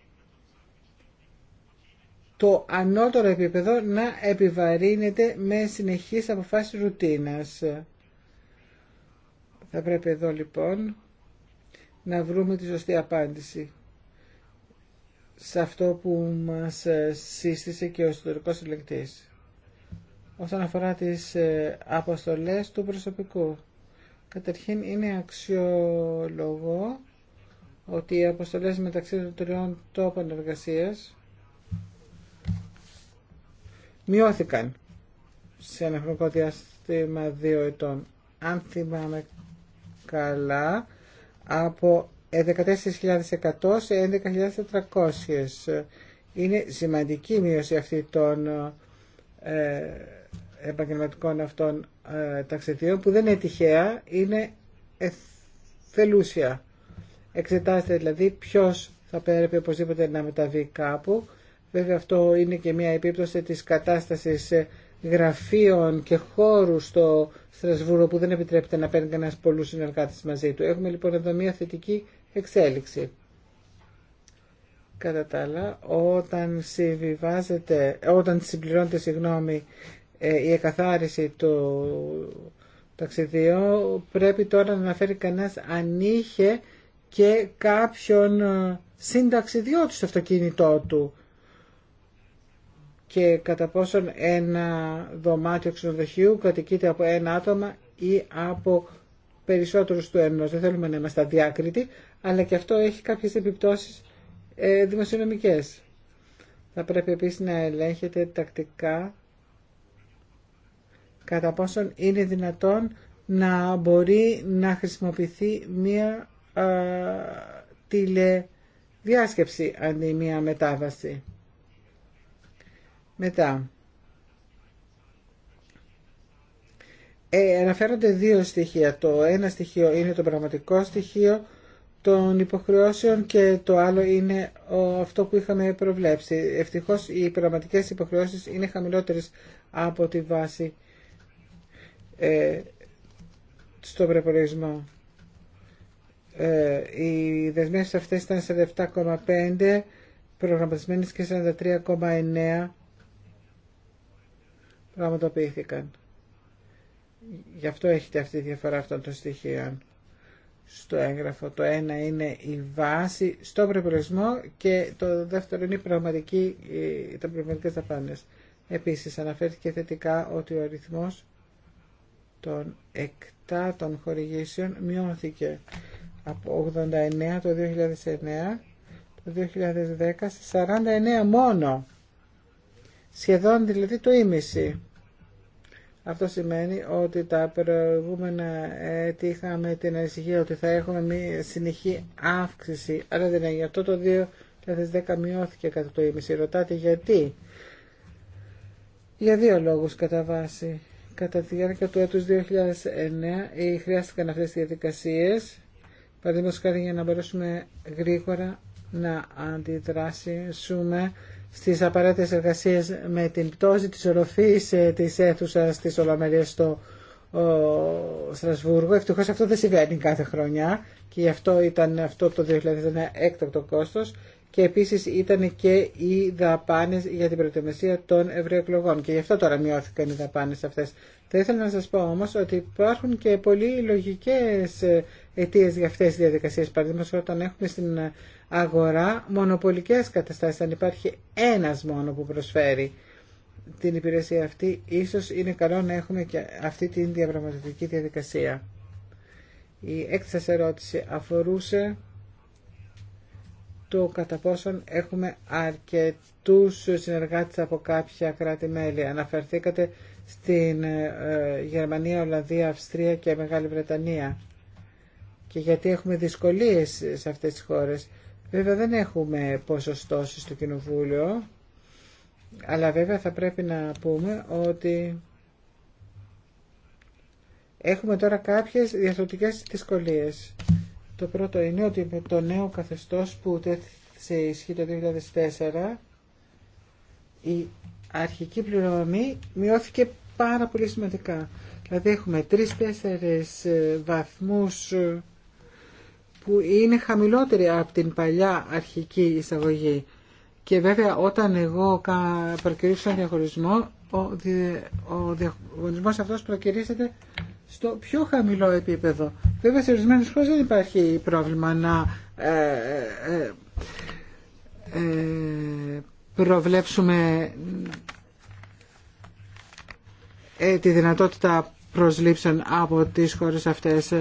το ανώτερο επίπεδο να επιβαρύνεται με συνεχείς αποφάσεις ρουτίνας. Θα πρέπει εδώ λοιπόν να βρούμε τη σωστή απάντηση σε αυτό που μας σύστησε και ο ιστορικός συλλεκτής. Όσον αφορά τις ε, αποστολές του προσωπικού, καταρχήν είναι αξιολογό ότι οι αποστολές μεταξύ των τριών τόπων εργασίας μειώθηκαν σε ένα χρονικό διάστημα δύο ετών. Αν θυμάμαι καλά, από 14.100 σε 11.400. Είναι σημαντική μείωση αυτή των ε, επαγγελματικών αυτών ε, ταξιδιών που δεν είναι τυχαία, είναι θελούσια. Εξετάστε δηλαδή ποιος θα πρέπει οπωσδήποτε να μεταβεί κάπου Βέβαια αυτό είναι και μια επίπτωση της κατάστασης γραφείων και χώρου στο Στρασβούρο που δεν επιτρέπεται να παίρνει κανένα πολλού συνεργάτε μαζί του. Έχουμε λοιπόν εδώ μια θετική εξέλιξη. Κατά τα άλλα, όταν, συμβιβάζεται, όταν συμπληρώνεται συγγνώμη, ε, η εκαθάριση του ταξιδίου, πρέπει τώρα να αναφέρει κανένας αν είχε και κάποιον ε, συνταξιδιώτη στο αυτοκίνητό του και κατά πόσον ένα δωμάτιο ξενοδοχείου κατοικείται από ένα άτομα ή από περισσότερους του ενός. Δεν θέλουμε να είμαστε αδιάκριτοι, αλλά και αυτό έχει κάποιες επιπτώσεις ε, δημοσιονομικές. Θα πρέπει επίσης να ελέγχετε τακτικά κατά πόσον είναι δυνατόν να μπορεί να χρησιμοποιηθεί μία τηλεδιάσκεψη αντί μία μετάβαση. Μετά. Ε, αναφέρονται δύο στοιχεία. Το ένα στοιχείο είναι το πραγματικό στοιχείο των υποχρεώσεων και το άλλο είναι αυτό που είχαμε προβλέψει. Ευτυχώς οι πραγματικές υποχρεώσεις είναι χαμηλότερες από τη βάση ε, στον προπολογισμό. Ε, οι δεσμεύσεις αυτές ήταν 47,5 προγραμματισμένες και 43,9 πραγματοποιήθηκαν. Γι' αυτό έχετε αυτή τη διαφορά αυτών των στοιχείων στο έγγραφο. Το ένα είναι η βάση στον προπολογισμό και το δεύτερο είναι η πραγματική, τα πραγματικές δαπάνες. Επίσης αναφέρθηκε θετικά ότι ο αριθμός των των χορηγήσεων μειώθηκε από 89 το 2009 το 2010 σε 49 μόνο σχεδόν δηλαδή το ίμιση αυτό σημαίνει ότι τα προηγούμενα έτη είχαμε την ανησυχία ότι θα έχουμε μια συνεχή αύξηση. Άρα δεν για αυτό το 2010 μειώθηκε κατά το ίμιση. Ρωτάτε γιατί. Για δύο λόγους κατά βάση. Κατά τη διάρκεια του έτους 2009 χρειάστηκαν αυτές τις διαδικασίες παραδείγματος χάρη για να μπορέσουμε γρήγορα να αντιδράσουμε στις απαραίτητες εργασίες με την πτώση της οροφής ε, της αίθουσας της Ολομερίας στο Στρασβούργο. Ευτυχώς αυτό δεν συμβαίνει κάθε χρονιά και γι' αυτό ήταν αυτό το 2000 ένα έκτακτο κόστος και επίσης ήταν και οι δαπάνες για την προετοιμασία των ευρωεκλογών και γι' αυτό τώρα μειώθηκαν οι δαπάνες αυτές. Θα ήθελα να σας πω όμως ότι υπάρχουν και πολύ λογικές ε, αιτίες για αυτές τις διαδικασίες. Παραδείγματος όταν έχουμε στην αγορά μονοπολικές καταστάσεις. Αν υπάρχει ένας μόνο που προσφέρει την υπηρεσία αυτή, ίσως είναι καλό να έχουμε και αυτή την διαπραγματευτική διαδικασία. Η έκτη ερώτηση αφορούσε το κατά πόσον έχουμε αρκετούς συνεργάτες από κάποια κράτη-μέλη. Αναφερθήκατε στην ε, Γερμανία, Ολλανδία, Αυστρία και Μεγάλη Βρετανία και γιατί έχουμε δυσκολίες σε αυτές τις χώρες. Βέβαια δεν έχουμε ποσοστώσεις στο Κοινοβούλιο, αλλά βέβαια θα πρέπει να πούμε ότι έχουμε τώρα κάποιες διαθροτικές δυσκολίες. Το πρώτο είναι ότι με το νέο καθεστώς που σε ισχύ το 2004 η αρχική πληρωμή μειώθηκε πάρα πολύ σημαντικά. Δηλαδή έχουμε 3-4 ε, βαθμούς ε, που είναι χαμηλότερη από την παλιά αρχική εισαγωγή. Και βέβαια όταν εγώ τον διαχωρισμό, ο, ο διαγωνισμός αυτός προκυρήσεται στο πιο χαμηλό επίπεδο. Βέβαια σε ορισμένε χώρε δεν υπάρχει πρόβλημα να ε, ε, ε, προβλέψουμε τη δυνατότητα προσλήψεων από τις χώρες αυτές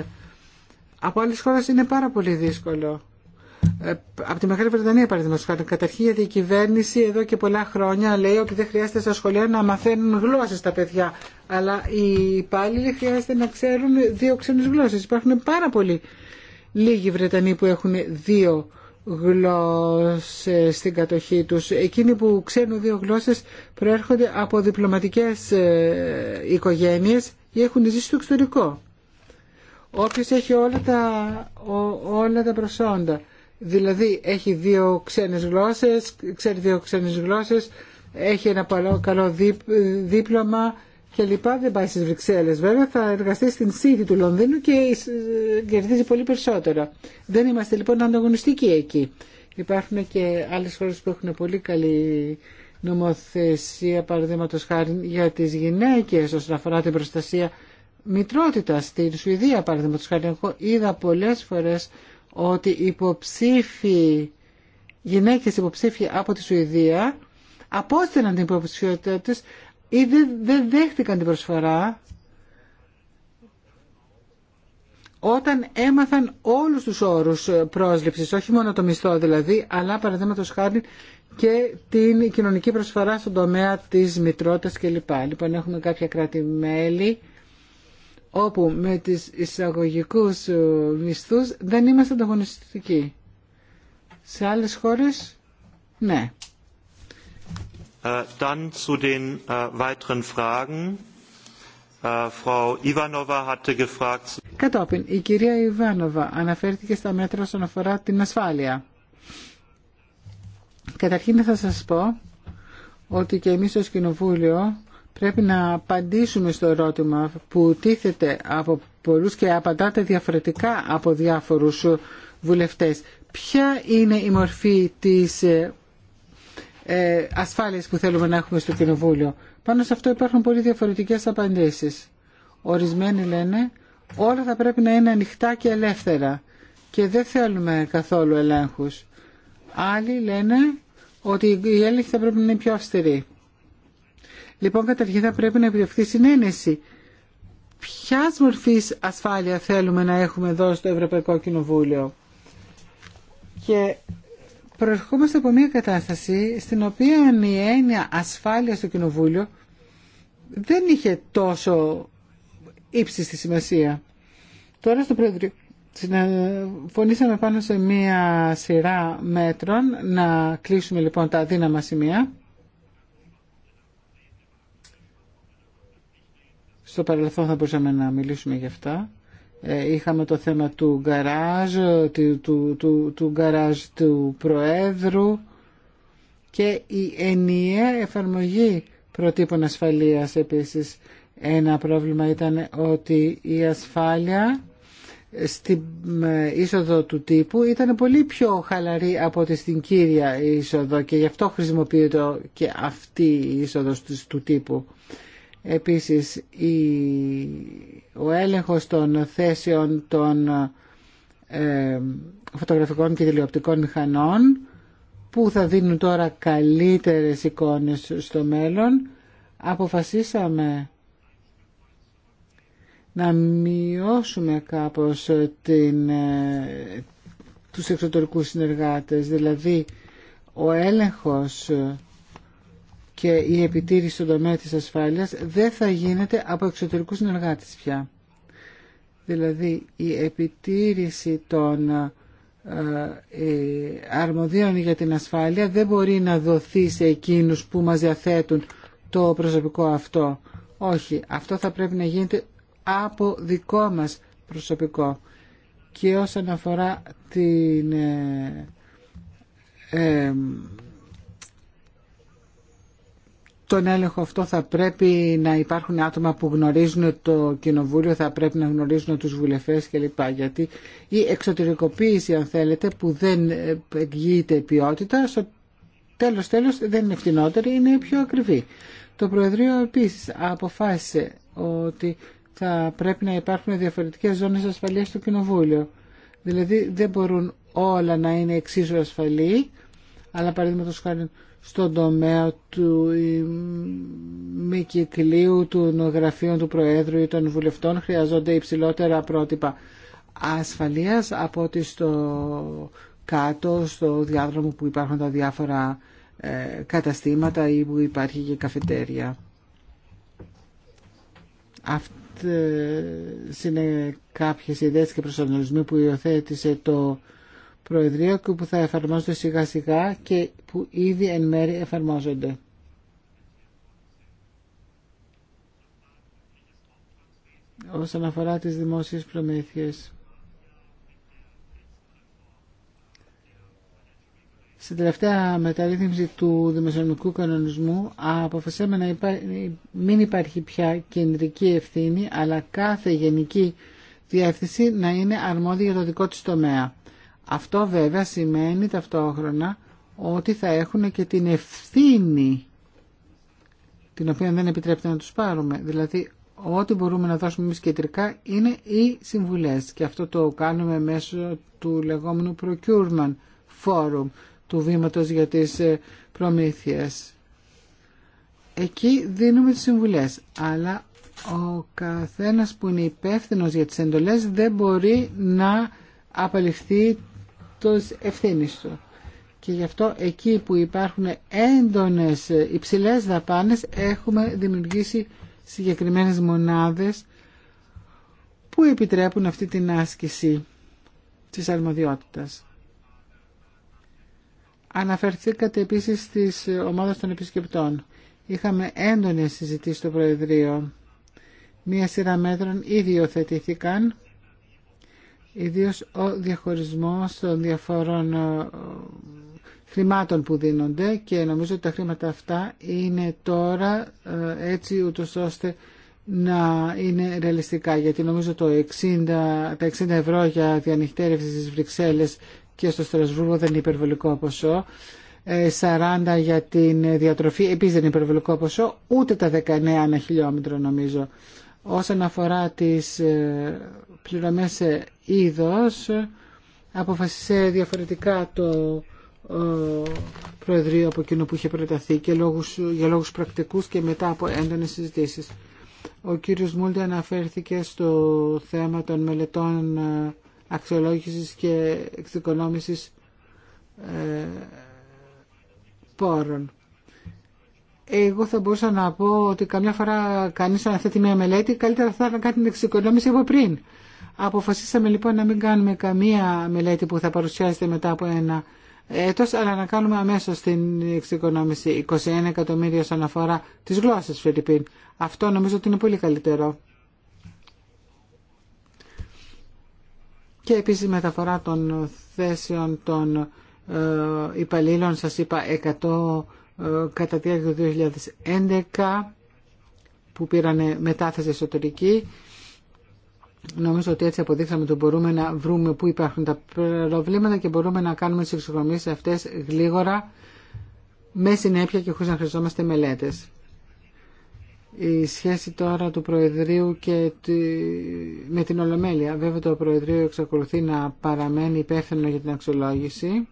από άλλε χώρε είναι πάρα πολύ δύσκολο. Ε, από τη Μεγάλη Βρετανία, παραδείγματο καταρχήν γιατί η κυβέρνηση εδώ και πολλά χρόνια λέει ότι δεν χρειάζεται στα σχολεία να μαθαίνουν γλώσσε τα παιδιά. Αλλά οι υπάλληλοι χρειάζεται να ξέρουν δύο ξένε γλώσσε. Υπάρχουν πάρα πολλοί λίγοι Βρετανοί που έχουν δύο γλώσσε στην κατοχή του. Εκείνοι που ξέρουν δύο γλώσσε προέρχονται από διπλωματικέ ε, οικογένειε ή έχουν ζήσει στο εξωτερικό όποιος έχει όλα τα, όλα τα προσόντα. Δηλαδή έχει δύο ξένες γλώσσες, ξέρει δύο ξένες γλώσσες, έχει ένα καλό ε, δίπλωμα και λοιπά, δεν πάει στις Βρυξέλλες βέβαια, θα εργαστεί στην City του Λονδίνου και ε, κερδίζει πολύ περισσότερο. Δεν είμαστε λοιπόν ανταγωνιστικοί εκεί. Υπάρχουν και άλλες χώρες που έχουν πολύ καλή νομοθεσία, παραδείγματος χάρη για τις γυναίκες όσον αφορά την προστασία μητρότητα. Στην Σουηδία, παραδείγματο χάρη, εγώ είδα πολλέ φορέ ότι υποψήφοι, γυναίκε υποψήφοι από τη Σουηδία απόστεναν την υποψηφιότητά τη ή δεν δέχτηκαν την προσφορά όταν έμαθαν όλους τους όρους πρόσληψης, όχι μόνο το μισθό δηλαδή, αλλά παραδείγματο χάρη και την κοινωνική προσφορά στον τομέα της μητρότητας κλπ. Λοιπόν, έχουμε κάποια κράτη-μέλη όπου με τις εισαγωγικούς ε, μισθούς δεν είμαστε ανταγωνιστικοί. Σε άλλες χώρες, ναι. Dann Ivanova Κατόπιν, η κυρία Ιβάνοβα αναφέρθηκε στα μέτρα όσον αφορά την ασφάλεια. Καταρχήν θα σας πω ότι και εμείς ως Κοινοβούλιο πρέπει να απαντήσουμε στο ερώτημα που τίθεται από πολλούς και απαντάται διαφορετικά από διάφορους βουλευτές. Ποια είναι η μορφή της ε, ε, ασφάλειας που θέλουμε να έχουμε στο Κοινοβούλιο. Πάνω σε αυτό υπάρχουν πολύ διαφορετικές απαντήσεις. Ορισμένοι λένε όλα θα πρέπει να είναι ανοιχτά και ελεύθερα και δεν θέλουμε καθόλου ελέγχους. Άλλοι λένε ότι η έλεγχη θα πρέπει να είναι πιο αυστηρή. Λοιπόν, καταρχήν θα πρέπει να επιτευχθεί συνένεση. Ποια μορφή ασφάλεια θέλουμε να έχουμε εδώ στο Ευρωπαϊκό Κοινοβούλιο. Και προερχόμαστε από μια κατάσταση στην οποία η έννοια ασφάλεια στο Κοινοβούλιο δεν είχε τόσο ύψιστη σημασία. Τώρα στο Πρόεδρο συμφωνήσαμε πάνω σε μια σειρά μέτρων να κλείσουμε λοιπόν τα αδύναμα σημεία Στο παρελθόν θα μπορούσαμε να μιλήσουμε γι' αυτά. Ε, είχαμε το θέμα του γκαράζ, του, του, του, γκαράζ του Προέδρου και η ενιαία εφαρμογή προτύπων ασφαλείας επίσης. Ένα πρόβλημα ήταν ότι η ασφάλεια στην ε, είσοδο του τύπου ήταν πολύ πιο χαλαρή από ότι στην κύρια είσοδο και γι' αυτό χρησιμοποιείται και αυτή η είσοδος του τύπου. Επίσης, ο έλεγχος των θέσεων των ε, φωτογραφικών και τηλεοπτικών μηχανών που θα δίνουν τώρα καλύτερες εικόνες στο μέλλον, αποφασίσαμε να μειώσουμε κάπως την, ε, τους εξωτερικούς συνεργάτες, δηλαδή ο έλεγχος και η επιτήρηση στον τομέα της ασφάλειας δεν θα γίνεται από εξωτερικούς συνεργάτες πια. Δηλαδή η επιτήρηση των ε, ε, αρμοδίων για την ασφάλεια δεν μπορεί να δοθεί σε εκείνους που μας διαθέτουν το προσωπικό αυτό. Όχι, αυτό θα πρέπει να γίνεται από δικό μας προσωπικό. Και όσον αφορά την ε, ε τον έλεγχο αυτό θα πρέπει να υπάρχουν άτομα που γνωρίζουν το κοινοβούλιο, θα πρέπει να γνωρίζουν τους βουλευτές κλπ. Γιατί η εξωτερικοποίηση, αν θέλετε, που δεν γινεται ποιότητα, στο τέλος τέλος δεν είναι φτηνότερη, είναι πιο ακριβή. Το Προεδρείο επίσης αποφάσισε ότι θα πρέπει να υπάρχουν διαφορετικές ζώνες ασφαλείας στο κοινοβούλιο. Δηλαδή δεν μπορούν όλα να είναι εξίσου ασφαλή, αλλά παραδείγματος χάρη στον τομέα του ε, μη κυκλίου, των γραφείων του Προέδρου ή των βουλευτών χρειαζόνται υψηλότερα πρότυπα ασφαλείας από ότι στο κάτω, στο διάδρομο που υπάρχουν τα διάφορα ε, καταστήματα ή που υπάρχει και καφετέρια. Αυτές είναι κάποιες ιδέες και προσανατολισμοί που υιοθέτησε το Προεδρία και που θα εφαρμόζονται σιγά σιγά και που ήδη εν μέρη εφαρμόζονται. όσον αφορά τις δημόσιες προμήθειες. Στην τελευταία μεταρρύθμιση του δημοσιονομικού κανονισμού αποφασίσαμε να μην υπάρχει πια κεντρική ευθύνη αλλά κάθε γενική διεύθυνση να είναι αρμόδια για το δικό της τομέα. Αυτό βέβαια σημαίνει ταυτόχρονα ότι θα έχουν και την ευθύνη την οποία δεν επιτρέπεται να τους πάρουμε. Δηλαδή, ό,τι μπορούμε να δώσουμε εμείς κεντρικά είναι οι συμβουλές και αυτό το κάνουμε μέσω του λεγόμενου Procurement Forum του Βήματος για τις ε, Προμήθειες. Εκεί δίνουμε τις συμβουλές, αλλά ο καθένας που είναι υπεύθυνο για τις εντολές δεν μπορεί να απαλληφθεί της ευθύνης του. Και γι' αυτό εκεί που υπάρχουν έντονες υψηλές δαπάνες έχουμε δημιουργήσει συγκεκριμένες μονάδες που επιτρέπουν αυτή την άσκηση της αρμοδιότητας. Αναφερθήκατε επίσης στις ομάδες των επισκεπτών. Είχαμε έντονες συζητήσεις στο Προεδρείο. Μία σειρά μέτρων ήδη υιοθετήθηκαν ιδίως ο διαχωρισμός των διαφορών ε, χρημάτων που δίνονται και νομίζω ότι τα χρήματα αυτά είναι τώρα ε, έτσι ούτως ώστε να είναι ρεαλιστικά γιατί νομίζω το 60, τα 60 ευρώ για διανυχτέρευση στις Βρυξέλλες και στο Στρασβούργο δεν είναι υπερβολικό ποσό 40 ε, για την διατροφή επίσης δεν είναι υπερβολικό ποσό ούτε τα 19 ανά χιλιόμετρο νομίζω όσον αφορά τις πληρωμές είδος αποφασίσε διαφορετικά το ε, Προεδρείο από εκείνο που είχε προταθεί και λόγους, για λόγους πρακτικούς και μετά από έντονες συζητήσεις. Ο κύριος Μούλτε αναφέρθηκε στο θέμα των μελετών ε, αξιολόγησης και εξοικονόμησης ε, πόρων. Εγώ θα μπορούσα να πω ότι καμιά φορά κανείς αναθέτει μια μελέτη, καλύτερα θα να κάνει την εξοικονόμηση από πριν. Αποφασίσαμε λοιπόν να μην κάνουμε καμία μελέτη που θα παρουσιάζεται μετά από ένα έτος, αλλά να κάνουμε αμέσως την εξοικονόμηση 21 εκατομμύρια όσον αφορά τις γλώσσες Φιλιππίν. Αυτό νομίζω ότι είναι πολύ καλύτερο. Και επίσης μεταφορά των θέσεων των ε, υπαλλήλων, σας είπα 100 ε, κατά τη διάρκεια του 2011 που πήρανε μετάθεση εσωτερική Νομίζω ότι έτσι αποδείξαμε ότι μπορούμε να βρούμε πού υπάρχουν τα προβλήματα και μπορούμε να κάνουμε τις εξοικονομίες αυτές γλίγορα, με συνέπεια και χωρίς να χρειαζόμαστε μελέτες. Η σχέση τώρα του Προεδρείου και με την Ολομέλεια. Βέβαια το Προεδρείο εξακολουθεί να παραμένει υπεύθυνο για την αξιολόγηση.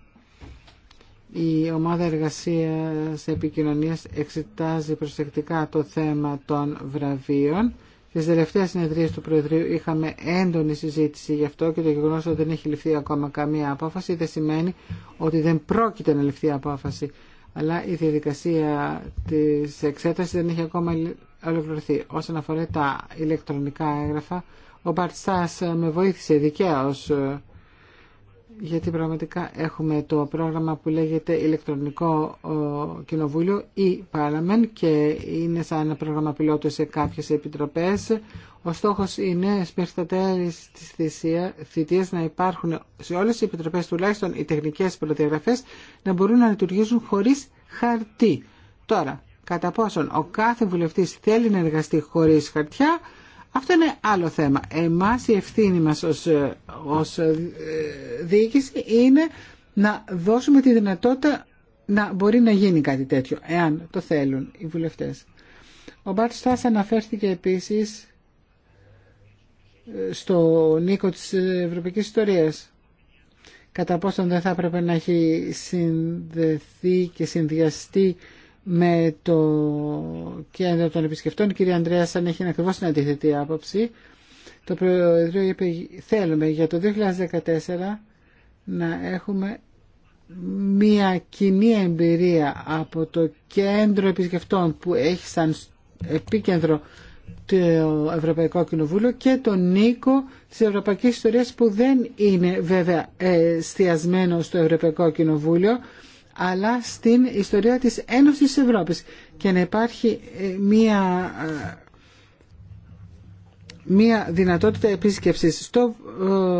Η ομάδα εργασίας επικοινωνίας εξετάζει προσεκτικά το θέμα των βραβείων Στι τελευταίε συνεδρίε του Προεδρείου είχαμε έντονη συζήτηση γι' αυτό και το γεγονό ότι δεν έχει ληφθεί ακόμα καμία απόφαση δεν σημαίνει ότι δεν πρόκειται να ληφθεί απόφαση. Αλλά η διαδικασία τη εξέταση δεν έχει ακόμα ολοκληρωθεί. Όσον αφορά τα ηλεκτρονικά έγγραφα, ο Μπαρτστά με βοήθησε δικαίω ε, γιατί πραγματικά έχουμε το πρόγραμμα που λέγεται ηλεκτρονικό κοινοβούλιο ή Parliament και είναι σαν ένα πρόγραμμα πιλότο σε κάποιες επιτροπές. Ο στόχος είναι μέχρι θητείας να υπάρχουν σε όλες οι επιτροπές τουλάχιστον οι τεχνικές προδιαγραφές να μπορούν να λειτουργήσουν χωρίς χαρτί. Τώρα, κατά πόσον ο κάθε βουλευτής θέλει να εργαστεί χωρίς χαρτιά, αυτό είναι άλλο θέμα. Εμάς η ευθύνη μας ως, ε, διοίκηση είναι να δώσουμε τη δυνατότητα να μπορεί να γίνει κάτι τέτοιο, εάν το θέλουν οι βουλευτές. Ο Μπάρτ Στάς αναφέρθηκε επίσης ε, στο νίκο της Ευρωπαϊκής Ιστορίας. Κατά πόσον δεν θα έπρεπε να έχει συνδεθεί και συνδυαστεί με το κέντρο των επισκεφτών. Η κυρία Ανδρέα αν έχει ακριβώ την αντίθετη άποψη. Το Προεδρείο είπε θέλουμε για το 2014 να έχουμε μια κοινή εμπειρία από το κέντρο επισκεφτών που έχει σαν επίκεντρο το Ευρωπαϊκό Κοινοβούλιο και τον Νίκο της Ευρωπαϊκής Ιστορίας που δεν είναι βέβαια εστιασμένο στο Ευρωπαϊκό Κοινοβούλιο αλλά στην ιστορία της Ένωσης της Ευρώπης και να υπάρχει ε, μία, ε, μία δυνατότητα επίσκεψης στο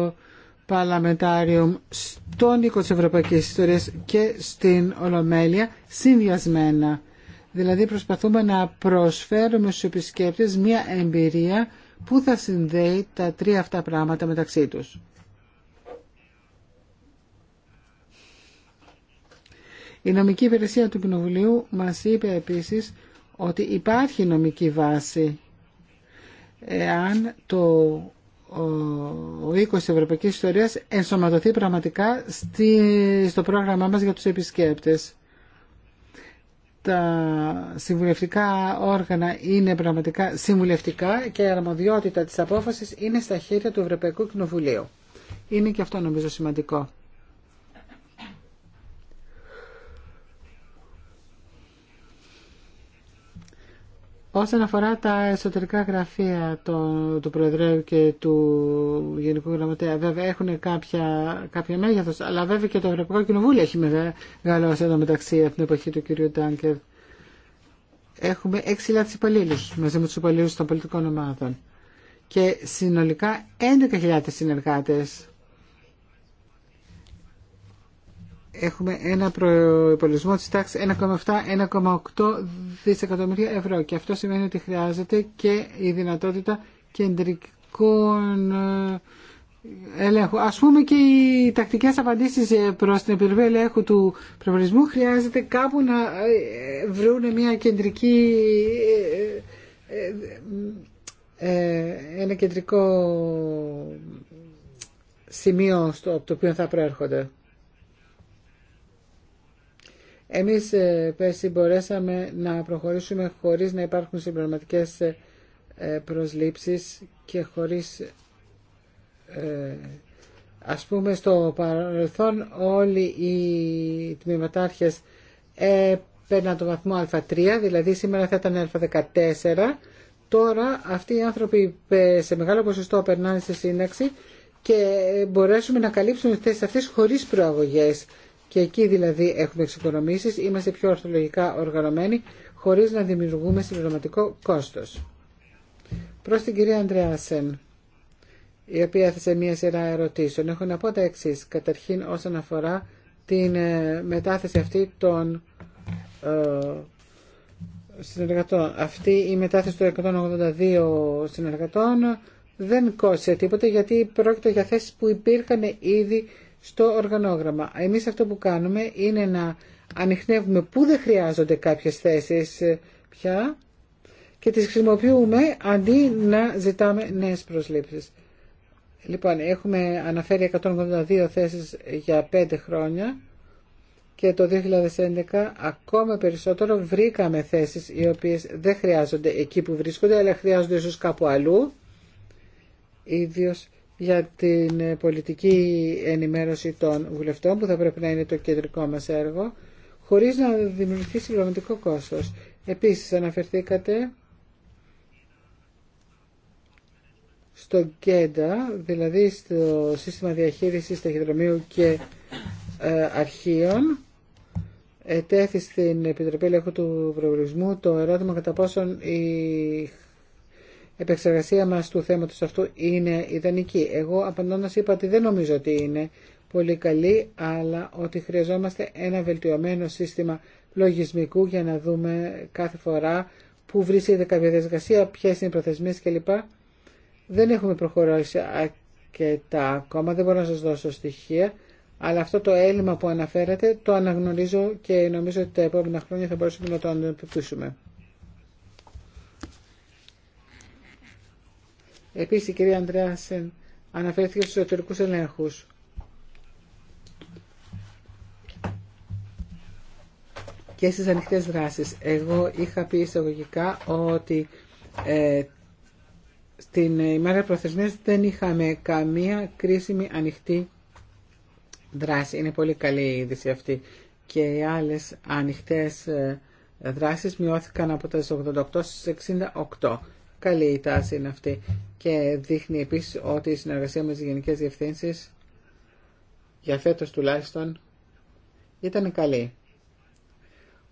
ε, Παλαμετάριο, στον οίκο της Ευρωπαϊκής Ιστορίας και στην Ολομέλεια συνδυασμένα. Δηλαδή προσπαθούμε να προσφέρουμε στους επισκέπτες μία εμπειρία που θα συνδέει τα τρία αυτά πράγματα μεταξύ τους. Η νομική υπηρεσία του Κοινοβουλίου μας είπε επίσης ότι υπάρχει νομική βάση εάν το ο οίκος της Ευρωπαϊκής Ιστορίας ενσωματωθεί πραγματικά στη, στο πρόγραμμά μας για τους επισκέπτες. Τα συμβουλευτικά όργανα είναι πραγματικά συμβουλευτικά και η αρμοδιότητα της απόφασης είναι στα χέρια του Ευρωπαϊκού Κοινοβουλίου. Είναι και αυτό νομίζω σημαντικό. Όσον αφορά τα εσωτερικά γραφεία του, του Προεδρέου και του Γενικού Γραμματέα, βέβαια έχουν κάποια, κάποια μέγεθο, αλλά βέβαια και το Ευρωπαϊκό Κοινοβούλιο έχει μεγαλώσει εδώ μεταξύ από την εποχή του κ. Τάνκερ. Έχουμε 6.000 υπαλλήλου μαζί με του υπαλλήλου των πολιτικών ομάδων και συνολικά 11.000 συνεργάτε έχουμε ένα προπολογισμό της τάξης 1,7-1,8 δισεκατομμύρια ευρώ και αυτό σημαίνει ότι χρειάζεται και η δυνατότητα κεντρικών ε, ελέγχου. Ας πούμε και οι τακτικές απαντήσεις ε, προς την επιρροή ελέγχου του προπολογισμού χρειάζεται κάπου να ε, βρουν μια κεντρική ένα κεντρικό σημείο στο από το οποίο θα προέρχονται. Εμείς ε, πέρσι μπορέσαμε να προχωρήσουμε χωρίς να υπάρχουν συμπληρωματικές ε, προσλήψεις και χωρίς ε, ας πούμε στο παρελθόν όλοι οι τμήματάρχες παίρναν το βαθμό α3 δηλαδή σήμερα θα ήταν α14 τώρα αυτοί οι άνθρωποι σε μεγάλο ποσοστό περνάνε στη σύνταξη και μπορέσουμε να καλύψουμε τις θέσεις αυτές χωρίς προαγωγές και εκεί δηλαδή έχουμε εξοικονομήσεις, είμαστε πιο ορθολογικά οργανωμένοι, χωρίς να δημιουργούμε συμπληρωματικό κόστος. Προς την κυρία Σεν, η οποία έθεσε μία σειρά ερωτήσεων, έχω να πω τα εξή. Καταρχήν όσον αφορά την ε, μετάθεση αυτή των ε, συνεργατών. Αυτή η μετάθεση των 182 συνεργατών δεν κόστησε τίποτα γιατί πρόκειται για θέσεις που υπήρχαν ήδη στο οργανόγραμμα. Εμείς αυτό που κάνουμε είναι να ανοιχνεύουμε πού δεν χρειάζονται κάποιες θέσεις ε, πια και τις χρησιμοποιούμε αντί να ζητάμε νέες προσλήψεις. Λοιπόν, έχουμε αναφέρει 182 θέσεις για 5 χρόνια και το 2011 ακόμα περισσότερο βρήκαμε θέσεις οι οποίες δεν χρειάζονται εκεί που βρίσκονται αλλά χρειάζονται ίσως κάπου αλλού ίδιος για την ε, πολιτική ενημέρωση των βουλευτών που θα πρέπει να είναι το κεντρικό μας έργο χωρίς να δημιουργηθεί συμπληρωματικό κόστος. Επίσης αναφερθήκατε στο ΚΕΝΤΑ, δηλαδή στο σύστημα διαχείρισης ταχυδρομείου και ε, αρχείων, ετέθη στην Επιτροπή Ελέγχου του Προβλησμού το ερώτημα κατά πόσον η επεξεργασία μα του θέματο αυτού είναι ιδανική. Εγώ απαντώντας είπα ότι δεν νομίζω ότι είναι πολύ καλή, αλλά ότι χρειαζόμαστε ένα βελτιωμένο σύστημα λογισμικού για να δούμε κάθε φορά πού βρίσκεται κάποια διαδικασία, ποιε είναι οι προθεσμίε κλπ. Δεν έχουμε προχωρήσει αρκετά ακόμα, δεν μπορώ να σα δώσω στοιχεία, αλλά αυτό το έλλειμμα που αναφέρατε το αναγνωρίζω και νομίζω ότι τα επόμενα χρόνια θα μπορούσαμε να το αντιμετωπίσουμε. Επίσης η κυρία Ανδρέασεν αναφέρθηκε στους εσωτερικούς ελέγχους. και στις ανοιχτές δράσεις. Εγώ είχα πει εισαγωγικά ότι ε, στην ημέρα προθεσμίας δεν είχαμε καμία κρίσιμη ανοιχτή δράση. Είναι πολύ καλή η είδηση αυτή. Και οι άλλες ανοιχτές ε, δράσεις μειώθηκαν από τα 88 στις 68. Καλή η τάση είναι αυτή και δείχνει επίση ότι η συνεργασία με τι γενικέ διευθύνσει για φέτος τουλάχιστον ήταν καλή.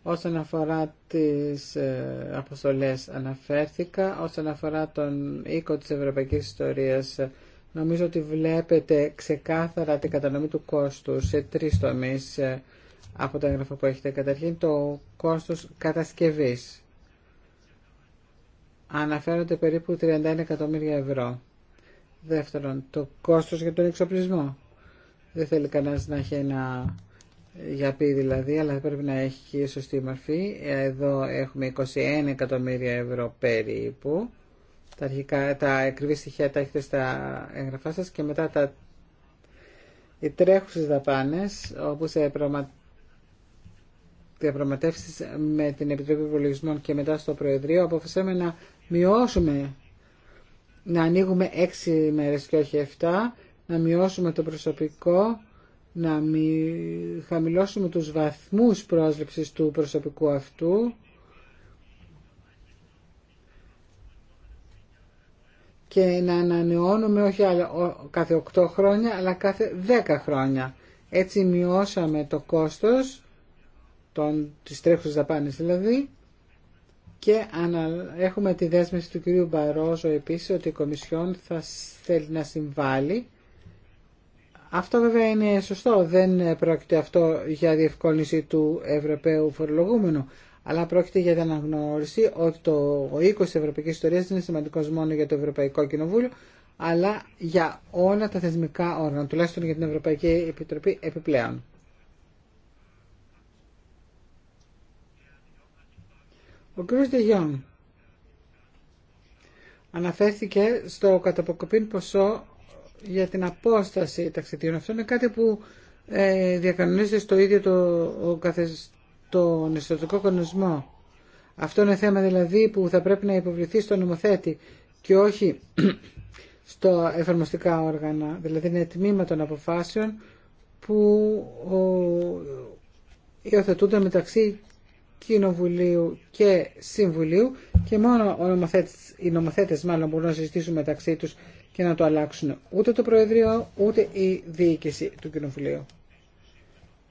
Όσον αφορά τις ε, αποστολές αναφέρθηκα, όσον αφορά τον οίκο της Ευρωπαϊκής Ιστορίας νομίζω ότι βλέπετε ξεκάθαρα την κατανομή του κόστου σε τρεις τομείς ε, από τα έγγραφα που έχετε. Καταρχήν το κόστος κατασκευής αναφέρονται περίπου 31 εκατομμύρια ευρώ. Δεύτερον, το κόστος για τον εξοπλισμό. Δεν θέλει κανένας να έχει ένα γιαπί δηλαδή, αλλά πρέπει να έχει σωστή μορφή. Εδώ έχουμε 21 εκατομμύρια ευρώ περίπου. Τα, αρχικά, τα ακριβή στοιχεία τα έχετε στα έγγραφά σας και μετά τα, οι τρέχουσες δαπάνες, όπου σε διαπραγματεύσεις με την Επιτροπή Υπολογισμών και μετά στο Προεδρείο, αποφασίσαμε να μειώσουμε, να ανοίγουμε έξι μέρες και όχι εφτά, να μειώσουμε το προσωπικό, να χαμηλώσουμε τους βαθμούς πρόσληψης του προσωπικού αυτού και να ανανεώνουμε όχι κάθε 8 χρόνια αλλά κάθε 10 χρόνια. Έτσι μειώσαμε το κόστος των, της τρέχουσας δαπάνης δηλαδή και έχουμε τη δέσμευση του κυρίου Μπαρόζο επίσης ότι η Κομισιόν θα θέλει να συμβάλλει. Αυτό βέβαια είναι σωστό, δεν πρόκειται αυτό για διευκόλυνση του Ευρωπαίου φορολογούμενου, αλλά πρόκειται για την αναγνώριση ότι το, ο οίκος της Ευρωπαϊκής Ιστορίας είναι σημαντικό μόνο για το Ευρωπαϊκό Κοινοβούλιο, αλλά για όλα τα θεσμικά όργανα, τουλάχιστον για την Ευρωπαϊκή Επιτροπή επιπλέον. Ο κ. Δεγιόν αναφέρθηκε στο καταποκοπήν ποσό για την απόσταση ταξιδιών. Αυτό είναι κάτι που ε, διακανονίζεται στο ίδιο το, καθεσ... τον ιστορικό κανονισμό. Αυτό είναι θέμα δηλαδή που θα πρέπει να υποβληθεί στο νομοθέτη και όχι στο εφαρμοστικά όργανα, δηλαδή είναι τμήμα των αποφάσεων που υιοθετούνται μεταξύ Κοινοβουλίου και Συμβουλίου και μόνο ο νομοθέτης, οι νομοθέτες μάλλον μπορούν να συζητήσουν μεταξύ τους και να το αλλάξουν ούτε το Προεδρείο ούτε η διοίκηση του Κοινοβουλίου.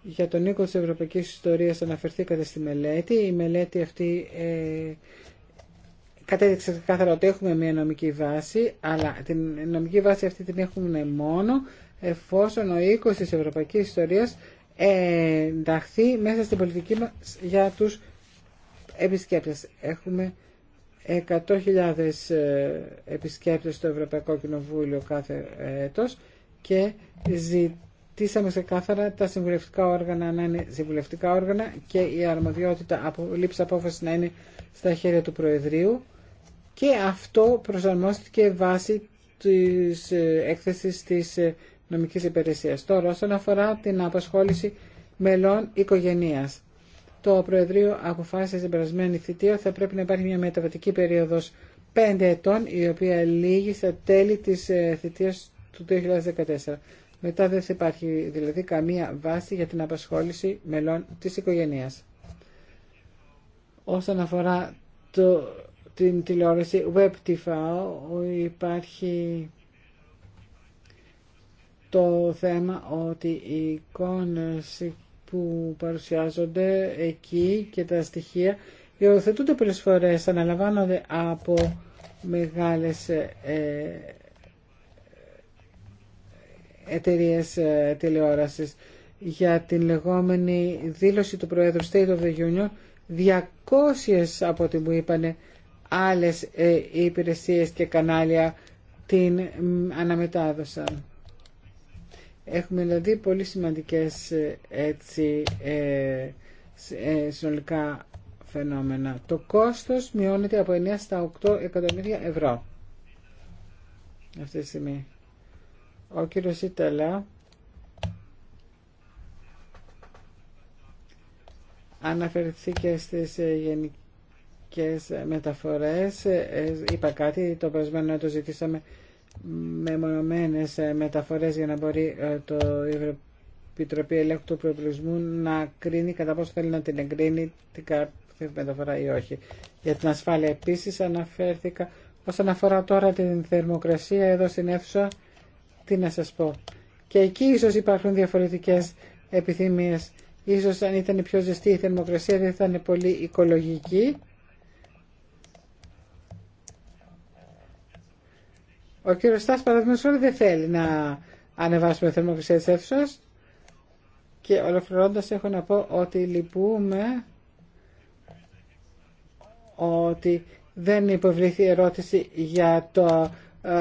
Για τον οίκο της Ευρωπαϊκής Ιστορίας αναφερθήκατε στη μελέτη. Η μελέτη αυτή ε, κατέδειξε κάθαρα ότι έχουμε μια νομική βάση, αλλά την νομική βάση αυτή την έχουμε μόνο εφόσον ο οίκος της Ευρωπαϊκής Ιστορίας ενταχθεί μέσα στην πολιτική μας για τους επισκέπτες. Έχουμε 100.000 ε, επισκέπτες στο Ευρωπαϊκό Κοινοβούλιο κάθε έτος και ζητήσαμε σε κάθαρα τα συμβουλευτικά όργανα να είναι συμβουλευτικά όργανα και η αρμοδιότητα από λήψη απόφαση να είναι στα χέρια του Προεδρείου και αυτό προσαρμόστηκε βάσει της ε, έκθεσης της ε, νομικής Τώρα, όσον αφορά την απασχόληση μελών οικογενείας. Το Προεδρείο αποφάσισε στην περασμένη θητεία θα πρέπει να υπάρχει μια μεταβατική περίοδος 5 ετών, η οποία λύγει στα τέλη της ε, θητείας του 2014. Μετά δεν θα υπάρχει δηλαδή καμία βάση για την απασχόληση μελών της οικογένειας. Όσον αφορά το, την τηλεόραση WebTV υπάρχει το θέμα ότι οι εικόνες που παρουσιάζονται εκεί και τα στοιχεία υιοθετούνται πολλές φορές, αναλαμβάνονται από μεγάλες ε, εταιρείε ε, τηλεόρασης για την λεγόμενη δήλωση του Προέδρου State of the Union 200 από ό,τι μου είπανε άλλες ε, υπηρεσίες και κανάλια την αναμετάδωσαν. Έχουμε δηλαδή πολύ σημαντικές έτσι, ε, ε, συνολικά φαινόμενα. Το κόστος μειώνεται από 9 στα 8 εκατομμύρια ευρώ. Αυτή τη στιγμή. Ο κύριος Ιταλά αναφερθήκε στις ε, γενικές μεταφορές. Ε, είπα κάτι, το να το ζητήσαμε μεμονωμένες ε, μεταφορές για να μπορεί ε, το Επιτροπή Ελέγχου του Προεπλογισμού να κρίνει κατά πόσο θέλει να την εγκρίνει την κάθε μεταφορά ή όχι. Για την ασφάλεια επίσης αναφέρθηκα όσον αφορά τώρα την θερμοκρασία εδώ στην αίθουσα τι να σας πω. Και εκεί ίσως υπάρχουν διαφορετικές επιθυμίες. Ίσως αν ήταν πιο ζεστή η θερμοκρασία δεν θα ήταν πολύ οικολογική Ο κύριο Στάς παραδείγματος δεν θέλει να ανεβάσουμε θερμοκρασία τη αίθουσα. και ολοκληρώντα, έχω να πω ότι λυπούμε ότι δεν υποβληθεί ερώτηση για το, ε,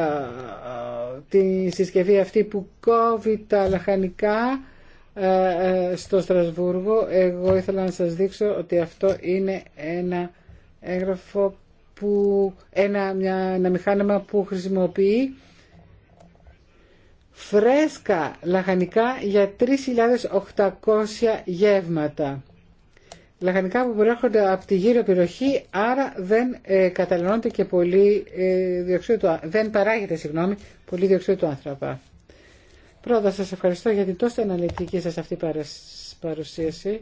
τη συσκευή αυτή που κόβει τα λαχανικά ε, ε, στο Στρασβούργο. Εγώ ήθελα να σας δείξω ότι αυτό είναι ένα έγγραφο που ένα, μια, ένα μηχάνημα που χρησιμοποιεί φρέσκα λαχανικά για 3.800 γεύματα. Λαχανικά που προέρχονται από τη γύρω περιοχή, άρα δεν ε, και πολύ ε, διοξείδιο δεν παράγεται, συγγνώμη, πολύ διοξείδιο του άνθρακα. Πρώτα σας ευχαριστώ για την τόσο αναλυτική σας αυτή παρουσίαση.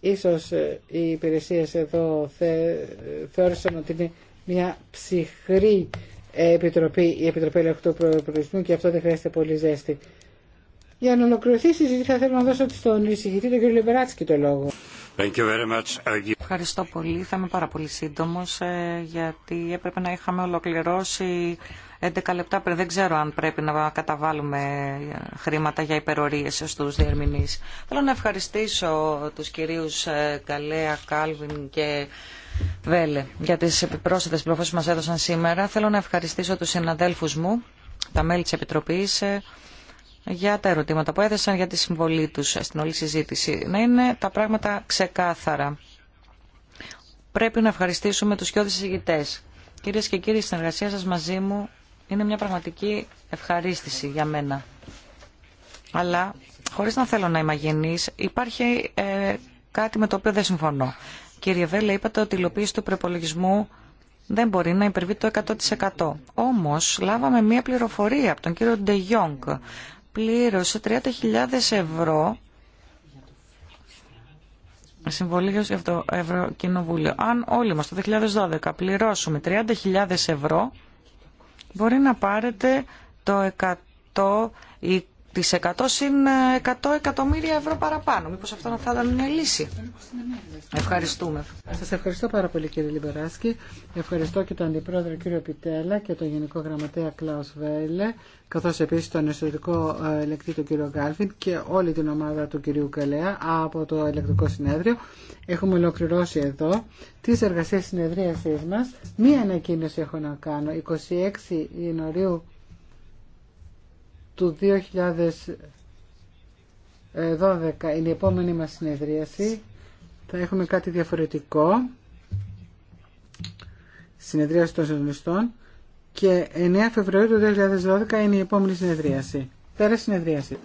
Ίσως ε, οι υπηρεσίες εδώ θε, θεώρησαν ότι είναι μια ψυχρή επιτροπή, η Επιτροπή ελεύθερου και αυτό δεν χρειάζεται πολύ ζέστη. Για να ολοκληρωθεί η συζήτηση θα θέλω να δώσω στον εισηγητή τον κύριο Λεμπεράτσκι το λόγο. Ευχαριστώ πολύ. Θα είμαι πάρα πολύ σύντομο ε, γιατί έπρεπε να είχαμε ολοκληρώσει 11 λεπτά πριν. Δεν ξέρω αν πρέπει να καταβάλουμε χρήματα για υπερορίε στους διερμηνεί. Θέλω να ευχαριστήσω τους κυρίους ε, Καλέα, Κάλβιν και Βέλε για τι επιπρόσθετες πληροφορίε που μας έδωσαν σήμερα. Θέλω να ευχαριστήσω του συναδέλφου μου, τα μέλη της Επιτροπής, ε, για τα ερωτήματα που έθεσαν για τη συμβολή τους στην όλη συζήτηση. Να είναι τα πράγματα ξεκάθαρα. Πρέπει να ευχαριστήσουμε τους κοιόδης συζητητές. Κυρίες και κύριοι, η συνεργασία σας μαζί μου είναι μια πραγματική ευχαρίστηση για μένα. Αλλά, χωρίς να θέλω να είμαι αγενής, υπάρχει ε, κάτι με το οποίο δεν συμφωνώ. Κύριε Βέλε, είπατε ότι η υλοποίηση του προπολογισμού δεν μπορεί να υπερβεί το 100%. Όμως, λάβαμε μια πληροφορία από τον κύριο Ντε πλήρωσε 30.000 ευρώ συμβολή για το Ευρωκοινοβούλιο. Αν όλοι μας το 2012 πληρώσουμε 30.000 ευρώ, μπορεί να πάρετε το 120 100% συν 100 εκατομμύρια ευρώ παραπάνω. Μήπω αυτό θα ήταν μια λύση. Ευχαριστούμε. Σα ευχαριστώ πάρα πολύ κύριε Λιμπεράσκη. Ευχαριστώ και τον Αντιπρόεδρο κύριο Πιτέλα και τον Γενικό Γραμματέα Κλάου Βέιλε, καθώ επίση τον εσωτερικό ε, ελεκτή του κύριο Γκάλφιν και όλη την ομάδα του κυρίου Καλέα από το ελεκτικό συνέδριο. Έχουμε ολοκληρώσει εδώ τις εργασίες συνεδρίασή μα. Μία ανακοίνωση έχω να κάνω. 26 Ιανουαρίου του 2012 είναι η επόμενη μας συνεδρίαση. Θα έχουμε κάτι διαφορετικό. Συνεδρίαση των συντονιστών. Και 9 Φεβρουαρίου του 2012 είναι η επόμενη συνεδρίαση. Πέρα συνεδρίαση.